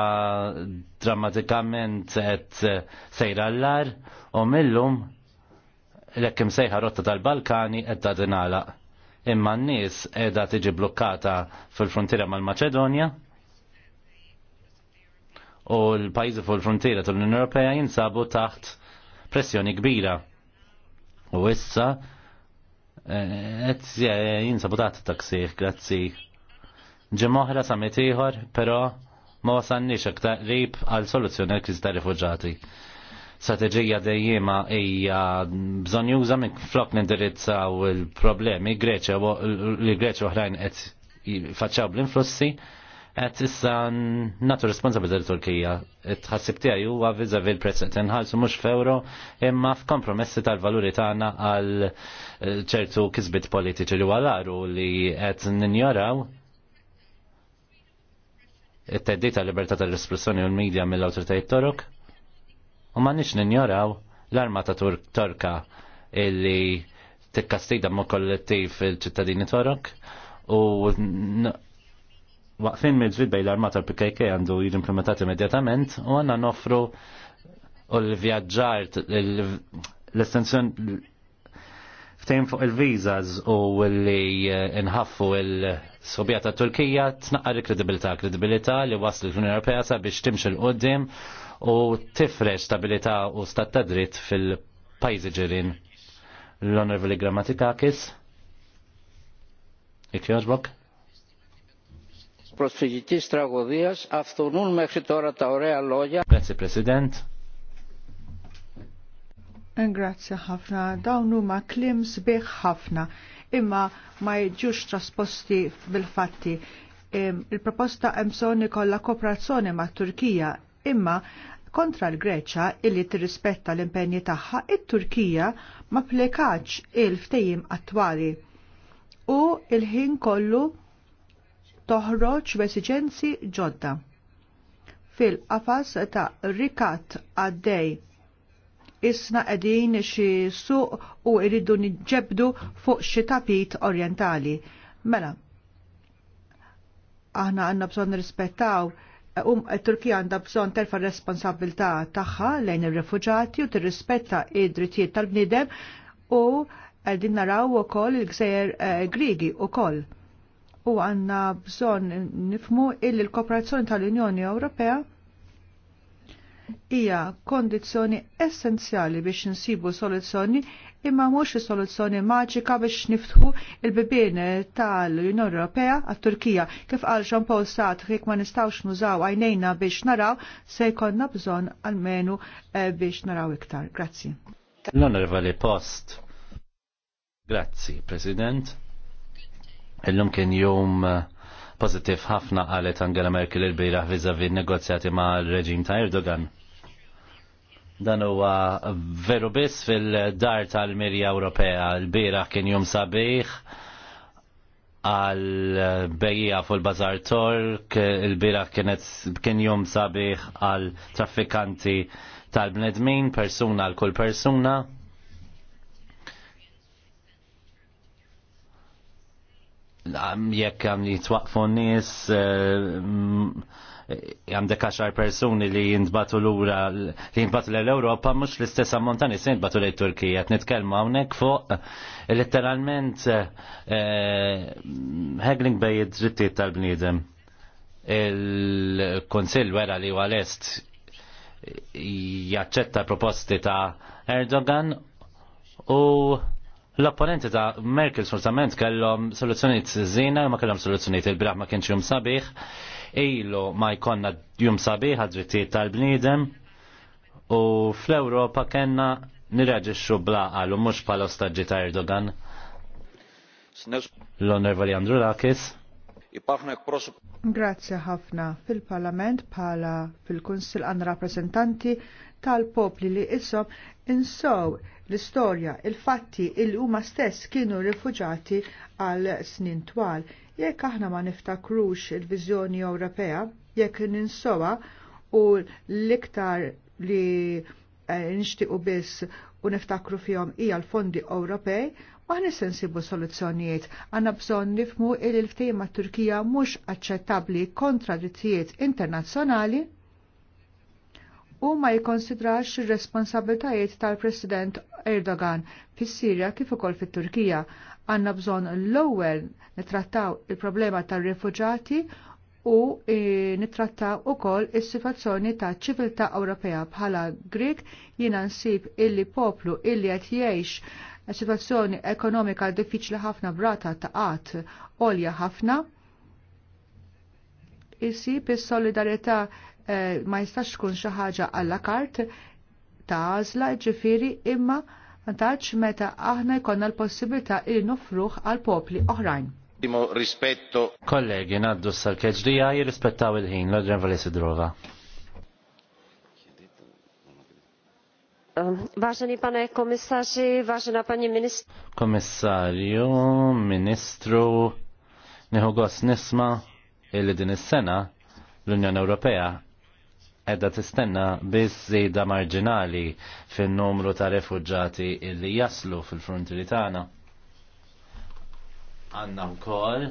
drammatikament qed sejra l-lar u millum l-ekkim sejħa rotta tal-Balkani qed tadinala. Imma n-nies qiegħda tiġi blokkata fil-frontiera mal-Maċedonja u l-pajjiżi fuq il-frontiera tal-Unjoni Ewropea jinsabu taħt pressjoni kbira. U issa eh, qed jinsabu taħt taksih, grazzi. Ġemoħra samit ieħor, però ma wasalniex aktar qrib għal soluzzjoni għal kriżi ta' rifugġati. Strateġija dejjema hija bżonn juża minn flok nindirizzaw il-problemi Greċja li Greċja oħrajn qed faċċaw bl-influssi għet issa natu responsabilità l-Turkija. Tħassib tiegħi huwa viżavi l prezzet inħallsu mhux f'ewro, imma f'kompromessi tal-valuri tagħna għal eh, ċertu kisbit politiċi li walaru li qed ninjoraw it teddi tal-libertà tal-espressjoni u l-medja mill-awtoritajiet Torok. U ma nix ninjoraw l-armata torka illi tikkastida ma' kollettiv il-ċittadini Torok u waqfin mill ġvid bej l-armata PKK għandu jir-implementat immedjatament u għanna noffru u l-vjaġġar l-estensjon ftejn fuq il-vizas u li nħaffu Sobija ta' Turkija tnaqqar il-kredibilità, kredibilità li waslu l-Unjoni Ewropea sabiex timx il-qoddim u tifre stabilità u stat ta' dritt fil-pajzi ġirin. L-Onorevoli Grammatikakis. Ikjoġbok? Προσφυγικής τραγωδίας αυθονούν μέχρι τώρα τα ωραία λόγια. Grazie, President. Grazie ħafna, dawn huma klim sbieħ ħafna imma ma jiġux trasposti bil-fatti. Il-proposta emsoni kolla kooperazzjoni ma' Turkija imma kontra l-Greċa illi tirrispetta l-impenji tagħha, it-Turkija ma plekax il-ftejim attwali u il-ħin kollu toħroġ b'esiġenzi ġodda fil-qafas ta' rikat għaddej isna qegħdin xi suq u iridu nġebdu fuq xi tapit orjentali. Mela, aħna għandna bżonn rispettaw eh, Um, Turkija għandha bżonn terfa responsabilità tagħha lejn ir refugġati u tirrispetta id-drittijiet tal-bniedem u għedin naraw ukoll il-gżejjer eh, grigi u ukoll. U għandna bżonn nifmu il l-kooperazzjoni tal-Unjoni Ewropea hija kondizzjoni essenzjali biex insibu soluzzjoni imma mhux soluzzjoni maġika biex niftħu il-bibien tal-Unjoni Ewropea għat-Turkija. Kif għal Jean Paul Sartre jekk ma nistgħux nużaw għajnejna biex naraw se jkollna bżonn almenu eh, biex naraw iktar. Grazzi. L-Onorevoli Post. Grazzi, President. Illum kien jum eh, pozittiv ħafna għalet Angela Merkel il bira vizavi negozjati ma' reġim ta' Erdogan dan huwa veru biss fil-dar tal-Mirja Ewropea. L-bira kien jum sabiħ għal bejja fuq il-Bazar Tork, l bira kien jum sabiħ għal traffikanti tal-bnedmin, persuna għal kull persuna. Jekk għam jitwaqfu n-nis, eh, Eh, għandek 10 persuni li l lura li jindbatu l-Europa mhux l-istess ammont se jindbatu jintbatu lejn Turkija. Nitkellmu hawnhekk fuq eh, literalment ħegling eh, bej id-drittijiet tal-bniedem. il konsil wera li għal-est jaċċetta proposti ta' Erdogan u l-opponenti ta' Merkel sfortament kellhom soluzzjonijiet żina ma kellhom soluzzjonijiet il-braħ ma kienx jum sabiħ ilu ma jkonna jum sabiħa drittijiet tal-bniedem u fl-Ewropa kena nirraġixxu blaqal u mhux bħala ostaġġi ta' Erdogan. L-Onorevoli Andrew Lakis. Grazzi ħafna fil-Parlament bħala fil-Kunsil għan rappresentanti tal-popli li isom insow l-istorja, il-fatti il huma stess kienu rifugjati għal snin twal. Jekk aħna ma niftakrux il vizjoni Ewropea, jekk ninsowa u l-iktar li eh, nixtiqu biss u niftakru fihom hija l-fondi Ewropej, maħni sensibu soluzzjonijiet. Għanna bżon nifmu il il-ftejma Turkija mux aċċettabli kontra drittijiet internazzjonali u ma jikonsidrax ir-responsabiltajiet tal-President Erdogan fis-Sirja kif ukoll fit-Turkija Għanna bżon l-ewwel nitrattaw il-problema tar-refuġati u e, nitrattaw ukoll is-sitwazzjoni ta' ċiviltà Ewropea bħala Grik jiena nsib illi poplu illi qed jgħix situazzjoni ekonomika diffiċli ħafna brata ta' għat għolja ħafna isib is solidarieta eh, ma jistax tkun xi ħaġa kart ta' għażla ġifiri imma vantaġġ meta aħna jkollna l-possibilità li nofruħ għal popli oħrajn. Rispetto. Kollegi, naddu s-sarkeġdija jirrispettaw il-ħin, l-ġen Sidrova. Ehm, vážený pane komisaři, vážená paní ministr... Komisarju, ministru, neħu gos nisma illi din is-sena l unjon Ewropeja, edda tistenna biss zejda marġinali fin-numru ta' refugġati illi jaslu fil-frontieri tagħna. Għandna wkoll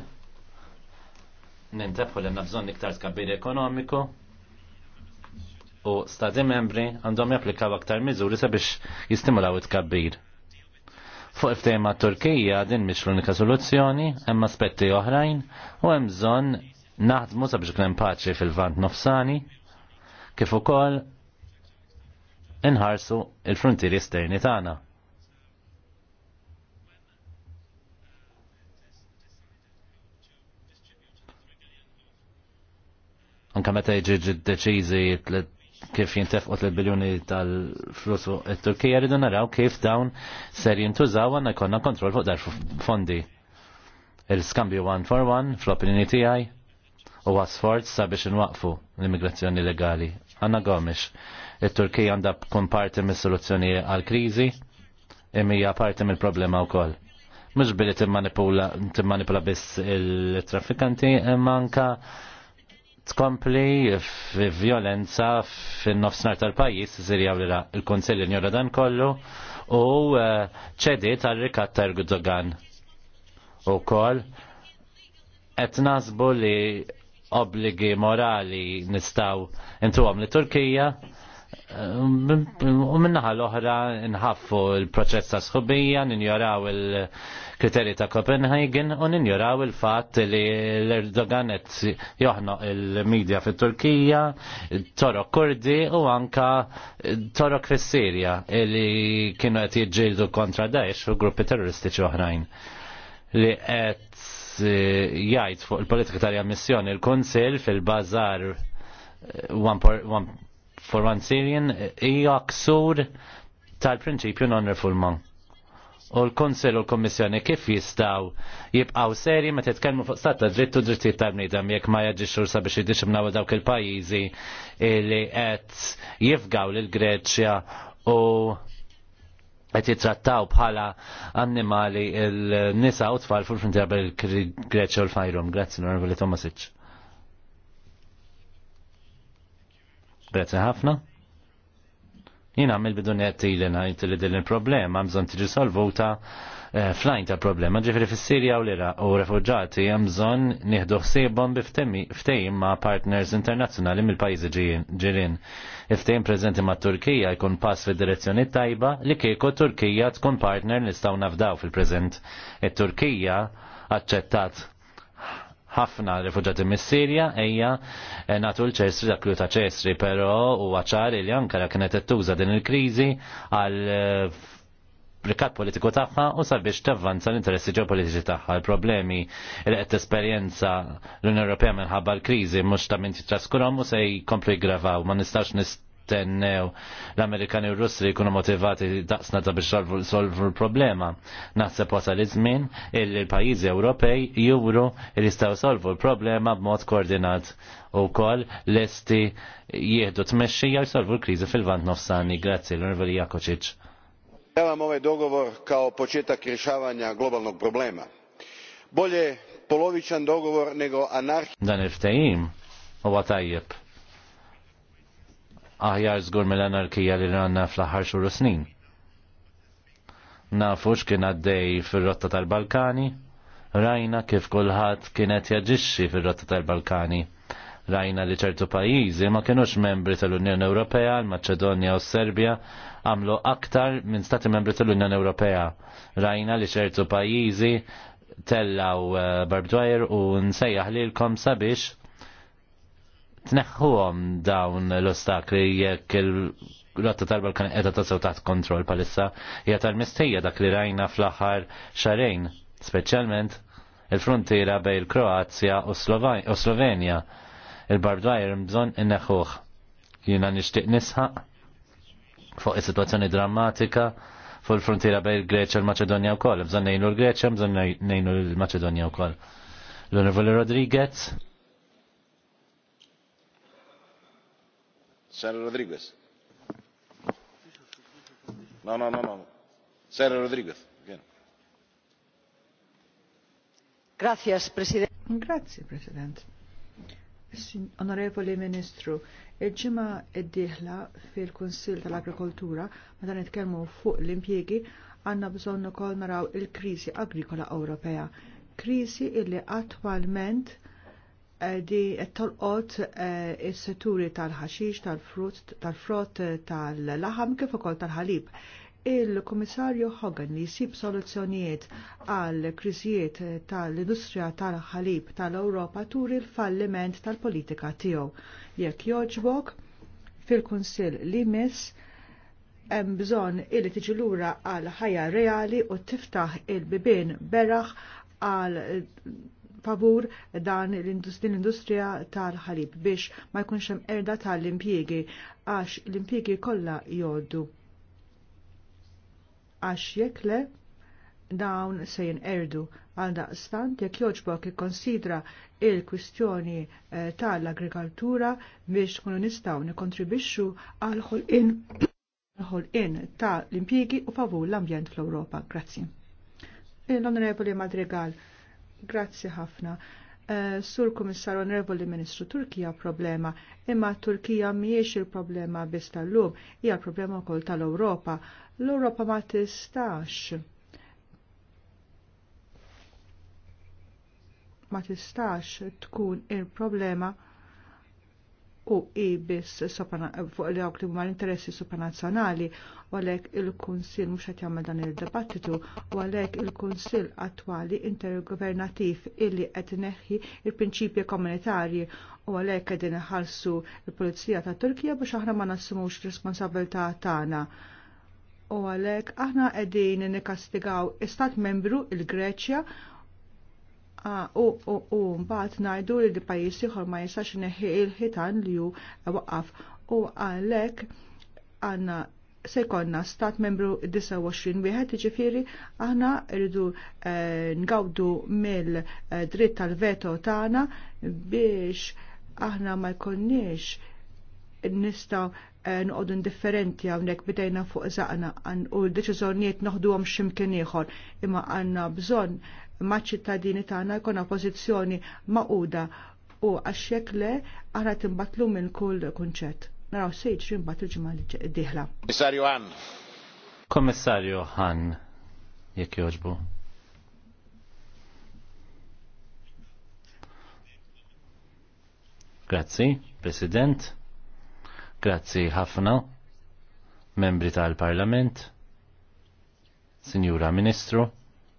nintefħu li bżonn iktar tkabbir ekonomiku u stati membri għandhom japplikaw aktar miżuri sabiex jistimulaw it-tkabbir. Fuq iftejma Turkija din mhix l-unika soluzzjoni, hemm aspetti oħrajn u hemm bżonn naħdmu sabiex kien paċi fil-vant nofsani kif ukoll inħarsu il-frontieri esterni tagħna. Anka meta jiġi deċiżi kif jintefqu 3 biljuni tal-flusu t turkija rridu naraw kif dawn ser jintużaw għandna jkollna kontroll fuq dar fondi. Il-skambju one for one fl-opinjoni tiegħi u għasfort sabiex inwaqfu l-immigrazzjoni legali Anna Gomes. Il-Turkija għandha kun parti mis-soluzzjoni għal-kriżi imija parti mill-problema wkoll. Mhux billi timmanipula biss il-traffikanti imma f-violenza f-nofsnar tal-pajjiż Sirja l il konsilli Njora dan kollu u eh, ċedi tal rikat ta' gudogan U koll. qed nasbu li obbligi morali nistaw intuhom li Turkija u minnaħa l-oħra nħaffu l-proċess ta' sħubija, ninjoraw il-kriterji ta' Copenhagen u ninjoraw il-fat li l erdoganet joħno il-medja fit turkija torok kurdi u anka torok fis sirja li kienu qed jiġġieldu kontra Daesh u gruppi terroristiċi oħrajn li qed jgħid fuq il-politika tal-ammissjoni il-Konsil fil-bazar eh, one for one Syrian hija ksur tal-prinċipju non reformon. U l-Konsil u l-Kommissjoni kif jistaw jibqaw seri ma titkellmu fuq stat ta' dritt u drittijiet tal bnidem jekk ma jaġġixxu sabiex jiddixmnaw dawk il-pajjiżi li qed jifgaw lil Greċja u qed jittrattaw bħala annimali il-nisa u tfal fur fin darba greċa u l-fajrum. Grazzi, l-Onorevoli Tomasic. Grazzi ħafna. Jina għamil bidu netti l-na li din il-problema, bżon tiġi solvuta Eh, flajn ta' problema. Ġifri fis-Sirja u l-Ira u refugġati hemm bżonn nieħdu ħsiebhom biftejim ma' partners internazzjonali mill-pajjiżi ġirien. Iftejim preżenti ma' Turkija jkun pass fid-direzzjoni tajba li kieku Turkija tkun partner nistgħu nafdaw fil-preżent. It-Turkija aċċettat ħafna refugġati mis-Sirja ejja eh, natu l-ċesri dak li ta' ċesri, pero u għacċar li ankara kienet tuża din il-kriżi għal eh, rikat politiku tagħha u sabiex tavvanza l-interessi ġeopolitiċi tagħha. Il-problemi li qed tesperjenza l-Unjoni Ewropea minħabba l-kriżi mhux ta' minti titraskurhom u se jkomplu jiggravaw. Ma nistax nistennew l-Amerikani u r-Russi li jkunu motivati daqsna ta' biex solvu l-problema. Naħseb wasal iż-żmien il-pajjiżi Ewropej juru li jistgħu solvu l-problema b'mod koordinat u wkoll lesti jieħdu tmexxija jsolvu l-kriżi fil-vant nofsani. Grazzi l-Onorevoli Jakoċiċ pozdravljam ovaj dogovor kao početak rješavanja globalnog problema. bolje polovičan dogovor nego anarhija. dan il huwa tajjeb aħjar żgur mill-anarkija li ranna fl-aħħar xhur snin. għaddej fir-rotta tal-Balkani, rajna kif kulħadd kienet jaġixxi fir-rotta tal-Balkani Rajna li ċertu pajjiżi ma kienux membri tal-Unjoni Ewropea, l-Maċedonja u Serbja, għamlu aktar minn stati membri tal-Unjoni Ewropea. Rajna li ċertu pajjiżi tellaw eh, barbdwajer u nsejjaħ lilkom sabiex tneħħuhom dawn l-ostakli jekk il-rotta tal kan qiegħda tasew taħt kontroll palissa hija tal-mistejja dak li rajna fl-aħħar xarejn, speċjalment il-frontiera bej il-Kroazja u Slovenja il-barbdwajr mbżon inneħuħ. Jina nishtiq nisħaq fuq il situazzjoni drammatika fuq il frontira bej il greċa il-Macedonia u l-Maċedonja nejnu il-Greċa, l nejnu il-Macedonia u maċedonja L-Onorevoli Rodriguez. Sara Rodriguez. No, no, no, no. Sara Rodriguez. Grazie, Presidente. Grazie, Presidente. Onorevoli Ministru, il-ġimma id-dieħla fil konsil tal-Agrikoltura, meta nitkellmu fuq l-impjiegi, għandna bżonn ukoll naraw il-kriżi agrikola Ewropea. Kriżi illi attwalment eh, di tolqot eh, is-setturi tal-ħaxix, tal-frott, tal-frott, eh, tal-laħam kif ukoll tal tal tal ħalib il-Komissarju Hogan li jisib soluzzjonijiet għal kriżijiet tal-industrija tal-ħalib tal-Ewropa turi l-falliment tal-politika tiegħu. Jekk joġbok fil-Kunsill li miss hemm bżonn illi tiġi lura għal ħajja reali u tiftaħ il-bibien beraħ għal favur dan l-industrija tal-ħalib biex ma jkunx hemm erda tal-impjiegi għax l-impjiegi kollha jgħoddu għax jekk le dawn se jinqerdu għal daqstant jekk joġbok ikkonsidra il-kwistjoni eh, tal-agrikoltura biex kunu nistaw nikontribixxu għal ħolqien ħolqien ta' l-impjiegi u favur l-ambjent fl-Ewropa. Grazzi. L-Onorevoli Madrigal, grazzi ħafna. Eh, Sur Komissar Onorevoli Ministru, Turkija problema, imma Turkija miex il-problema biss tal-lum, hija problema wkoll tal-Ewropa. L-Ewropa ma tistax. Ma tistax tkun il-problema u i biss fuq li għawk li huma l-interessi supranazzjonali u għalhekk il-Kunsill mhux qed jagħmel dan il-dibattitu u għalhekk il-Kunsill attwali intergovernativ illi qed neħi il-prinċipji komunitarji u għalhekk qegħdin iħallsu l-Pulizija tat Turkija biex aħna ma nassumux responsabilità tagħna u għalek aħna għedin nikastigaw istat membru il-Greċja u u u mbagħad ngħidu li pajjiż ieħor ma jistax ineħħi il-ħitan li hu waqaf u għalhekk għandna se jkollna stat membru 29 wieħed jiġifieri aħna rridu eh, ngawdu mill-dritt tal-veto tagħna biex aħna ma jkunniex nistgħu eh, noqogħdu indifferenti hawnhekk bidejna fuq zaqna u d-deċiżjonijiet noħduhom x'imkien ieħor imma għandna bżonn ma' ċittadini tagħna jkollna pożizzjoni maquda u għaxxek le aħna timbatlu minn kull kunċett. Naraw sejġ jiġri il-ġimgħa li dieħla Kommissarju Han. Kommissarju Han, jekk jogħġbu. Grazzi, President. Grazzi ħafna, membri tal-Parlament, Signora Ministru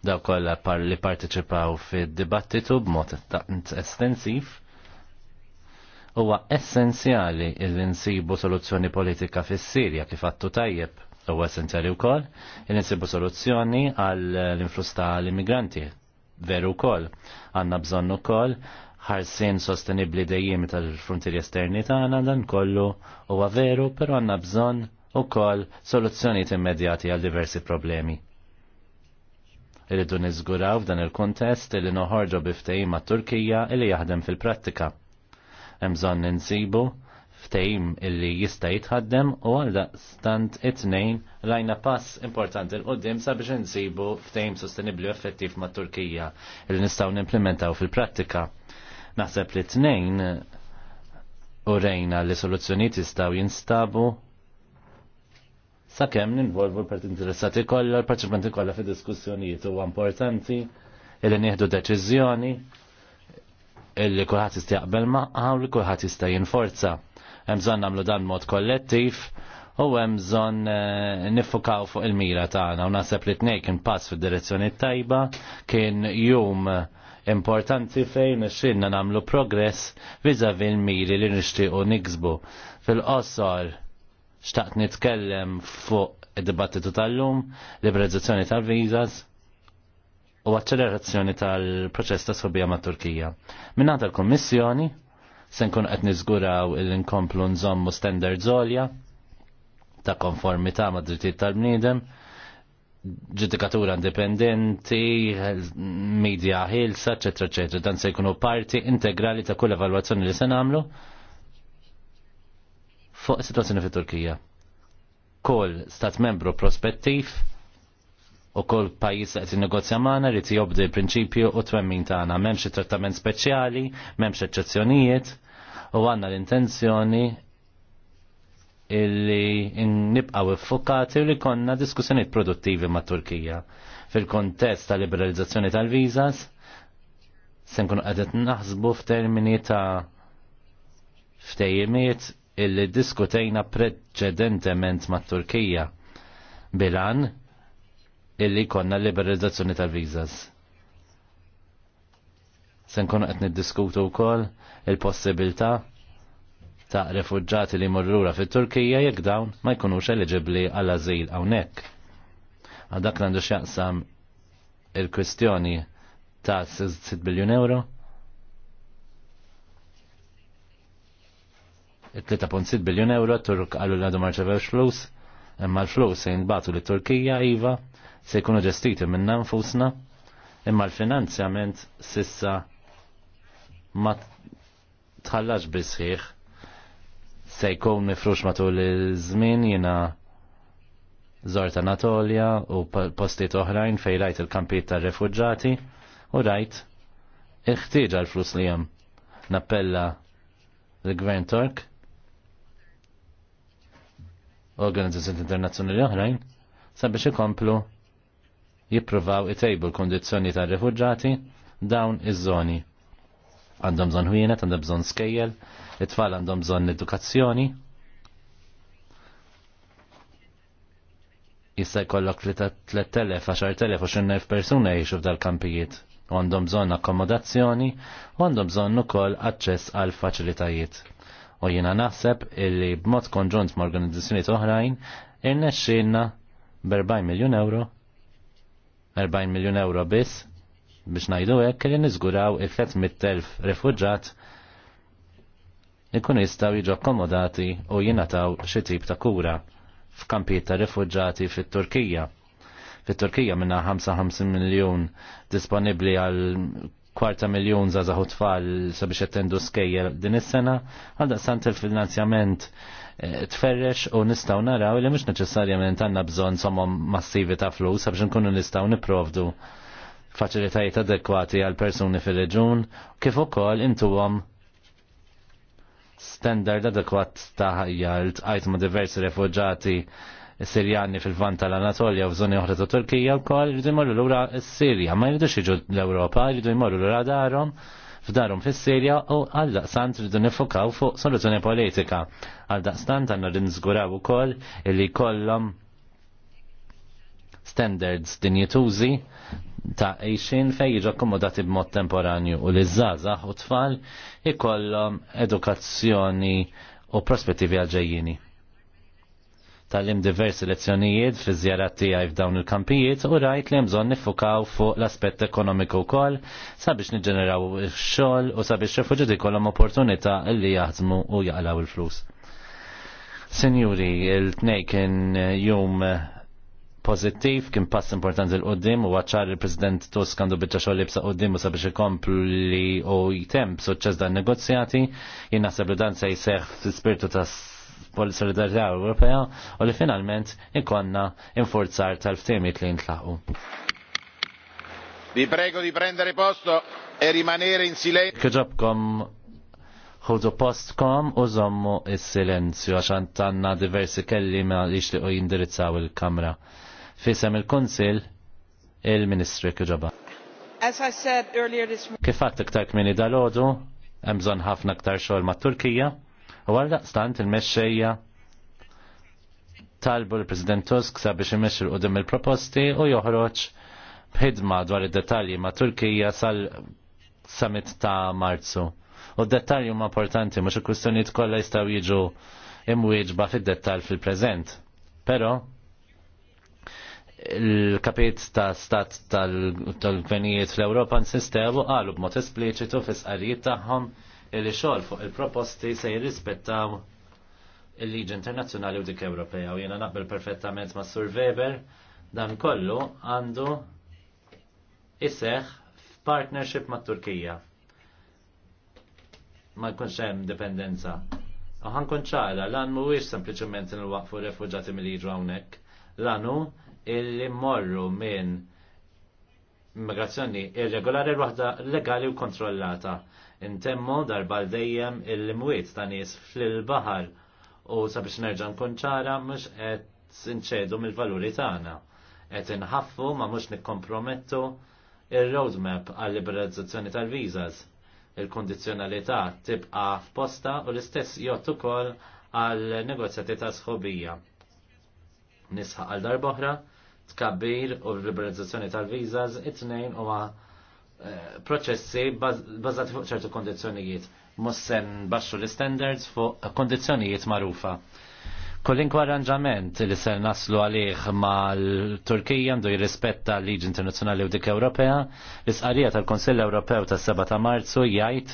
daw kollha par li parteċipaw fid-dibattitu b'mod estensiv huwa essenzjali il nsibu soluzzjoni politika fis-Sirja kif għattu tajjeb. Huwa essenzjali wkoll il nsibu soluzzjoni għall l-influss tal-immigranti. Veru wkoll għandna bżonn ukoll ħarsien sostenibbli dejjem tal-frontieri esterni tagħna dan kollu huwa veru, però għandna bżonn ukoll soluzzjonijiet immedjati għal diversi problemi Irridu niżguraw f'dan il-kuntest li noħorġu biftehim ma' Turkija illi jaħdem fil-prattika. Hemm bżonn ninsibu ftehim illi jista' jitħaddem u għal stant it-tnejn lajna pass importanti l qoddim sabiex insibu ftehim sostenibbli u effettiv ma' Turkija illi nistgħu nimplementaw fil-prattika. Naħseb li t-tnejn u rejna li soluzzjoniet jistaw jinstabu sakemm ninvolvu l part interessati kollha, l-parċipanti kollha fi diskussjonijiet huwa importanti illi nieħdu deċiżjoni illi kulħadd jista' jaqbel magħha u li kulħadd jista' jinforza. Hemm bżonn nagħmlu dan mod kollettiv u hemm bżonn eh, niffukaw fuq il-mira tagħna u naħseb li tnejn kien pass fid-direzzjoni tajba kien jum importanti fejn xinna namlu progress vizavi l-miri li nixtiequ niksbu fil-qosor xtaqt nitkellem fuq id-dibattitu tal-lum, liberalizzazzjoni tal-vizas u accelerazzjoni tal-proċess ta' sobija ma' Turkija. Minna tal-Kommissjoni, sen kun qed niżguraw il-inkomplu nżommu standard zolja ta' konformità ma' drittijiet tal-bniedem, ġudikatura indipendenti, media ħilsa, eccetera, eccetera. Dan se jkunu parti integrali ta' kull evalwazzjoni li se nagħmlu fuq situazzjoni fit-Turkija. Kol stat membru prospettiv u kol pajis qed negozja magħna rid jobdi l-prinċipju u twemmin tagħna m'hemmx trattament speċjali, m'hemmx eċċezzjonijiet u għandna l-intenzjoni illi nibqaw iffokati u li konna diskussjoniet produttivi ma' Turkija. Fil-kontest ta' liberalizzazzjoni tal-vizas, se nkunu għadet naħsbu f'termini ta' ftejimiet illi diskutejna preċedentement ma' Turkija bilan illi konna liberalizzazzjoni tal-vizas. Sen kun qed niddiskutu wkoll il-possibilità ta' refugġati li morrura fit turkija jekk dawn ma jkunux eligibli għal azil hawnhekk. Għal dak għandu x'jaqsam il-kwistjoni ta' 6 biljun euro 3.6 biljon euro, Turk għallu l-għadu marċevewx flus, imma l-flus se jinbatu li Turkija iva se jkunu ġestiti minna nfusna, imma l-finanzjament sissa ma tħallax bisħiħ se jkun mifrux matul iż-żmien jiena zort Anatolja u postiet oħrajn fej rajt il-kampijiet tar refugġati u rajt iħtieġ għal-flus li hemm. Nappella l-Gvern Tork organizzazzjoni internazzjonali oħrajn sabiex ikomplu jippruvaw itejbu l-kondizzjoni tar rifuġġati dawn iż-żoni. Għandhom bżonn ħwienet, għandhom bżonn skejjel, it-tfal għandhom bżonn edukazzjoni. Jista' jkollok li ta' 3000, 10000 u 20,000 persuna jgħixu f'dal-kampijiet u għandhom bżonn akkomodazzjoni u għandhom bżonn ukoll aċċess għal faċilitajiet u jiena naħseb illi b'mod konġunt ma' organizzazzjonijiet oħrajn irnexxielna b'40 miljun euro 40 miljun euro biss biex ngħidu hekk li niżguraw il-300,000 refuġġat ikun jistaw jiġu akkomodati u jinataw xi tip ta' kura f'kampijiet ta' rifugġati fit-Turkija. Fit-Turkija minna 55 miljun disponibbli għal kwarta miljon zazahu tfal sabiex jattendu skejjer din is-sena, għal sant il-finanzjament eh, tferrex u nistaw naraw li mhux neċessarjament għandna bżonn somma massivi ta' flus sabiex nkunu nistaw niprovdu faċilitajiet adekwati għal persuni fil-reġun kif ukoll intuhom standard adekwat ta' ħajja għajt tqajt ma' diversi refugġati Sirjani fil-vant tal-Anatolja u f'żoni oħra ta' Turkija wkoll jridu jmorru lura s-Sirja, ma jridux jiġu l-Ewropa, jridu jmorru lura darhom f'darhom fis-Sirja u għal daqstant rridu nifokaw fuq soluzzjoni politika. Għal daqstant għandna rinżguraw ukoll illi kollom standards dinjitużi ta' eixin fej jiġu akkomodati b'mod temporanju u li żgħażagħ u tfal ikollhom edukazzjoni u prospettivi għal ġejjini tal-im diversi lezzjonijiet fi zjarat tiegħi f'dawn il-kampijiet u rajt li mżon nifukaw fuq l-aspett ekonomiku wkoll sabiex niġġeneraw xogħol u sabiex refuġiti kollhom opportunità li jaħdmu u jaqlaw il-flus. Sinjuri, il-tnej kien jum pozittiv, kien pass importanti l-qoddim u għacċar il-President Tusk għandu bieċa xogħol jibsa qoddim u sabiex li u jtem suċċess dan negozjati, jien naħseb li dan se jseħħ fl tas solidarità Ewropea u li finalment ikonna infurzar tal-ftemiet li ntlaqu. Vi prego di prendere posto e rimanere in silenzio. Kħġobkom ħudu postkom u zommu il-silenzju għaxan tanna diversi kelli ma li u jindirizzaw il-kamra. Fisem il-konsil il-ministri kħġoba. Kifat iktar kmini dal-ħodu, hemm bżonn ħafna aktar xogħol mat-Turkija. U għal daqstant il-mexxejja talbu l-President Tusk sabiex imexxi l il-proposti u joħroġ b'ħidma dwar id-detalji ma' Turkija sal-summit ta' Marzu. U d-detalji huma importanti mhux il-kwistjonijiet kollha jistgħu jiġu imwieġba fid-dettall fil-preżent. Però il-kapit ta' stat tal-gvenijiet fl-Europa nsistew għalu qalu b'mod espliċitu fis-qarijiet tagħhom li xogħol fuq il-proposti se jirrispettaw il-liġi internazzjonali u dik Ewropea u jiena naqbel perfettament ma' Sur Weber dan kollu għandu iseħ f'partnership ma' Turkija. Ma jkunx hemm dipendenza. U ħankun ċara, lan mhuwiex sempliċement il-waqfu refuġati mill liġu hawnhekk. Lanu illi morru minn immigrazzjoni irregolari waħda legali u kontrollata intemmo darba dejjem il-mwiet ta' nies fil-baħar u sabiex nerġa' nkun ċara mhux qed sinċedu mill-valuri tagħna. Qed inħaffu ma mhux nikkompromettu il-roadmap għall liberalizzazzjoni tal-viżas. Il-kondizzjonalità tibqa' f'posta u l-istess jgħod ukoll għal negozjati ta' sħobija. Nisħaq għal darboħra, tkabbir u l-liberalizzazzjoni tal-vizas it-tnejn huma Eh, proċessi bazzati fuq ċertu kondizjonijiet. Mussen baxxu l-standards fuq kondizjonijiet marufa. Kollin arranġament li ser naslu għalih mal-Turkija ndu jirrispetta l-Liġi Internazzjonali u dik Ewropea, l-isqarija tal-Konsill Ewropew tas-7 ta' Marzu jgħid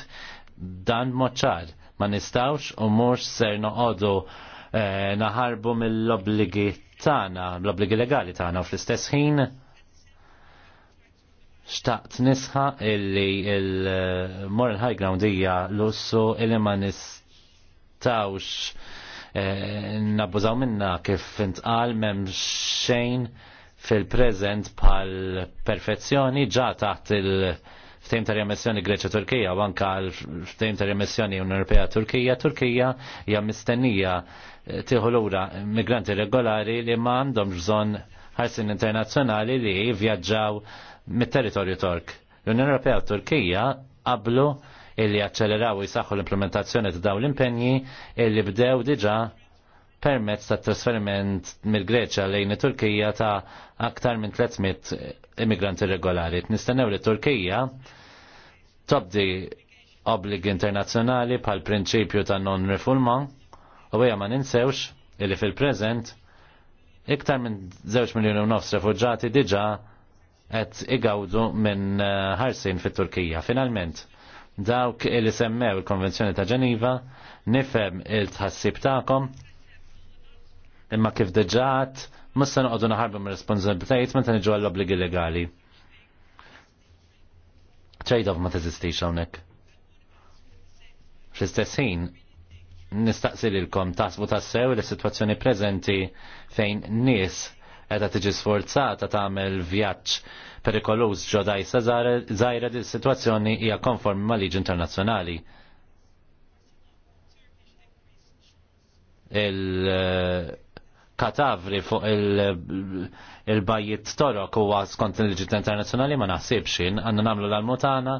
dan moċċar ma nistawx u mhux ser noqogħdu eh, naħarbu mill-obbligi tagħna, l-obbligi legali tagħna u fl-istess ħin Xtaqt nisħa illi il-moral high ground hija l-ussu illi ma nistawx eh, nabbużaw minna kif intqal mem xejn fil-prezent pal perfezzjoni ġa taħt il-ftejm ta' remissjoni Greċa Turkija u anka l-ftejm ta' remissjoni Unjoni Ewropea Turkija, Turkija hija mistennija eh, tieħu lura migranti regolari li ma għandhomx bżonn ħarsin internazzjonali li vjaġġaw mit-territorju Tork. L-Unjoni Ewropea u Turkija qablu illi jaċċeleraw jisaxħu l-implementazzjoni ta' dawn l-impenji illi bdew diġa permezz ta' trasferiment mill-Greċja lejn it-Turkija ta' aktar minn 300 immigranti regolari. Nistennew li Turkija tobdi obbligi internazzjonali pal prinċipju ta' non refulman u għeja ma ninsewx illi fil-prezent iktar minn 2 miljoni u nofs refugġati diġa qed igawdu minn eh, ħarsin fit-Turkija. Finalment, dawk li semmew il-Konvenzjoni ta' Ġeniva nifhem il-tħassib tagħkom imma kif deġat musta noqogħdu naħarbu minn responsabilitajiet meta niġu għall-obbligi legali. Trade-off ma teżistix hawnhekk. Fl-istess ħin, nistaqsi lilkom tasbu tassew li situazzjoni preżenti fejn nies edha tiġi sforzata tagħmel vjaġġ perikoluż ġodaj zaħira di situazzjoni hija konformi ma' liġi internazzjonali. Il-katavri eh, fuq il bajiet torok huwa skont il-liġi internazzjonali ma naħsibx għandna nagħmlu l-almutana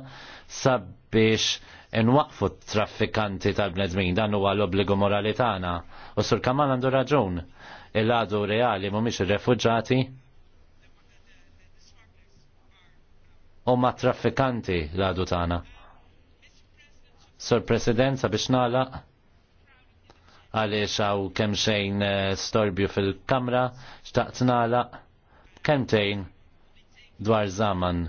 sabiex nwaqfu t-traffikanti tal-bnedmin dan huwa l-obbligu morali tagħna. U sur kamal għandu raġun il-għadu reali mumiex il-refugġati u ma traffikanti l-għadu tana. Sor President, sabiex nala għaliex għaw kem xejn eh, storbju fil-kamra, xtaqt nala kem tejn dwar zaman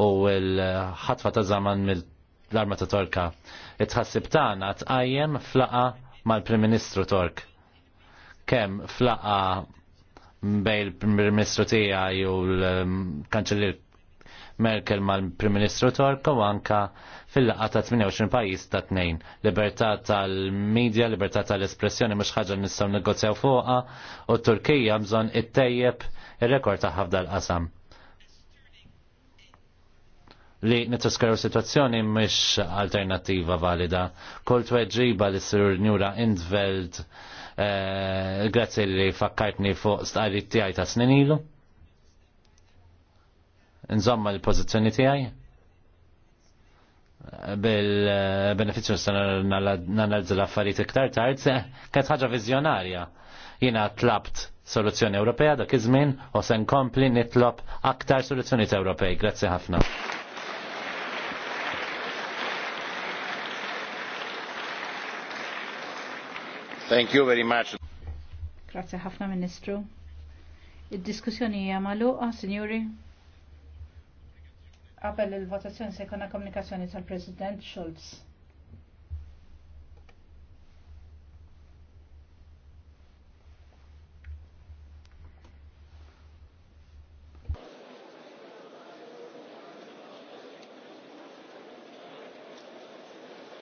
u l-ħatfa ta' zaman mill-arma ta' Torka. It-ħassib tagħna tqajjem flaqa mal-Prim Ministru Tork kemm flaqa bej il-Prim Ministru tiegħi u l-Kanċellier Merkel mal-Prim Ministru Torko anka fil-laqa ta' 28 pajjiż ta' tnejn. Libertà tal-medja, libertà tal-espressjoni mhux ħaġa nistgħu negozjaw fuqha u t-Turkija bżonn ittejjeb ir-rekord ta' ħafda l-qasam li nittuskaru situazzjoni mhix alternativa valida. Kol tweġiba li Sur Njura Indveld Eh, Grazzi li fakkartni fuq stqarri tiegħi ta' snin ilu. Nżomma l-pożizzjoni tiegħi bil-beneficju eh, nanalizza l-affarijiet iktar tard, kienet ħaġa viżjonarja. Jiena tlabt soluzzjoni Ewropea dak iż-żmien u se nkompli nitlob aktar soluzzjonijiet Ewropej. Grazzi ħafna. Thank you very much. Grazie ħafna Ministru. Id-diskussjoni hija magħluqa, Sinjuri. Qabel il-votazzjoni se jkollna komunikazzjoni tal-President Schulz.